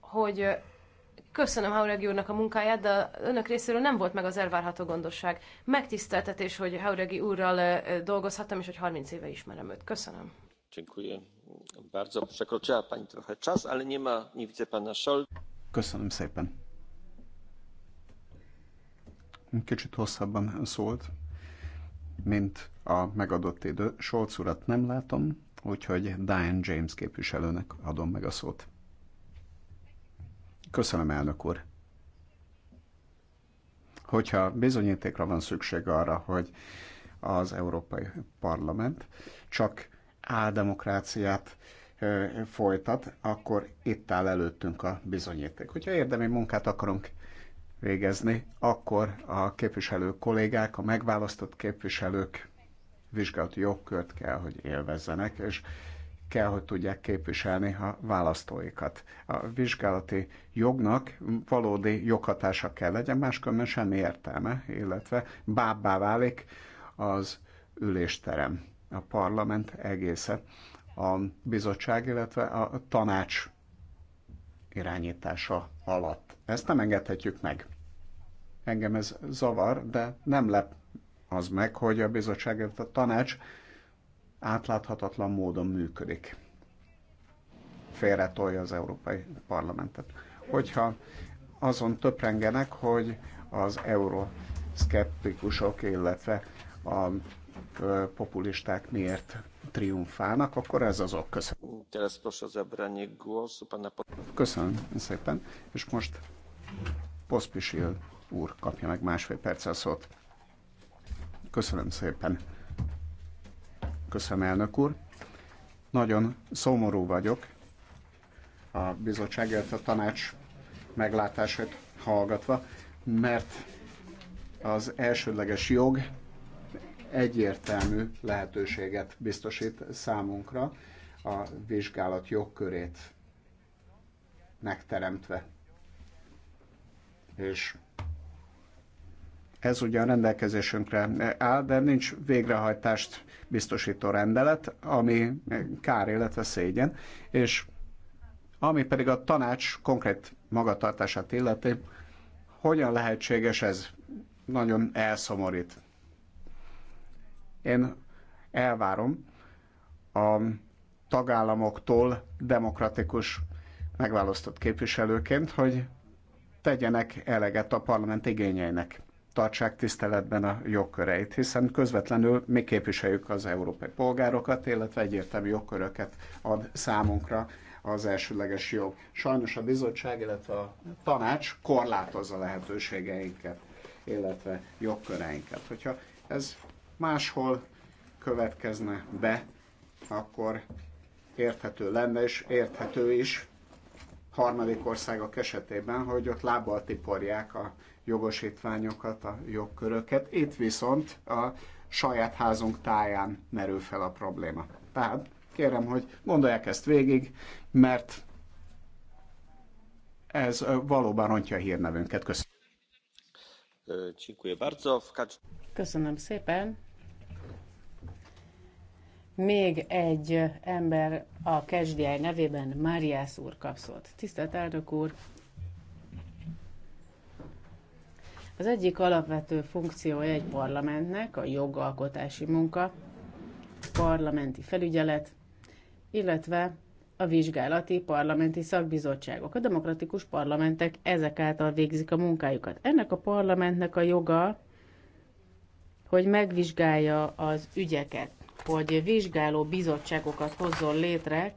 hogy Köszönöm Haureg úrnak a munkáját, de önök részéről nem volt meg az elvárható gondosság. Megtiszteltetés, hogy Hauregi úrral dolgozhattam, és hogy 30 éve ismerem őt. Köszönöm. Dziękuję bardzo. Przekroczyła pani trochę czas, ale nie ma, nie widzę pana Köszönöm szépen. Kicsit hosszabban szólt, mint a megadott idő. Scholz urat nem látom, úgyhogy Diane James képviselőnek adom meg a szót. Köszönöm, elnök úr. Hogyha bizonyítékra van szükség arra, hogy az Európai Parlament csak áldemokráciát folytat, akkor itt áll előttünk a bizonyíték. Hogyha érdemi munkát akarunk végezni, akkor a képviselő kollégák, a megválasztott képviselők vizsgálati jogkört kell, hogy élvezzenek, és kell, hogy tudják képviselni a választóikat. A vizsgálati jognak valódi joghatása kell legyen, máskülönben semmi értelme, illetve bábbá válik az ülésterem, a parlament egésze, a bizottság, illetve a tanács irányítása alatt. Ezt nem engedhetjük meg. Engem ez zavar, de nem lep az meg, hogy a bizottság, a tanács átláthatatlan módon működik. Félretolja az Európai Parlamentet. Hogyha azon töprengenek, hogy az euroszkeptikusok, illetve a populisták miért triumfálnak, akkor ez az ok. Köszönöm. Köszönöm szépen, és most Poszpisil úr kapja meg másfél perccel szót. Köszönöm szépen. Köszönöm, elnök úr. Nagyon szomorú vagyok. A bizottság, illetve a tanács meglátását hallgatva, mert az elsődleges jog egyértelmű lehetőséget biztosít számunkra a vizsgálat jogkörét megteremtve. És ez ugyan rendelkezésünkre áll, de nincs végrehajtást biztosító rendelet, ami kár, illetve szégyen, és ami pedig a tanács konkrét magatartását illeti, hogyan lehetséges ez? Nagyon elszomorít. Én elvárom a tagállamoktól demokratikus megválasztott képviselőként, hogy tegyenek eleget a parlament igényeinek tartsák tiszteletben a jogköreit, hiszen közvetlenül mi képviseljük az európai polgárokat, illetve egyértelmű jogköröket ad számunkra az elsőleges jog. Sajnos a bizottság, illetve a tanács korlátozza lehetőségeinket, illetve jogköreinket. Hogyha ez máshol következne be, akkor érthető lenne, és érthető is harmadik országok esetében, hogy ott lábbal tiporják a jogosítványokat, a jogköröket. Itt viszont a saját házunk táján merül fel a probléma. Tehát kérem, hogy gondolják ezt végig, mert ez valóban rontja a hírnevünket. Köszönöm. Köszönöm szépen. Még egy ember a Kesdiáj nevében, Máriász úr kapszott. Tisztelt elnök úr! Az egyik alapvető funkciója egy parlamentnek a jogalkotási munka, parlamenti felügyelet, illetve a vizsgálati parlamenti szakbizottságok. A demokratikus parlamentek ezek által végzik a munkájukat. Ennek a parlamentnek a joga, hogy megvizsgálja az ügyeket hogy vizsgáló bizottságokat hozzon létre,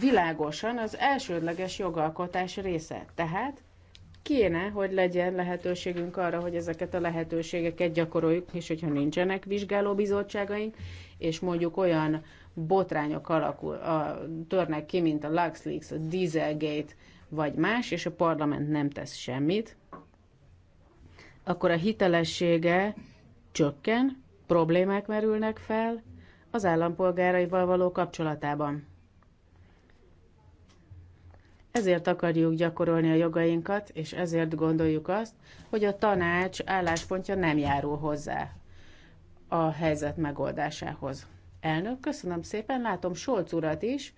világosan az elsődleges jogalkotás része. Tehát kéne, hogy legyen lehetőségünk arra, hogy ezeket a lehetőségeket gyakoroljuk, és hogyha nincsenek vizsgáló bizottságaink, és mondjuk olyan botrányok alakul, a, törnek ki, mint a LuxLeaks, a Dieselgate, vagy más, és a parlament nem tesz semmit, akkor a hitelessége csökken, problémák merülnek fel az állampolgáraival való kapcsolatában. Ezért akarjuk gyakorolni a jogainkat, és ezért gondoljuk azt, hogy a tanács álláspontja nem járul hozzá a helyzet megoldásához. Elnök, köszönöm szépen, látom Solc urat is.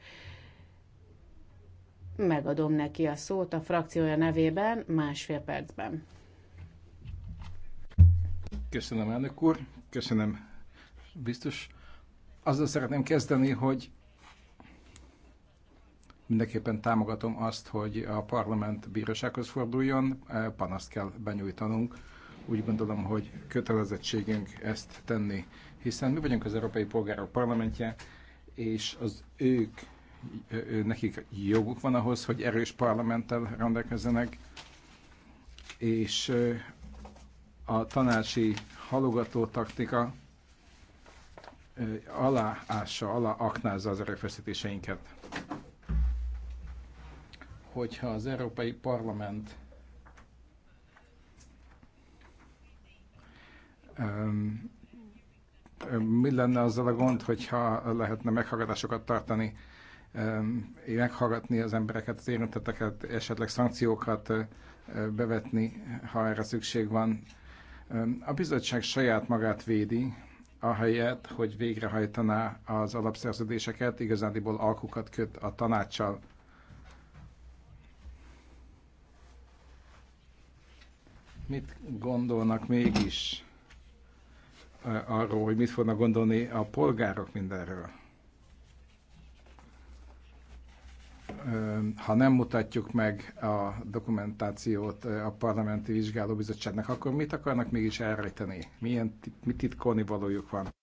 Megadom neki a szót a frakciója nevében másfél percben. Köszönöm, elnök úr. Köszönöm, biztos. Azzal szeretném kezdeni, hogy mindenképpen támogatom azt, hogy a parlament bírósághoz forduljon, e, panaszt kell benyújtanunk. Úgy gondolom, hogy kötelezettségünk ezt tenni, hiszen mi vagyunk az Európai Polgárok Parlamentje, és az ők, nekik joguk van ahhoz, hogy erős parlamenttel rendelkezzenek, és a tanácsi halogató taktika aláássa, aláaknázza az erőfeszítéseinket. Hogyha az Európai Parlament um, mi lenne azzal a gond, hogyha lehetne meghallgatásokat tartani, meghallgatni az embereket, az érintetteket, esetleg szankciókat bevetni, ha erre szükség van, a bizottság saját magát védi, ahelyett, hogy végrehajtaná az alapszerződéseket, igazándiból alkukat köt a tanácssal. Mit gondolnak mégis arról, hogy mit fognak gondolni a polgárok mindenről? ha nem mutatjuk meg a dokumentációt a parlamenti vizsgálóbizottságnak, akkor mit akarnak mégis elrejteni? Milyen mit titkolni valójuk van?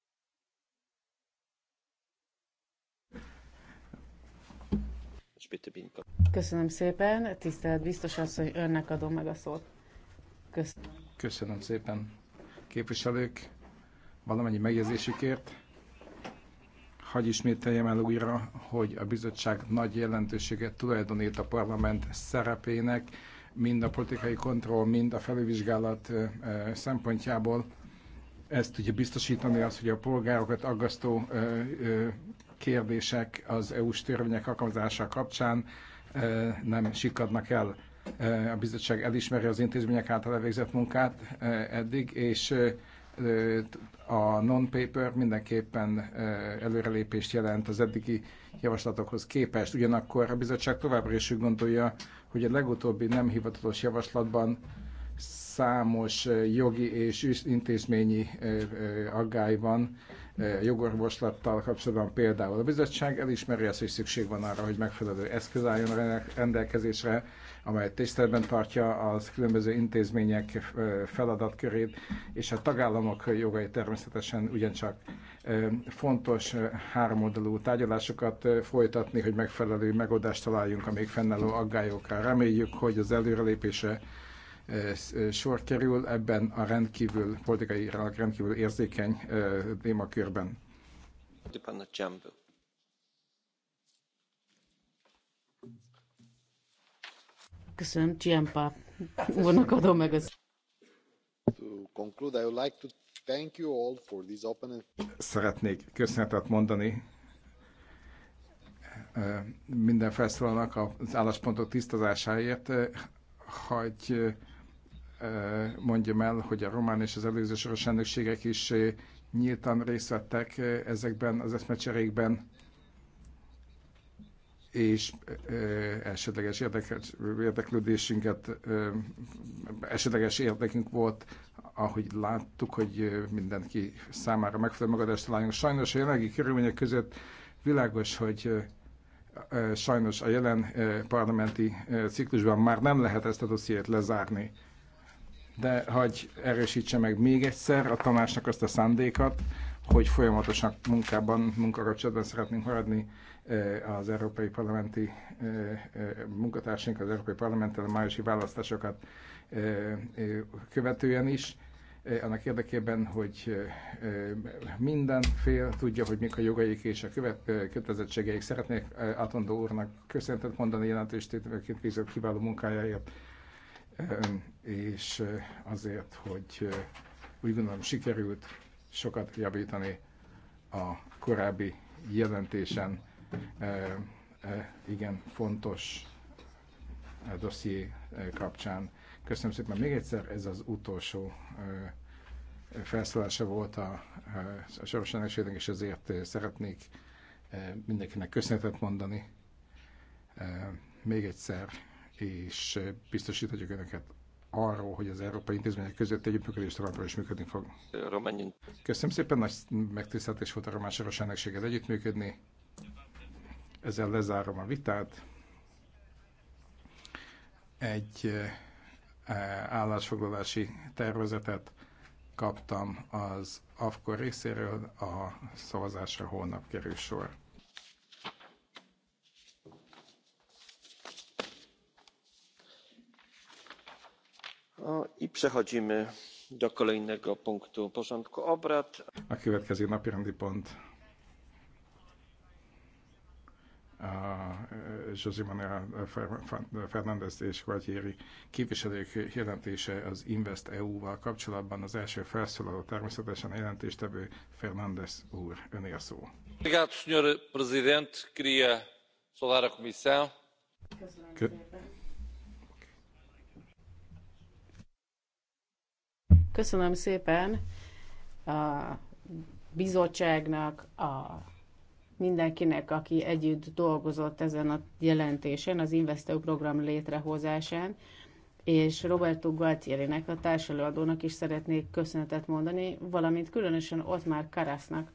Köszönöm szépen, tisztelt biztos hogy önnek adom meg a szót. Köszönöm. Köszönöm szépen képviselők valamennyi megjegyzésükért hagy ismételjem el újra, hogy a bizottság nagy jelentőséget tulajdonít a parlament szerepének, mind a politikai kontroll, mind a felülvizsgálat szempontjából. Ezt tudja biztosítani az, hogy a polgárokat aggasztó kérdések az EU-s törvények alkalmazása kapcsán nem sikadnak el. A bizottság elismeri az intézmények által elvégzett munkát eddig, és a non-paper mindenképpen előrelépést jelent az eddigi javaslatokhoz képest. Ugyanakkor a bizottság továbbra is úgy gondolja, hogy a legutóbbi nem hivatalos javaslatban számos jogi és intézményi aggály van jogorvoslattal kapcsolatban például. A bizottság elismeri azt, hogy szükség van arra, hogy megfelelő eszköz álljon a rendelkezésre amely tiszteletben tartja az különböző intézmények feladatkörét, és a tagállamok jogai természetesen ugyancsak fontos háromoldalú tárgyalásokat folytatni, hogy megfelelő megoldást találjunk a még fennálló aggályokra. Reméljük, hogy az előrelépése sor kerül ebben a rendkívül politikai, rendkívül érzékeny témakörben. Köszönöm Köszönöm, Csiampa úrnak adom meg az... Szeretnék köszönetet mondani minden felszólalnak az álláspontok tisztázásáért. hogy mondjam el, hogy a román és az előző soros elnökségek is nyíltan részt vettek ezekben az eszmecserékben és esetleges érdeklődésünket, esetleges érdekünk volt, ahogy láttuk, hogy mindenki számára megfelelő megadást találjunk. Sajnos a jelenlegi körülmények között világos, hogy sajnos a jelen parlamenti ciklusban már nem lehet ezt a dossziét lezárni. De hagy erősítse meg még egyszer a tanácsnak azt a szándékat, hogy folyamatosan munkában, munkakapcsolatban szeretnénk maradni az európai parlamenti munkatársaink az európai parlamenttel a májusi választásokat követően is, annak érdekében, hogy minden fél tudja, hogy mik a jogaik és a követ, kötelezettségeik. Szeretnék Atondó úrnak köszöntet mondani mert bízok kiváló munkájáért, és azért, hogy úgy gondolom sikerült sokat javítani a korábbi jelentésen igen fontos dosszié kapcsán. Köszönöm szépen még egyszer, ez az utolsó felszólása volt a, a soros elnökségnek, és ezért szeretnék mindenkinek köszönetet mondani még egyszer, és biztosíthatjuk önöket arról, hogy az európai intézmények között együttműködés továbbra is működni fog. Köszönöm szépen, nagy megtiszteltés volt a román soros elnökséggel együttműködni. Ezzel lezárom a vitát. Egy eh, állásfoglalási tervezetet kaptam az AFKOR részéről, a szavazásra holnap kerül sor. I przechodzimy do kolejnego punktu porządku obrad. A következő napirendi pont a José Manuel Fernández és Gualtieri képviselők jelentése az Invest EU-val kapcsolatban. Az első felszólaló természetesen a jelentéstevő Fernández úr. Öné a szó. Köszönöm szépen a bizottságnak, a mindenkinek, aki együtt dolgozott ezen a jelentésen, az Investeu program létrehozásán, és Roberto Gualtierinek, a társelőadónak is szeretnék köszönetet mondani, valamint különösen Ottmar Karasznak,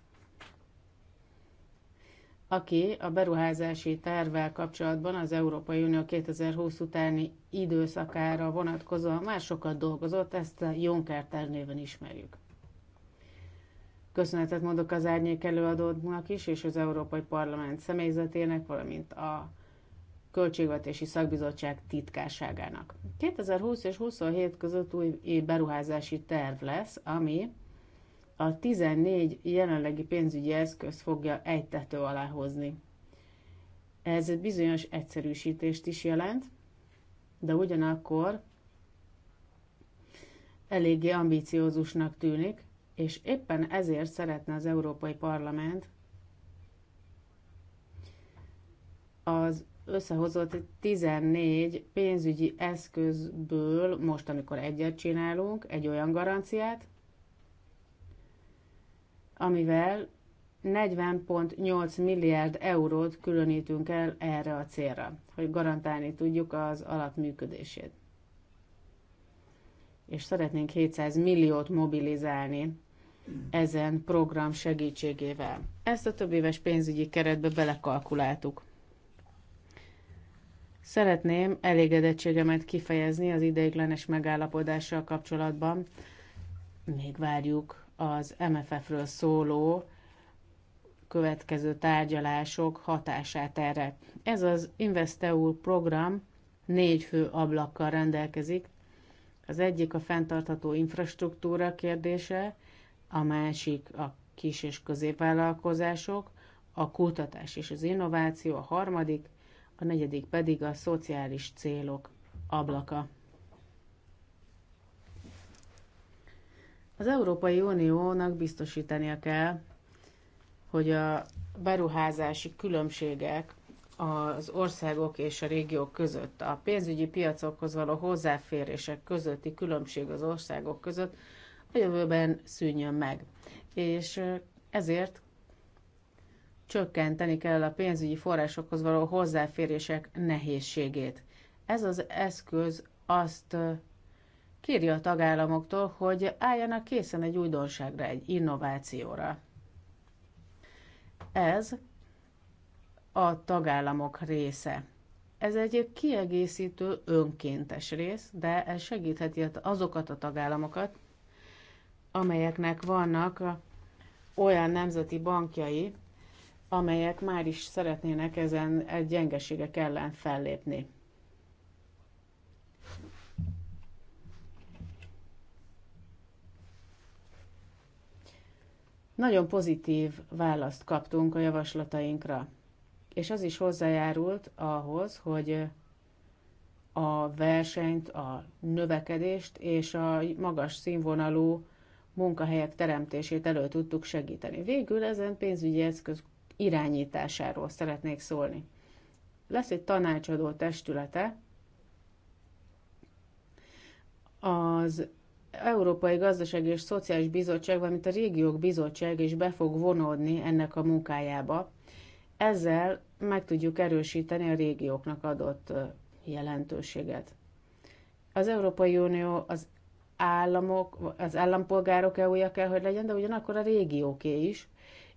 aki a beruházási tervvel kapcsolatban az Európai Unió 2020 utáni időszakára vonatkozóan már sokat dolgozott, ezt a Juncker tervnéven ismerjük. Köszönetet mondok az árnyék előadónak is, és az Európai Parlament személyzetének, valamint a Költségvetési Szakbizottság titkárságának. 2020 és 27 között új beruházási terv lesz, ami a 14 jelenlegi pénzügyi eszköz fogja egy tető alá hozni. Ez egy bizonyos egyszerűsítést is jelent, de ugyanakkor eléggé ambíciózusnak tűnik, és éppen ezért szeretne az Európai Parlament az összehozott 14 pénzügyi eszközből most, amikor egyet csinálunk, egy olyan garanciát, amivel 40.8 milliárd eurót különítünk el erre a célra, hogy garantálni tudjuk az alapműködését. És szeretnénk 700 milliót mobilizálni ezen program segítségével. Ezt a több éves pénzügyi keretbe belekalkuláltuk. Szeretném elégedettségemet kifejezni az ideiglenes megállapodással kapcsolatban. Még várjuk az MFF-ről szóló következő tárgyalások hatását erre. Ez az InvestEU program négy fő ablakkal rendelkezik. Az egyik a fenntartható infrastruktúra kérdése, a másik a kis és középvállalkozások, a kutatás és az innováció, a harmadik, a negyedik pedig a szociális célok ablaka. Az Európai Uniónak biztosítania kell, hogy a beruházási különbségek az országok és a régiók között, a pénzügyi piacokhoz való hozzáférések közötti különbség az országok között a jövőben szűnjön meg. És ezért csökkenteni kell a pénzügyi forrásokhoz való hozzáférések nehézségét. Ez az eszköz azt kérje a tagállamoktól, hogy álljanak készen egy újdonságra, egy innovációra. Ez a tagállamok része. Ez egy kiegészítő önkéntes rész, de ez segítheti azokat a tagállamokat, amelyeknek vannak olyan nemzeti bankjai, amelyek már is szeretnének ezen gyengeségek ellen fellépni. Nagyon pozitív választ kaptunk a javaslatainkra, és az is hozzájárult ahhoz, hogy a versenyt, a növekedést és a magas színvonalú munkahelyek teremtését elő tudtuk segíteni. Végül ezen pénzügyi eszköz irányításáról szeretnék szólni. Lesz egy tanácsadó testülete az Európai Gazdaság és Szociális Bizottság, valamint a Régiók Bizottság is be fog vonódni ennek a munkájába. Ezzel meg tudjuk erősíteni a régióknak adott jelentőséget. Az Európai Unió az államok, az állampolgárok EU-ja kell, hogy legyen, de ugyanakkor a régióké is.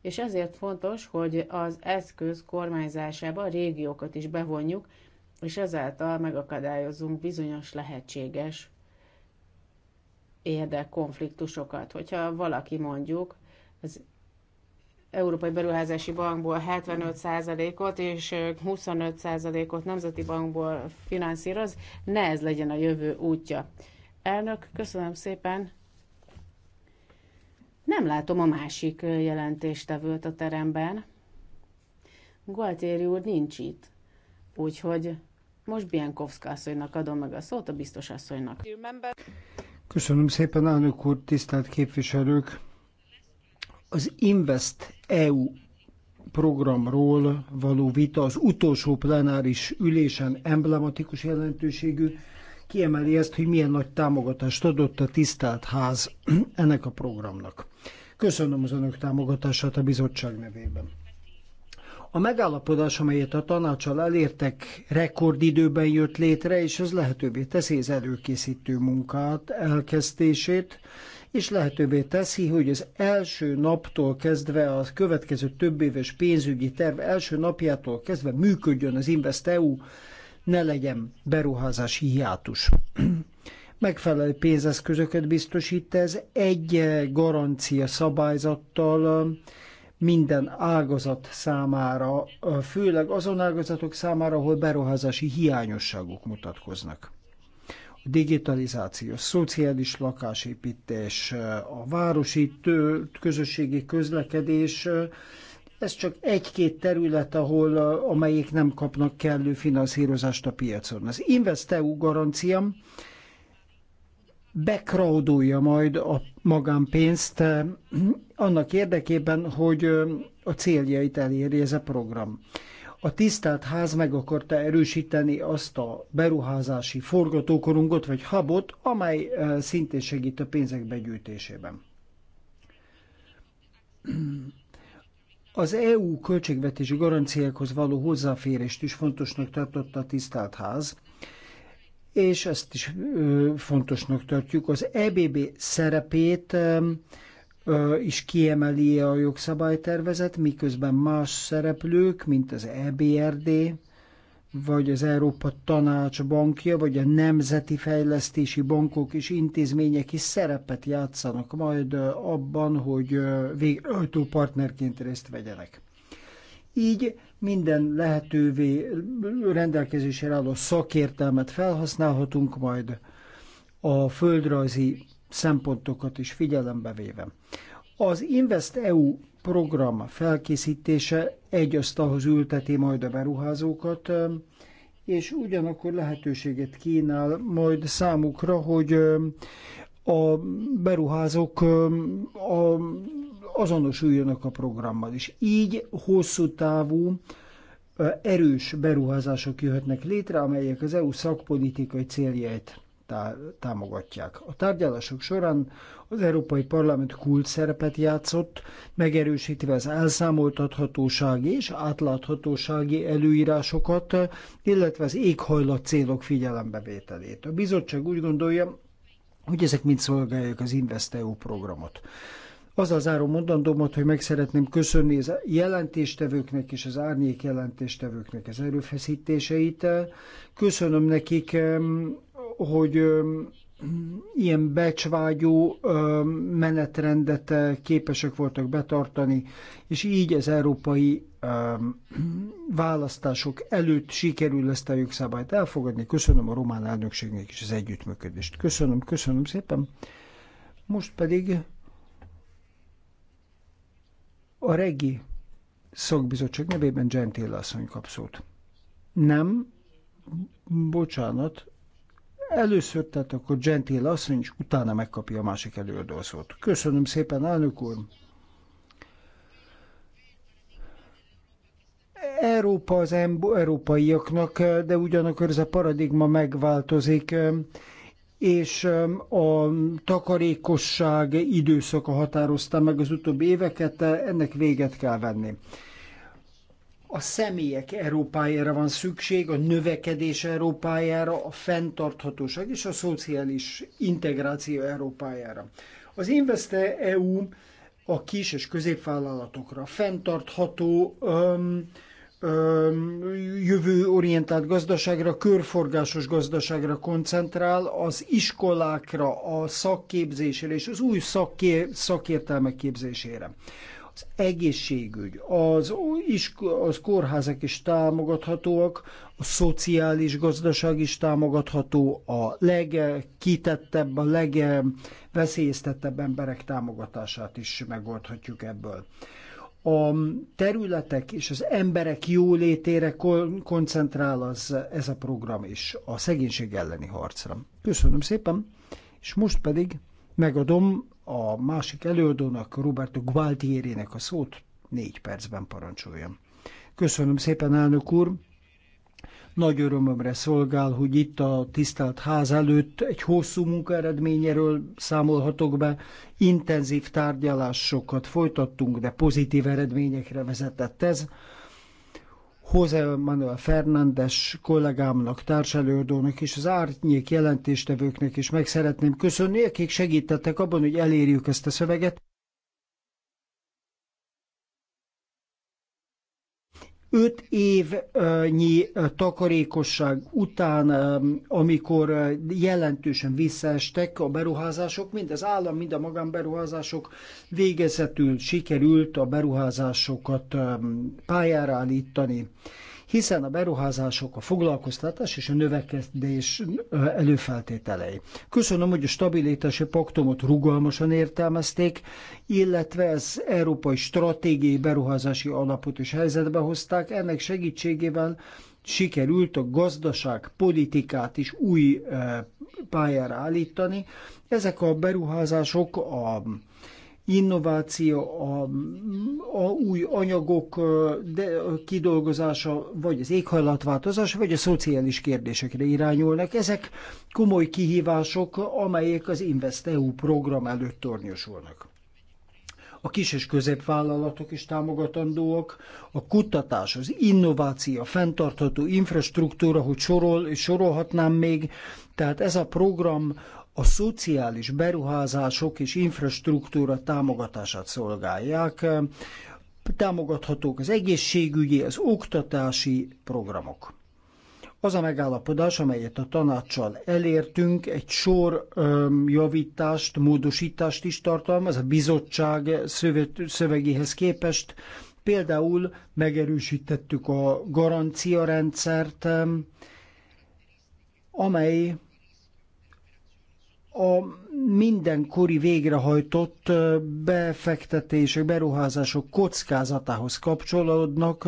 És ezért fontos, hogy az eszköz kormányzásába a régiókat is bevonjuk, és ezáltal megakadályozunk bizonyos lehetséges érdekkonfliktusokat. Hogyha valaki mondjuk az Európai Beruházási Bankból 75%-ot és 25%-ot Nemzeti Bankból finanszíroz, ne ez legyen a jövő útja. Elnök, köszönöm szépen. Nem látom a másik jelentéstevőt a teremben. Gualtéri úr nincs itt, úgyhogy most Bienkowska asszonynak adom meg a szót, a biztos asszonynak. Köszönöm szépen, elnök úr, tisztelt képviselők! Az Invest EU programról való vita az utolsó plenáris ülésen emblematikus jelentőségű, kiemeli ezt, hogy milyen nagy támogatást adott a tisztelt ház <clears throat> ennek a programnak. Köszönöm az önök támogatását a bizottság nevében. A megállapodás, amelyet a tanácsal elértek, rekordidőben jött létre, és ez lehetővé teszi az előkészítő munkát, elkezdését, és lehetővé teszi, hogy az első naptól kezdve, a következő több éves pénzügyi terv első napjától kezdve működjön az InvestEU ne legyen beruházási hiátus. Megfelelő pénzeszközöket biztosít ez egy garancia szabályzattal um, minden ágazat számára, uh, főleg azon ágazatok számára, ahol beruházási hiányosságok mutatkoznak A digitalizáció, szociális lakásépítés, uh, a városi tő, közösségi közlekedés uh, ez csak egy-két terület, ahol, amelyik nem kapnak kellő finanszírozást a piacon. Az InvestEU garancia bekraudolja majd a magánpénzt eh, annak érdekében, hogy eh, a céljait eléri ez a program. A tisztelt ház meg akarta erősíteni azt a beruházási forgatókorongot vagy habot, amely eh, szintén segít a pénzek begyűjtésében az EU költségvetési garanciákhoz való hozzáférést is fontosnak tartotta a tisztelt ház, és ezt is fontosnak tartjuk. Az EBB szerepét is kiemeli a jogszabálytervezet, miközben más szereplők, mint az EBRD, vagy az Európa Tanács bankja, vagy a nemzeti fejlesztési bankok és intézmények is szerepet játszanak majd abban, hogy végrehajtó partnerként részt vegyenek. Így minden lehetővé rendelkezésre álló szakértelmet felhasználhatunk majd a földrajzi szempontokat is figyelembe véve. Az Invest EU program felkészítése egy asztalhoz ülteti majd a beruházókat, és ugyanakkor lehetőséget kínál majd számukra, hogy a beruházók a, azonosuljanak a programmal is. Így hosszú távú erős beruházások jöhetnek létre, amelyek az EU szakpolitikai céljait támogatják. A tárgyalások során az Európai Parlament kult szerepet játszott, megerősítve az elszámoltathatósági és átláthatósági előírásokat, illetve az éghajlat célok figyelembevételét. A bizottság úgy gondolja, hogy ezek mind szolgálják az InvestEU programot. Az áron mondandómat, hogy meg szeretném köszönni az jelentéstevőknek és az árnyék jelentéstevőknek az erőfeszítéseit. Köszönöm nekik, hogy ilyen becsvágyó menetrendet képesek voltak betartani, és így az európai választások előtt sikerül ezt a jogszabályt elfogadni. Köszönöm a román elnökségnek is az együttműködést. Köszönöm, köszönöm szépen. Most pedig a regi szakbizottság nevében Gentil asszony kap szót. Nem, bocsánat, Először tehát akkor Gentil asszony, és utána megkapja a másik előadó szót. Köszönöm szépen, elnök úr! Európa az európaiaknak, de ugyanakkor ez a paradigma megváltozik, és um, a takarékosság időszaka határozta meg az utóbbi éveket, ennek véget kell venni a személyek Európájára van szükség, a növekedés Európájára, a fenntarthatóság és a szociális integráció Európájára. Az Investe EU a kis és középvállalatokra fenntartható öm, jövőorientált gazdaságra, körforgásos gazdaságra koncentrál, az iskolákra, a szakképzésére és az új szakké, szakértelmek képzésére. Az egészségügy, az, az kórházak is támogathatóak, a szociális gazdaság is támogatható, a legkitettebb, a legveszélyeztettebb emberek támogatását is megoldhatjuk ebből a területek és az emberek jólétére koncentrál az, ez a program is, a szegénység elleni harcra. Köszönöm szépen, és most pedig megadom a másik előadónak, Roberto Gualtierinek a szót, négy percben parancsoljam. Köszönöm szépen, elnök úr! Nagy örömömre szolgál, hogy itt a tisztelt ház előtt egy hosszú munkaeredményéről számolhatok be. Intenzív tárgyalásokat folytattunk, de pozitív eredményekre vezetett ez. José Manuel Fernández kollégámnak, társelőadónak és az árnyék jelentéstevőknek is meg szeretném köszönni, akik segítettek abban, hogy elérjük ezt a szöveget, öt évnyi takarékosság után, amikor jelentősen visszaestek a beruházások, mind az állam, mind a magánberuházások végezetül sikerült a beruházásokat pályára állítani hiszen a beruházások, a foglalkoztatás és a növekedés előfeltételei. Köszönöm, hogy a stabilitási paktumot rugalmasan értelmezték, illetve az Európai Stratégiai Beruházási Alapot is helyzetbe hozták. Ennek segítségével sikerült a gazdaság politikát is új pályára állítani. Ezek a beruházások a innováció, a, a új anyagok de, a kidolgozása, vagy az éghajlatváltozás, vagy a szociális kérdésekre irányulnak. Ezek komoly kihívások, amelyek az InvestEU program előtt tornyosulnak. A kis és középvállalatok is támogatandóak, a kutatás, az innováció, a fenntartható infrastruktúra, hogy sorol, és sorolhatnám még, tehát ez a program a szociális beruházások és infrastruktúra támogatását szolgálják, támogathatók az egészségügyi, az oktatási programok. Az a megállapodás, amelyet a tanácssal elértünk, egy sor öm, javítást, módosítást is tartalmaz a bizottság szövegéhez képest. Például megerősítettük a garanciarendszert, amely a mindenkori végrehajtott befektetések, beruházások kockázatához kapcsolódnak,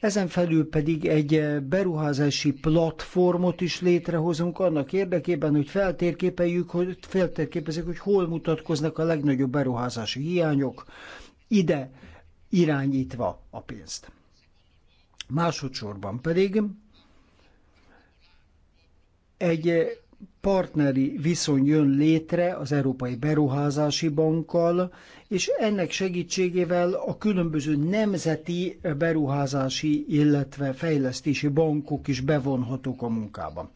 ezen felül pedig egy beruházási platformot is létrehozunk annak érdekében, hogy feltérképezzük, hogy feltérképezzük, hogy hol mutatkoznak a legnagyobb beruházási hiányok, ide irányítva a pénzt. Másodszorban pedig egy partneri viszony jön létre az Európai Beruházási Bankkal, és ennek segítségével a különböző nemzeti beruházási, illetve fejlesztési bankok is bevonhatók a munkába.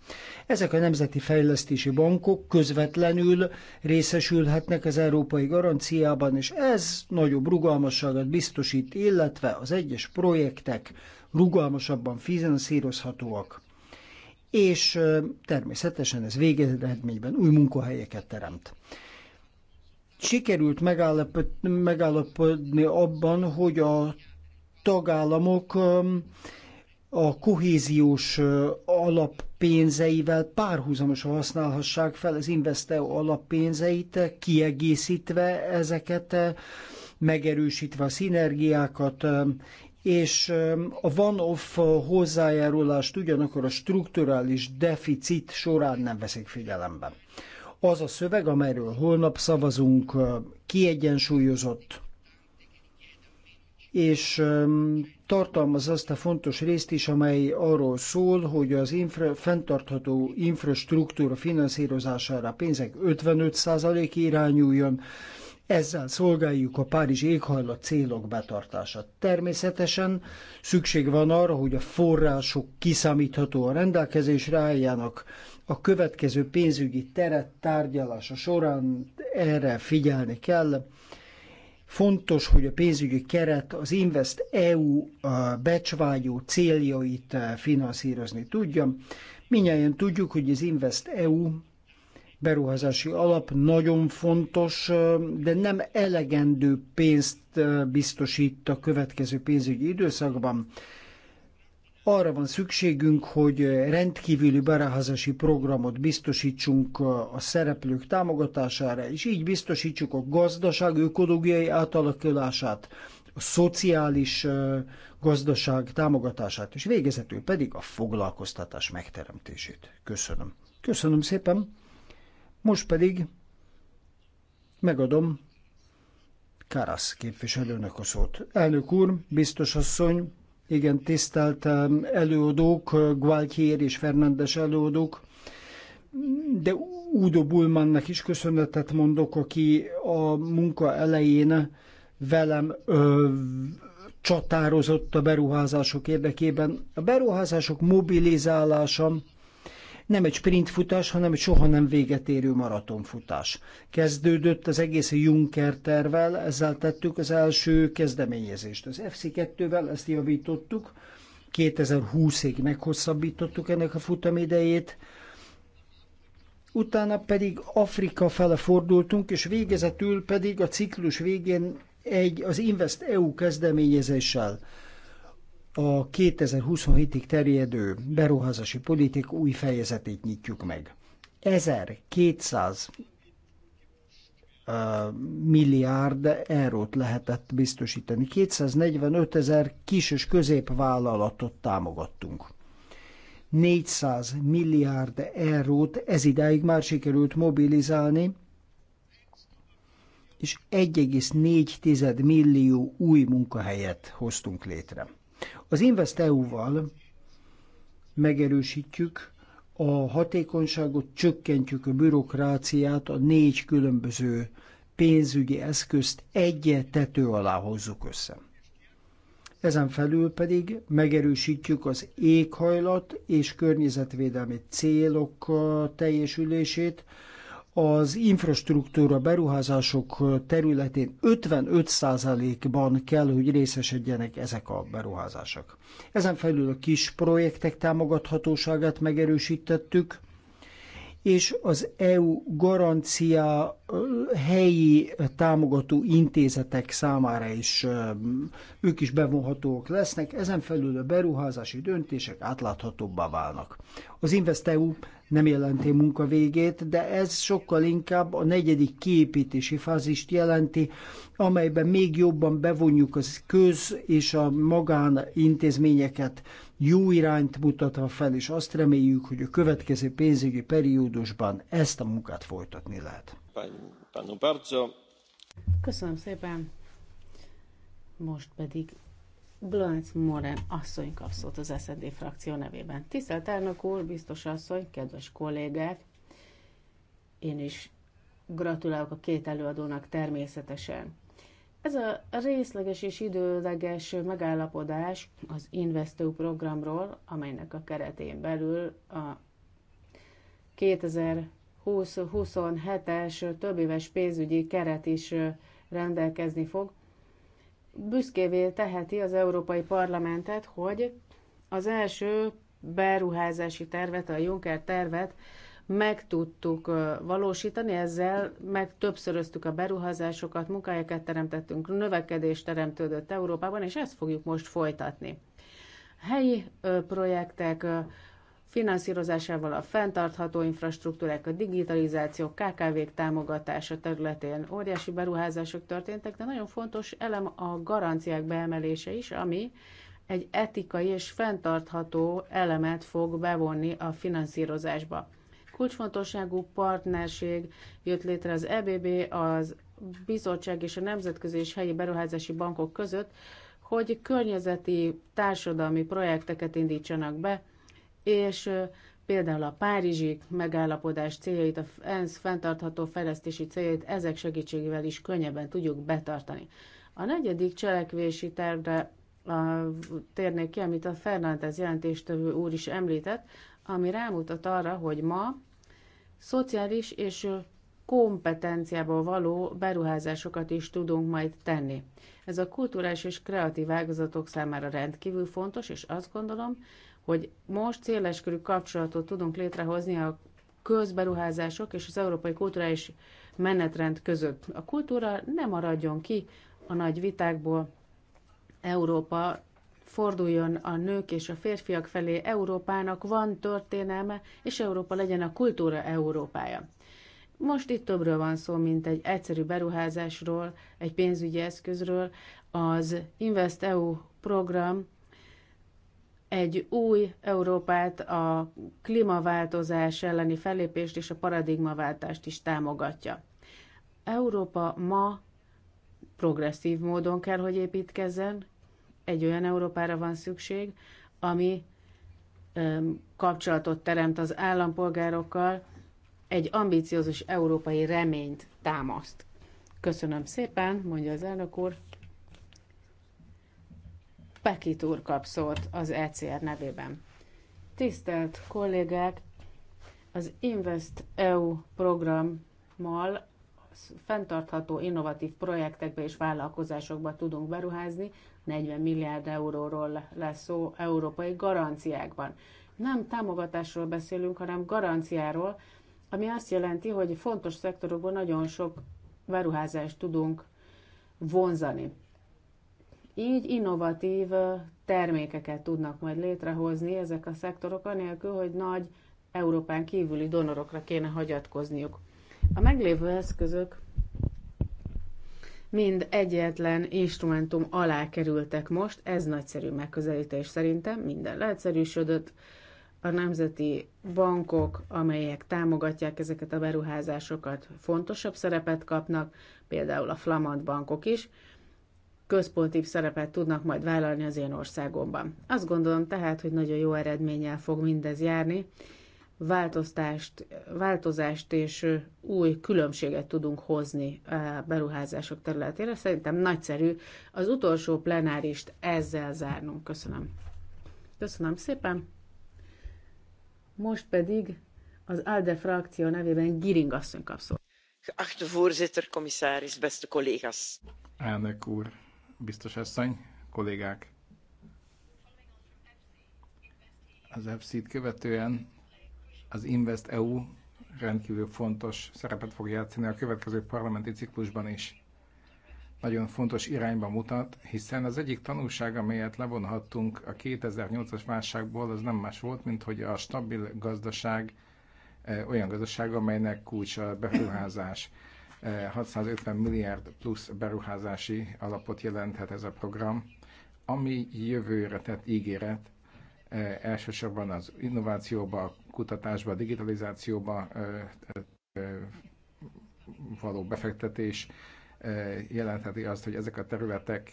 Ezek a nemzeti fejlesztési bankok közvetlenül részesülhetnek az európai garanciában, és ez nagyobb rugalmasságot biztosít, illetve az egyes projektek rugalmasabban finanszírozhatóak és természetesen ez végeredményben új munkahelyeket teremt sikerült megállapodni abban, hogy a tagállamok a kohéziós alappénzeivel párhuzamosan használhassák fel az investeu alappénzeit, kiegészítve ezeket, megerősítve a szinergiákat, és a van-off hozzájárulást ugyanakkor a strukturális deficit során nem veszik figyelembe. Az a szöveg, amelyről holnap szavazunk, kiegyensúlyozott, és tartalmaz azt a fontos részt is, amely arról szól, hogy az infra, fenntartható infrastruktúra finanszírozására pénzek 55% irányuljon, ezzel szolgáljuk a Párizs éghajlat célok betartását. Természetesen szükség van arra, hogy a források kiszámíthatóan rendelkezésre álljanak. A következő pénzügyi teret tárgyalása során erre figyelni kell. Fontos, hogy a pénzügyi keret az Invest EU becsvágyó céljait eh, finanszírozni tudja. Minnyáján tudjuk, hogy az Invest EU beruházási alap nagyon fontos, de nem elegendő pénzt biztosít a következő pénzügyi időszakban. Arra van szükségünk, hogy rendkívüli beruházási programot biztosítsunk a szereplők támogatására, és így biztosítsuk a gazdaság ökológiai átalakulását, a szociális gazdaság támogatását, és végezetül pedig a foglalkoztatás megteremtését. Köszönöm. Köszönöm szépen. Most pedig megadom Karasz képviselőnek a szót. Elnök úr, biztos asszony, igen, tisztelt előadók, Gualtier és Fernandes előadók, de Udo Bullmannek is köszönetet mondok, aki a munka elején velem ö, csatározott a beruházások érdekében. A beruházások mobilizálása nem egy sprint futás, hanem egy soha nem véget érő maratonfutás. Kezdődött az egész Juncker tervel, ezzel tettük az első kezdeményezést. Az FC2-vel ezt javítottuk, 2020-ig meghosszabbítottuk ennek a futamidejét, utána pedig Afrika fele fordultunk, és végezetül pedig a ciklus végén egy az Invest EU kezdeményezéssel a 2027-ig terjedő beruházási politik új fejezetét nyitjuk meg. 1200 milliárd eurót lehetett biztosítani. 245 ezer kis és középvállalatot támogattunk. 400 milliárd eurót ez idáig már sikerült mobilizálni, és 1,4 millió új munkahelyet hoztunk létre. Az InvestEU-val megerősítjük a hatékonyságot, csökkentjük a bürokráciát, a négy különböző pénzügyi eszközt egy tető alá hozzuk össze. Ezen felül pedig megerősítjük az éghajlat és környezetvédelmi célok uh, teljesülését, az infrastruktúra beruházások területén 55%-ban kell, hogy részesedjenek ezek a beruházások. Ezen felül a kis projektek támogathatóságát megerősítettük, és az EU garancia helyi támogató intézetek számára is ők is bevonhatók lesznek, ezen felül a beruházási döntések átláthatóbbá válnak. Az InvestEU nem jelenti munkavégét, de ez sokkal inkább a negyedik kiépítési fázist jelenti, amelyben még jobban bevonjuk az köz és a magánintézményeket, jó irányt mutatva fel, és azt reméljük, hogy a következő pénzügyi periódusban ezt a munkát folytatni lehet. Köszönöm szépen. Most pedig Blanc Moren asszony kap az SZD frakció nevében. Tisztelt elnök úr, biztos asszony, kedves kollégák, én is gratulálok a két előadónak természetesen. Ez a részleges és időleges megállapodás az Investeu programról, amelynek a keretén belül a 2027-es többéves pénzügyi keret is rendelkezni fog, büszkévé teheti az Európai Parlamentet, hogy az első beruházási tervet, a Juncker tervet meg tudtuk valósítani, ezzel meg többszöröztük a beruházásokat, munkahelyeket teremtettünk, növekedést teremtődött Európában, és ezt fogjuk most folytatni. Helyi projektek finanszírozásával a fenntartható infrastruktúrák, a digitalizáció, KKV-k támogatása területén óriási beruházások történtek, de nagyon fontos elem a garanciák beemelése is, ami egy etikai és fenntartható elemet fog bevonni a finanszírozásba. Kulcsfontosságú partnerség jött létre az EBB, az bizottság és a nemzetközi és helyi beruházási bankok között, hogy környezeti társadalmi projekteket indítsanak be, és például a Párizsi megállapodás céljait, a ENSZ fenntartható fejlesztési céljait ezek segítségével is könnyebben tudjuk betartani. A negyedik cselekvési tervre a, térnék ki, amit a Fernández jelentéstevő úr is említett, ami rámutat arra, hogy ma szociális és kompetenciából való beruházásokat is tudunk majd tenni. Ez a kulturális és kreatív ágazatok számára rendkívül fontos, és azt gondolom, hogy most széleskörű kapcsolatot tudunk létrehozni a közberuházások és az európai kulturális menetrend között. A kultúra nem maradjon ki a nagy vitákból. Európa forduljon a nők és a férfiak felé. Európának van történelme, és Európa legyen a kultúra Európája. Most itt többről van szó, mint egy egyszerű beruházásról, egy pénzügyi eszközről. Az InvestEU program egy új Európát, a klímaváltozás elleni fellépést és a paradigmaváltást is támogatja. Európa ma progresszív módon kell, hogy építkezzen, egy olyan Európára van szükség, ami kapcsolatot teremt az állampolgárokkal, egy ambiciózus európai reményt támaszt. Köszönöm szépen, mondja az elnök úr. Pekit úr kap szót az ECR nevében. Tisztelt kollégák, az Invest EU programmal fenntartható, innovatív projektekbe és vállalkozásokba tudunk beruházni, 40 milliárd euróról lesz szó európai garanciákban. Nem támogatásról beszélünk, hanem garanciáról, ami azt jelenti, hogy fontos szektorokban nagyon sok beruházást tudunk vonzani. Így innovatív termékeket tudnak majd létrehozni ezek a szektorok, anélkül, hogy nagy Európán kívüli donorokra kéne hagyatkozniuk. A meglévő eszközök mind egyetlen instrumentum alá kerültek most, ez nagyszerű megközelítés szerintem, minden leegyszerűsödött, a nemzeti bankok, amelyek támogatják ezeket a beruházásokat, fontosabb szerepet kapnak, például a flamand bankok is, központi szerepet tudnak majd vállalni az én országomban. Azt gondolom tehát, hogy nagyon jó eredménnyel fog mindez járni, változtást, változást és új különbséget tudunk hozni a beruházások területére. Szerintem nagyszerű az utolsó plenárist ezzel zárnunk. Köszönöm. Köszönöm szépen. Most pedig az ALDE frakció nevében Giring asszony kap szó. Geachte voorzitter, commissaris, beste collega's. Elnök úr, biztos asszony, kollégák. Az EFSZ-t követően az Invest EU rendkívül fontos szerepet fog játszani a következő parlamenti ciklusban is. Nagyon fontos irányba mutat, hiszen az egyik tanulság, amelyet levonhattunk a 2008-as válságból, az nem más volt, mint hogy a stabil gazdaság e, olyan gazdaság, amelynek kulcsa a beruházás. 650 e, milliárd plusz beruházási alapot jelenthet ez a program, ami jövőre tett ígéret, E, elsősorban az innovációba, a kutatásba, a digitalizációba e, e, való befektetés jelentheti azt, hogy ezek a területek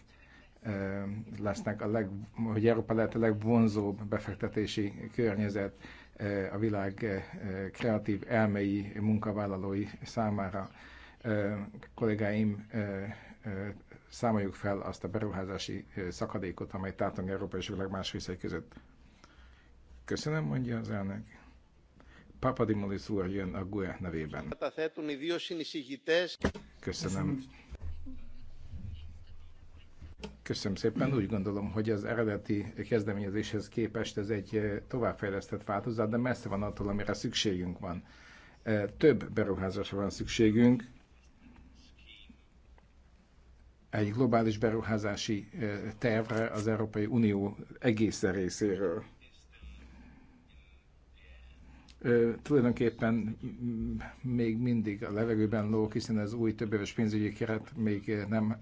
lesznek a leg, hogy Európa lehet a legvonzóbb befektetési környezet a világ kreatív elmei munkavállalói számára. Kollégáim, számoljuk fel azt a beruházási szakadékot, amely tátong Európa és világ más részei között. Köszönöm, mondja az elnök. Papadimolis úr jön a GUE nevében. Köszönöm. Köszönöm szépen. Úgy gondolom, hogy az eredeti kezdeményezéshez képest ez egy eh, továbbfejlesztett változat, de messze van attól, amire szükségünk van. Eh, több beruházásra van szükségünk. Egy globális beruházási eh, tervre az Európai Unió egészen részéről tulajdonképpen mm, még mindig a levegőben lóg, hiszen az új éves pénzügyi keret még nem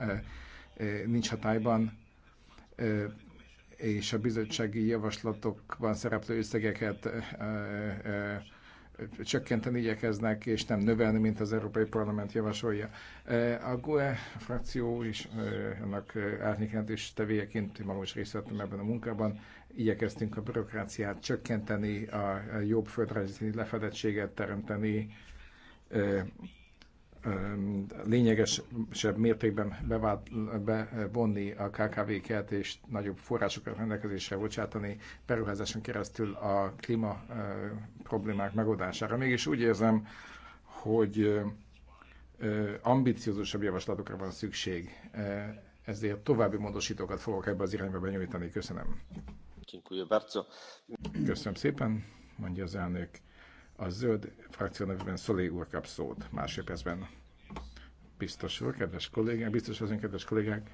nincs hatályban, és a bizottsági javaslatokban szereplő összegeket csökkenteni igyekeznek, és nem növelni, mint az Európai Parlament javasolja. A GUE frakció is annak árnyékent és tevéjeként magam is részt vettem ebben a munkában igyekeztünk a bürokráciát csökkenteni, a jobb földrajzi lefedettséget teremteni, lényegesebb mértékben bevált, bevonni a KKV-ket és nagyobb forrásokat rendelkezésre bocsátani beruházáson keresztül a klíma problémák megoldására. Mégis úgy érzem, hogy ambiciózusabb javaslatokra van szükség, ezért további módosítókat fogok ebbe az irányba benyújtani. Köszönöm. Köszönöm szépen, mondja az elnök. A zöld frakció nevében Szolé úr kap szót másodpercben. Biztos úr, kedves kollégák, biztos az kedves kollégák,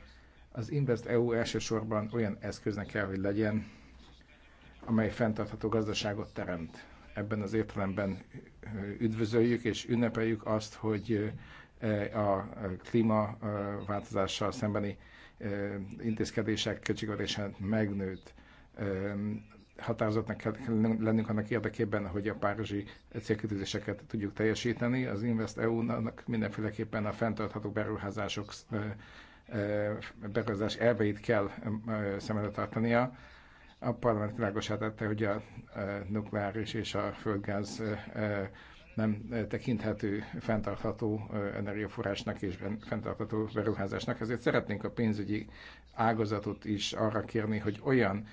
az Invest EU elsősorban olyan eszköznek kell, hogy legyen, amely fenntartható gazdaságot teremt. Ebben az értelemben üdvözöljük és ünnepeljük azt, hogy e, a klímaváltozással szembeni intézkedések költségvetése megnőtt határozatnak kell lennünk annak érdekében, hogy a párizsi célkitűzéseket tudjuk teljesíteni. Az Invest EU-nak mindenféleképpen a fenntartható beruházások beruházás elveit kell szem előtt tartania. A parlament világosá tette, hogy a nukleáris és a földgáz nem tekinthető fenntartható energiaforrásnak és fenntartható beruházásnak. Ezért szeretnénk a pénzügyi ágazatot is arra kérni, hogy olyan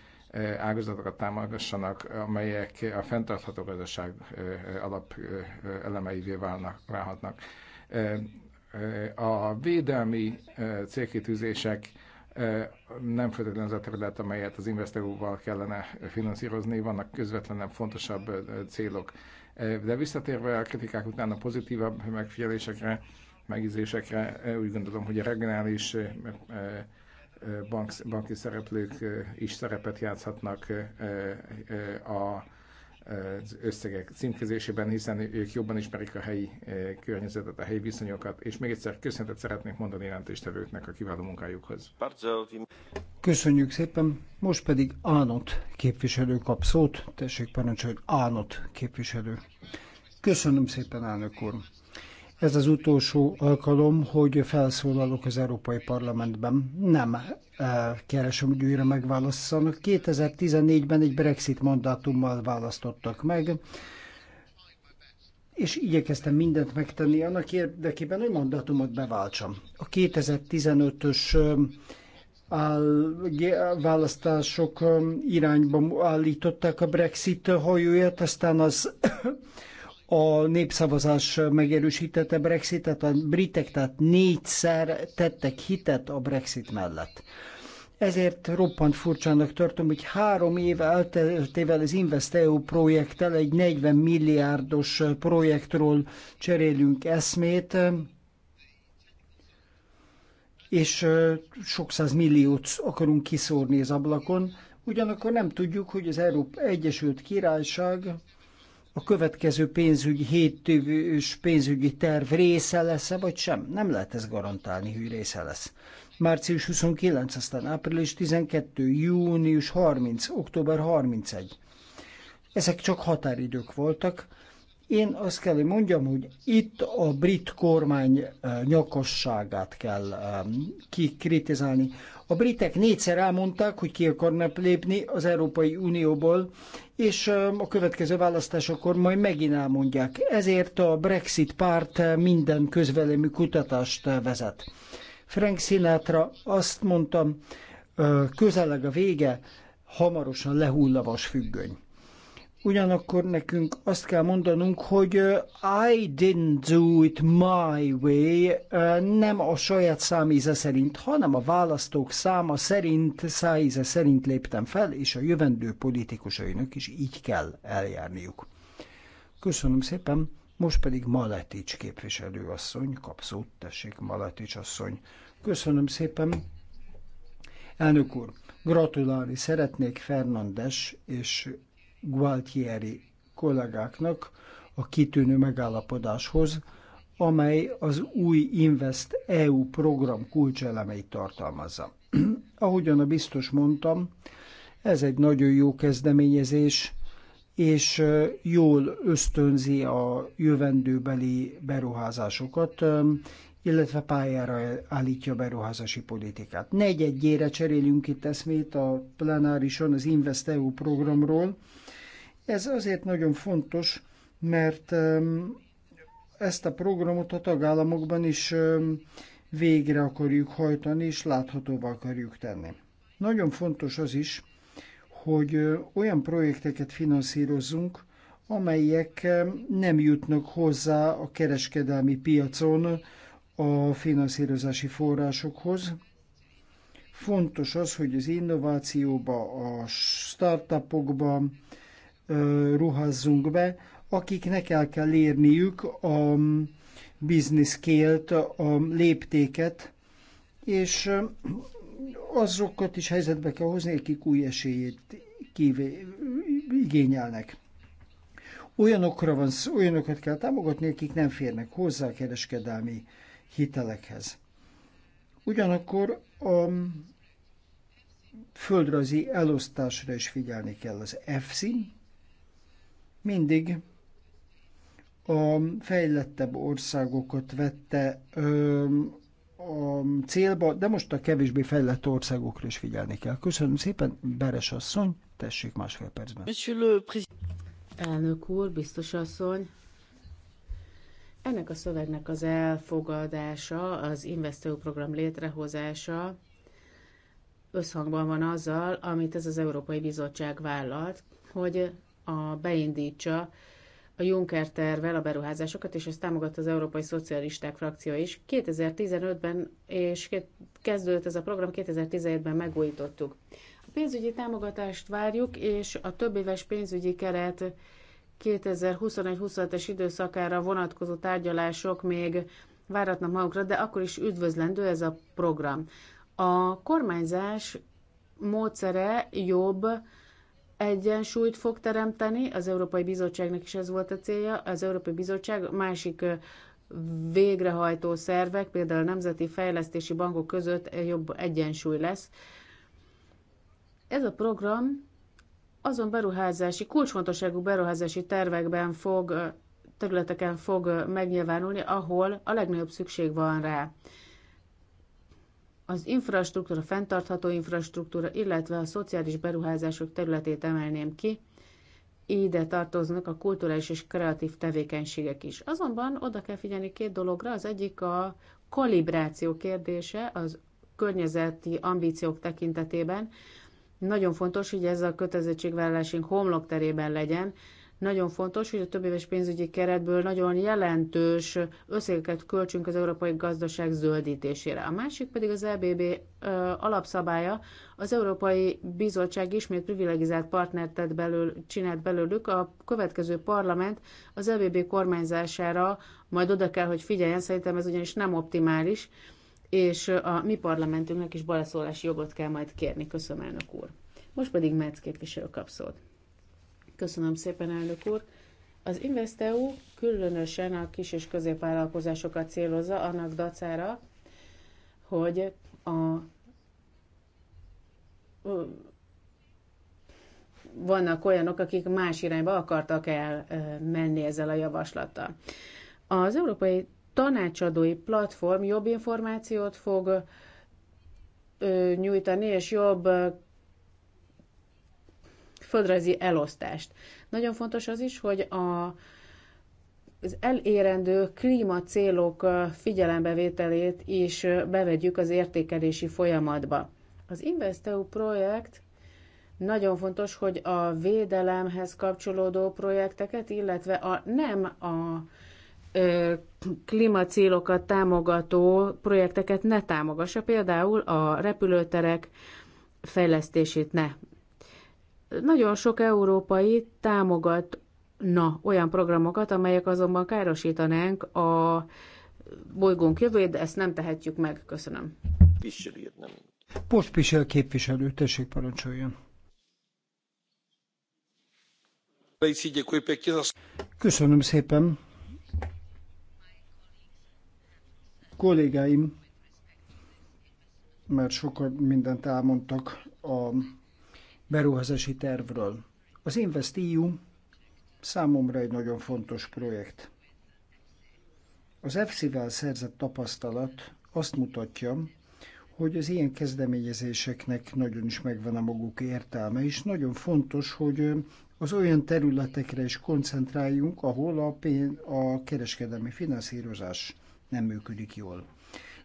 ágazatokat támogassanak, amelyek a fenntartható gazdaság alap elemeivé válnak, válhatnak. A védelmi célkitűzések nem feltétlenül az a terület, amelyet az investorúval kellene finanszírozni, vannak közvetlenül fontosabb célok. De visszatérve a kritikák után a pozitívabb megfigyelésekre, megízésekre, úgy gondolom, hogy a regionális bank, banki szereplők is szerepet játszhatnak a az összegek címkezésében, hiszen ők jobban ismerik a helyi környezetet, a helyi viszonyokat, és még egyszer köszönetet szeretnék mondani jelentéstevőknek a kiváló munkájukhoz. Köszönjük szépen, most pedig Ánot képviselő kap szót, tessék parancsolni Ánot képviselő. Köszönöm szépen, elnök úr. Ez az utolsó alkalom, hogy felszólalok az Európai Parlamentben. Nem eh, keresem, hogy újra megválasszanak. 2014-ben egy Brexit mandátummal választottak meg, és igyekeztem mindent megtenni annak érdekében, hogy mandátumot beváltsam. A 2015-ös eh, áll, választások eh, irányba állították a Brexit hajóját, aztán az a népszavazás megerősítette Brexitet, a britek tehát négyszer tettek hitet a Brexit mellett. Ezért roppant furcsának tartom, hogy három év elteltével az InvestEU projekttel egy 40 milliárdos projektről cserélünk eszmét, és sok száz milliót akarunk kiszórni az ablakon, ugyanakkor nem tudjuk, hogy az Európa Egyesült Királyság a következő pénzügyi hétűs pénzügyi terv része lesz -e, vagy sem. Nem lehet ez garantálni, hogy része lesz. Március 29, aztán április 12, június 30, október 31. Ezek csak határidők voltak. Én azt kell, hogy mondjam, hogy itt a brit kormány eh, nyakosságát kell eh, kikritizálni. A britek négyszer elmondták, hogy ki akarnak lépni az Európai Unióból, és a következő választásokon majd megint elmondják. Ezért a Brexit párt minden közvélemény kutatást vezet. Frank Sinatra azt mondta, közeleg a vége, hamarosan lehull a vasfüggöny. Ugyanakkor nekünk azt kell mondanunk, hogy uh, I didn't do it my way, uh, nem a saját számíze szerint, hanem a választók száma szerint, száíze szerint léptem fel, és a jövendő politikusainak is így kell eljárniuk. Köszönöm szépen, most pedig Maletics képviselőasszony, kap szót, tessék Maletics asszony. Köszönöm szépen, elnök úr, gratulálni szeretnék Fernandes és Gualtieri kollégáknak a kitűnő megállapodáshoz, amely az új Invest EU program kulcselemeit tartalmazza. <clears throat> Ahogyan a biztos mondtam, ez egy nagyon jó kezdeményezés, és jól ösztönzi a jövendőbeli beruházásokat, illetve pályára állítja a beruházási politikát. Negyedjére cserélünk itt eszmét a plenárison az Invest EU programról, ez azért nagyon fontos, mert ezt a programot a tagállamokban is végre akarjuk hajtani, és láthatóvá akarjuk tenni. Nagyon fontos az is, hogy olyan projekteket finanszírozzunk, amelyek nem jutnak hozzá a kereskedelmi piacon a finanszírozási forrásokhoz. Fontos az, hogy az innovációba, a startupokba, ruházzunk be, akiknek el kell érniük a business scale-t, a léptéket, és azokat is helyzetbe kell hozni, akik új esélyét kívé, igényelnek. Olyanokra van, olyanokat kell támogatni, akik nem férnek hozzá a kereskedelmi hitelekhez. Ugyanakkor a földrajzi elosztásra is figyelni kell az EFSI, mindig a fejlettebb országokat vette ö, a célba, de most a kevésbé fejlett országokra is figyelni kell. Köszönöm szépen, Beres asszony, tessék másfél percben. Elnök úr, biztos asszony, ennek a szövegnek az elfogadása, az investő program létrehozása összhangban van azzal, amit ez az Európai Bizottság vállalt, hogy a, beindítsa a Juncker tervvel a beruházásokat, és ezt támogatta az Európai Szocialisták frakció is. 2015-ben, és kezdődött ez a program, 2017-ben megújítottuk. A pénzügyi támogatást várjuk, és a több éves pénzügyi keret 2021-27-es időszakára vonatkozó tárgyalások még váratnak magukra, de akkor is üdvözlendő ez a program. A kormányzás módszere jobb, egyensúlyt fog teremteni, az Európai Bizottságnak is ez volt a célja, az Európai Bizottság másik végrehajtó szervek, például a Nemzeti Fejlesztési Bankok között jobb egyensúly lesz. Ez a program azon beruházási, kulcsfontosságú beruházási tervekben fog, területeken fog megnyilvánulni, ahol a legnagyobb szükség van rá az infrastruktúra, fenntartható infrastruktúra, illetve a szociális beruházások területét emelném ki, ide tartoznak a kulturális és kreatív tevékenységek is. Azonban oda kell figyelni két dologra, az egyik a kalibráció kérdése az környezeti ambíciók tekintetében. Nagyon fontos, hogy ez a kötelezettségvállalásunk homlokterében legyen, nagyon fontos, hogy a több éves pénzügyi keretből nagyon jelentős összegeket költsünk az európai gazdaság zöldítésére. A másik pedig az EBB alapszabálya. Az Európai Bizottság ismét privilegizált partnert tett belül, csinált belőlük. A következő parlament az EBB kormányzására majd oda kell, hogy figyeljen, szerintem ez ugyanis nem optimális és a mi parlamentünknek is baleszólási jogot kell majd kérni. Köszönöm, elnök úr. Most pedig Metz képviselő kap szót. Köszönöm szépen, elnök úr. Az InvestEU különösen a kis és középvállalkozásokat célozza annak dacára, hogy a vannak olyanok, akik más irányba akartak el menni ezzel a javaslattal. Az Európai Tanácsadói Platform jobb információt fog nyújtani, és jobb földrajzi elosztást. Nagyon fontos az is, hogy a, az elérendő klímacélok figyelembevételét is bevegyük az értékelési folyamatba. Az InvestEU projekt nagyon fontos, hogy a védelemhez kapcsolódó projekteket, illetve a nem a ö, klímacélokat támogató projekteket ne támogassa, például a repülőterek fejlesztését ne nagyon sok európai támogatna olyan programokat, amelyek azonban károsítanánk a bolygónk jövőjét, de ezt nem tehetjük meg. Köszönöm. Postpisel képviselő, tessék parancsoljon. Köszönöm szépen. Kollégáim már sokat mindent elmondtak a beruházási tervről. Az InvestEU számomra egy nagyon fontos projekt. Az EFSI-vel szerzett tapasztalat azt mutatja, hogy az ilyen kezdeményezéseknek nagyon is megvan a maguk értelme, és nagyon fontos, hogy az olyan területekre is koncentráljunk, ahol a, pénz, a kereskedelmi finanszírozás nem működik jól.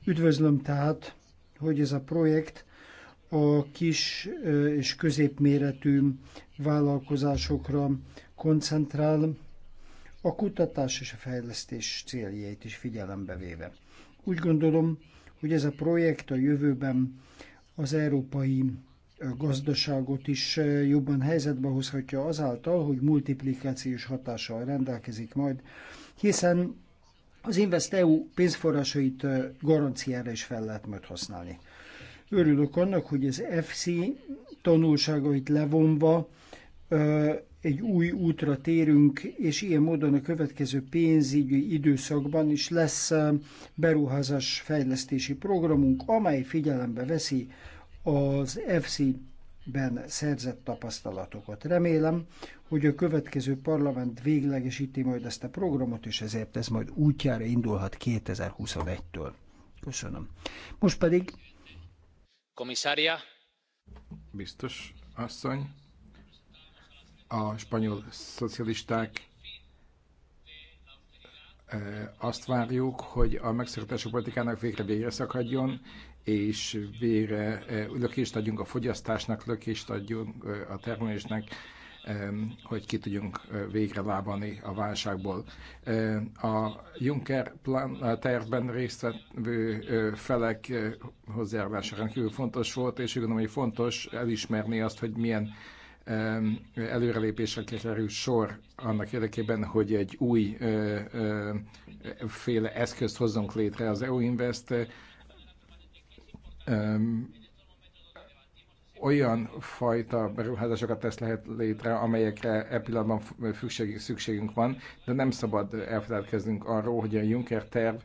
Üdvözlöm tehát, hogy ez a projekt a kis és középméretű vállalkozásokra koncentrál, a kutatás és a fejlesztés céljait is figyelembe véve. Úgy gondolom, hogy ez a projekt a jövőben az európai gazdaságot is jobban helyzetbe hozhatja azáltal, hogy multiplikációs hatással rendelkezik majd, hiszen az InvestEU pénzforrásait garanciára is fel lehet majd használni. Örülök annak, hogy az FC tanulságait levonva egy új útra térünk, és ilyen módon a következő pénzügyi időszakban is lesz beruházás fejlesztési programunk, amely figyelembe veszi az FC-ben szerzett tapasztalatokat. Remélem, hogy a következő parlament véglegesíti majd ezt a programot, és ezért ez majd útjára indulhat 2021-től. Köszönöm. Most pedig comisaria. Biztos asszony, a spanyol szocialisták e, azt várjuk, hogy a megszorítások politikának végre végre szakadjon, és végre e, lökést adjunk a fogyasztásnak, lökést adjunk e, a termelésnek, hogy ki tudjunk végre lábani a válságból. A Juncker plan, tervben résztvevő felek hozzájárulása rendkívül fontos volt, és úgy gondolom, hogy fontos elismerni azt, hogy milyen előrelépésre kerül sor annak érdekében, hogy egy új ö, ö, féle eszközt hozzunk létre. Az EU Invest ö, olyan fajta beruházásokat tesz lehet létre, amelyekre e pillanatban szükségünk van, de nem szabad elfelelkeznünk arról, hogy a Juncker terv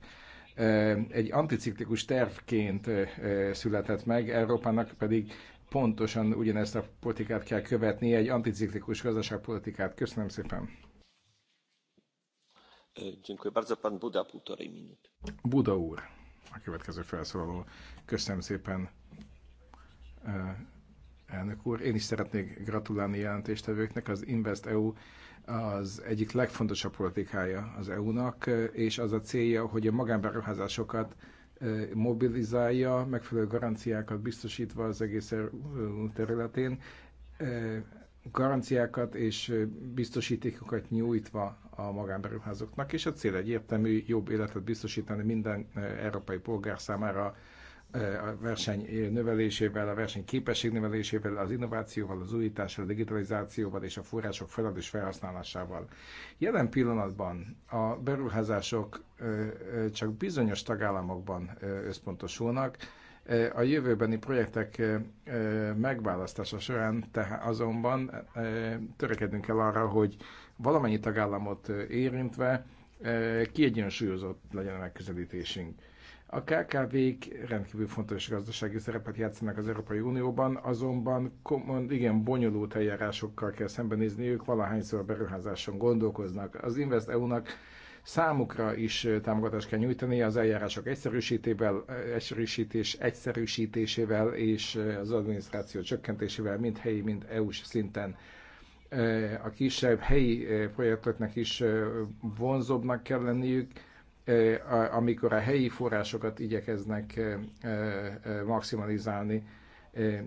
e, egy anticiklikus tervként e, e, született meg, Európának pedig pontosan ugyanezt a politikát kell követni, egy anticiklikus gazdaságpolitikát. Köszönöm szépen. Dziękuję bardzo. Pan Buda, półtorej minut. Buda úr, a következő felszólaló. Köszönöm szépen elnök úr. Én is szeretnék gratulálni jelentéstevőknek. Az Invest EU az egyik legfontosabb politikája az EU-nak, és az a célja, hogy a magánberuházásokat mobilizálja, megfelelő garanciákat biztosítva az egész e területén, garanciákat és biztosítékokat nyújtva a magánberuházóknak, és a cél egyértelmű, jobb életet biztosítani minden európai polgár számára a verseny növelésével, a verseny képesség növelésével, az innovációval, az újítással, a digitalizációval és a források felelős felhasználásával. Jelen pillanatban a beruházások csak bizonyos tagállamokban összpontosulnak, a jövőbeni projektek megválasztása során tehát azonban törekedünk kell arra, hogy valamennyi tagállamot érintve kiegyensúlyozott legyen a megközelítésünk a KKV-k rendkívül fontos gazdasági szerepet játszanak az Európai Unióban, azonban igen bonyolult eljárásokkal kell szembenézni, ők valahányszor beruházáson gondolkoznak. Az Invest EU-nak számukra is támogatást kell nyújtani az eljárások egyszerűsítével, egyszerűsítés, egyszerűsítésével és az adminisztráció csökkentésével, mind helyi, mind EU-s szinten. A kisebb helyi projektoknak is vonzóbbnak kell lenniük, amikor a helyi forrásokat igyekeznek maximalizálni,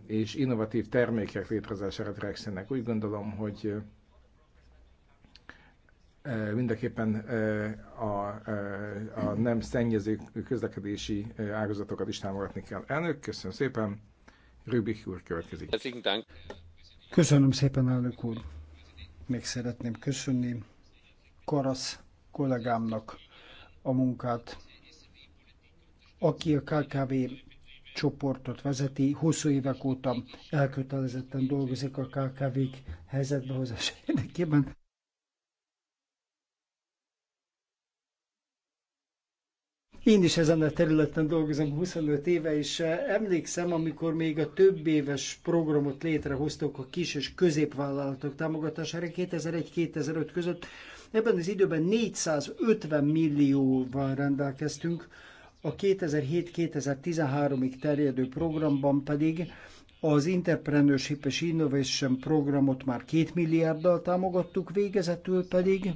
és innovatív termékek létrehozására törekszenek. Úgy gondolom, hogy mindenképpen a, a nem szennyező közlekedési ágazatokat is támogatni kell. Elnök, köszönöm szépen. Rübik úr következik. Köszönöm szépen, elnök úr. Még szeretném köszönni Karasz kollégámnak a munkát. Aki a KKV csoportot vezeti, hosszú évek óta elkötelezetten dolgozik a KKV-k helyzetbehozása <laughs> érdekében. Én is ezen a területen dolgozom 25 éve, és eh, emlékszem, amikor még a több éves programot létrehoztuk a kis és középvállalatok támogatására 2001-2005 között, Ebben az időben 450 millióval rendelkeztünk, a 2007-2013-ig terjedő programban pedig az Entrepreneurship és Innovation programot már 2 milliárddal támogattuk, végezetül pedig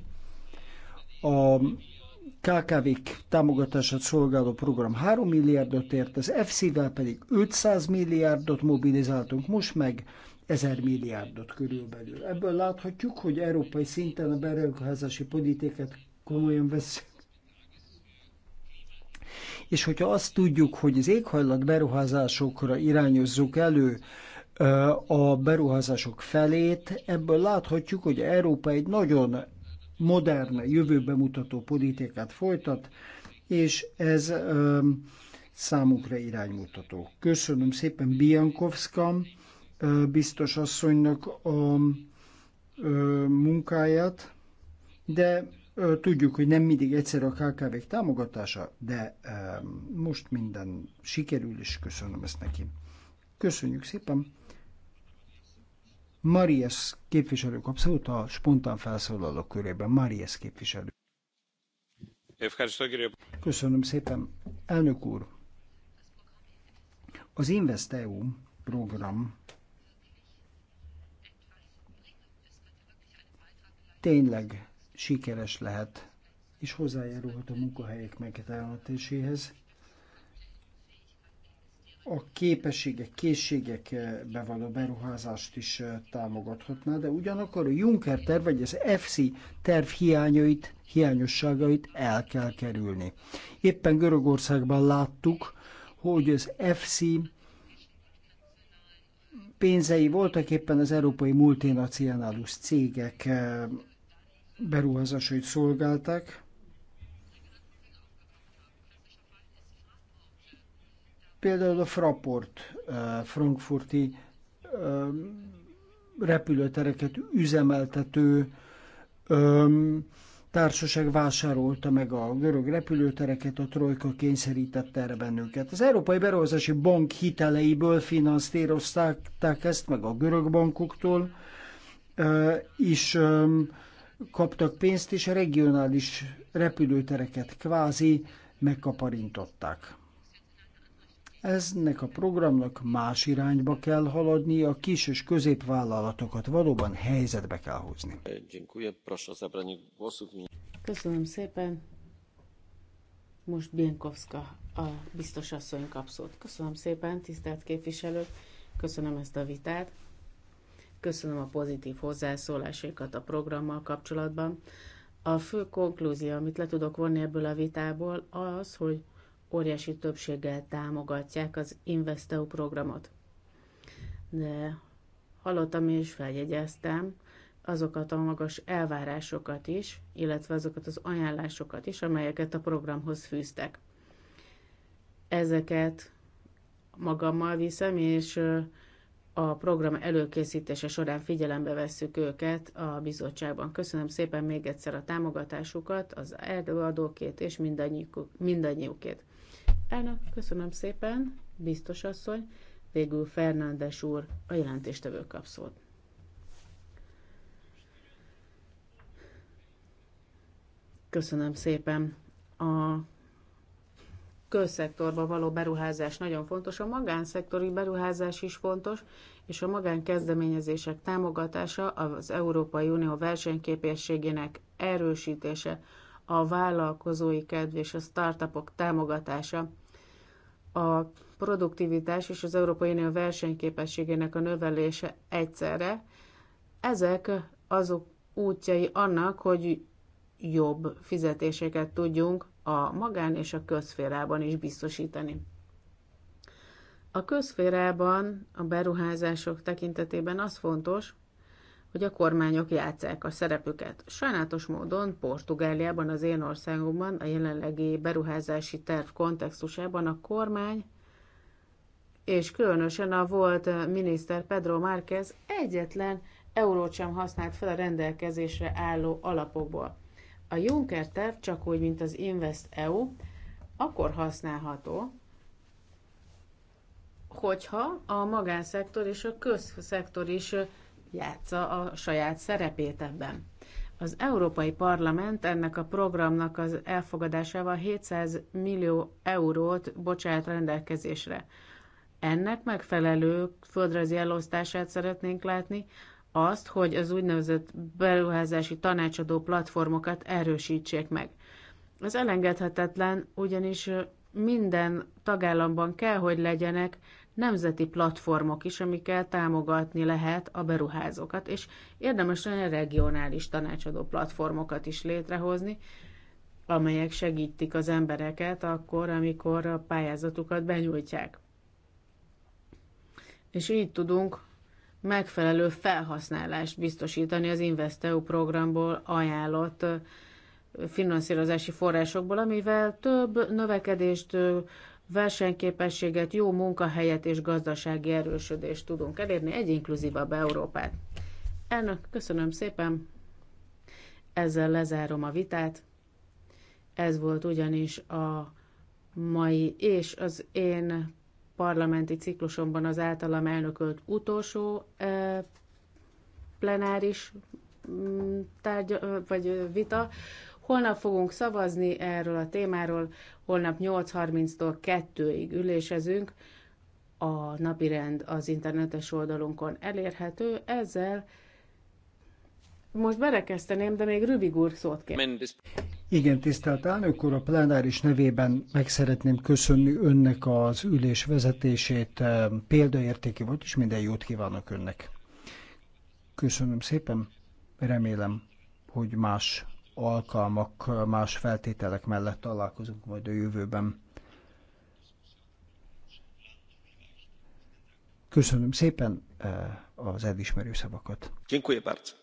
a kkv támogatását szolgáló program 3 milliárdot ért, az FC-vel pedig 500 milliárdot mobilizáltunk, most meg ezer milliárdot körülbelül. Ebből láthatjuk, hogy európai szinten a beruházási politikát komolyan veszünk. És hogyha azt tudjuk, hogy az éghajlat beruházásokra irányozzuk elő a beruházások felét, ebből láthatjuk, hogy Európa egy nagyon modern, jövőbe mutató politikát folytat, és ez számunkra iránymutató. Köszönöm szépen Biankovskam biztos asszonynak a munkáját, de tudjuk, hogy nem mindig egyszerű a kkv támogatása, de most minden sikerül, és köszönöm ezt neki. Köszönjük szépen! Marias képviselő abszolút a spontán felszólalók körében. Marias képviselő. Köszönöm szépen. Elnök úr, az InvestEU program tényleg sikeres lehet, és hozzájárulhat a munkahelyek megteremtéséhez. A képességek, készségekbe való beruházást is támogathatná, de ugyanakkor a Juncker terv, vagy az FC terv hiányait, hiányosságait el kell kerülni. Éppen Görögországban láttuk, hogy az FC pénzei voltak éppen az európai multinacionális cégek beruházásait szolgálták. Például a Fraport eh, frankfurti eh, repülőtereket üzemeltető eh, társaság vásárolta meg a görög repülőtereket, a trojka kényszerítette erre bennünket. Az Európai Beruházási Bank hiteleiből finanszírozták ezt, meg a görög bankoktól is kaptak pénzt, és a regionális repülőtereket kvázi megkaparintották. Eznek a programnak más irányba kell haladni, a kis és középvállalatokat valóban helyzetbe kell hozni. Köszönöm szépen. Most Bienkowska, a biztos asszony kapszót. Köszönöm szépen, tisztelt képviselők, köszönöm ezt a vitát. Köszönöm a pozitív hozzászólásaikat a programmal kapcsolatban. A fő konklúzió, amit le tudok vonni ebből a vitából, az, hogy óriási többséggel támogatják az Investeu programot. De hallottam és feljegyeztem azokat a magas elvárásokat is, illetve azokat az ajánlásokat is, amelyeket a programhoz fűztek. Ezeket magammal viszem, és a program előkészítése során figyelembe vesszük őket a bizottságban. Köszönöm szépen még egyszer a támogatásukat, az előadókét és mindannyiukét. Elnök, köszönöm szépen, biztos asszony, végül Fernándes úr, a jelentéstevő kap szót. Köszönöm szépen a közszektorba való beruházás nagyon fontos, a magánszektori beruházás is fontos, és a magánkezdeményezések támogatása, az Európai Unió versenyképességének erősítése, a vállalkozói kedv és a startupok támogatása, a produktivitás és az Európai Unió versenyképességének a növelése egyszerre. Ezek azok útjai annak, hogy jobb fizetéseket tudjunk a magán és a közférában is biztosítani. A közférában a beruházások tekintetében az fontos, hogy a kormányok játsszák a szerepüket. Sajnálatos módon Portugáliában, az én országomban, a jelenlegi beruházási terv kontextusában a kormány és különösen a volt miniszter Pedro Márquez egyetlen eurót sem használt fel a rendelkezésre álló alapokból. A Juncker terv csak úgy, mint az Invest EU, akkor használható, hogyha a magánszektor és a közszektor is játsza a saját szerepét ebben. Az Európai Parlament ennek a programnak az elfogadásával 700 millió eurót bocsát rendelkezésre. Ennek megfelelő földrajzi elosztását szeretnénk látni, azt, hogy az úgynevezett beruházási tanácsadó platformokat erősítsék meg. Ez elengedhetetlen, ugyanis minden tagállamban kell, hogy legyenek nemzeti platformok is, amikkel támogatni lehet a beruházókat, és érdemes lenne regionális tanácsadó platformokat is létrehozni, amelyek segítik az embereket akkor, amikor a pályázatukat benyújtják. És így tudunk megfelelő felhasználást biztosítani az InvestEU programból ajánlott finanszírozási forrásokból, amivel több növekedést, versenyképességet, jó munkahelyet és gazdasági erősödést tudunk elérni, egy inkluzívabb Európát. Elnök, köszönöm szépen! Ezzel lezárom a vitát. Ez volt ugyanis a mai és az én parlamenti ciklusomban az általam elnökölt utolsó plenáris mm, tárgya, vagy vita. Holnap fogunk szavazni erről a témáról, holnap 8.30-tól 2-ig ülésezünk. A napirend az internetes oldalunkon elérhető. Ezzel most berekezteném, de még Rübig úr szót kér. Igen, tisztelt elnök úr, a plenáris nevében meg szeretném köszönni önnek az ülés vezetését. Példaértéki volt, és minden jót kívánok önnek. Köszönöm szépen, remélem, hogy más alkalmak, más feltételek mellett találkozunk majd a jövőben. Köszönöm szépen az elismerő szavakat. Köszönöm szépen.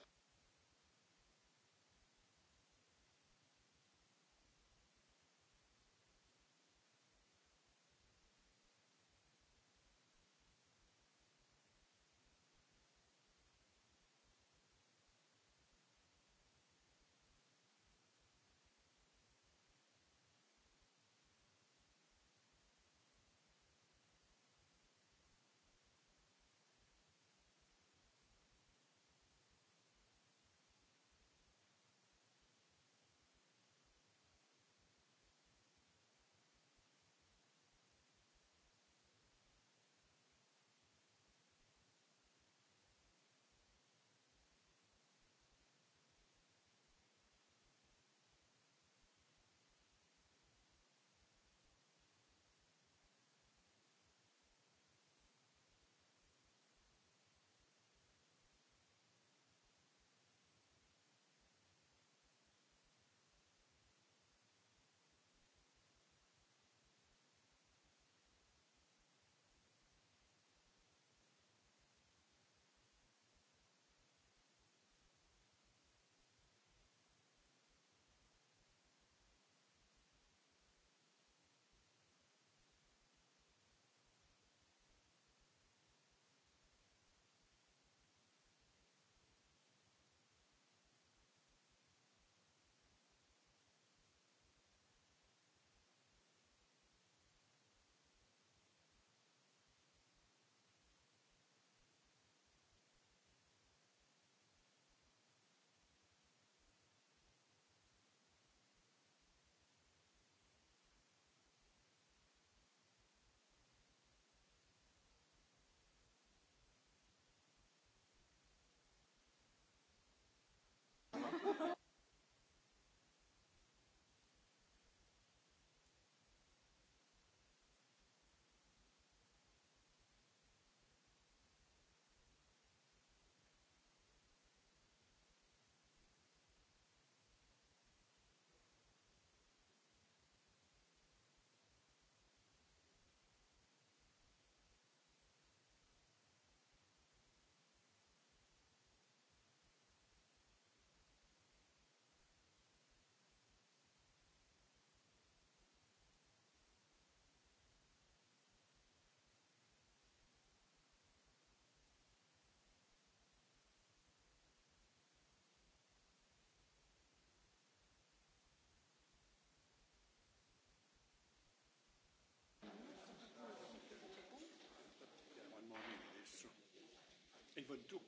even do.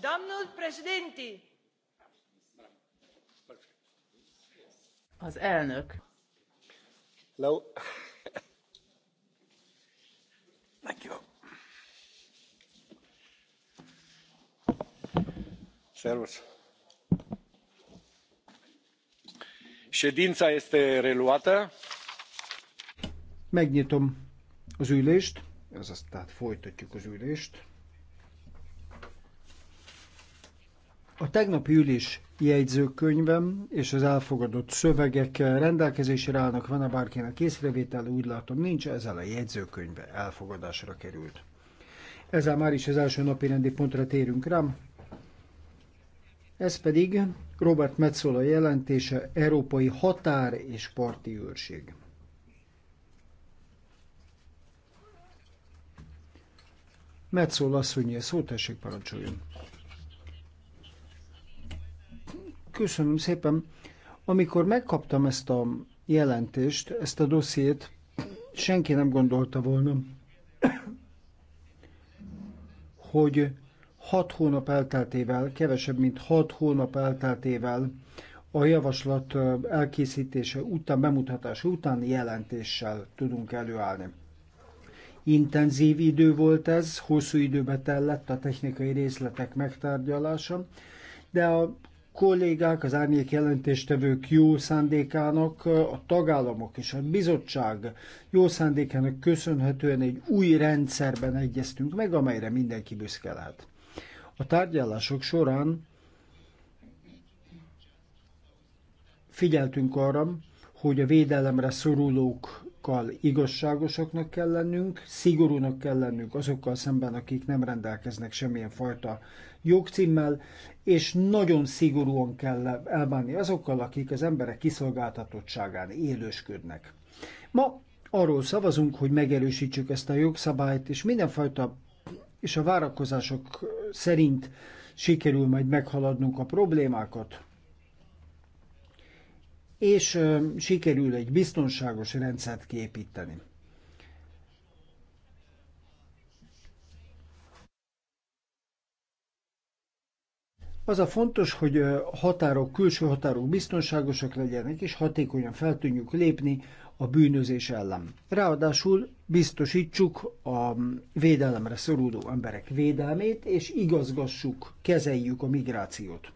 Domnul președinti! Az elnök. Hello. Thank you. Servus. Ședința este reluată. Megnyitom az ülést, azaz tehát folytatjuk az ülést. A tegnapi ülés jegyzőkönyvem és az elfogadott szövegek rendelkezésre állnak, van-e bárkinek észrevétele, úgy látom nincs, ezzel a jegyzőkönyve elfogadásra került. Ezzel már is az első napi rendi pontra térünk rám. Ez pedig Robert Metzola jelentése Európai Határ és Parti Őrség. Metzola asszonyja, szó tessék parancsoljon. Köszönöm szépen. Amikor megkaptam ezt a jelentést, ezt a dossziét, senki nem gondolta volna, hogy hat hónap elteltével, kevesebb, mint hat hónap elteltével a javaslat elkészítése után, bemutatása után jelentéssel tudunk előállni. Intenzív idő volt ez, hosszú időbe tellett a technikai részletek megtárgyalása, de a kollégák, az árnyék jelentéstevők jó szándékának, a tagállamok és a bizottság jó szándékának köszönhetően egy új rendszerben egyeztünk meg, amelyre mindenki büszke lehet. A tárgyalások során figyeltünk arra, hogy a védelemre szorulókkal igazságosaknak kell lennünk, szigorúnak kell lennünk azokkal szemben, akik nem rendelkeznek semmilyen fajta jogcímmel, és nagyon szigorúan kell elbánni azokkal, akik az emberek kiszolgáltatottságán élősködnek. Ma arról szavazunk, hogy megerősítsük ezt a jogszabályt, és mindenfajta és a várakozások szerint sikerül majd meghaladnunk a problémákat, és sikerül egy biztonságos rendszert kiépíteni. Az a fontos, hogy a határok, külső határok biztonságosak legyenek, és hatékonyan fel tudjuk lépni a bűnözés ellen. Ráadásul biztosítsuk a védelemre szoruló emberek védelmét, és igazgassuk, kezeljük a migrációt.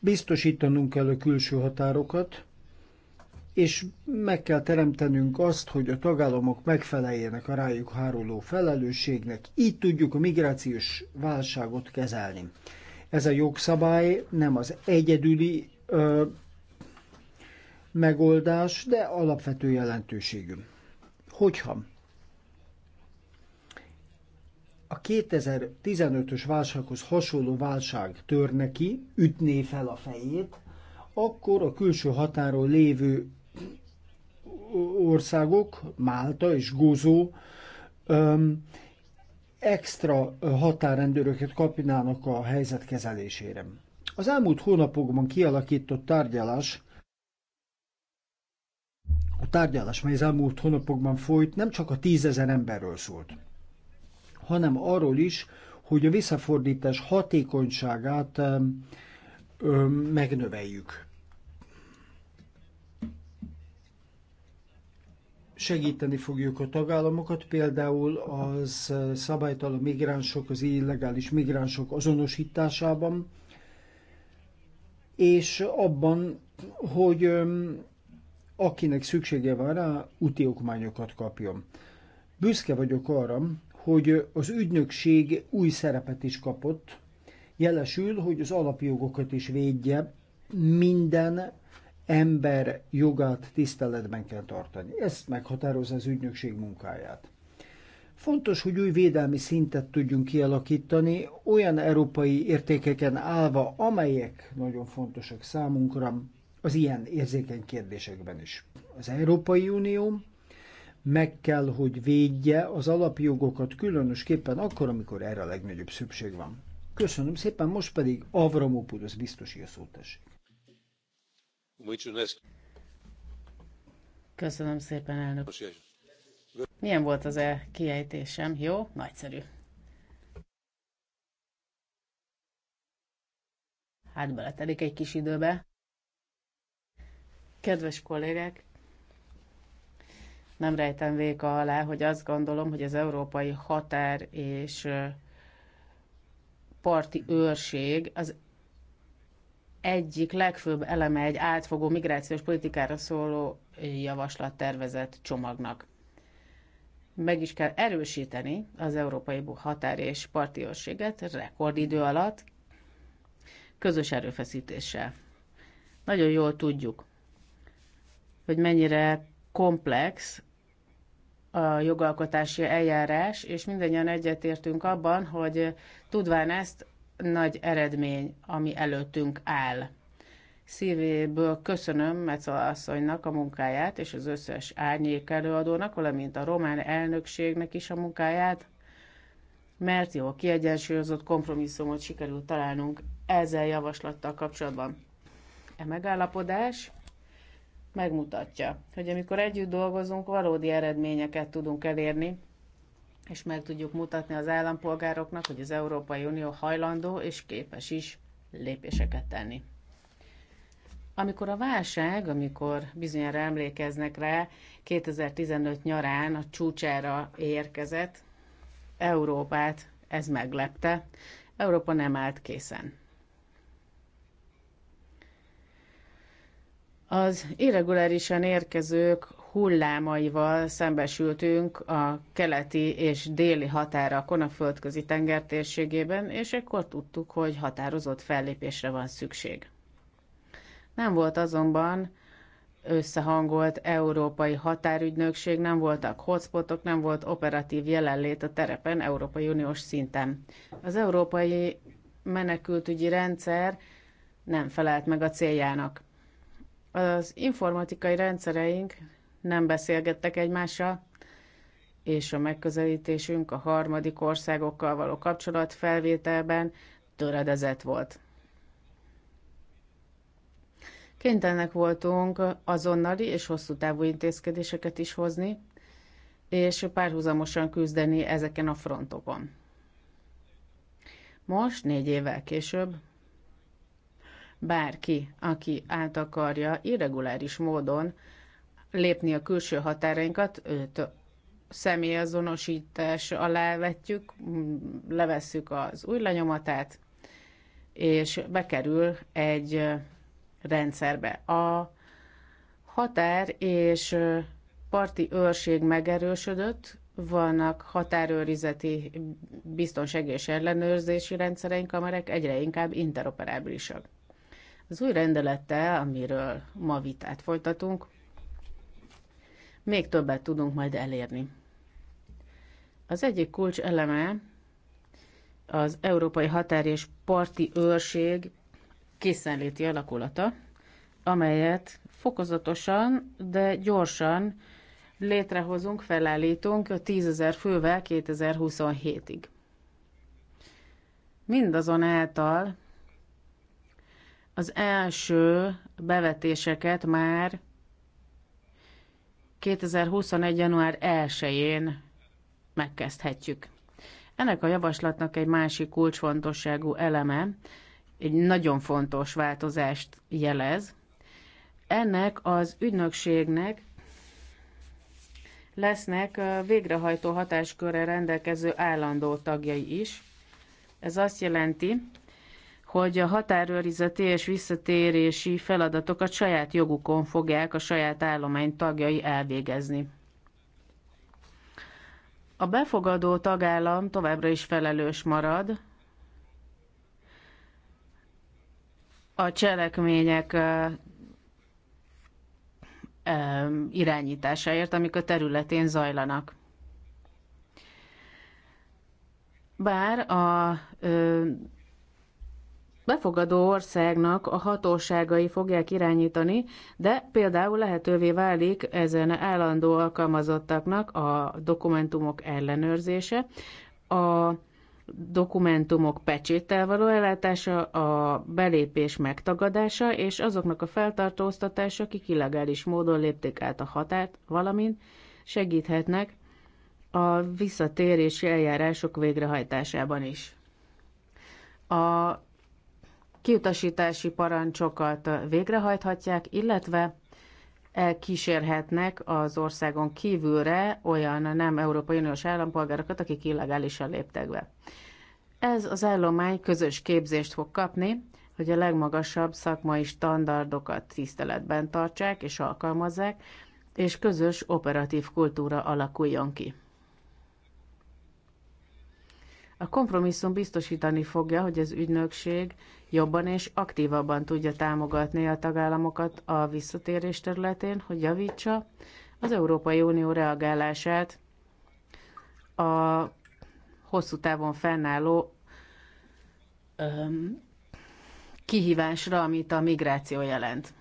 Biztosítanunk kell a külső határokat, és meg kell teremtenünk azt, hogy a tagállamok megfeleljenek a rájuk háruló felelősségnek, így tudjuk a migrációs válságot kezelni. Ez a jogszabály nem az egyedüli ö, megoldás, de alapvető jelentőségű. Hogyha a 2015-ös válsághoz hasonló válság törne ki, ütné fel a fejét, akkor a külső határól lévő országok, Málta és Gózó extra határrendőröket kapnának a helyzet kezelésére. Az elmúlt hónapokban kialakított tárgyalás, a tárgyalás, mely az elmúlt hónapokban folyt, nem csak a tízezer emberről szólt, hanem arról is, hogy a visszafordítás hatékonyságát megnöveljük. segíteni fogjuk a tagállamokat, például az szabálytalan migránsok, az illegális migránsok azonosításában, és abban, hogy akinek szüksége van rá, úti okmányokat kapjon. Büszke vagyok arra, hogy az ügynökség új szerepet is kapott, jelesül, hogy az alapjogokat is védje minden ember jogát tiszteletben kell tartani. Ezt meghatározza az ügynökség munkáját. Fontos, hogy új védelmi szintet tudjunk kialakítani, olyan európai értékeken állva, amelyek nagyon fontosak számunkra az ilyen érzékeny kérdésekben is. Az Európai Unió meg kell, hogy védje az alapjogokat, különösképpen akkor, amikor erre a legnagyobb szükség van. Köszönöm szépen, most pedig Avramopoulos biztosi a szót tessék. Köszönöm szépen, elnök. Milyen volt az e kiejtésem? Jó? Nagyszerű. Hát beletelik egy kis időbe. Kedves kollégák, nem rejtem véka alá, hogy azt gondolom, hogy az európai határ és parti őrség az egyik legfőbb eleme egy átfogó migrációs politikára szóló javaslattervezett csomagnak. Meg is kell erősíteni az európai határ és parti rekordidő alatt, közös erőfeszítéssel. Nagyon jól tudjuk, hogy mennyire komplex a jogalkotási eljárás, és mindannyian egyetértünk abban, hogy tudván ezt nagy eredmény, ami előttünk áll. Szívéből köszönöm Mecola asszonynak a munkáját, és az összes árnyék előadónak, valamint a román elnökségnek is a munkáját, mert jó, kiegyensúlyozott kompromisszumot sikerült találnunk ezzel javaslattal kapcsolatban. E megállapodás megmutatja, hogy amikor együtt dolgozunk, valódi eredményeket tudunk elérni, és meg tudjuk mutatni az állampolgároknak, hogy az Európai Unió hajlandó és képes is lépéseket tenni. Amikor a válság, amikor bizonyára emlékeznek rá, 2015 nyarán a csúcsára érkezett, Európát ez meglepte. Európa nem állt készen. Az irregulárisan érkezők hullámaival szembesültünk a keleti és déli határakon a földközi tenger térségében, és ekkor tudtuk, hogy határozott fellépésre van szükség. Nem volt azonban összehangolt európai határügynökség, nem voltak hotspotok, nem volt operatív jelenlét a terepen Európai Uniós szinten. Az európai menekültügyi rendszer nem felelt meg a céljának. Az informatikai rendszereink nem beszélgettek egymással, és a megközelítésünk a harmadik országokkal való kapcsolat felvételben töredezett volt. Kénytelenek voltunk azonnali és hosszú távú intézkedéseket is hozni, és párhuzamosan küzdeni ezeken a frontokon. Most, négy évvel később, bárki, aki át akarja irreguláris módon lépni a külső határainkat, őt személyazonosítás alá vetjük, levesszük az új lenyomatát, és bekerül egy rendszerbe. A határ és parti őrség megerősödött, vannak határőrizeti biztonsági és ellenőrzési rendszereink, amelyek egyre inkább interoperábilisak. Az új rendelettel, amiről ma vitát folytatunk, még többet tudunk majd elérni. Az egyik kulcs eleme az Európai Határ és Parti Őrség készenléti alakulata, amelyet fokozatosan, de gyorsan létrehozunk, felállítunk 10.000 fővel 2027-ig. Mindazonáltal az első bevetéseket már 2021. január 1-én megkezdhetjük. Ennek a javaslatnak egy másik kulcsfontosságú eleme egy nagyon fontos változást jelez. Ennek az ügynökségnek lesznek végrehajtó hatásköre rendelkező állandó tagjai is. Ez azt jelenti, hogy a határőrizeti és visszatérési feladatokat saját jogukon fogják a saját állomány tagjai elvégezni. A befogadó tagállam továbbra is felelős marad a cselekmények irányításáért, amik a területén zajlanak. Bár a befogadó országnak a hatóságai fogják irányítani, de például lehetővé válik ezen állandó alkalmazottaknak a dokumentumok ellenőrzése, a dokumentumok pecséttel való ellátása, a belépés megtagadása és azoknak a feltartóztatása, akik illegális módon lépték át a határt, valamint segíthetnek a visszatérési eljárások végrehajtásában is. A kiutasítási parancsokat végrehajthatják, illetve elkísérhetnek az országon kívülre olyan nem Európai Uniós állampolgárokat, akik illegálisan léptek be. Ez az állomány közös képzést fog kapni, hogy a legmagasabb szakmai standardokat tiszteletben tartsák és alkalmazzák, és közös operatív kultúra alakuljon ki. A kompromisszum biztosítani fogja, hogy az ügynökség jobban és aktívabban tudja támogatni a tagállamokat a visszatérés területén, hogy javítsa az Európai Unió reagálását a hosszú távon fennálló kihívásra, amit a migráció jelent.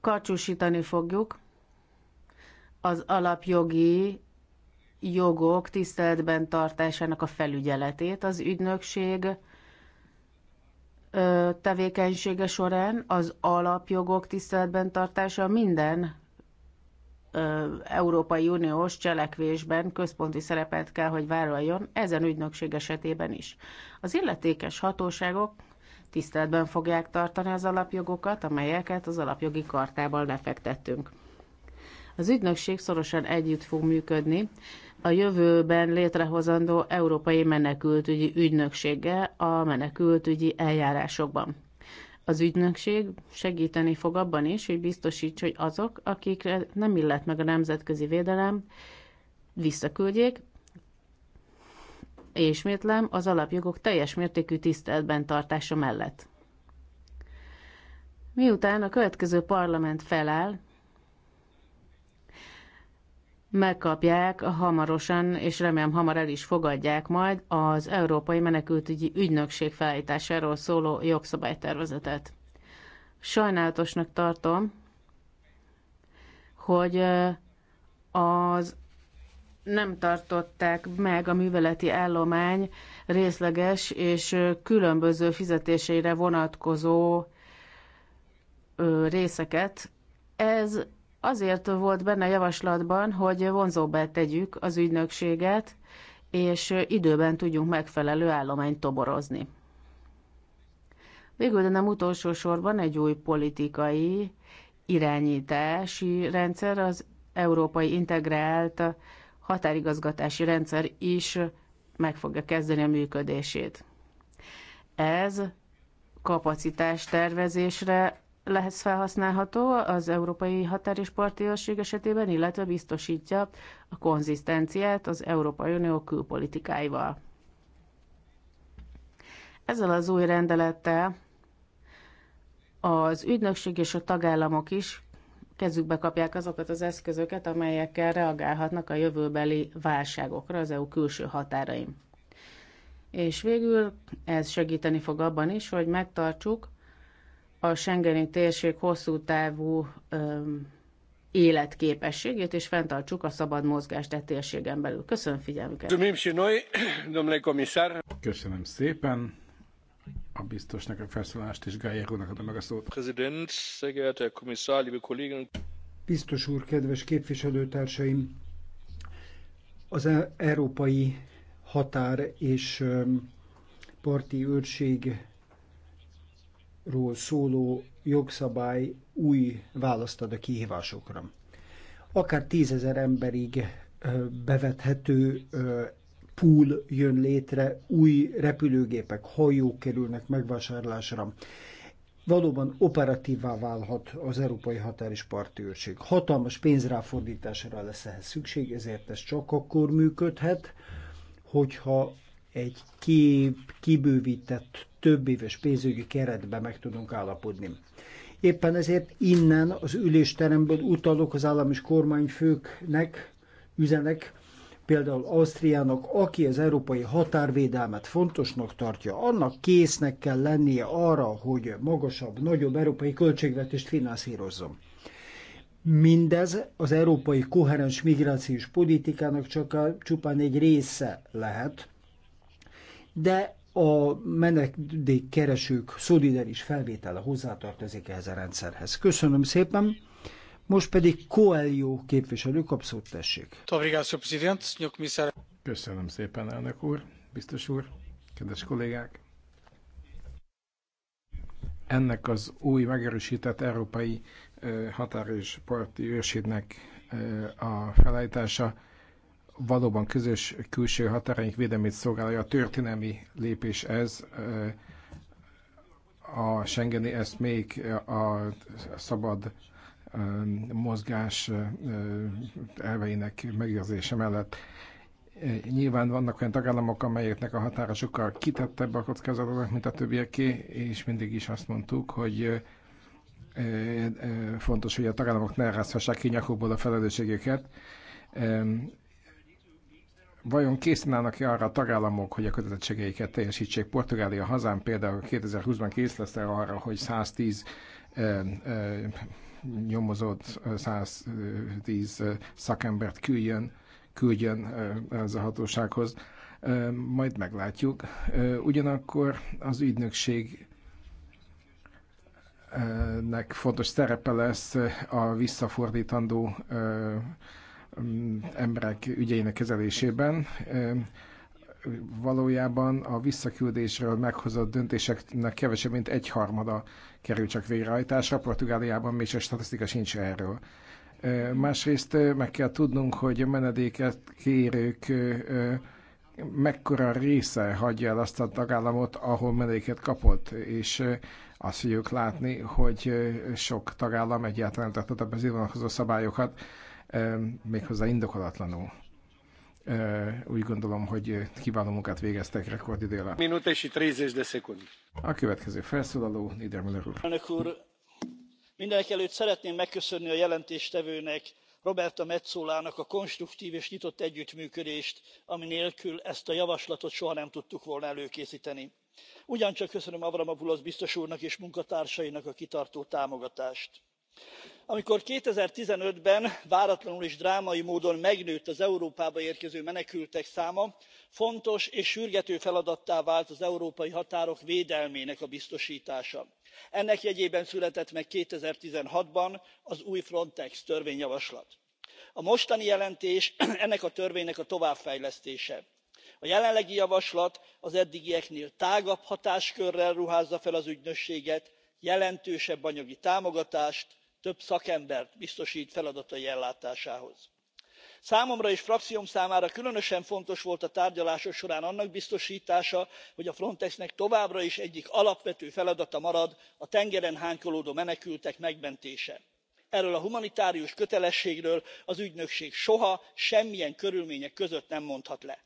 Karcsúsítani fogjuk az alapjogi jogok tiszteletben tartásának a felügyeletét az ügynökség tevékenysége során, az alapjogok tiszteletben tartása minden Európai Uniós cselekvésben központi szerepet kell, hogy vállaljon, ezen ügynökség esetében is. Az illetékes hatóságok tiszteletben fogják tartani az alapjogokat, amelyeket az alapjogi kartában lefektettünk. Az ügynökség szorosan együtt fog működni a jövőben létrehozandó Európai Menekültügyi Ügynöksége a menekültügyi eljárásokban. Az ügynökség segíteni fog abban is, hogy biztosíts, hogy azok, akikre nem illet meg a nemzetközi védelem, visszaküldjék, mértlem az alapjogok teljes mértékű tiszteletben tartása mellett. Miután a következő parlament feláll, megkapják hamarosan, és remélem hamar el is fogadják majd az Európai Menekültügyi Ügynökség felállításáról szóló jogszabálytervezetet. Sajnálatosnak tartom, hogy az nem tartották meg a műveleti állomány részleges és különböző fizetéseire vonatkozó részeket. Ez Azért volt benne a javaslatban, hogy vonzóbbá tegyük az ügynökséget, és időben tudjunk megfelelő állományt toborozni. Végül, de nem utolsó sorban egy új politikai irányítási rendszer, az európai integrált határigazgatási rendszer is meg fogja kezdeni a működését. Ez kapacitás tervezésre, lesz felhasználható az európai határ és parti esetében, illetve biztosítja a konzisztenciát az Európai Unió külpolitikáival. Ezzel az új rendelettel az ügynökség és a tagállamok is kezükbe kapják azokat az eszközöket, amelyekkel reagálhatnak a jövőbeli válságokra az EU külső határain. És végül ez segíteni fog abban is, hogy megtartsuk a Schengeni térség hosszú távú öm, életképességét, és fenntartsuk a szabad mozgást a e térségen belül. Köszönöm figyelmüket! Köszönöm szépen! A biztosnak a felszólást is Gájer úrnak adom meg a szót. Biztos úr, kedves képviselőtársaim! Az e- európai határ és parti őrség ról szóló jogszabály új választ ad a kihívásokra. Akár tízezer emberig bevethető pool jön létre, új repülőgépek, hajók kerülnek megvásárlásra. Valóban operatívvá válhat az Európai Határ és Parti Őrség. Hatalmas pénzráfordításra lesz ehhez szükség, ezért ez csak akkor működhet, hogyha egy kép, kibővített több éves pénzügyi keretbe meg tudunk állapodni. Éppen ezért innen az ülésteremből utalok az állam és kormányfőknek, üzenek, például Ausztriának, aki az európai határvédelmet fontosnak tartja, annak késznek kell lennie arra, hogy magasabb, nagyobb európai költségvetést finanszírozzon. Mindez az európai koherens migrációs politikának csak a, csupán egy része lehet, de a menedékkeresők szolidaris felvétele hozzátartozik ehhez a rendszerhez. Köszönöm szépen! Most pedig Coelho képviselő kapszót tessék. Köszönöm szépen, elnök úr, biztos úr, kedves kollégák! Ennek az új megerősített európai határ és parti őrségnek a felállítása valóban közös külső határaink védelmét szolgálja. A történelmi lépés ez. A Schengeni ezt még a szabad mozgás elveinek megérzése mellett. Nyilván vannak olyan tagállamok, amelyeknek a határa sokkal kitettebb a kockázatoknak, mint a többieké, és mindig is azt mondtuk, hogy fontos, hogy a tagállamok ne rázhassák ki nyakukból a felelősségeket. Vajon készen állnak-e arra a tagállamok, hogy a kötelezettségeiket teljesítsék? Portugália hazán például 2020-ban kész lesz -e arra, hogy 110 eh, eh, nyomozott, 110 szakembert küljön, küldjön az a hatósághoz. Majd meglátjuk. Ugyanakkor az ügynökség nek fontos szerepe lesz a visszafordítandó Mm, emberek ügyeinek kezelésében. Valójában a visszaküldésről meghozott döntéseknek kevesebb, mint egy harmada kerül csak végrehajtásra. Portugáliában még se statisztika sincs erről. Másrészt meg kell tudnunk, hogy a menedéket kérők mekkora része hagyja el azt a tagállamot, ahol menedéket kapott, és azt fogjuk látni, hogy sok tagállam egyáltalán tartotta be az szabályokat, méghozzá indokolatlanul. Úgy gondolom, hogy kiváló munkát végeztek rekordidőre. alatt. Minut és 30 de sekund. A következő felszólaló, Müller úr. Elnök úr, mindenek előtt szeretném megköszönni a jelentéstevőnek, roberta Metzolának a konstruktív és nyitott együttműködést ami nélkül ezt a javaslatot soha nem tudtuk volna előkészíteni. ugyancsak köszönöm avramopoulos biztos úrnak és munkatársainak a kitartó támogatást amikor two thousand and fifteen ben váratlanul és drámai módon megnőtt az európába érkező menekültek száma fontos és sürgető feladattá vált az európai határok védelmének a biztostása. ennek jegyében született meg two thousand and sixteen ban az új frontex törvényjavaslat. a mostani jelentés <clears throat> ennek a törvénynek a továbbfejlesztése. a jelenlegi javaslat az eddigieknél tágabb hatáskörrel ruházza fel az ügynökséget jelentősebb anyagi támogatást több szakembert biztost feladatai ellátásához. számomra és frakcióm számára különösen fontos volt a tárgyalások során annak biztostása hogy a frontexnek továbbra is egyik alapvető feladata marad a tengeren hánykolódó menekültek megmentése. erről a humanitárius kötelességről az ügynökség soha semmilyen körülmények között nem mondhat le.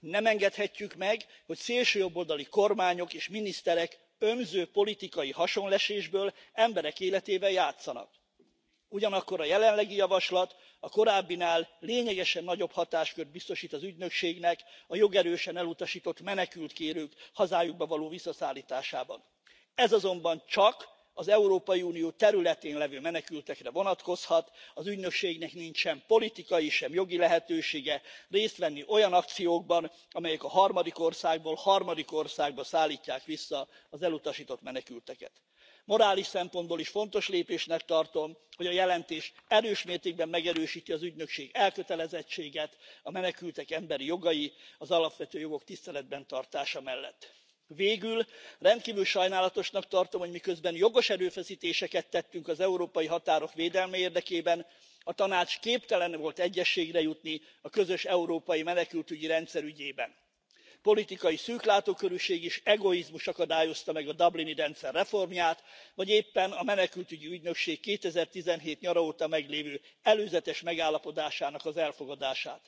nem engedhetjük meg hogy szélsőjobboldali kormányok és miniszterek önző politikai haszonlesésből emberek életével játszanak. ugyanakkor a jelenlegi javaslat a korábbinál lényegesen nagyobb hatáskört biztost az ügynökségnek a jogerősen elutastott menekültkérők hazájukba való visszaszálltásában. ez azonban csak az európai unió területén levő menekültekre vonatkozhat az ügynökségnek nincs sem politikai sem jogi lehetősége részt venni olyan akciókban amelyek a harmadik országból harmadik országba szálltják vissza az elutastott menekülteket. morális szempontból is fontos lépésnek tartom hogy a jelentés erős mértékben megerősti az ügynökség elkötelezettségét a menekültek emberi jogai az alapvető jogok tiszteletben tartása mellett végül rendkvül sajnálatosnak tartom hogy miközben jogos erőfesztéseket tettünk az európai határok védelme érdekében a tanács képtelen volt egyezségre jutni a közös európai menekültügyi rendszer ügyében. politikai szűklátókörűség és egoizmus akadályozta meg a dublini rendszer reformját vagy éppen a menekültügyi ügynökség two thousand and seventeen nyara óta meglévő előzetes megállapodásának az elfogadását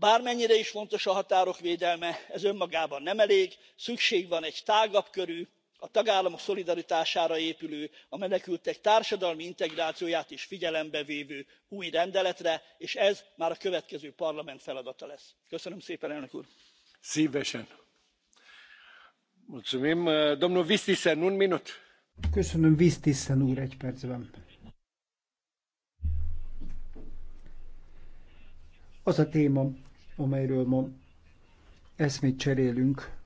bármennyire is fontos a határok védelme ez önmagában nem elég szükség van egy tágabb körű a tagállamok szolidaritására épülő a menekültek társadalmi integrációját is figyelembe vevő új rendeletre és ez már a következő parlament feladata lesz. köszönöm szépen elnök úr! minut. köszönöm úr egy az a téma amelyről ma eszmét cserélünk,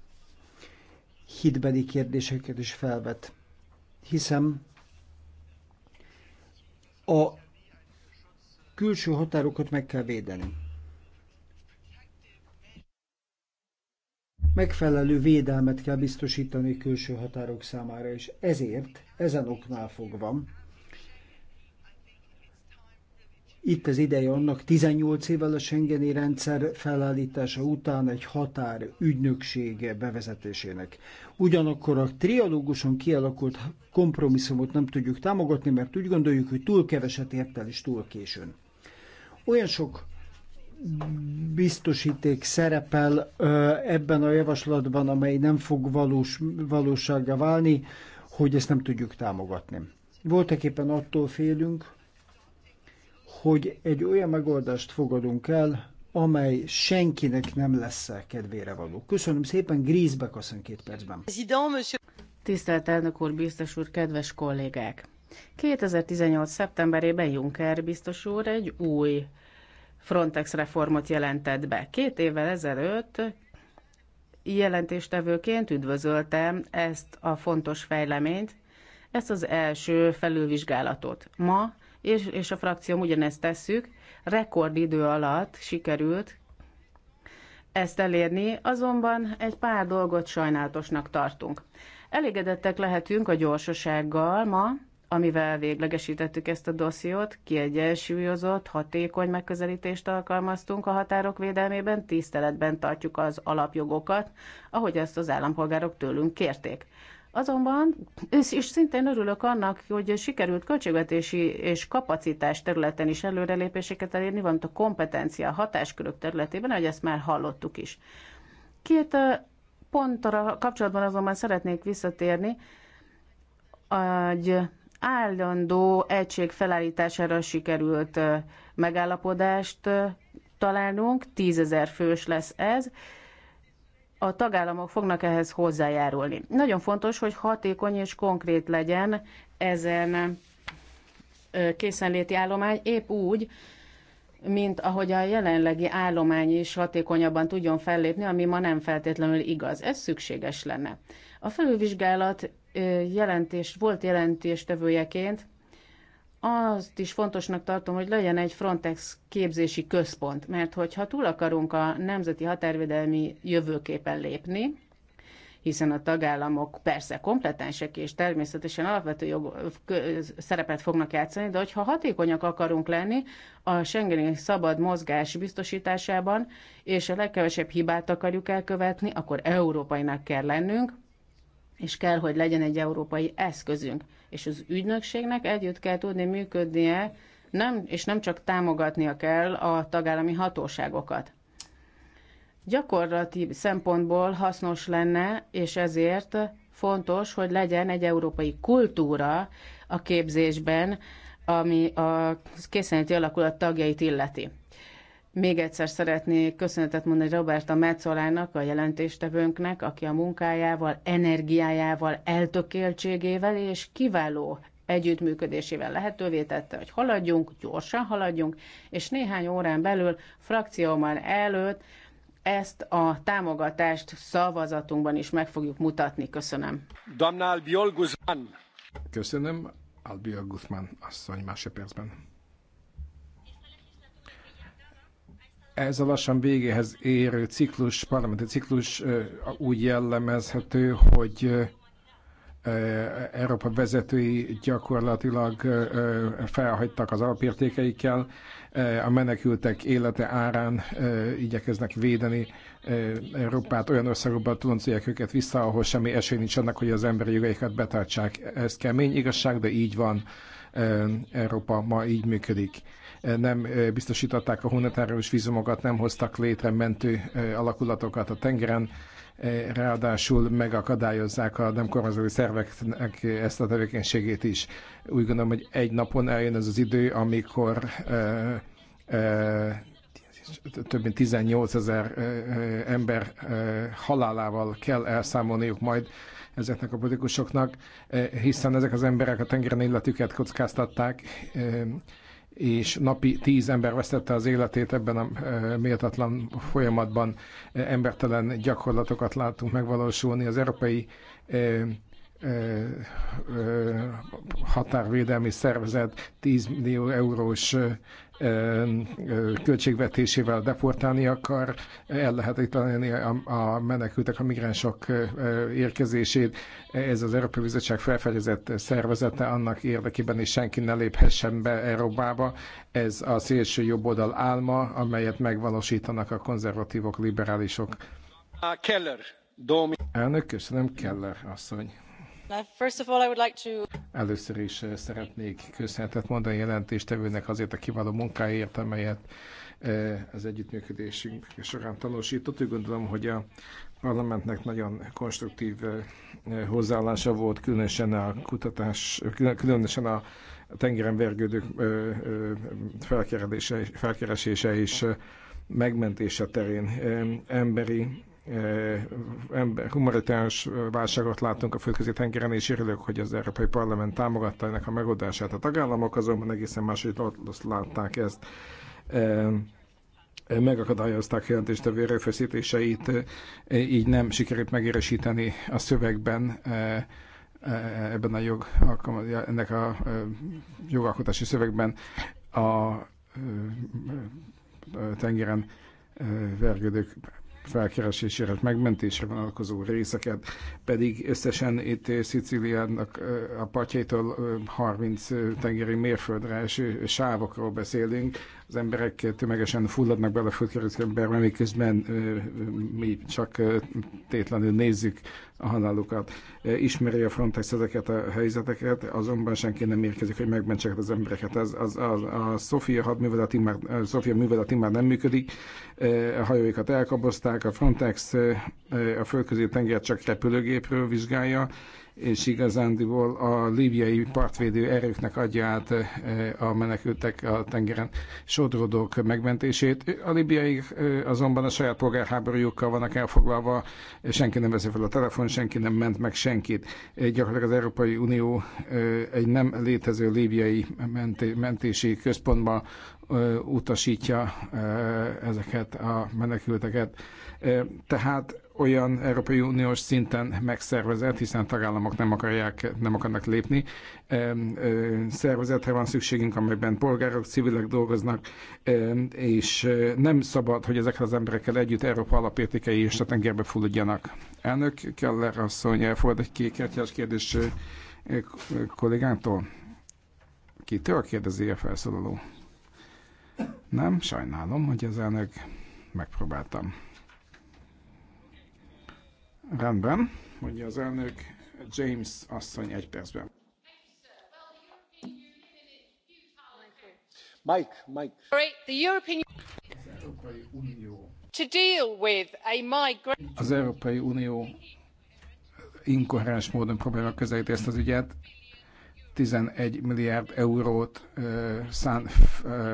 hitbeli kérdéseket is felvet. Hiszem, a külső határokat meg kell védeni. Megfelelő védelmet kell biztosítani a külső határok számára, és ezért, ezen oknál fogva, itt az ideje annak 18 évvel a Schengeni rendszer felállítása után egy határ ügynökség bevezetésének. Ugyanakkor a trialóguson kialakult kompromisszumot nem tudjuk támogatni, mert úgy gondoljuk, hogy túl keveset ért el és túl későn. Olyan sok biztosíték szerepel ebben a javaslatban, amely nem fog valós, valósággá válni, hogy ezt nem tudjuk támogatni. Voltak éppen attól félünk, hogy egy olyan megoldást fogadunk el, amely senkinek nem lesz -e kedvére való. Köszönöm szépen, Grízbe köszön két percben. Tisztelt elnök úr, biztos úr, kedves kollégák! 2018. szeptemberében Juncker biztos úr egy új Frontex reformot jelentett be. Két évvel ezelőtt jelentéstevőként üdvözöltem ezt a fontos fejleményt, ezt az első felülvizsgálatot. Ma és, és a frakcióm ugyanezt tesszük, rekordidő alatt sikerült ezt elérni, azonban egy pár dolgot sajnálatosnak tartunk. Elégedettek lehetünk a gyorsasággal ma, amivel véglegesítettük ezt a dossziót, kiegyensúlyozott, hatékony megközelítést alkalmaztunk a határok védelmében, tiszteletben tartjuk az alapjogokat, ahogy ezt az állampolgárok tőlünk kérték. Azonban és szintén örülök annak, hogy sikerült költségvetési és kapacitás területen is előrelépéseket elérni, valamint a kompetencia, a hatáskörök területében, ahogy ezt már hallottuk is. Két pontra kapcsolatban azonban szeretnék visszatérni, hogy állandó egység felállítására sikerült megállapodást találnunk, tízezer fős lesz ez, a tagállamok fognak ehhez hozzájárulni. Nagyon fontos, hogy hatékony és konkrét legyen ezen készenléti állomány, épp úgy, mint ahogy a jelenlegi állomány is hatékonyabban tudjon fellépni, ami ma nem feltétlenül igaz. Ez szükséges lenne. A felülvizsgálat jelentés, volt jelentéstevőjeként azt is fontosnak tartom, hogy legyen egy Frontex képzési központ, mert hogyha túl akarunk a nemzeti határvédelmi jövőképen lépni, hiszen a tagállamok persze kompetensek és természetesen alapvető jog, szerepet fognak játszani, de hogyha hatékonyak akarunk lenni a Schengeni szabad mozgás biztosításában, és a legkevesebb hibát akarjuk elkövetni, akkor európainak kell lennünk, és kell, hogy legyen egy európai eszközünk. És az ügynökségnek együtt kell tudni működnie, nem, és nem csak támogatnia kell a tagállami hatóságokat. Gyakorlati szempontból hasznos lenne, és ezért fontos, hogy legyen egy európai kultúra a képzésben, ami a készenleti alakulat tagjait illeti. Még egyszer szeretnék köszönetet mondani Roberta Metzolának, a jelentéstevőnknek, aki a munkájával, energiájával, eltökéltségével és kiváló együttműködésével lehetővé tette, hogy haladjunk, gyorsan haladjunk, és néhány órán belül frakcióban előtt ezt a támogatást szavazatunkban is meg fogjuk mutatni. Köszönöm. Köszönöm, Albiol Guzman asszony percben. ez a lassan végéhez érő ciklus, parlamenti ciklus úgy jellemezhető, hogy Európa vezetői gyakorlatilag felhagytak az alapértékeikkel, a menekültek élete árán igyekeznek védeni Európát, olyan országokba tudoncolják őket vissza, ahol semmi esély nincs annak, hogy az emberi jogaikat betartsák. Ez kemény igazság, de így van. Európa ma így működik nem biztosították a humanitárius vízumokat, nem hoztak létre mentő alakulatokat a tengeren, ráadásul megakadályozzák a nem kormányzati szerveknek ezt a tevékenységét is. Úgy gondolom, hogy egy napon eljön az az idő, amikor több mint 18 ezer ember halálával kell elszámolniuk majd ezeknek a politikusoknak, hiszen ezek az emberek a tengeren életüket kockáztatták, és napi tíz ember vesztette az életét ebben a eh, méltatlan folyamatban. Eh, embertelen gyakorlatokat látunk megvalósulni. Az európai eh, határvédelmi szervezet 10 millió eurós költségvetésével deportálni akar, el lehet a, a menekültek, a migránsok érkezését. Ez az Európai Bizottság felfedezett szervezete annak érdekében is senki ne léphessen be Európába. Ez a szélső oldal álma, amelyet megvalósítanak a konzervatívok, liberálisok. Keller, Domi. Elnök, köszönöm, Keller asszony. Először is eh, szeretnék köszönetet mondani a jelentéstevőnek azért a kiváló munkáért, amelyet eh, az együttműködésünk során tanúsított. Úgy gondolom, hogy a parlamentnek nagyon konstruktív eh, hozzáállása volt, különösen a kutatás, különösen a tengeren vergődők felkeresése és megmentése terén emberi Eh, humanitárius válságot látunk a földközi tengeren, és örülök, hogy az Európai Parlament támogatta ennek a megoldását. A tagállamok azonban egészen máshogy látták ezt eh, megakadályozták jelentéstevő erőfeszítéseit, eh, így nem sikerült megéresíteni a szövegben ebben a jog, ennek a jogalkotási szövegben a tengeren vergődők felkeresésére és megmentésre vonatkozó részeket, pedig összesen itt Szicíliának a partjaitól 30 tengeri mérföldre eső sávokról beszélünk, az emberek tömegesen fulladnak bele a földkerekbe, mert miközben mi csak tétlenül nézzük a halálukat. Ismeri a Frontex ezeket a helyzeteket, azonban senki nem érkezik, hogy megmentsek az embereket. Az, az, az, a Sofia hadműveleti már, Sofia műveleti már nem működik, a hajóikat elkabozták, a Frontex a földközi tenger csak repülőgépről vizsgálja, és igazándiból a líbiai partvédő erőknek adja át eh, a menekültek a tengeren sodródók megmentését. A líbiai eh, azonban a saját polgárháborújukkal vannak elfoglalva, senki nem veszi fel a telefon, senki nem ment meg senkit. Eh, gyakorlatilag az Európai Unió egy nem létező líbiai mentési központba utasítja ezeket a menekülteket. Tehát olyan Európai Uniós szinten megszervezett, hiszen tagállamok nem akarják, nem akarnak lépni. Szervezetre van szükségünk, amelyben polgárok, civilek dolgoznak, és nem szabad, hogy ezekkel az emberekkel együtt Európa alapértékei és a tengerbe fulladjanak. Elnök Keller asszony elfogad egy kékkártyás kérdés kollégántól. Kitől kérdezi a felszólaló? Nem, sajnálom, hogy az elnök megpróbáltam. Rendben, mondja az elnök. James asszony egy percben. Mike, Mike. The European... Az Európai Unió. To deal with a migrant... Az Európai Unió inkoherens módon próbálja közelíti ezt az ügyet. 11 milliárd eurót szán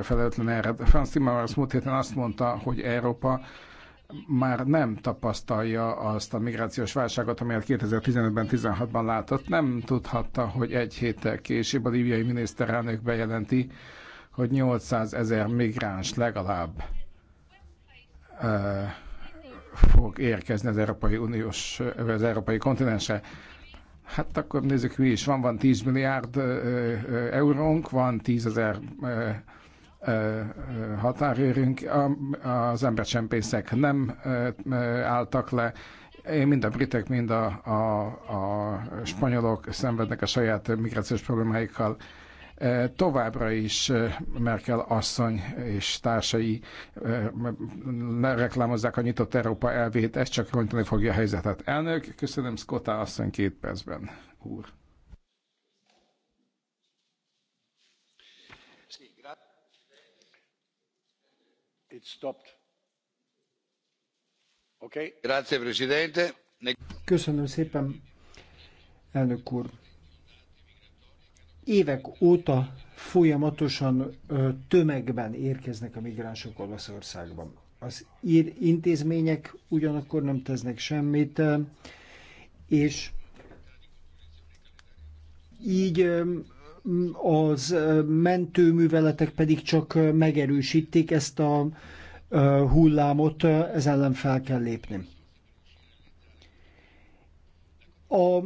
felelőtlen erre. Franz Timmermans múlt héten azt mondta, hogy Európa már nem tapasztalja azt a migrációs válságot, amelyet 2015-ben, 16-ban látott. Nem tudhatta, hogy egy héttel később a líbiai miniszterelnök bejelenti, hogy 800 ezer migráns legalább uh, fog érkezni az Európai Uniós, az Európai kontinensre. Hát akkor nézzük, mi is van. Van 10 milliárd uh, uh, eurónk, van 10 ezer uh, határőrünk, az embercsempészek nem álltak le, mind a britek, mind a, a, a spanyolok szenvednek a saját migrációs problémáikkal. Továbbra is Merkel asszony és társai reklámozzák a nyitott Európa elvét, ez csak rontani fogja a helyzetet. Elnök, köszönöm Scotta asszony két percben, úr. Köszönöm szépen, elnök úr. Évek óta folyamatosan tömegben érkeznek a migránsok Olaszországban. Az ír intézmények ugyanakkor nem tesznek semmit, és így az mentőműveletek pedig csak megerősítik ezt a hullámot, ez ellen fel kell lépni. A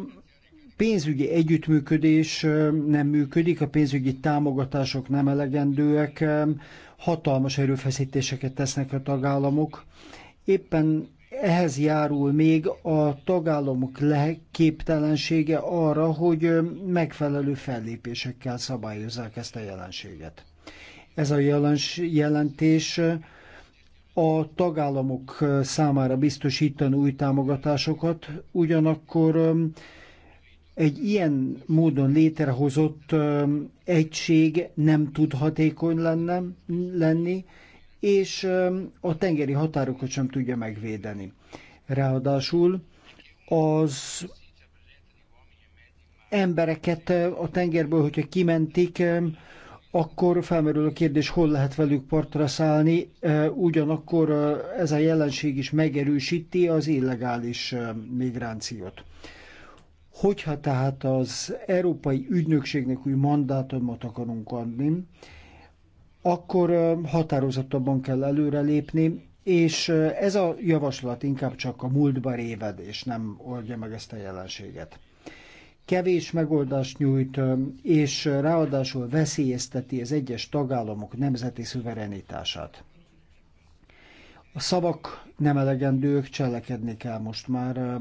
pénzügyi együttműködés nem működik, a pénzügyi támogatások nem elegendőek, hatalmas erőfeszítéseket tesznek a tagállamok. Éppen ehhez járul még a tagállamok képtelensége arra, hogy megfelelő fellépésekkel szabályozzák ezt a jelenséget. Ez a jelentés a tagállamok számára biztosítani új támogatásokat, ugyanakkor egy ilyen módon létrehozott egység nem tud hatékony lenne, lenni, és a tengeri határokat sem tudja megvédeni. Ráadásul az embereket a tengerből, hogyha kimentik, akkor felmerül a kérdés, hol lehet velük partra szállni, ugyanakkor ez a jelenség is megerősíti az illegális migrációt. Hogyha tehát az Európai Ügynökségnek új mandátumot akarunk adni, akkor határozottabban kell előrelépni, és ez a javaslat inkább csak a múltba réved, és nem oldja meg ezt a jelenséget. Kevés megoldást nyújt, és ráadásul veszélyezteti az egyes tagállamok nemzeti szuverenitását. A szavak nem elegendők, cselekedni kell most már.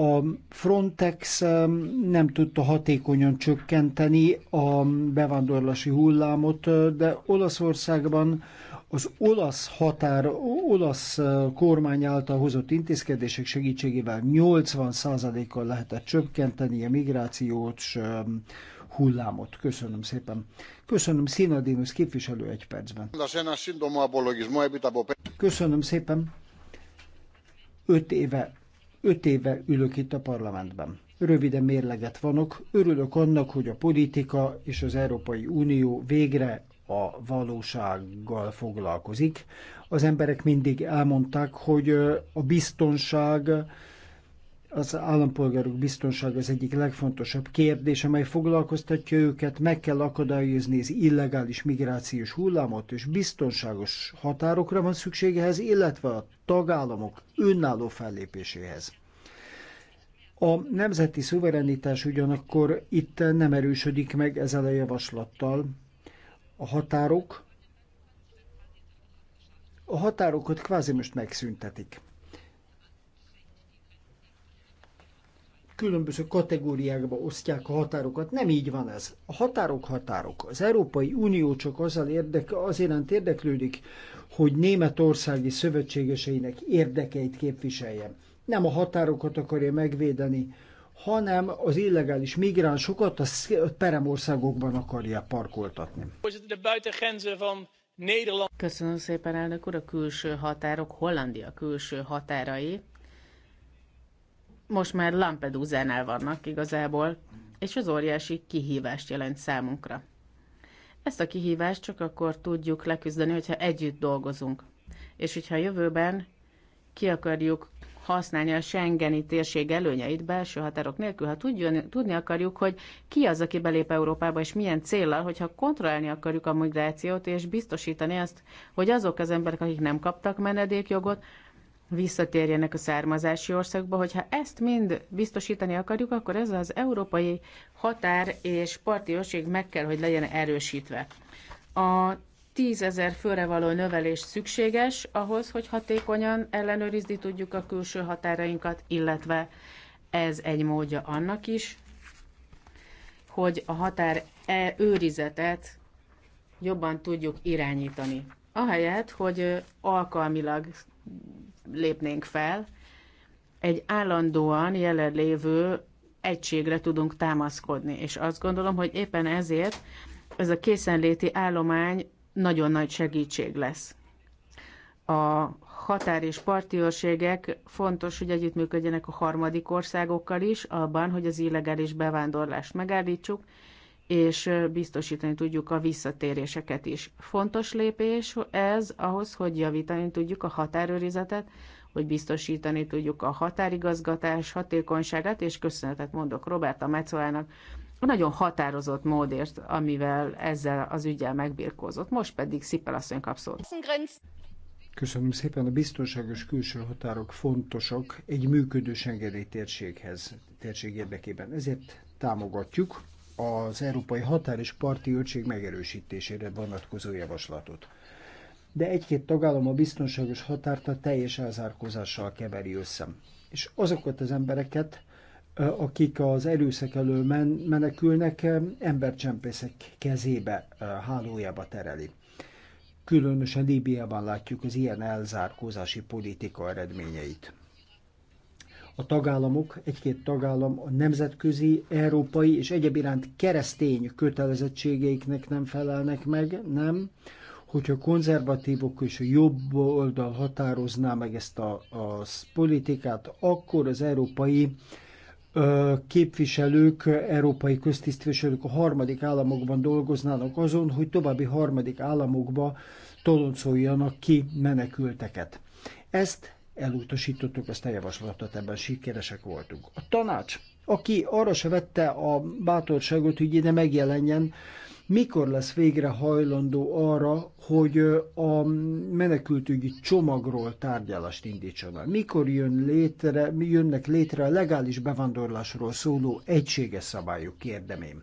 A Frontex um, nem tudta hatékonyan csökkenteni a bevándorlási hullámot, uh, de Olaszországban az olasz határ, olasz uh, kormány által hozott intézkedések segítségével 80%-kal lehetett csökkenteni a migrációs um, hullámot. Köszönöm szépen. Köszönöm Színadinus képviselő egy percben. Köszönöm szépen. Öt éve Öt éve ülök itt a parlamentben. Röviden mérleget vanok. Örülök annak, hogy a politika és az Európai Unió végre a valósággal foglalkozik. Az emberek mindig elmondták, hogy a biztonság az állampolgárok biztonság az egyik legfontosabb kérdés, amely foglalkoztatja őket, meg kell akadályozni az illegális migrációs hullámot, és biztonságos határokra van szükségehez, illetve a tagállamok önálló fellépéséhez. A nemzeti szuverenitás ugyanakkor itt nem erősödik meg ezzel a javaslattal. A határok a határokat kvázi most megszüntetik. különböző kategóriákba osztják a határokat. Nem így van ez. A határok határok. Az Európai Unió csak azzal érdeke, az iránt érdeklődik, hogy németországi szövetségeseinek érdekeit képviselje. Nem a határokat akarja megvédeni, hanem az illegális migránsokat a peremországokban akarja parkoltatni. Köszönöm szépen, elnök úr, a külső határok, Hollandia külső határai most már Lampedusa-nál vannak igazából, és az óriási kihívást jelent számunkra. Ezt a kihívást csak akkor tudjuk leküzdeni, hogyha együtt dolgozunk. És hogyha a jövőben ki akarjuk használni a Schengeni térség előnyeit belső határok nélkül, ha tudni akarjuk, hogy ki az, aki belép Európába, és milyen célral, hogyha kontrollálni akarjuk a migrációt, és biztosítani azt, hogy azok az emberek, akik nem kaptak menedékjogot, visszatérjenek a származási országba, hogyha ezt mind biztosítani akarjuk, akkor ez az európai határ és parti őrség meg kell, hogy legyen erősítve. A tízezer főre való növelés szükséges ahhoz, hogy hatékonyan ellenőrizni tudjuk a külső határainkat, illetve ez egy módja annak is, hogy a határ -e őrizetet jobban tudjuk irányítani. Ahelyett, hogy alkalmilag lépnénk fel, egy állandóan jelenlévő egységre tudunk támaszkodni. És azt gondolom, hogy éppen ezért ez a készenléti állomány nagyon nagy segítség lesz. A határ és őrségek fontos, hogy együttműködjenek a harmadik országokkal is, abban, hogy az illegális bevándorlást megállítsuk, és biztosítani tudjuk a visszatéréseket is. Fontos lépés ez ahhoz, hogy javítani tudjuk a határőrizetet, hogy biztosítani tudjuk a határigazgatás hatékonyságát, és köszönetet mondok Roberta Mecoának, a nagyon határozott módért, amivel ezzel az ügyel megbirkózott. Most pedig Szippel asszony kap szót. Köszönöm szépen, a biztonságos külső határok fontosak egy működő Schengeni térséghez, térség érdekében. Ezért támogatjuk az Európai Határ és Parti Őrség megerősítésére vonatkozó javaslatot. De egy-két tagállam a biztonságos határt a teljes elzárkózással keveri össze. És azokat az embereket, akik az erőszak elől men- menekülnek, embercsempészek kezébe, hálójába tereli. Különösen Líbiában látjuk az ilyen elzárkózási politika eredményeit a tagállamok, egy-két tagállam a nemzetközi, európai és egyéb iránt keresztény kötelezettségeiknek nem felelnek meg, nem. Hogyha a konzervatívok és a jobb oldal határozná meg ezt a, a politikát, akkor az európai ö, képviselők, európai köztisztviselők a harmadik államokban dolgoznának azon, hogy további harmadik államokba toloncoljanak ki menekülteket. Ezt elutasítottuk ezt a javaslatot, ebben sikeresek voltunk. A tanács, aki arra se vette a bátorságot, hogy ide megjelenjen, mikor lesz végre hajlandó arra, hogy a menekültügyi csomagról tárgyalást indítson el? Mikor jön létre, jönnek létre a legális bevándorlásról szóló egységes szabályok, kérdemém?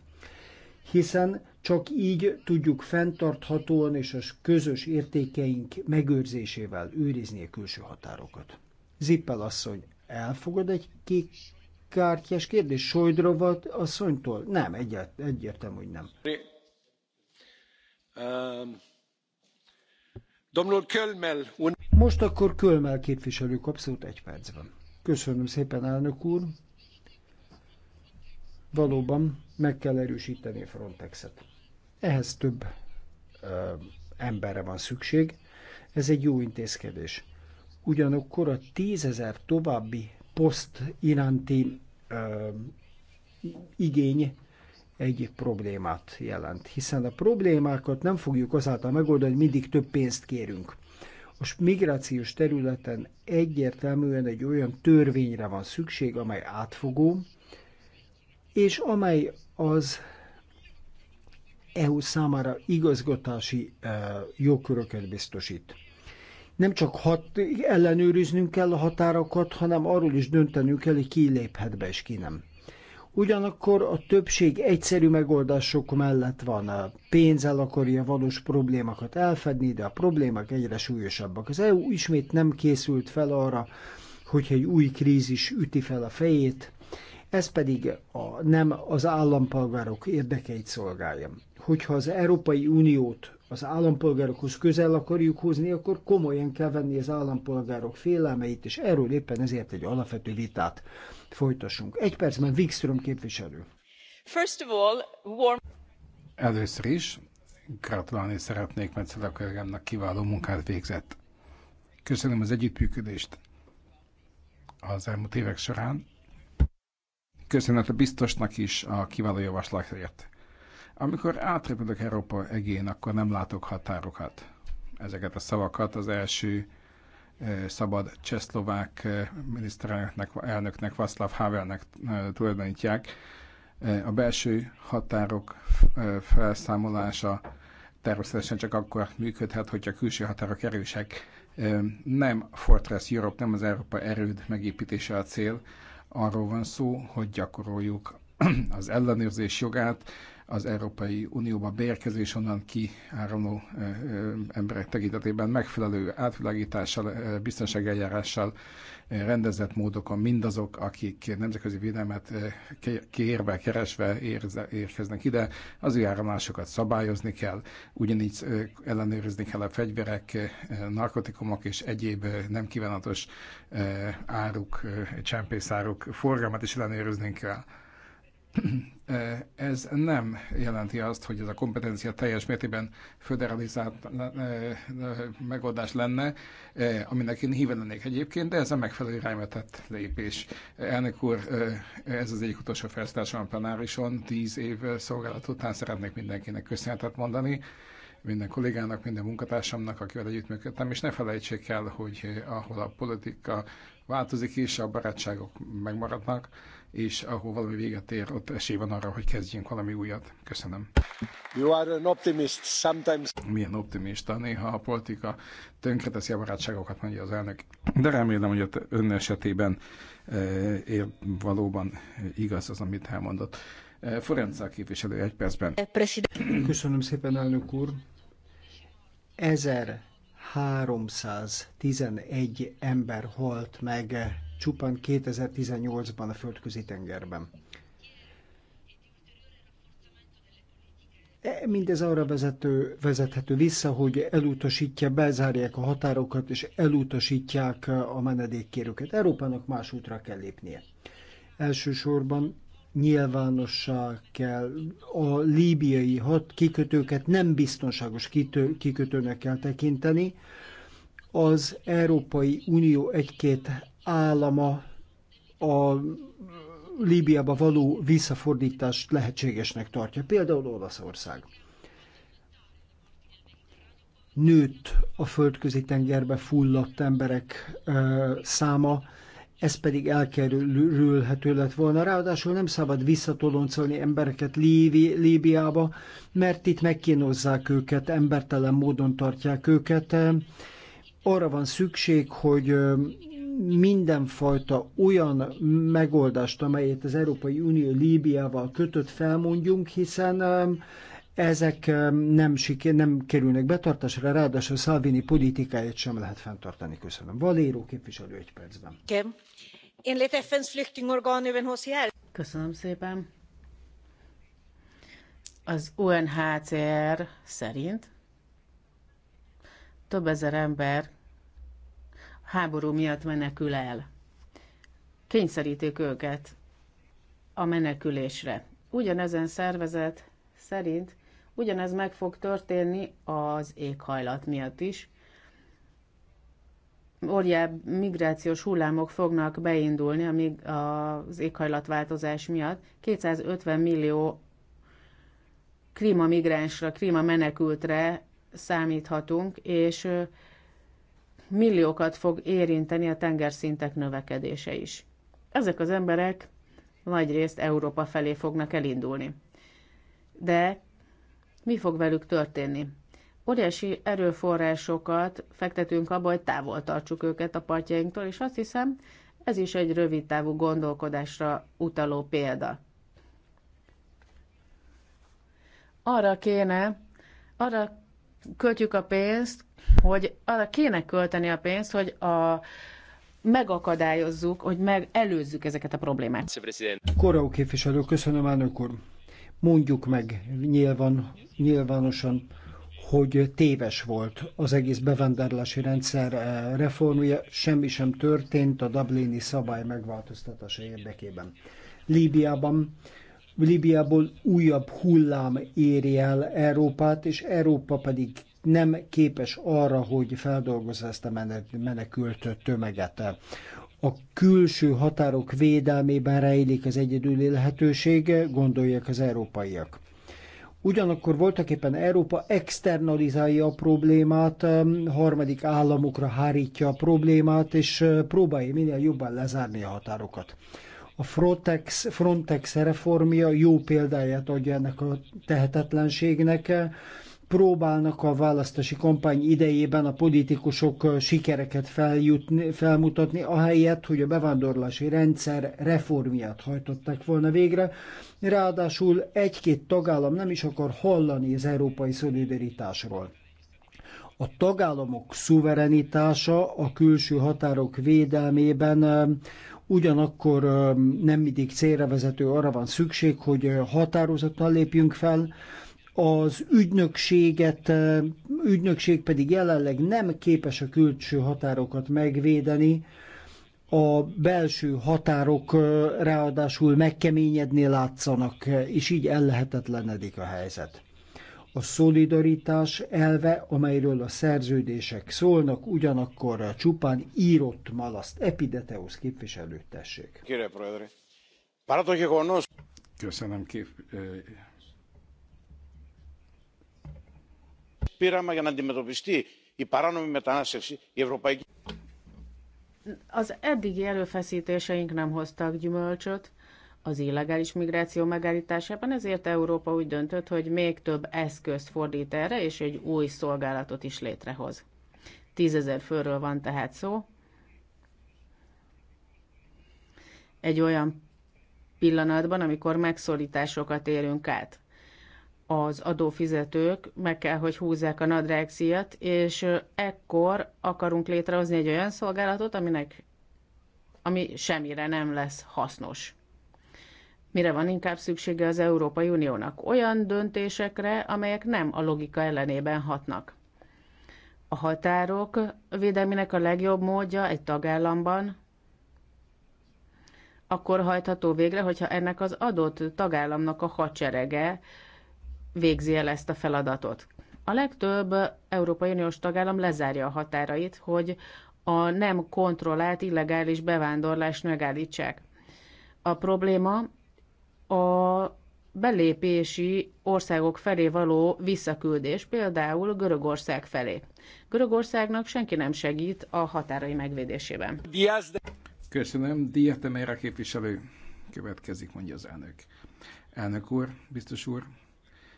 Hiszen csak így tudjuk fenntarthatóan és a közös értékeink megőrzésével őrizni a külső határokat. Zippel asszony, elfogad egy kék kártyás kérdés Sojdrovat asszonytól? Nem, egyet, egyértelmű, hogy nem. Ehm, Most akkor Kölmel képviselő kap szót egy percben. Köszönöm szépen, elnök úr. Valóban meg kell erősíteni a Frontexet. Ehhez több ö, emberre van szükség. Ez egy jó intézkedés. Ugyanakkor a tízezer további poszt iránti ö, igény egy problémát jelent, hiszen a problémákat nem fogjuk azáltal megoldani, hogy mindig több pénzt kérünk. A migrációs területen egyértelműen egy olyan törvényre van szükség, amely átfogó, és amely az EU számára igazgatási e, jogköröket biztosít. Nem csak hat, ellenőriznünk kell a határokat, hanem arról is döntenünk kell, hogy ki léphet be és ki nem. Ugyanakkor a többség egyszerű megoldások mellett van. A pénzzel akarja valós problémákat elfedni, de a problémák egyre súlyosabbak. Az EU ismét nem készült fel arra, hogyha egy új krízis üti fel a fejét, ez pedig a, nem az állampolgárok érdekeit szolgálja hogyha az Európai Uniót az állampolgárokhoz közel akarjuk hozni, akkor komolyan kell venni az állampolgárok félelmeit, és erről éppen ezért egy alapvető vitát folytassunk. Egy percben Wikström képviselő. First of all, warm... Először is gratulálni szeretnék Metszela kollégámnak kiváló munkát végzett. Köszönöm az együttműködést az elmúlt évek során. Köszönet a biztosnak is a kiváló javaslatért. Amikor átrepülök Európa egén, akkor nem látok határokat. Ezeket a szavakat az első eh, szabad csehszlovák eh, miniszterelnöknek, elnöknek, Václav Havelnek eh, tulajdonítják. A belső határok felszámolása természetesen csak akkor működhet, hogyha a külső határok erősek. Nem Fortress Europe, nem az Európa erőd megépítése a cél. Arról van szó, hogy gyakoroljuk <clears throat> az ellenőrzés jogát, az Európai Unióba beérkezés, onnan kiáramló emberek tekintetében megfelelő átvilágítással, eljárással rendezett módokon mindazok, akik nemzetközi védelmet kérve, keresve érkeznek ide, az ő áramlásokat szabályozni kell, ugyanígy ellenőrizni kell a fegyverek, narkotikumok és egyéb nem kívánatos áruk, csempészáruk forgalmat is ellenőrizni kell ez nem jelenti azt, hogy ez a kompetencia teljes mértében föderalizált megoldás lenne, aminek én híve lennék egyébként, de ez a megfelelő irányba lépés. Elnök úr, ez az egyik utolsó felszállásom a plenárison, tíz év szolgálat után szeretnék mindenkinek köszönetet mondani, minden kollégának, minden munkatársamnak, akivel együttműködtem, és ne felejtsék el, hogy ahol a politika változik és a barátságok megmaradnak, és ahol valami véget ér, ott esély van arra, hogy kezdjünk valami újat. Köszönöm. You are an optimist sometimes. Milyen optimista, néha a politika tönkreteszi a barátságokat, mondja az elnök. De remélem, hogy ott ön esetében eh, ér, valóban eh, igaz az, amit elmondott. Eh, Forenca képviselő egy percben. Köszönöm szépen, elnök úr. 1311 ember halt meg csupán 2018-ban a földközi tengerben. E, mindez arra vezető, vezethető vissza, hogy elutasítja, bezárják a határokat, és elutasítják a menedékkérőket. Európának más útra kell lépnie. Elsősorban nyilvánossá kell a líbiai hat kikötőket nem biztonságos kitő, kikötőnek kell tekinteni. Az Európai Unió egy-két állama a Líbiába való visszafordítást lehetségesnek tartja, például Olaszország. Nőtt a földközi tengerbe fulladt emberek ö, száma, ez pedig elkerülhető lett volna. Ráadásul nem szabad visszatoloncolni embereket Líbi, Líbiába, mert itt megkínozzák őket, embertelen módon tartják őket. Arra van szükség, hogy mindenfajta olyan megoldást, amelyet az Európai Unió Líbiával kötött, felmondjunk, hiszen um, ezek um, nem, siker, nem kerülnek betartásra, ráadásul Salvini politikáját sem lehet fenntartani. Köszönöm. Valéró képviselő egy percben. Köszönöm szépen. Az UNHCR szerint több ezer ember háború miatt menekül el. Kényszerítik őket a menekülésre. Ugyanezen szervezet szerint ugyanez meg fog történni az éghajlat miatt is. Óriább migrációs hullámok fognak beindulni amíg az éghajlatváltozás miatt. 250 millió klímamigránsra, klímamenekültre számíthatunk, és milliókat fog érinteni a tengerszintek növekedése is. Ezek az emberek nagy részt Európa felé fognak elindulni. De mi fog velük történni? Óriási erőforrásokat fektetünk abba, hogy távol tartsuk őket a partjainktól, és azt hiszem, ez is egy rövid távú gondolkodásra utaló példa. Arra kéne, arra költjük a pénzt, hogy arra kéne költeni a pénzt, hogy a megakadályozzuk, hogy megelőzzük ezeket a problémát. Korau képviselő, köszönöm elnök úr. Mondjuk meg nyilván, nyilvánosan, hogy téves volt az egész bevándorlási rendszer eh, reformja, semmi sem történt a Dublini szabály megváltoztatása érdekében. Líbiában Líbiából újabb hullám éri el Európát, és Európa pedig nem képes arra, hogy feldolgozza ezt a menekült tömeget. A külső határok védelmében rejlik az egyedüli lehetőség, gondolják az európaiak. Ugyanakkor voltak éppen Európa externalizálja a problémát, harmadik államokra hárítja a problémát, és próbálja minél jobban lezárni a határokat. A Frontex, Frontex reformja jó példáját adja ennek a tehetetlenségnek, próbálnak a választási kampány idejében a politikusok sikereket feljutni, felmutatni, ahelyett, hogy a bevándorlási rendszer reformját hajtották volna végre. Ráadásul egy-két tagállam nem is akar hallani az európai szolidaritásról. A tagállamok szuverenitása a külső határok védelmében ugyanakkor nem mindig célra vezető arra van szükség, hogy határozottan lépjünk fel, az ügynökséget, ügynökség pedig jelenleg nem képes a külső határokat megvédeni, a belső határok ráadásul megkeményedni látszanak, és így ellehetetlenedik a helyzet. A szolidaritás elve, amelyről a szerződések szólnak, ugyanakkor csupán írott malaszt. Epideteusz képviselőt Köszönöm, kép, πείραμα για να αντιμετωπιστεί η παράνομη μετανάστευση. Η Ευρωπαϊκή... Az eddigi erőfeszítéseink nem hoztak gyümölcsöt az illegális migráció megállításában, ezért Európa úgy döntött, hogy még több eszközt fordít erre, és egy új szolgálatot is létrehoz. Tízezer főről van tehát szó. Egy olyan pillanatban, amikor megszólításokat érünk át az adófizetők meg kell, hogy húzzák a nadrágszíjat, és ekkor akarunk létrehozni egy olyan szolgálatot, aminek, ami semmire nem lesz hasznos. Mire van inkább szüksége az Európai Uniónak? Olyan döntésekre, amelyek nem a logika ellenében hatnak. A határok védelmének a legjobb módja egy tagállamban, akkor hajtható végre, hogyha ennek az adott tagállamnak a hadserege végzi el ezt a feladatot. A legtöbb Európai Uniós tagállam lezárja a határait, hogy a nem kontrollált illegális bevándorlást megállítsák. A probléma a belépési országok felé való visszaküldés, például Görögország felé. Görögországnak senki nem segít a határai megvédésében. Köszönöm, Diaz képviselő. Következik, mondja az elnök. Elnök úr, biztos úr,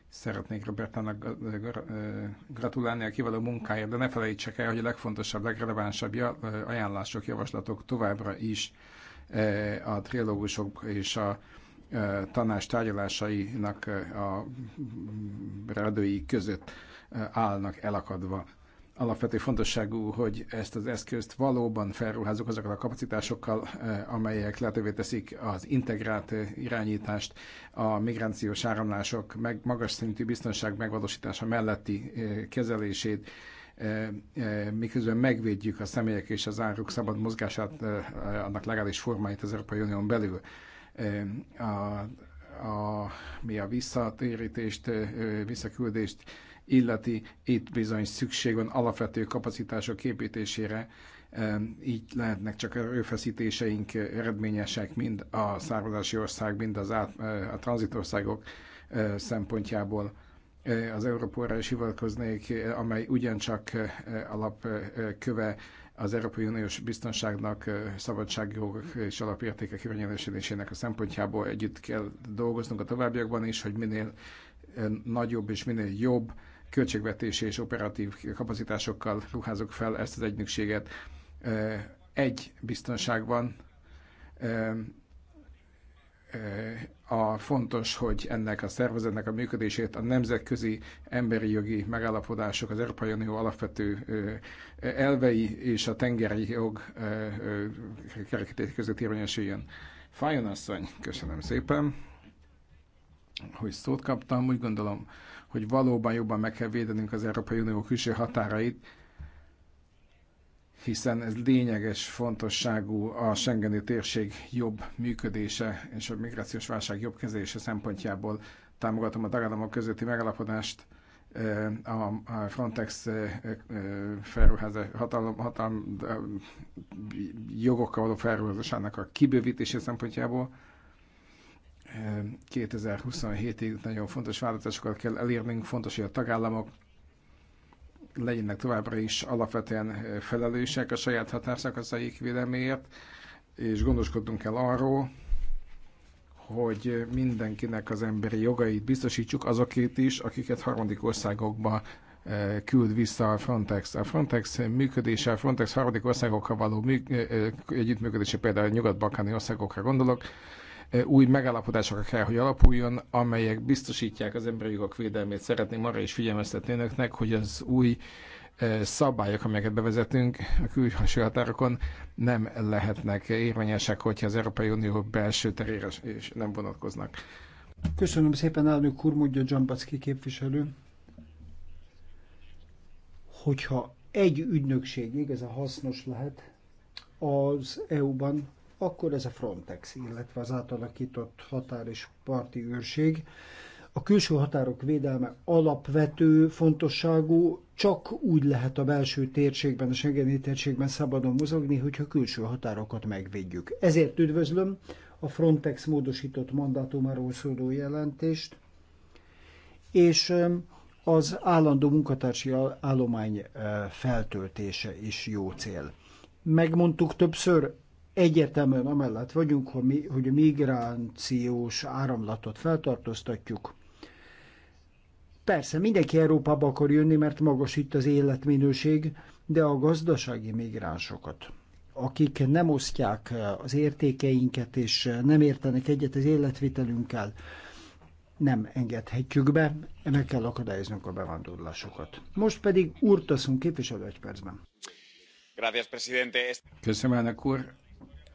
Szeretnék Robertának gratulálni a kiváló munkáért, de ne felejtsek el, hogy a legfontosabb, legrelevánsabb ajánlások, javaslatok továbbra is a trilógusok és a tanács tárgyalásainak a redői között állnak elakadva alapvető fontosságú, hogy ezt az eszközt valóban felruházzuk azokkal a kapacitásokkal, eh, amelyek lehetővé teszik az integrált eh, irányítást, a migrációs áramlások meg magas szintű biztonság megvalósítása melletti eh, kezelését, miközben megvédjük a személyek és az áruk szabad mozgását, annak legális formáit az Európai Unión belül. A, a, mi a visszatérítést, visszaküldést illeti, itt bizony szükség van alapvető kapacitások építésére, így lehetnek csak erőfeszítéseink eredményesek, mind a származási ország, mind az át, a tranzitországok szempontjából. Az Európóra is hivatkoznék, amely ugyancsak alapköve az Európai Uniós biztonságnak, szabadságjogok és alapértékek irányelősödésének a szempontjából együtt kell dolgoznunk a továbbiakban is, hogy minél nagyobb és minél jobb költségvetési és operatív kapacitásokkal ruházok fel ezt az egynökséget. Egy biztonság van, a fontos, hogy ennek a szervezetnek a működését a nemzetközi emberi jogi megállapodások, az Európai Unió alapvető elvei és a tengeri jog kerekítés között érvényesüljön. Fájon asszony, köszönöm szépen, hogy szót kaptam, úgy gondolom, hogy valóban jobban meg kell védenünk az Európai Unió külső határait, hiszen ez lényeges fontosságú a Schengeni térség jobb működése és a migrációs válság jobb kezelése szempontjából. Támogatom a tagállamok közötti megalapodást, eh, a Frontex eh, eh, felruházás hatalom, hatalom jogokkal való felruházásának a kibővítése szempontjából. 2027-ig nagyon fontos változásokat kell elérnünk, fontos, hogy a tagállamok legyenek továbbra is alapvetően eh, felelősek a saját határszakaszaik véleményért, és gondoskodnunk kell arról, hogy mindenkinek az emberi jogait biztosítsuk, azokét is, akiket harmadik országokba eh, küld vissza a Frontex. A Frontex működése, a Frontex harmadik országokkal való eh, együttműködése, például a nyugat-balkáni országokra gondolok, új megállapodásokra kell, hogy alapuljon, amelyek biztosítják az emberi jogok védelmét. Szeretném arra is figyelmeztetni önöknek, hogy az új szabályok, amelyeket bevezetünk a külső határokon, nem lehetnek érvényesek, hogyha az Európai Unió belső terére és nem vonatkoznak. Köszönöm szépen, elnök Kurmudja Dzsambacki képviselő. Hogyha egy ügynökség igazán hasznos lehet az EU-ban, akkor ez a Frontex, illetve az átalakított határ és parti őrség. A külső határok védelme alapvető fontosságú, csak úgy lehet a belső térségben, a Schengeni térségben szabadon mozogni, hogyha külső határokat megvédjük. Ezért üdvözlöm a Frontex módosított mandátumáról szóló jelentést, és az állandó munkatársi állomány eh, feltöltése is jó cél. Megmondtuk többször, egyértelműen amellett vagyunk, hogy a migrációs áramlatot feltartóztatjuk. Persze, mindenki Európába akar jönni, mert magas itt az életminőség, de a gazdasági migránsokat, akik nem osztják az értékeinket, és nem értenek egyet az életvitelünkkel, nem engedhetjük be, meg kell akadályoznunk a bevándorlásokat. Most pedig úrtaszunk képviselő egy percben. Köszönöm, elnök úr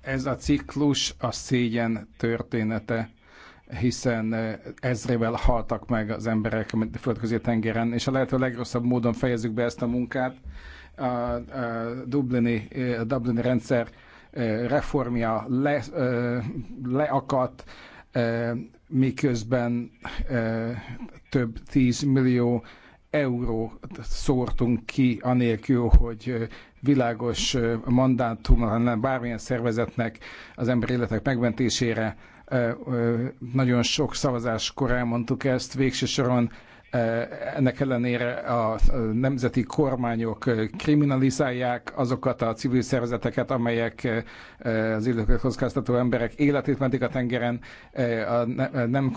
ez a ciklus a szégyen története, hiszen eh, ezrével haltak meg az emberek a földközi tengeren, és a lehető legrosszabb módon fejezzük be ezt a munkát. A, a, Dublini, eh, a Dublini rendszer eh, reformja le, leakadt, miközben több 10 millió euró szórtunk ki, anélkül, hogy világos mandátum, hanem bármilyen szervezetnek az emberi életek megmentésére. Nagyon sok szavazáskor elmondtuk ezt, végső soron ennek ellenére a nemzeti kormányok kriminalizálják azokat a civil szervezeteket, amelyek az illetőket emberek életét mentik a tengeren, a nem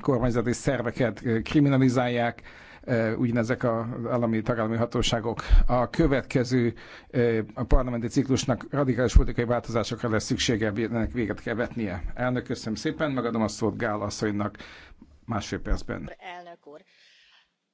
kormányzati szerveket kriminalizálják, ugyanezek az állami tagállami hatóságok. A következő a parlamenti ciklusnak radikális politikai változásokra lesz szüksége, ennek véget kell vetnie. Elnök, köszönöm szépen, megadom a szót Gál asszonynak másfél percben. Elnök úr,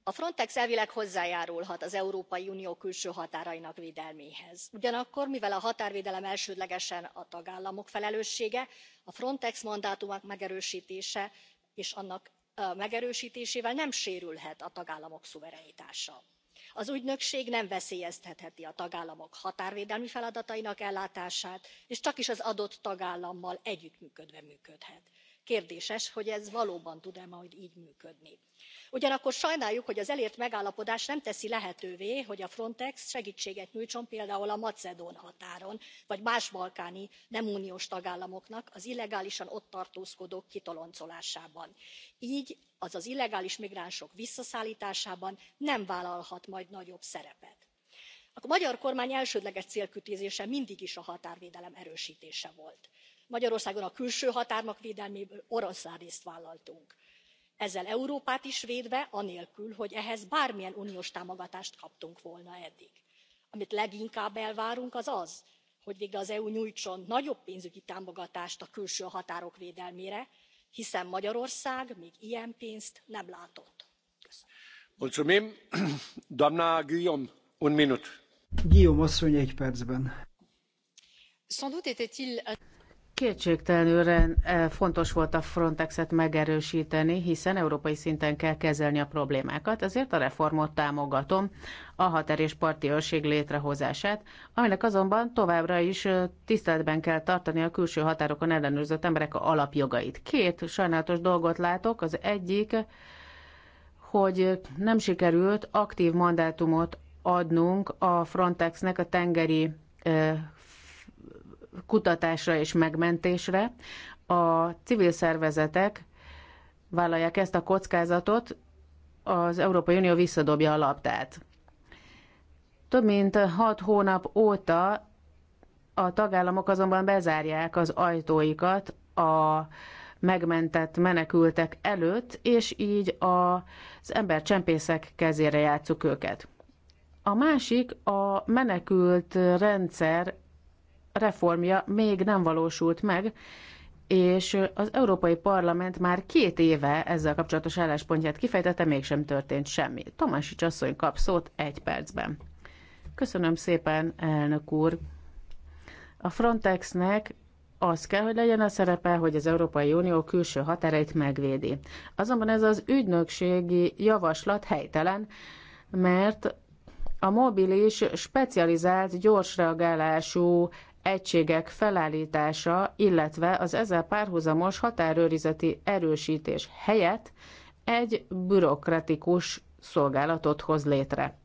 a frontex elvileg hozzájárulhat az európai unió külső határainak védelméhez ugyanakkor mivel a határvédelem elsődlegesen a tagállamok felelőssége a frontex mandátumának megerősítése és annak megerőstésével nem sérülhet a tagállamok szuverenitása. az ügynökség nem veszélyeztetheti a tagállamok határvédelmi feladatainak ellátását és csakis az adott tagállammal együttműködve működhet kérdéses hogy ez valóban tud e majd gy működni. ugyanakkor sajnáljuk hogy az elért megállapodás nem teszi lehetővé hogy a frontex segtséget nyújtson például a macedón határon vagy más balkáni nem uniós tagállamoknak az illegálisan ott tartózkodók kitoloncolásában. gy az az illegális migránsok visszaszálltásában nem vállalhat majd nagyobb szerepet. a magyar kormány elsődleges célkitűzése mindig is a határvédelem erőstése volt magyarországon a külső határok oroszlán részt vállaltunk ezzel európát is védve anélkül hogy ehhez bármilyen uniós támogatást kaptunk volna eddig. amit leginkább elvárunk az az hogy végre az eu nyújtson nagyobb pénzügyi támogatást a külső határok védelmére hiszen magyarország még ilyen pénzt nem látott. köszönöm. <clears throat> guillaume asszony egy percben. Kétségtelenül eh, fontos volt a Frontexet megerősíteni, hiszen európai szinten kell kezelni a problémákat, ezért a reformot támogatom, a hater és parti őrség létrehozását, aminek azonban továbbra is eh, tiszteletben kell tartani a külső határokon ellenőrzött emberek alapjogait. Két sajnálatos dolgot látok, az egyik, hogy nem sikerült aktív mandátumot adnunk a Frontexnek a tengeri eh, kutatásra és megmentésre. A civil szervezetek vállalják ezt a kockázatot, az Európai Unió visszadobja a labdát. Több mint hat hónap óta a tagállamok azonban bezárják az ajtóikat a megmentett menekültek előtt, és így az csempészek kezére játszuk őket. A másik a menekült rendszer reformja még nem valósult meg, és az Európai Parlament már két éve ezzel kapcsolatos álláspontját kifejtette, mégsem történt semmi. Tomásics Csasszony kap szót egy percben. Köszönöm szépen, elnök úr. A Frontexnek az kell, hogy legyen a szerepe, hogy az Európai Unió külső határait megvédi. Azonban ez az ügynökségi javaslat helytelen, mert a mobilis, specializált, gyors reagálású egységek felállítása, illetve az ezzel párhuzamos határőrizeti erősítés helyett egy bürokratikus szolgálatot hoz létre.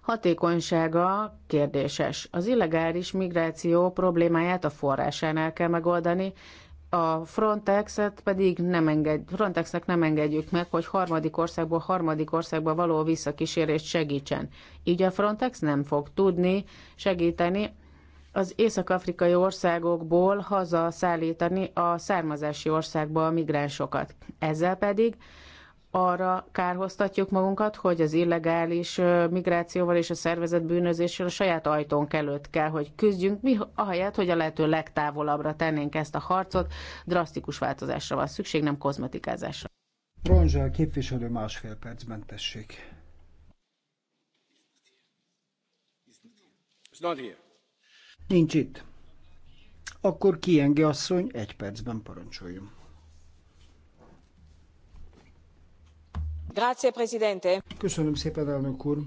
Hatékonysága kérdéses. Az illegális migráció problémáját a forrásánál kell megoldani, a Frontexet pedig nem enged, Frontexnek nem engedjük meg, hogy harmadik országból harmadik országba való visszakísérést segítsen. Így a Frontex nem fog tudni segíteni az észak-afrikai országokból haza szállítani a származási országba a migránsokat. Ezzel pedig arra kárhoztatjuk magunkat, hogy az illegális migrációval és a szervezett bűnözéssel a saját ajtónk előtt kell, hogy küzdjünk, mi ahelyett, hogy a lehető legtávolabbra tennénk ezt a harcot, drasztikus változásra van szükség, nem kozmetikázásra. Ronzsel képviselő másfél percben tessék. It's not here. Nincs itt. Akkor kiengi asszony, egy percben parancsoljon. Grazie, Presidente. Köszönöm szépen, elnök úr.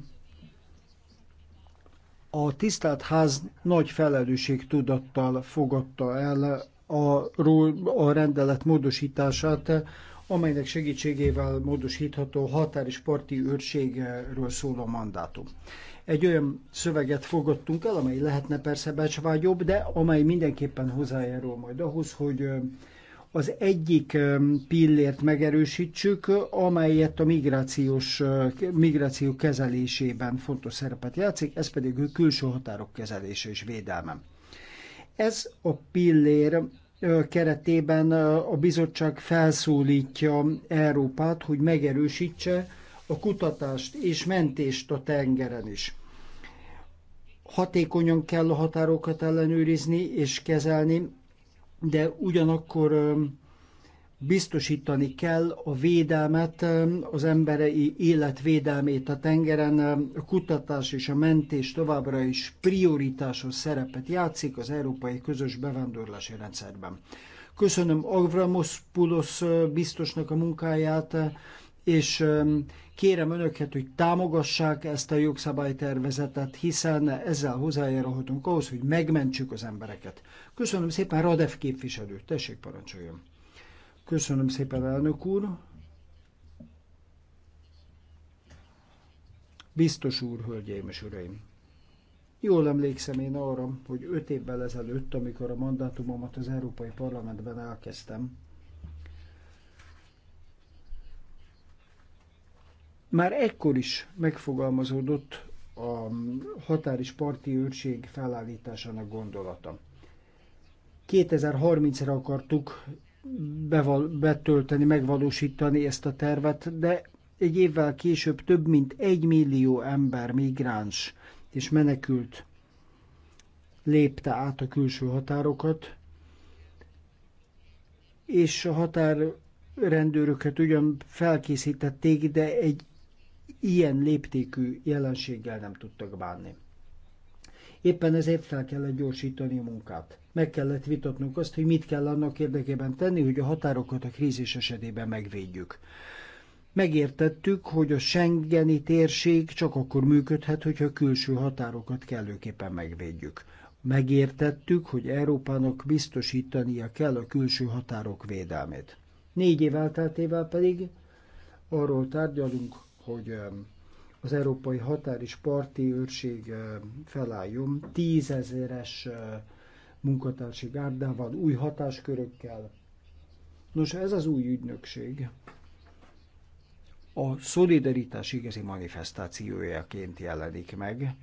A tisztelt ház nagy felelősség tudattal fogadta el a, a rendelet módosítását, amelynek segítségével módosítható határ és parti őrségről szóló mandátum egy olyan szöveget fogadtunk el, amely lehetne persze becsvágyobb, de amely mindenképpen hozzájárul majd ahhoz, hogy az egyik pillért megerősítsük, amelyet a migrációs, migráció kezelésében fontos szerepet játszik, ez pedig a külső határok kezelése és védelme. Ez a pillér keretében a bizottság felszólítja Európát, hogy megerősítse a kutatást és mentést a tengeren is. Hatékonyan kell a határokat ellenőrizni és kezelni, de ugyanakkor biztosítani kell a védelmet, az emberi életvédelmét a tengeren, a kutatás és a mentés továbbra is prioritásos szerepet játszik az európai közös bevándorlási rendszerben. Köszönöm Pulos biztosnak a munkáját, és kérem önöket, hogy támogassák ezt a jogszabálytervezetet, hiszen ezzel hozzájárulhatunk ahhoz, hogy megmentsük az embereket. Köszönöm szépen, Radev képviselő, tessék parancsoljon. Köszönöm szépen, elnök úr. Biztos úr, hölgyeim és uraim! Jól emlékszem én arra, hogy öt évvel ezelőtt, amikor a mandátumomat az Európai Parlamentben elkezdtem, Már ekkor is megfogalmazódott a határ és parti őrség felállításának gondolata. 2030-ra akartuk beval, betölteni, megvalósítani ezt a tervet, de egy évvel később több mint egy millió ember, migráns és menekült lépte át a külső határokat, és a határrendőröket ugyan felkészítették, de egy ilyen léptékű jelenséggel nem tudtak bánni. Éppen ezért fel kellett gyorsítani a munkát. Meg kellett vitatnunk azt, hogy mit kell annak érdekében tenni, hogy a határokat a krízis esetében megvédjük. Megértettük, hogy a Schengeni térség csak akkor működhet, hogyha a külső határokat kellőképpen megvédjük. Megértettük, hogy Európának biztosítania kell a külső határok védelmét. Négy év elteltével pedig arról tárgyalunk, hogy az Európai Határ és Parti Őrség felálljon, tízezeres munkatársi gárdával, új hatáskörökkel. Nos, ez az új ügynökség a szolidaritás igazi manifestációjaként jelenik meg,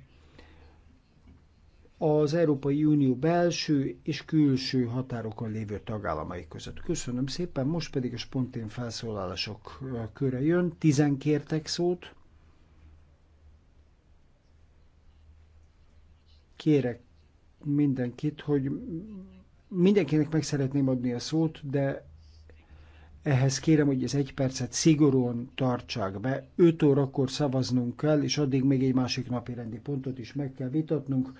az Európai Unió belső és külső határokon lévő tagállamai között. Köszönöm szépen, most pedig a spontén felszólalások köre jön. Tizen kértek szót. Kérek mindenkit, hogy mindenkinek meg szeretném adni a szót, de ehhez kérem, hogy ez egy percet szigorúan tartsák be. 5 órakor szavaznunk kell, és addig még egy másik napi rendi pontot is meg kell vitatnunk.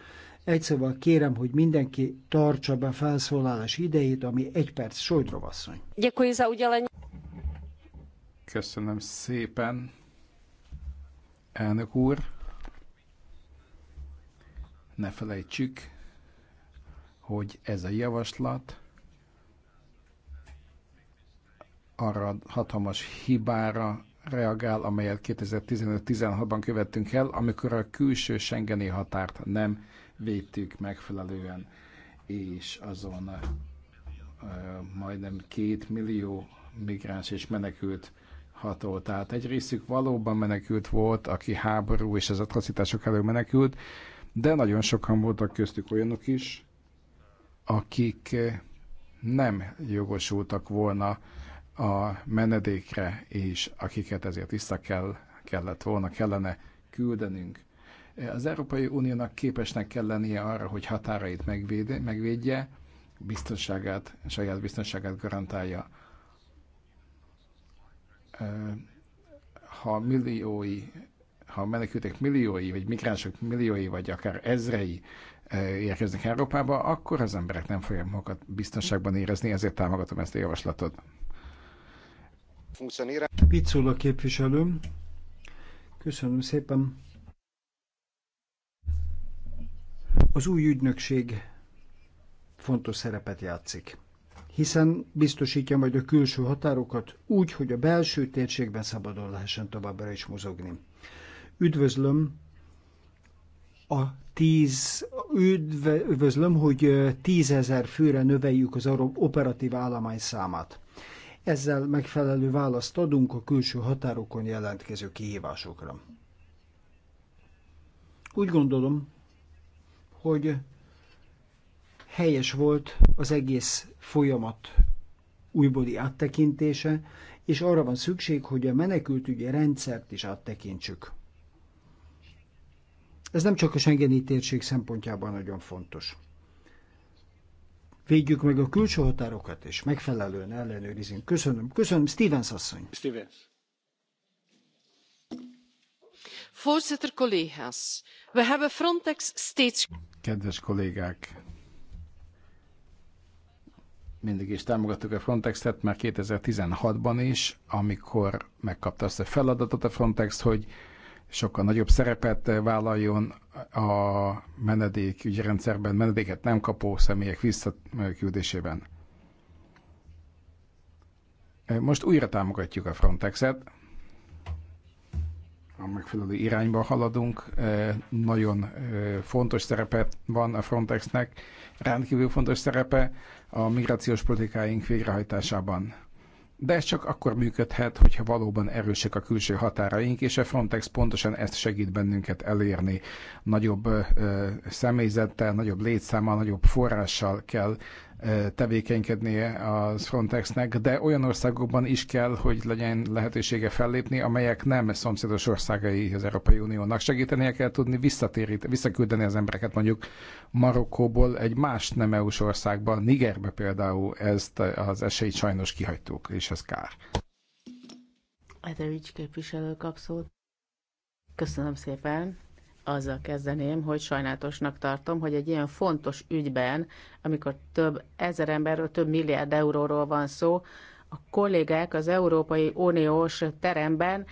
Egy szóval kérem, hogy mindenki tartsa be felszólalás idejét, ami egy perc. Sojdrov asszony. Köszönöm szépen, elnök úr. Ne felejtsük, hogy ez a javaslat arra hatalmas hibára reagál, amelyet 2015-16-ban követtünk el, amikor a külső Schengeni határt nem védtük megfelelően, és azon majdnem két millió migráns és menekült hatolt. Tehát egy részük valóban menekült volt, aki háború és az atrocitások elő menekült, de nagyon sokan voltak köztük olyanok is, akik nem jogosultak volna a menedékre, és akiket ezért vissza kell, kellett volna, kellene küldenünk. Az Európai Uniónak képesnek kell lennie arra, hogy határait megvéd, megvédje, biztonságát, saját biztonságát garantálja. Ha milliói, ha menekültek milliói, vagy migránsok milliói, vagy akár ezrei érkeznek Európába, akkor az emberek nem fogják magukat biztonságban érezni, ezért támogatom ezt a javaslatot. Picula képviselő, köszönöm szépen. Az új ügynökség fontos szerepet játszik, hiszen biztosítja majd a külső határokat úgy, hogy a belső térségben szabadon lehessen továbbra is mozogni. Üdvözlöm a tíz, üdvözlöm, hogy tízezer főre növeljük az operatív állomány számát. Ezzel megfelelő választ adunk a külső határokon jelentkező kihívásokra. Úgy gondolom, hogy helyes volt az egész folyamat újbóli áttekintése, és arra van szükség, hogy a menekültügyi rendszert is áttekintsük. Ez nem csak a Schengeni térség szempontjában nagyon fontos. Védjük meg a külső határokat, és megfelelően ellenőrizünk. Köszönöm. Köszönöm, Stevens asszony. Stevens. Voorzitter, collega's, we hebben Frontex steeds... Kedves kollégák, mindig is támogattuk a Frontexet, már 2016-ban is, amikor megkapta azt a feladatot a Frontex, hogy sokkal nagyobb szerepet vállaljon a menedékügyi rendszerben, menedéket nem kapó személyek visszaküldésében. Most újra támogatjuk a Frontexet, a megfelelő irányba haladunk. Nagyon fontos szerepe van a Frontexnek, rendkívül fontos szerepe a migrációs politikáink végrehajtásában. De ez csak akkor működhet, hogyha valóban erősek a külső határaink, és a Frontex pontosan ezt segít bennünket elérni. Nagyobb ö, személyzettel, nagyobb létszámmal, nagyobb forrással kell tevékenykednie az Frontexnek, de olyan országokban is kell, hogy legyen lehetősége fellépni, amelyek nem szomszédos országai az Európai Uniónak. Segítenie kell tudni visszatérít, visszaküldeni az embereket mondjuk Marokkóból egy más nem eu országba, Nigerbe például ezt az esélyt sajnos kihagytuk, és ez kár. Ederics képviselő kapszót. Köszönöm szépen azzal kezdeném, hogy sajnálatosnak tartom, hogy egy ilyen fontos ügyben, amikor több ezer emberről, több milliárd euróról van szó, a kollégák az Európai Uniós teremben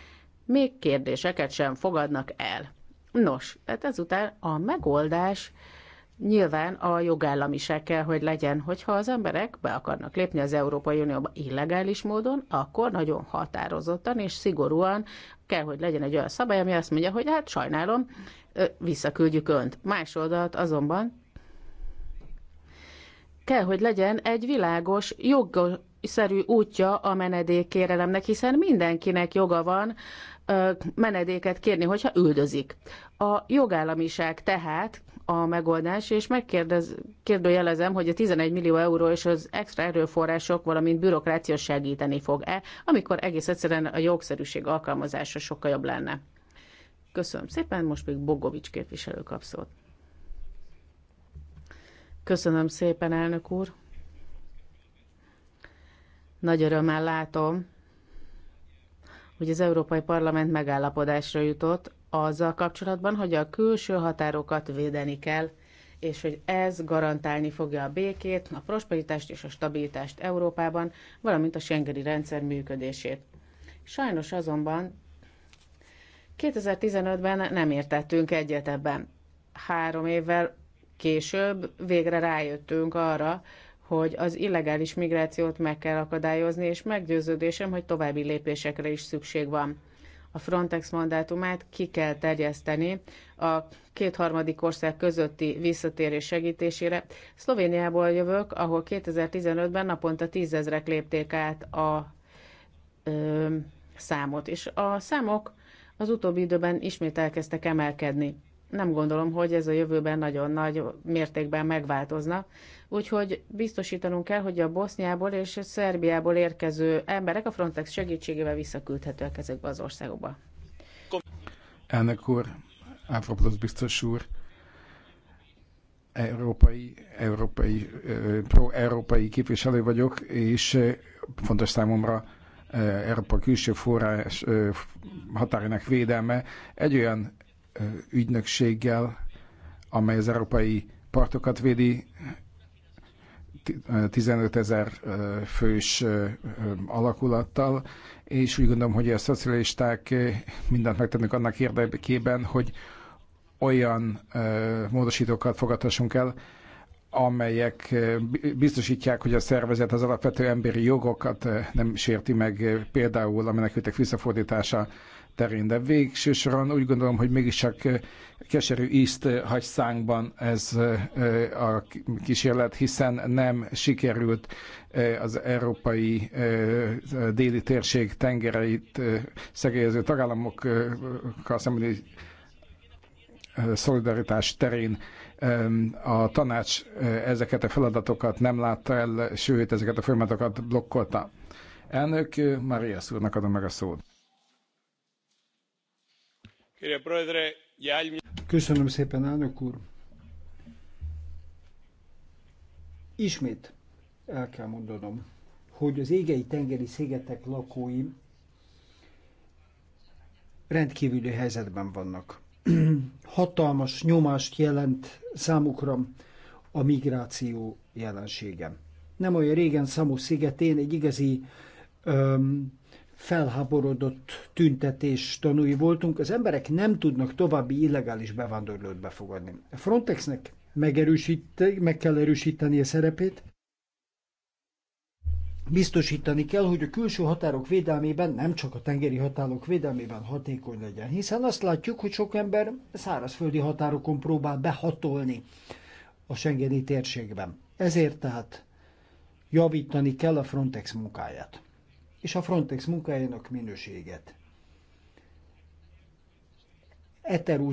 még kérdéseket sem fogadnak el. Nos, tehát ezután a megoldás nyilván a jogállamiság kell, hogy legyen, hogyha az emberek be akarnak lépni az Európai Unióba illegális módon, akkor nagyon határozottan és szigorúan kell, hogy legyen egy olyan szabály, ami azt mondja, hogy hát sajnálom, visszaküldjük önt. Más oldalt azonban kell, hogy legyen egy világos, jogszerű útja a menedékkérelemnek, hiszen mindenkinek joga van menedéket kérni, hogyha üldözik. A jogállamiság tehát a megoldás, és megkérdez, hogy a 11 millió euró és az extra erőforrások, valamint bürokrácia segíteni fog-e, amikor egész egyszerűen a jogszerűség alkalmazása sokkal jobb lenne. Köszönöm szépen, most még Bogovics képviselő kap szót. Köszönöm szépen, elnök úr. Nagy örömmel látom, hogy az Európai Parlament megállapodásra jutott azzal kapcsolatban, hogy a külső határokat védeni kell, és hogy ez garantálni fogja a békét, a prosperitást és a stabilitást Európában, valamint a Schengeni rendszer működését. Sajnos azonban 2015-ben nem értettünk egyet ebben. Három évvel később végre rájöttünk arra, hogy az illegális migrációt meg kell akadályozni, és meggyőződésem, hogy további lépésekre is szükség van. A Frontex mandátumát ki kell terjeszteni a kétharmadik ország közötti visszatérés segítésére. Szlovéniából jövök, ahol 2015-ben naponta tízezrek lépték át a ö, számot, és a számok az utóbbi időben ismét elkezdtek emelkedni. Nem gondolom, hogy ez a jövőben nagyon nagy mértékben megváltozna, úgyhogy biztosítanunk kell, hogy a Boszniából és Szerbiából érkező emberek a Frontex segítségével visszaküldhetőek ezekbe az országokba. Elnök úr, Áfropolosz biztos úr, európai, európai, pro-európai képviselő vagyok, és fontos számomra E, Európa külső forrás e, határának védelme egy olyan e, ügynökséggel, amely az európai partokat védi, 15 ezer fős alakulattal, és úgy gondolom, hogy a szocialisták mindent megtennek annak érdekében, hogy olyan módosítókat fogadhassunk el, amelyek eh, biztosítják, hogy a szervezet az alapvető emberi jogokat eh, nem sérti meg, eh, például a menekültek visszafordítása terén. De végső soron úgy gondolom, hogy mégiscsak keserű ízt hagy szánkban ez a kísérlet, hiszen nem sikerült az európai déli térség tengereit szegélyező tagállamokkal szembeni szolidaritás terén a tanács e, ezeket a feladatokat nem látta el, sőt, ezeket a folyamatokat blokkolta. Elnök e, Maria Szúrnak adom meg a szót. Köszönöm szépen, elnök úr. Ismét el kell mondanom, hogy az égei tengeri szigetek lakói rendkívüli helyzetben vannak hatalmas nyomást jelent számukra a migráció jelensége. Nem olyan régen Szamu szigetén egy igazi öm, felháborodott tüntetés tanúi voltunk, az emberek nem tudnak további illegális bevándorlót befogadni. A Frontexnek megerősít, meg kell erősíteni a szerepét, Biztosítani kell, hogy a külső határok védelmében, nem csak a tengeri határok védelmében hatékony legyen, hiszen azt látjuk, hogy sok ember szárazföldi határokon próbál behatolni a Schengeni térségben. Ezért tehát javítani kell a Frontex munkáját, és a Frontex munkájának minőséget. Eterus